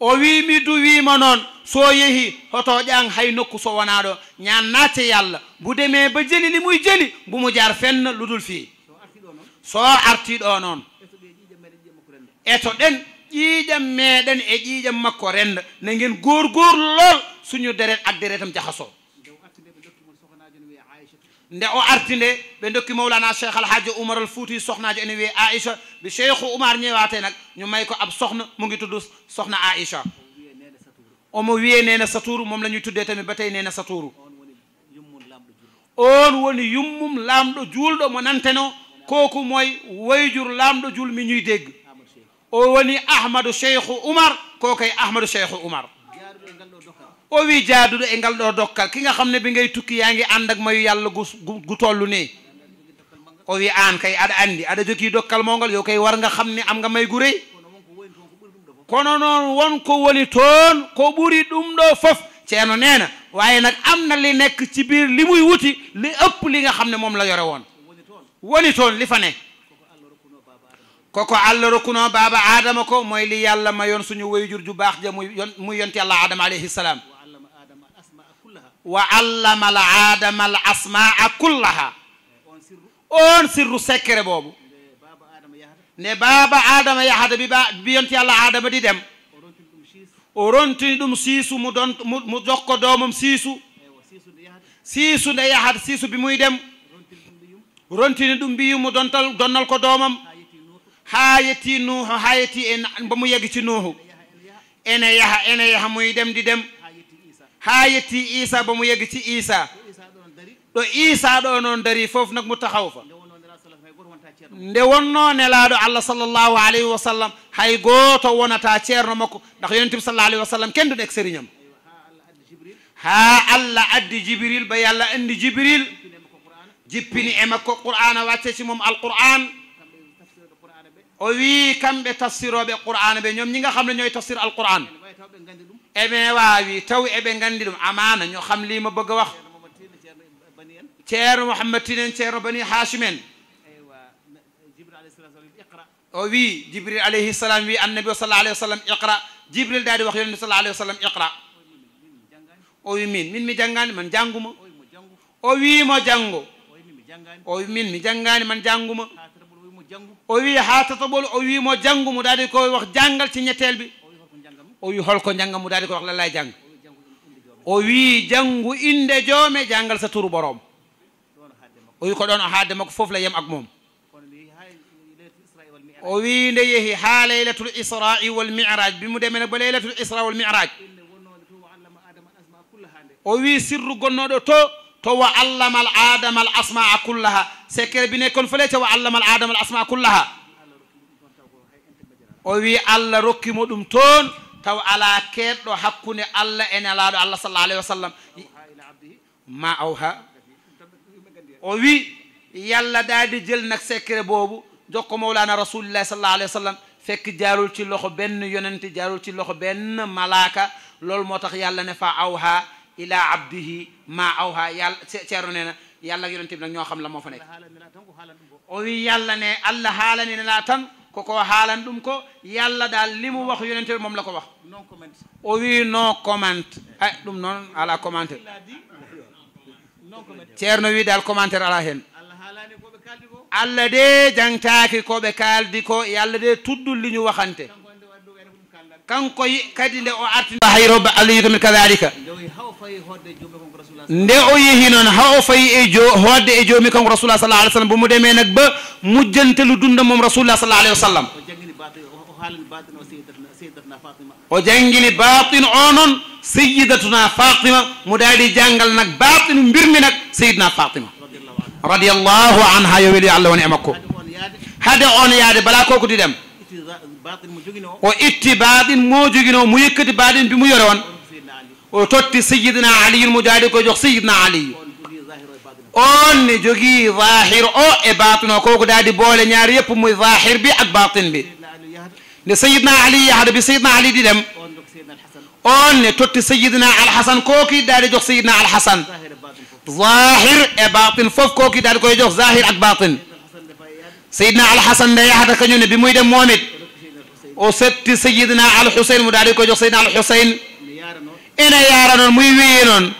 o wi mi du wiima noon so yehi hoto ƴan hay nokku so wonaɗo ñan naate yallah mbo deme ba jeni ni muy jeni mbomo jar fenn ludul fii so artiɗo noon eto e e ɗen ƴiiƴam meɗen e ƴiiƴam makko renda na gen gorgor lol suñu deret addere tam jahaso nde o arti nde ɓe dokki mawlana cheikh alhaji oumar al fouti sohnajo ene wiye aicha ɓe cheikhu oumar ñewate nag ñu may ko ab sohna mo ngi tudd sohna aicha omo wiye nena satouru mom la ñuy tuddee tamit ba tey nena satouru on woni yummum laamɗo juulɗo mo nanteno kooku mooy woyjur laamɗo juul mi ñuy dégg o woni ahmadou cheikhu oumar kookoye ahmadou cheikhu oumar e o wi jaaduɗo e ngal ɗo dokkal ki nga xam ne bi ngay tukki yaa ngi ànd ak mayu yàlla gu gu tollu nii e o wi aan kay aɗa anndi aɗa jogii dokkal moo ngal yow kay war nga xam ne am nga may gu réy kono noon wonko woli ton ko buri dum do fof ceeno neena waaye nag am na li nek ci bir li muy wuti li ëpp li nga xamne mom la yore won woli ton li fa nek koko allah rukuno baba adam ko moy li yàlla mayon suñu wayjur ju bax ja muy muy yonti allah adam alayhi salam wa allama al aadama al asmaa kullaha on sirru sekkere boobu nde baaba adama yahata e biyonti allah adama di dem o rontini ɗum siisu mu don mu jokko domum siisu siisu nde yahata siisu bi muy dem rontini ɗum mbiyumu dontal donnal ko domam ha yetti nuuhu ha yetti e mbamu yegi ti nuuhu ene yaha ene yaha muy dem di dem ha yetti isa bamu yegi ti isa ɗo isa ɗo noon dari foof nag mu taxaw fa nde wonno nelaaɗo allah sallallahu alayhi wa sallam hay goto wonata cierno makko ndax yonente bi sallah alayhi wa sallam kenduɗo ek sériñam haa allah addi jibril ba yalla andi jibril jippini e makko qur'ana ci mom alqur'an o wii kamɓe tafsiroɓe qur'ana be ñom ñi nga xamne ñoy tafsir alqur'an e be waawi taw e be gandi dum amana ñu xam li ma bëgg wax ceerno mouhammad tin bani hashimen o wii jibril alayhi salam wii annabi o sallah alayhi wa sallam iqra jibril daadi wax yonni sallah alayhi wa sallam iqra o wi min min mi janngaani man jannguma o wiima janngo o wi min mi janngaani man jannguma o wii haatataɓol o wiimo janngumo daadi ko wax janngal si ñetteel bi o wi holko janngamu daadi ko wax lallay jang o wii janngu innde joome janngal sa turu boroom o wi ko ɗoon o haadde makko fof la yem ak moom وويلي هي ها ليلة الإسراء والمعراج بمدمنة بليلة الإسراء والمعراج وي سر غنودو تو تو علم الآدم الأسماء كلها سكر بنيكون فليت وعلم الآدم الأسماء كلها وي الله ركي مدوم تو على كيد حقني الله إن الله الله صلى الله عليه وسلم ما أوها وي يلا دادي جل نك بوبو jox ko mawlaana rasulullah sallallahu alayhi wa sallam fekk jaarul ci loxo benn yonent jaarul ci loxo benn malaaka loolu moo tax yàlla ne fa awha ila abdihi ma awha yàlla ceeru nee na yàlla ak yonent bi nag ñoo xam la moo fa nekk o wi yàlla ne allah haalani ne laa tan koko haalan ɗum ko yalla dal limu wax yonente mom la ko wax o wi no comment ay ɗum noon ala commentaire ceerno wi dal commentaire ala hen allah haalani koɓe kaldi ko allah de jantaaki ko ɓe kaaldi ko e allah de tuddulli ñu waxante kanko kadi nde o arti hay robe allah yii kami kadalika nde o yehi noon ha o fayi e hoodde e joomi kanko rasulah sallah alih w sallam bomo deme nag ba mujjantelu dunda mom rasulah sallah alih wa sallam o jangini batin o noon seyidatuna fatima mo daali jangal nag batin mbirmi nag seyidna fatima رضي الله عنها يولي الله ونعمكو هذا اون ياد بلا كوكو دي دم واتباع موجينو ميكت بادين بي ميرون وتوتي سيدنا علي المجاهد كو جو سيدنا علي اون جوغي ظاهر او اباتنا كوكو دادي بوله ñaar yep muy ظاهر بي اك باطن بي ني سيدنا علي ياد بي سيدنا علي دي دم اون توتي سيدنا الحسن كوكي دادي جو سيدنا الحسن ظاهر zahir e batin foofu kooku daal di koy jox zahir ak batin sayidna alxasan da yaxata ka ñu ne bi muy dem moom it o setti sayidna alxusayn mu daal di koy jox sayidna alxusayn ina yaara noon muy wéyee noon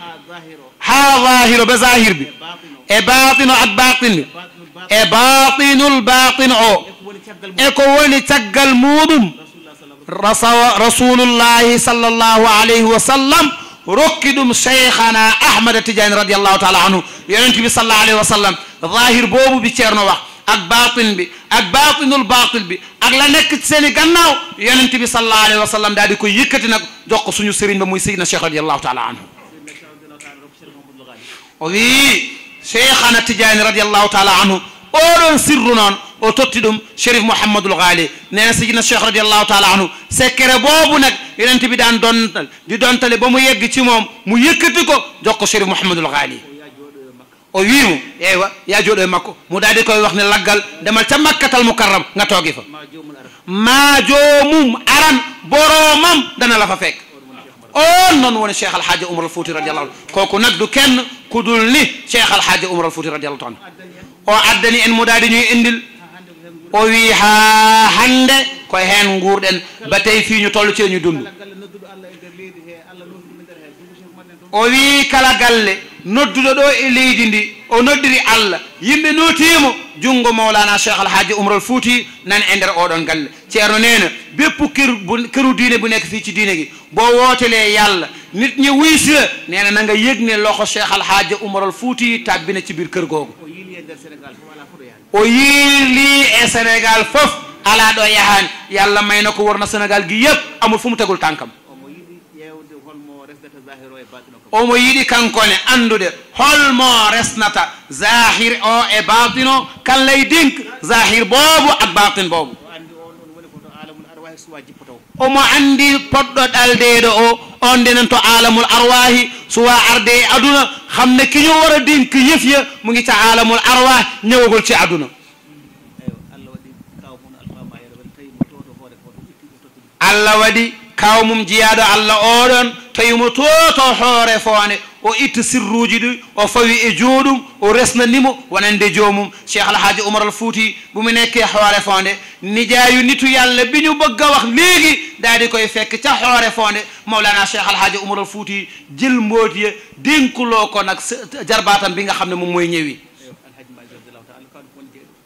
haa zahiro ba zahir bi e batino ak batin bi e batinul batin o e ko woni caggal muɗum rasulullah sallallahu alayhi wa sallam rokki ɗum cheikhana ahmada tidiane radiallahu taala anhu yonent bi sallallahu alayhi wa sallam zahir boobu bi ceerno wax ak batin bi ak batinul batil bi ak la nekk ci seen i gannaaw yonent bi sallallahu alayhi wa sallam daal di koy yëkkati nag jox ko suñu sëriñ ba muy seydina cheikh radiallahu taala anhu oui cheikhana tidiane radiallahu taala anhu oɗon sirru noon وتتدم شريف محمد الغالي نانا سيدنا الشيخ رضي الله تعالى عنه سكر بوبو نك يلانتي بي دان دون دي دون تالي بامو ييغي مو ييكتيكو جوكو شريف محمد الغالي او ويو ايوا يا جودو ماكو مو دادي كوي واخني لاغال دمال تا مكه المكرم nga togi fa ma jomum aran boromam dana la fa الحاج عمر الفوتي رضي الله عنه كوكو نك دو كين كودول الحاج عمر الفوتي رضي الله عنه او عدني ان مودادي ني o wi ha hande ko hen guurɗen ba tawi fiñu tollo ceeñu dundu o wi kala galle nodduɗo ɗo e leydi ndi o noddiri allah yimɓe notimo junngo mawlana cheikh alhaji umrol fouti nan e nder oɗon galle ceerno nena bepp kiru diine bu nekk fii ci diine gi bo wootele yallah nit ñi wuysuya nena nanga yëgne loxo cheikh alhaji umrol fouti tabbina ci biir kër googo o yiilli e sénégal fof ala ɗo yahani yo allah mayno ko worno sénégal gi yeb amul fo mu tagol tan e kam omo yiiɗi kankone andude holmo resnata zahir o e batin o kallay dink zahir boobo ak batin boobo omo andi poɗɗo ɗaldeɗo o on ndenen to alamul arwahi suwa arde e aduna xamne kiñum wara din ki yefya mu ngi ca alamul arwah ñewogol ci aduna allah waɗi kaw mum jiyaɗo allah oɗon toyimo toto hoore fone o itta sirruji ɗi o fawi e jooɗum o resnanimo wonande joomum cheikh alhaji oumar al fouti ɓumi nekke hoore fonde nijaayu nitu yallah biñu bëgga wax léegi daadi koy fekk ca hoore fonde mawlana cheikh alhaji oumar al fouti jël mbootiye dénkuloo ko nag jarbaatam bi nga xam ne moom mooy ñëwi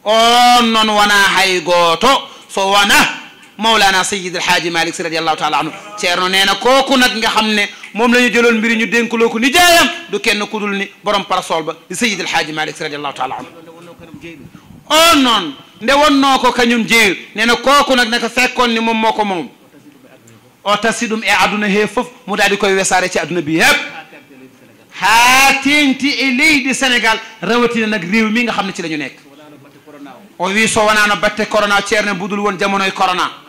on noon wona hay gooto so wona Mawlana Sayyid El Hadji Malick Sy radiyallahu taala anhu Ceerno nee na kooku nag nga xam ne moom la ñu jëloon mbiri ñu dénkuloo ko ni jaayam du kenn ku dul ni borom parasol ba di Sayyid El Hadji Malick Sy radiyallahu taala anhu oh noon nde wonnoo ko kañum jeeyu nee na kooku nag naka fekkoon ni moom moo ko moom o tasi ɗum e aduna he fof mu daal di koy wesaare ci aduna bi yëpp haa teenti e leydi sénégal rawatina nag réew mi nga xam ne ci la ñu nekk o wi so wonaano batte corona ceerno budul woon jamonoy corona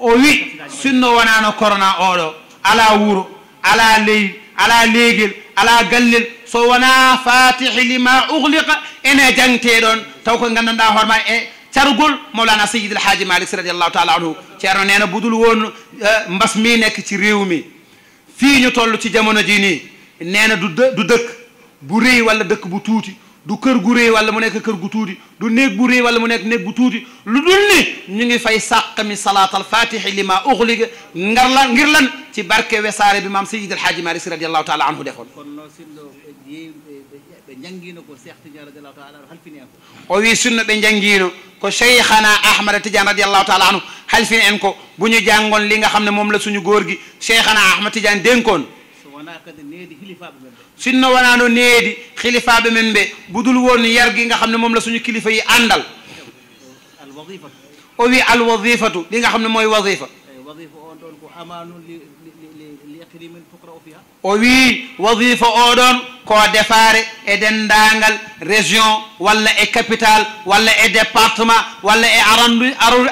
o wi sinno wonano korona oɗo ala wuro ala leydi ala leygel ala gallel so wona fatihi lima ugliqa ene jangte ɗon taw ko gandanɗa hoorema e cargol mawlana seyid alhaji malik allahu taala anhu ceerno nena budul won eh, mbasmi nekk ci réew mi fii ñu toll ci jamono ji nii nee du du dëkk bu rëy walla dëkk bu tuuti du kër gu rëy wala mu nek kër gu tuti du néeg gu rëy wala mu nek néeg gu tuti lu dul ni ñu ngi fay sàq mi salaatal fatixi li ma uxliga ngar la ngir lan ci barke wessare bi mam sayyid al malik maris radiyallahu taala anhu defoon o wi sunno be jangino ko cheikhana ahmada tidiane radiyallahu taala anhu halfini en ko buñu jangon li nga xamne mom la suñu góor gi cheikhana ahmad tidiane denkon so wona kadi needi hilifaɓe men ɓe sinno wonaano needi be men be budul won yar gi nga xamne mom la suñu khalifa yi àndal o wi al wazifatu li nga xamne moy mooy wazifa o wi wazifa oɗon ko defare e dendagal région wala e capital wala e département wala e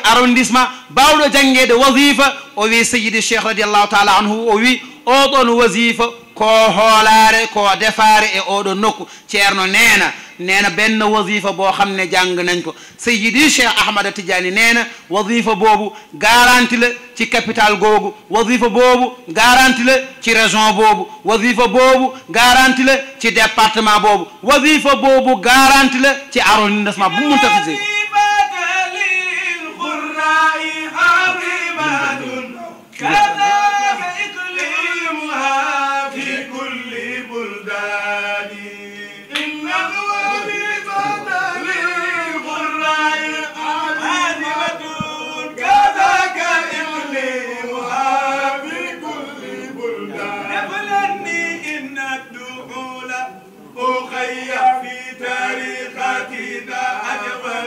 arrondissement bawɗo janguede wazifa o wi sayyid cheikh radiallahu taala anhu o wi oɗon wazifa ko hoolaare ko defaare e oɗo nokku ceerno neena neena benn wasifa boo xam ne jàng nañ ko sayyidi cheikh ahmada tidiani neena wasifa boobu garanti la ci capital googu wasifa boobu garanti la ci région boobu wasifa boobu garanti la ci département boobu wasifa boobu garanti la ci arrondissement bu mu tafise ko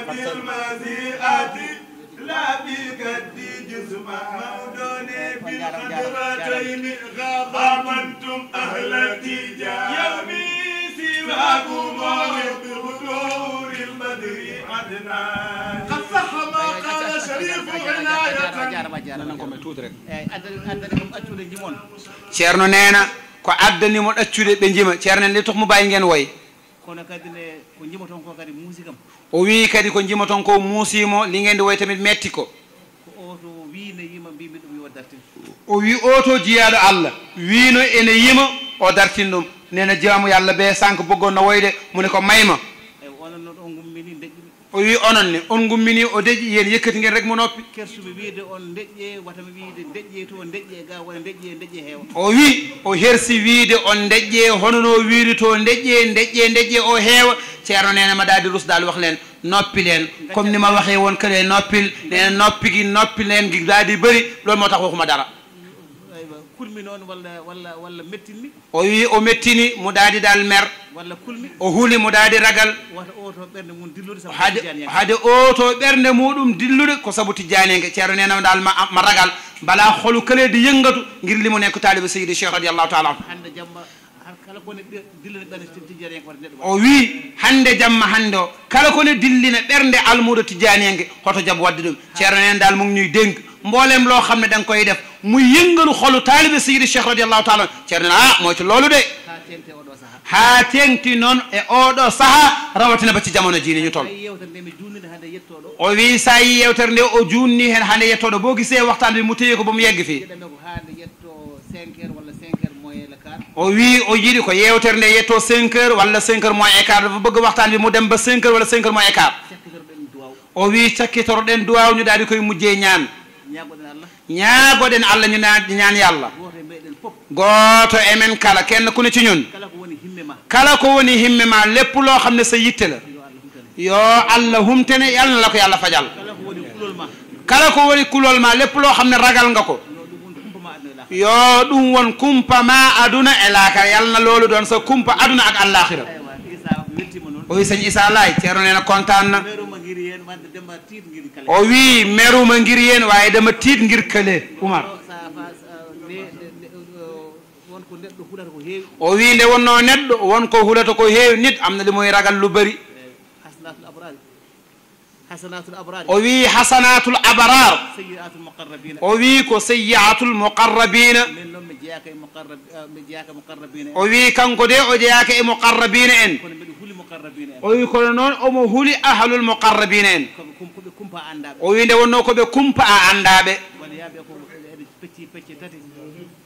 بالمزيئات لا بالقد جسما مودوني بالخدرتين غضمنتم أهل التجاه يومي سواكم موعد بحضور المدري عدنا قد صح ما قال شريف عناية ceerno neena ko addanimo ɗaccude ɓe jima ceerno en li tox mu bàyyi ngeen woy kono kadi ne ko jima toon ko kadi musique am o wii kadi ko jima ton ko muusiimo li ngendi woy tamit metti ko o wi oto jiyaaɗo allah wiino ene yima o dartin ɗum nena jiyamo yo allah ɓe sanko boggonno woyde mune ko mayma eyi wonanno ɗo ngum o wi onon ne on gummini o deƴƴi yen yekkati ngen rek mo noppi kersumi wiide on deƴƴe watami wiide deƴƴe to deƴƴe ga wona deƴƴe deƴƴe heewa o wi o hersi wiide on deƴƴe honono wiide to deƴƴe deƴƴe deƴƴe o heewa ceerno nene madadi rusdal wax leen noppi leen comme ni ma waxee won kale noppil nen noppigi noppi leen gi daadi bëri loolu moo tax waxuma dara kurmi noon walla walla walla mettinmi o wi o mettini mo daadi dal mer walla kulmi o huli mo daadi ragal wata oto ɓernde mum dillude sabuhade hade oto ɓernde muɗum dillude ko sabu tijjanige ceero nenama dal ma ragal mbala holo kaleedi yengatu girlimo nen ko taliba seydi cheikh radiallahu taala anhu hande jamma har kala kone dillina ɓernde tijjanige hoto neɗɗo o wi hande jamma hande o kala kone dillina ɓernde almuɗo tijjanige hoto jaabu wadde ɗum ceero nen dal mum ñuy deng mbollem lo xamne dang koy def mu yëngalu xolu talib sayyid cheikh radiallahu taala ceerno ne mo ci loolu de ha tenti non e odo saha rawati na ba ci jamono jini ñu toll o wi say yewter ne o junni hen hande yettoɗo bo gisee waxtan bi mu teye ko bu mu yegg fi o wi o yiɗi ko yewter ne yetto 5 h wala 5 h moy écart bu bëgg waxtan bi mu dem ba 5 h wala 5 h moy écart o wi den ñu daal di koy mujjé ñaan ñaagoɗen allah ñu ñaan yàlla e gooto e men kala kenn ku ne ci ñun kala ko woni himme ma lépp loo xam ne sa yitte la yoo allah humtene yàlla na la ko yàlla fajal kala ko woni kulol ma lépp loo xam ne ragal nga ko e yoo ɗum won kumpa ma aduna e laakar yàlla na loolu doon sa kumpa aduna ak allaxira oy sañ isa laay ceeroneena kontaan na o wi meruma ngir yen waaye dama tiit ngir kële oumar o wi nde wonno neɗɗo wonko hulata ko heewi nit am na ragal lu bari حسنات الأبرار أوي حسنات الأبرار سيئات المقربين أوي كو سيئات المقربين منهم مجياك مقرب مجياك مقربين أوي كان كو دي أوجياك مقربين إن أوي كو نون أو مهولي أهل المقربين إن أوي دو نو كو بكمبا أندابي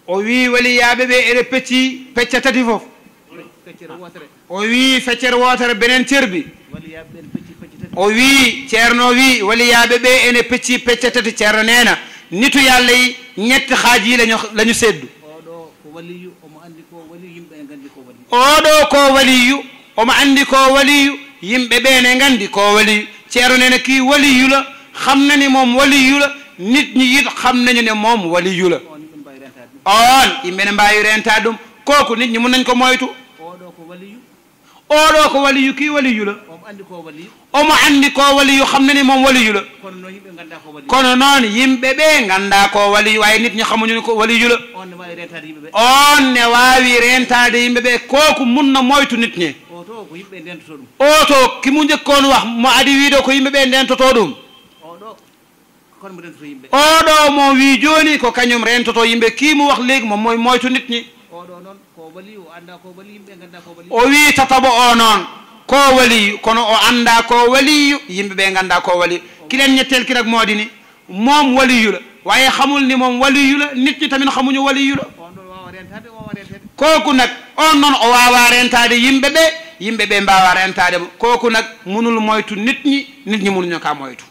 أوي ولي يابي بي إلي بيتي بيتي تاتي فوف أوي فتر واتر بنين تربي ولي يابي بيتي o wii ceerno wii waliyaaɓe ɓe ene pecci pecce tati ceerno neena nitu yalla yi ñetti haaji i lañu lañu seddu oo ɗo ko waliyu omo anndi ko waliyu yimɓe ɓe ne nganndi ko waliyu ceerno nene kii waliyu la xam nani moom waliyu la nit ñi yit xam nañu ne moom waliyu la oon yimɓe ne mbaawi reentaa ɗum kooku nit ñi mun nañ ko moytu oo ɗo ko waliyu kii waliyu la omo andi ko waliyu xam na ni moom waliyu la kono noon yimɓe ɓe ganda ko waliyu waye nit ñi xamuñu ko waliyu la on ne wawi rentade yimɓe ɓe koku mun no moytu nit ñi oto kimu jëkkoon wax mo adi wiido ko yimɓe ɓe ndentoto ɗum oɗo mo wi joni ko kañum rentoto yimɓe kimu wax leegi mom moy moytu nit ñi o wi tataɓo o noon ko waliyu kono o annda ko waliyu yimɓe ɓe ngannda ko waliyu kilen ñettel kirak moodi ni moom waliyu la waye xamul ni moom waliyu la nit ñi tamin xamuñu waliyu la kooku nag on noon o waawa rentaade yimɓe ɓe yimɓe ɓe mbaawa rentaade mo kooku nag munul moytu nit ñi nit ñi munuño ka moytu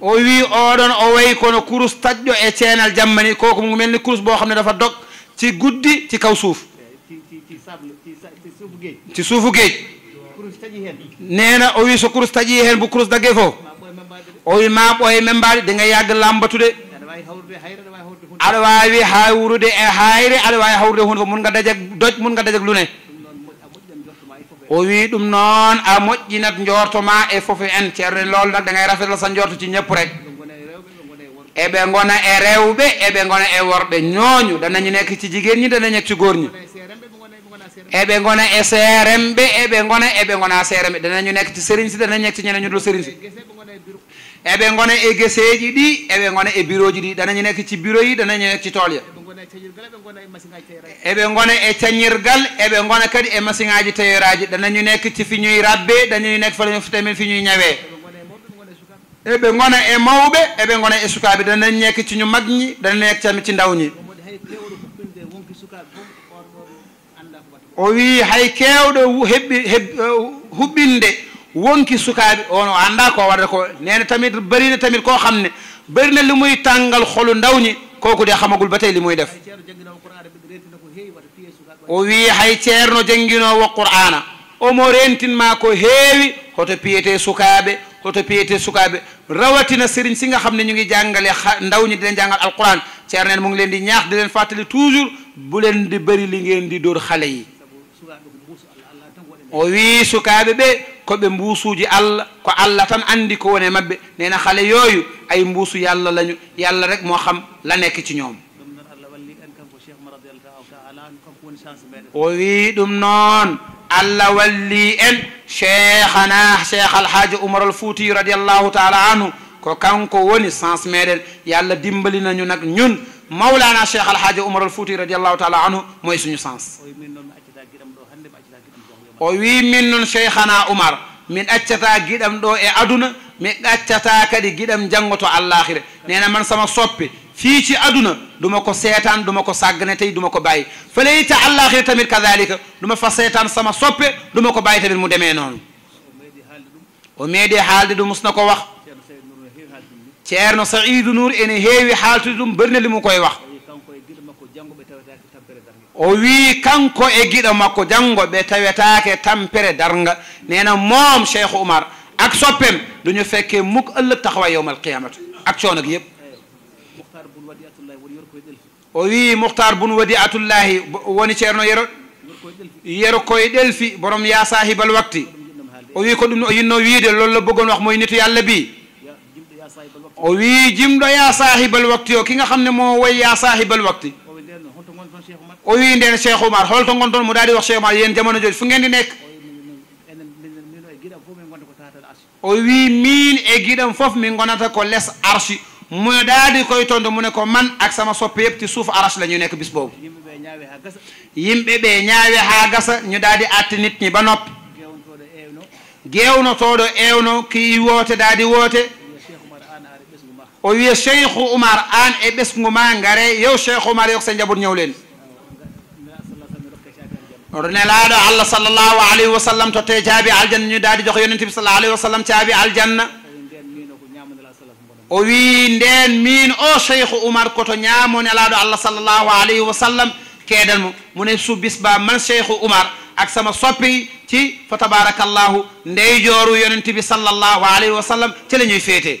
o wi oɗon o wayi kono kurus taƴƴo e ceenal jammani kooku mu mel ni kurus boo xam ne dafa dog ci guddi ci kaw suuf ti suufu géej neena o wi so krus taƴi heen bo krus dagee fof o wi ma ɓooye men mbaadi di nga yaadde lambatude aɗa waawi haa wurude e hayre aɗa waawi hawrude hunde fof mun nga dajak doj mun nga dajak lune o wi ɗum noon a moƴƴinat njortoma e fof en ceerne lool nag da ngay rafetla sa njorto ci ñëpp rek eɓe gona e rewɓe eɓe gona e worɓe ñooñu dana ñi nekk ci jigéen ñi dana ñekk ci góor ñi eɓe gona e seerem ɓe eɓe gona eɓe gona seerem ɓe danañu nekkti sérine si danañekti ñanañu ɗo sérine si eɓe gona e geseji ɗi eɓe gona e bureau ji ɗi danañu nekki ci bureau yi danañu nekki tool ya eɓe gona e cañirgal eɓe gona kadi e machine aji tayeraji danañu nekk ci fiñuy rabbe danañu nekk falmen fiñuy ñawe eɓe gona e mawɓe eɓe gona e sukaɓe danañu nekk ci ñu magñi danañu nekk ci ami ci ndawñi o wii hay keewɗo heɓɓi heb uh, huɓɓinde wonki sukaaɓe ono annda ko warde ko nene tamit barine tamit ko xam ne barine li muy tàngal xolu ndawñi koko de xamagul ba tey li muy def o wii hay ceerno jangginoo wo qur'ana omo rentinma ko heewi hoto piyete sukaaɓe hoto piyete sukaaɓe rawatina sirigne si nga xam ne ñu ngi jàngale ndawñi di leen jàngal alquran ceerno nen mu ngi leen di ñaax di leen fàttali toujours bu leen di bëri li ngeen di dóor xale yi o wi sukaaɓe ɓe ko ɓe mbuusuuji allah ko allah tan anndi ko woni e maɓɓe nena xale yooyu ay mbuusu yàlla lañu yàlla rek moo xam la nekk ci ñoom o wi ɗum noon allah walli en cheikhana cheikh alhaaji oumar al fouti radiallahu taala anhu ko kanko woni sens meɗen yàlla dimbali nañu nag ñun mawlana cheikh alhaaji oumar al fouti radiallahu taala anhu mooy suñu sens وي من شيخنا عمر من اتتا غيدم دو اي ادونا من اتتا كدي غيدم جانغوتو الاخر نينا من سما صوبي في شي ادونا دوما كو سيتان دوما كو ساغنتي دوما كو باي فليت الاخر تمر كذلك دوما فا سيتان سما صوبي دوما كو باي تمر مو ديمي نون وميدي حال دو مسنكو واخ تيرنو سعيد نور اني هيوي حالتو دوم برنلي مو كوي o wi kanko e giɗo makko janngo ɓe tawetaake tampere darnga neena moom cheikh oumar ak soppeem duñu fekkee mukk ëllëg taxawaay yowmal qiyamatu ak coonog yëpp o wi muhtar bun wadi atullahi woni ceerno yero yero koye ɗelfi borom ya sahibal wakti o wi ko ɗum o yinno wiide loolu la bëggoon wax mooy nitu yàlla bii o wi jimɗo ya sahibal wakti o ki nga xam ne moo woy ya sahibal wakti o wi nden cheikh oumar holto gonton mo daadi wax cheikh oumar yéen jamono jooju fu ngeen di nekk o wi min e giɗam fof min gonata ko less arche mu daadi koye toon de mu ne ko man ak sama soppe yëpp ci suuf arche la ñu nekk bis boobu yimɓe ɓe ñaawi haa gasa ñu daadi atti nit ñi ba noppi gewnotoɗo ewno ki woote daadi woote o wiya cheikhu oumar an e ɓesgu ma ngare yow cheikh oumar yok sen jabot ñawlen ne laaɗo allah sallllahu alayhi wa sallam totte caabi aljanna ñu daadi jox yonente bi sallah alayhi wa sallam caabi aljanna o wi nden min o cheikhu oumar koto ñaamo nelaaɗo allah sallllahu alayhi wa sallam keeɗen mo mu ne su bisba man cheikhu oumar ak sama soppi ci fa tabarakallahu ndey jooru yonente bi sallllahu alayhi wa sallam ci la ñuy féete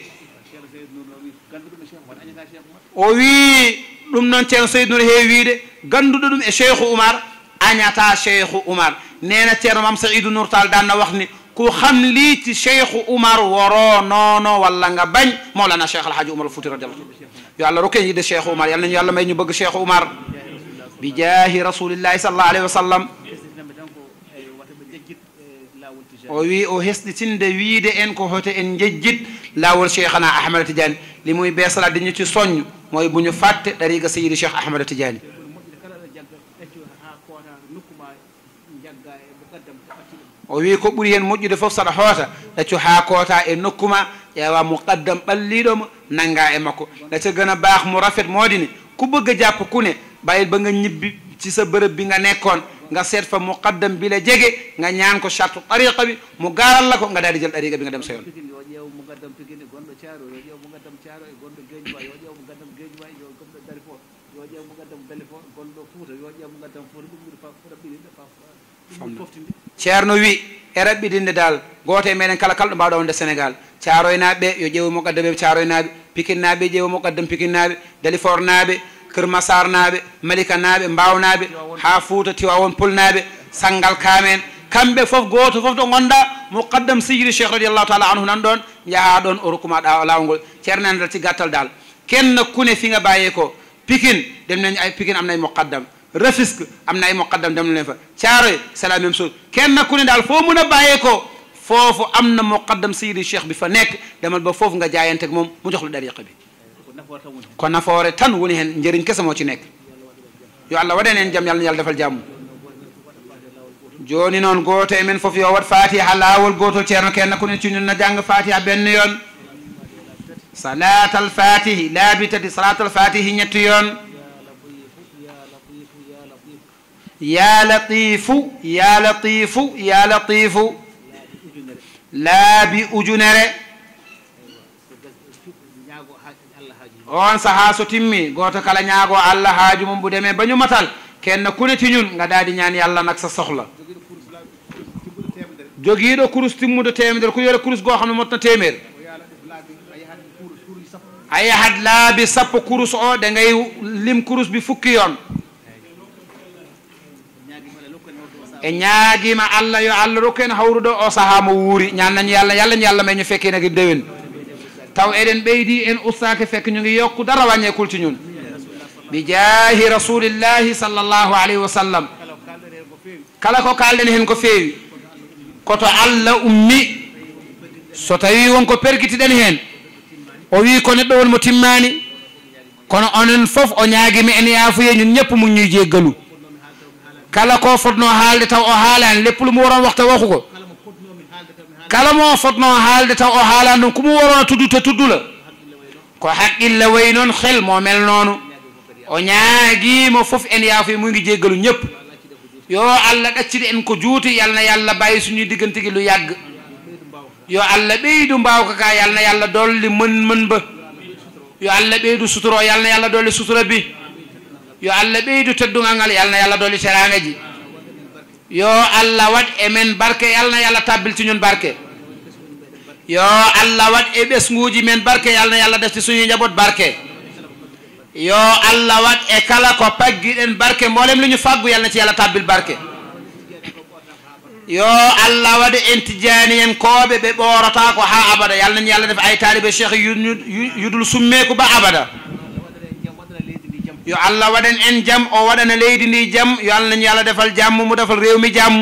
o wi ɗum noon ceerno seydnour heewi wiide ganduɗo ɗum e cheikhu oumar añataa cheikhu Umar nee na Thierno Mame Seydou Nour Tall daan na wax ni ku xam lii ci cheikhu Umar waroo noono wala nga bañ Mawlana Cheikh Alhaji Umar Fouti radiyallahu anhu yàlla rokkee yi de cheikhu Umar yal nañu yàlla may ñu bëgg cheikhu Umar bi jaahi rasulillahi sallallahu alayhi wa sallam o wi o hesɗitinde wiide en ko hoto en jejjit laawol cheikhana ahmada tidiani li muy beesalaat di ñu ci soññ mooy bu ñu fàtte dariga seyidi cheikh ahmada tidiani o wi ko buri hen mojjude fof saɗa hoota ɗaccu ha kota e nokkuma ƴeewa muqaddam mo nanga e makko ɗacca gana baax mu rafet modini ku bëgg japp ku ne ba nga ñibbi ci sa bërëb bi nga nekkoon nga seet fa muqaddam bi la jege nga ñaan ko chartu tariqa bi mu garal la ko nga daal di jël tariqa bi nga dem sa yoon Fondo. ceerno wi e raɓɓidinde dal gooto e meɗen kala kala ɗo mbawɗa wonde sénégal caaroynaɓeɓe yo ƴeewu moqqaddam ɓe caaroynaɓe pikinnaɓe ƴeewu moqqaddam pikinnaɓe dalifornaɓe kr masarnaɓe malikanaɓe mbawnaɓe ha fouta tiwa won pulnaɓe sangal kamen kamɓe foof goto foof to gonɗa moqqaddam sijidi cheikh radiallahu taala anhu nan ɗon jaaha ɗon o rokkumaɗa lawol ngol ceernanedal ci gattal dal kenno kune figa baye ko pikin ɗemnen pikin amnayi moqqaddam Rufisque am na ay muqaddam dem leen fa Thiaroye c'est la même chose kenn ku ne daal foo mën a bàyyeekoo foofu am na muqaddam Seydi Cheikh bi fa nekk demal ba foofu nga jaayante ak moom mu jox la dariqa bi ko nafoore tan woni hen njëriñ kese moo ci nekk yo allah waɗen en jam yàlla yàlla defal jàmm joni noon gooto e men fof yo wat fatiha laawol gootol ceerno kenn ku ne ci ñun na jàng fatiha benn yoon salaat al fatihi laabi tati salaat al يا لطيف يا لطيف يا لطيف لا بأجنر on sahaa so timmi gooto kala ñaago allah haaju mum bu demee ba ñu matal kenn ku ne ci ñun nga daal di ñaan yàlla nag sa soxla jogiiɗo kurus timmude temedere ko yore kurus goo xam ne motna téeméer a yahat laabi sappo kurus o de ngay lim kurus bi fukki yoon e ñaagima allah yo allah rokku en hawru ɗo o saaha mo wuuri ñannañ yallah yallah ñ allah mayño fekkinagi dewen taw eɗen ɓeydi en ustake fekk ñogi yokku dara wañe kulti ñun bi jahi rasulillahi sallllahu alayhi wa sallam kala ko kalɗen hen ko feewi koto allah ummi so tawi wonko pergitiɗen hen o wi ko neɗɗo wonmo timmani kono onen foof o ñaagima en yaafuye ñun ñëpp mu ñuy jeggalu kala ko fotno halde taw o halan lépp lu mu waroon waxta waxu kala mo fotno halde taw o halan dum kumu mu tuddu te tuddu la ko haqqil la noon xel mo mel nonu o nyaagi mo fof en ya fi mu ngi jegalu ñépp yo alla ɗaccide en ko juuti yalna yàlla bàyyi suñu digeenti gi lu yàgg yo alla beedu mbaaw ka kaa yal yàlla dolli mën mën ba yo alla beedu suturo yalna yàlla dolli sutura bi yo allah ɓeydu teddugal ngal yalna yallah dolli serage ji yo allah waɗ emen barke yalna yallah tabbilti ñun barke yo allah waɗ e ɓesguji men barke yalna yallah defti suñu jabot barke yo allah waɗ e kala ko paggiɗen barke mbolem lu ñu faggu yalna ci yallah tabbil barke yo allah waɗa intidiani en kooɓe ɓe ɓoorata ko ha abada yalnani yallah def ay taliɓe cheikh yudul summeku ba abada yo allah waɗan en jaam o waɗana e leydi ndi jaam yo allah yàlla defal jàmm mu defal réew mi jàmm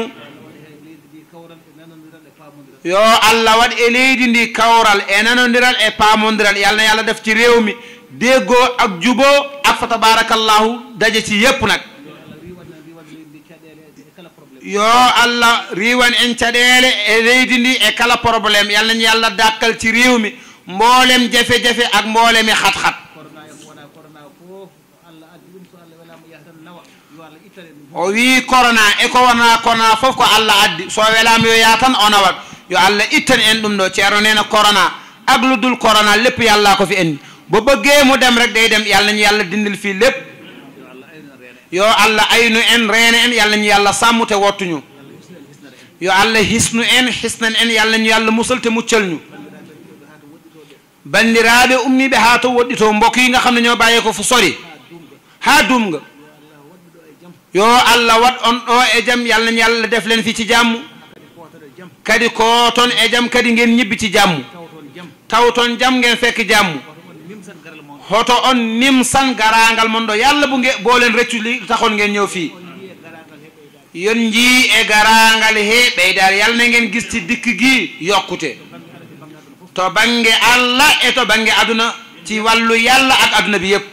yo allah waɗ e leydi ndi kawral e nanodiral e paamodiral yal na yàlla def ci réew mi déggoo ak juboo ak fa tabarakallahu daje ci yépp nag yo allah riwan en caɗeele e leydi ndi e kala probléme yal nañu yàlla dàkkal ci réew mi mboolem jafe-jafe ak mboolemi xat-xat o wi korona eko wona kona fof ko allah addi so welama yo yaa tan o nawat yo allah ittan en ɗum ɗo ceerno nena korona agludul korona lépp yàlla ko fi indi bu bëggee mu dem rek day dem yàlla ñu yàlla dindil fii lépp yo allah aynu en reene en yàlla ñu yàlla sàmm te wottuñu yo allah hisnu en hisnan en yàlla ñu yàlla musal te muccal ñu bandiraɓe ummiɓe ha to woɗɗi to mbokk yi nga xam ne ñoo bàyyee ko fu sori ha duum nga yo allah wat on ɗo e jam yalnan yalla def len fi ci jàmm kadi ko ton e jam kadi ngeen ñibbi ci jàmm taw ton jam ngeen fekk jàmm hoto on nimsan garangal mondo, ɗo yalla bu nge boo leen reccu li taxoon ngeen ñëw fii yon ji e garangal he ɓeydaare yalla ngeen gis ci dikk gi yokkute to bange allah e to bange aduna ci wàllu yalla ak aduna bi yépp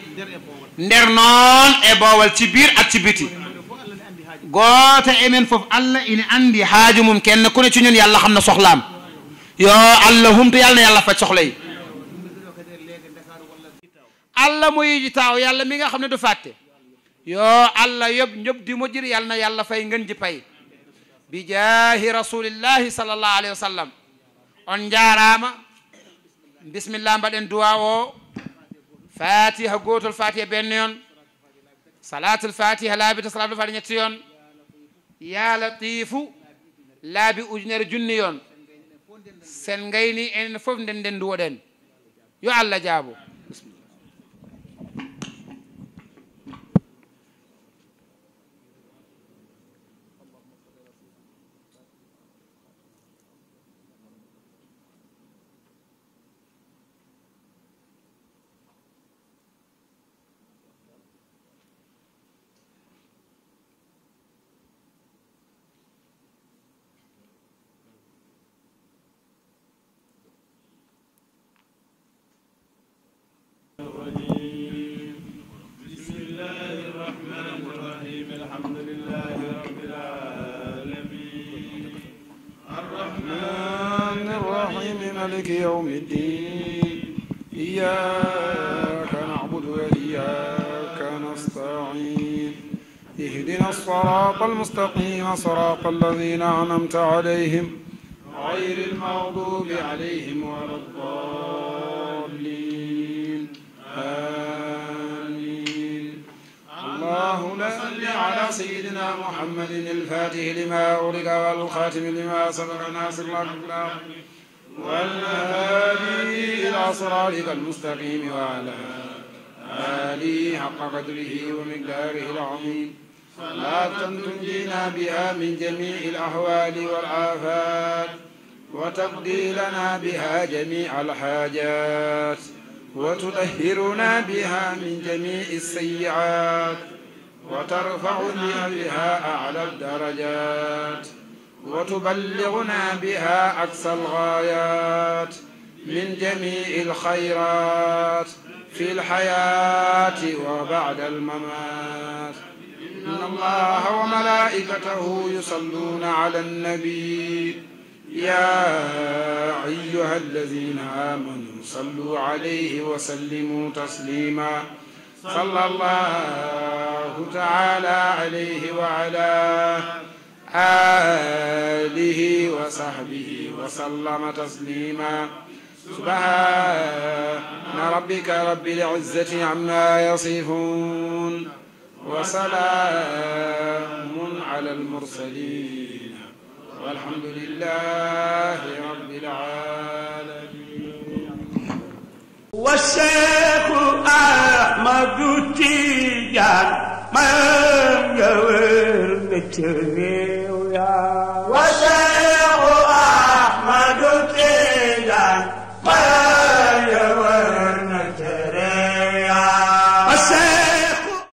nder noon e boowal ci biir ak ci biti gooto emen fof allah ina anndi haaju mum kenn ku ne ci ñun yàlla xam soxlaam yo allah humtu yàlla na yàlla faj soxla yi allah mo yiji taaw yàlla mi nga xam du fàtte yo allah yob ñëpp di mujjir yàlla yàlla fay ngën ji pay bi jaahi rasulillahi sallallahu alayhi wa sallam on njaaraama bisimillah mbaɗen duwa o fatiha gootol fatiha benn yoon salatul fatiha laabita salatul fatiha ñetti yoon ya latifu laabi ujunere junni yoon sen ngayni enen fof nden nden nduwoɗen yo allah jaabo المستقيم صراط الذين أنعمت عليهم غير المغضوب عليهم ولا الضالين آمين اللهم صل على سيدنا محمد الفاتح لما أغلق والخاتم لما سبق ناصر الله والهادي إلى صراطك المستقيم وعلى آله حق قدره ومقداره العظيم فلا تنجينا بها من جميع الأحوال والآفات وتقضي لنا بها جميع الحاجات وتطهرنا بها من جميع السيئات وترفعنا بها أعلى الدرجات وتبلغنا بها أقصى الغايات من جميع الخيرات في الحياة وبعد الممات إن الله وملائكته يصلون على النبي يا أيها الذين آمنوا صلوا عليه وسلموا تسليما صلى الله تعالى عليه وعلى آله وصحبه وسلم تسليما سبحان ربك رب العزة عما يصفون وسلام على المرسلين والحمد لله رب العالمين والشيخ أحمد تيجان ما يورد والشيخ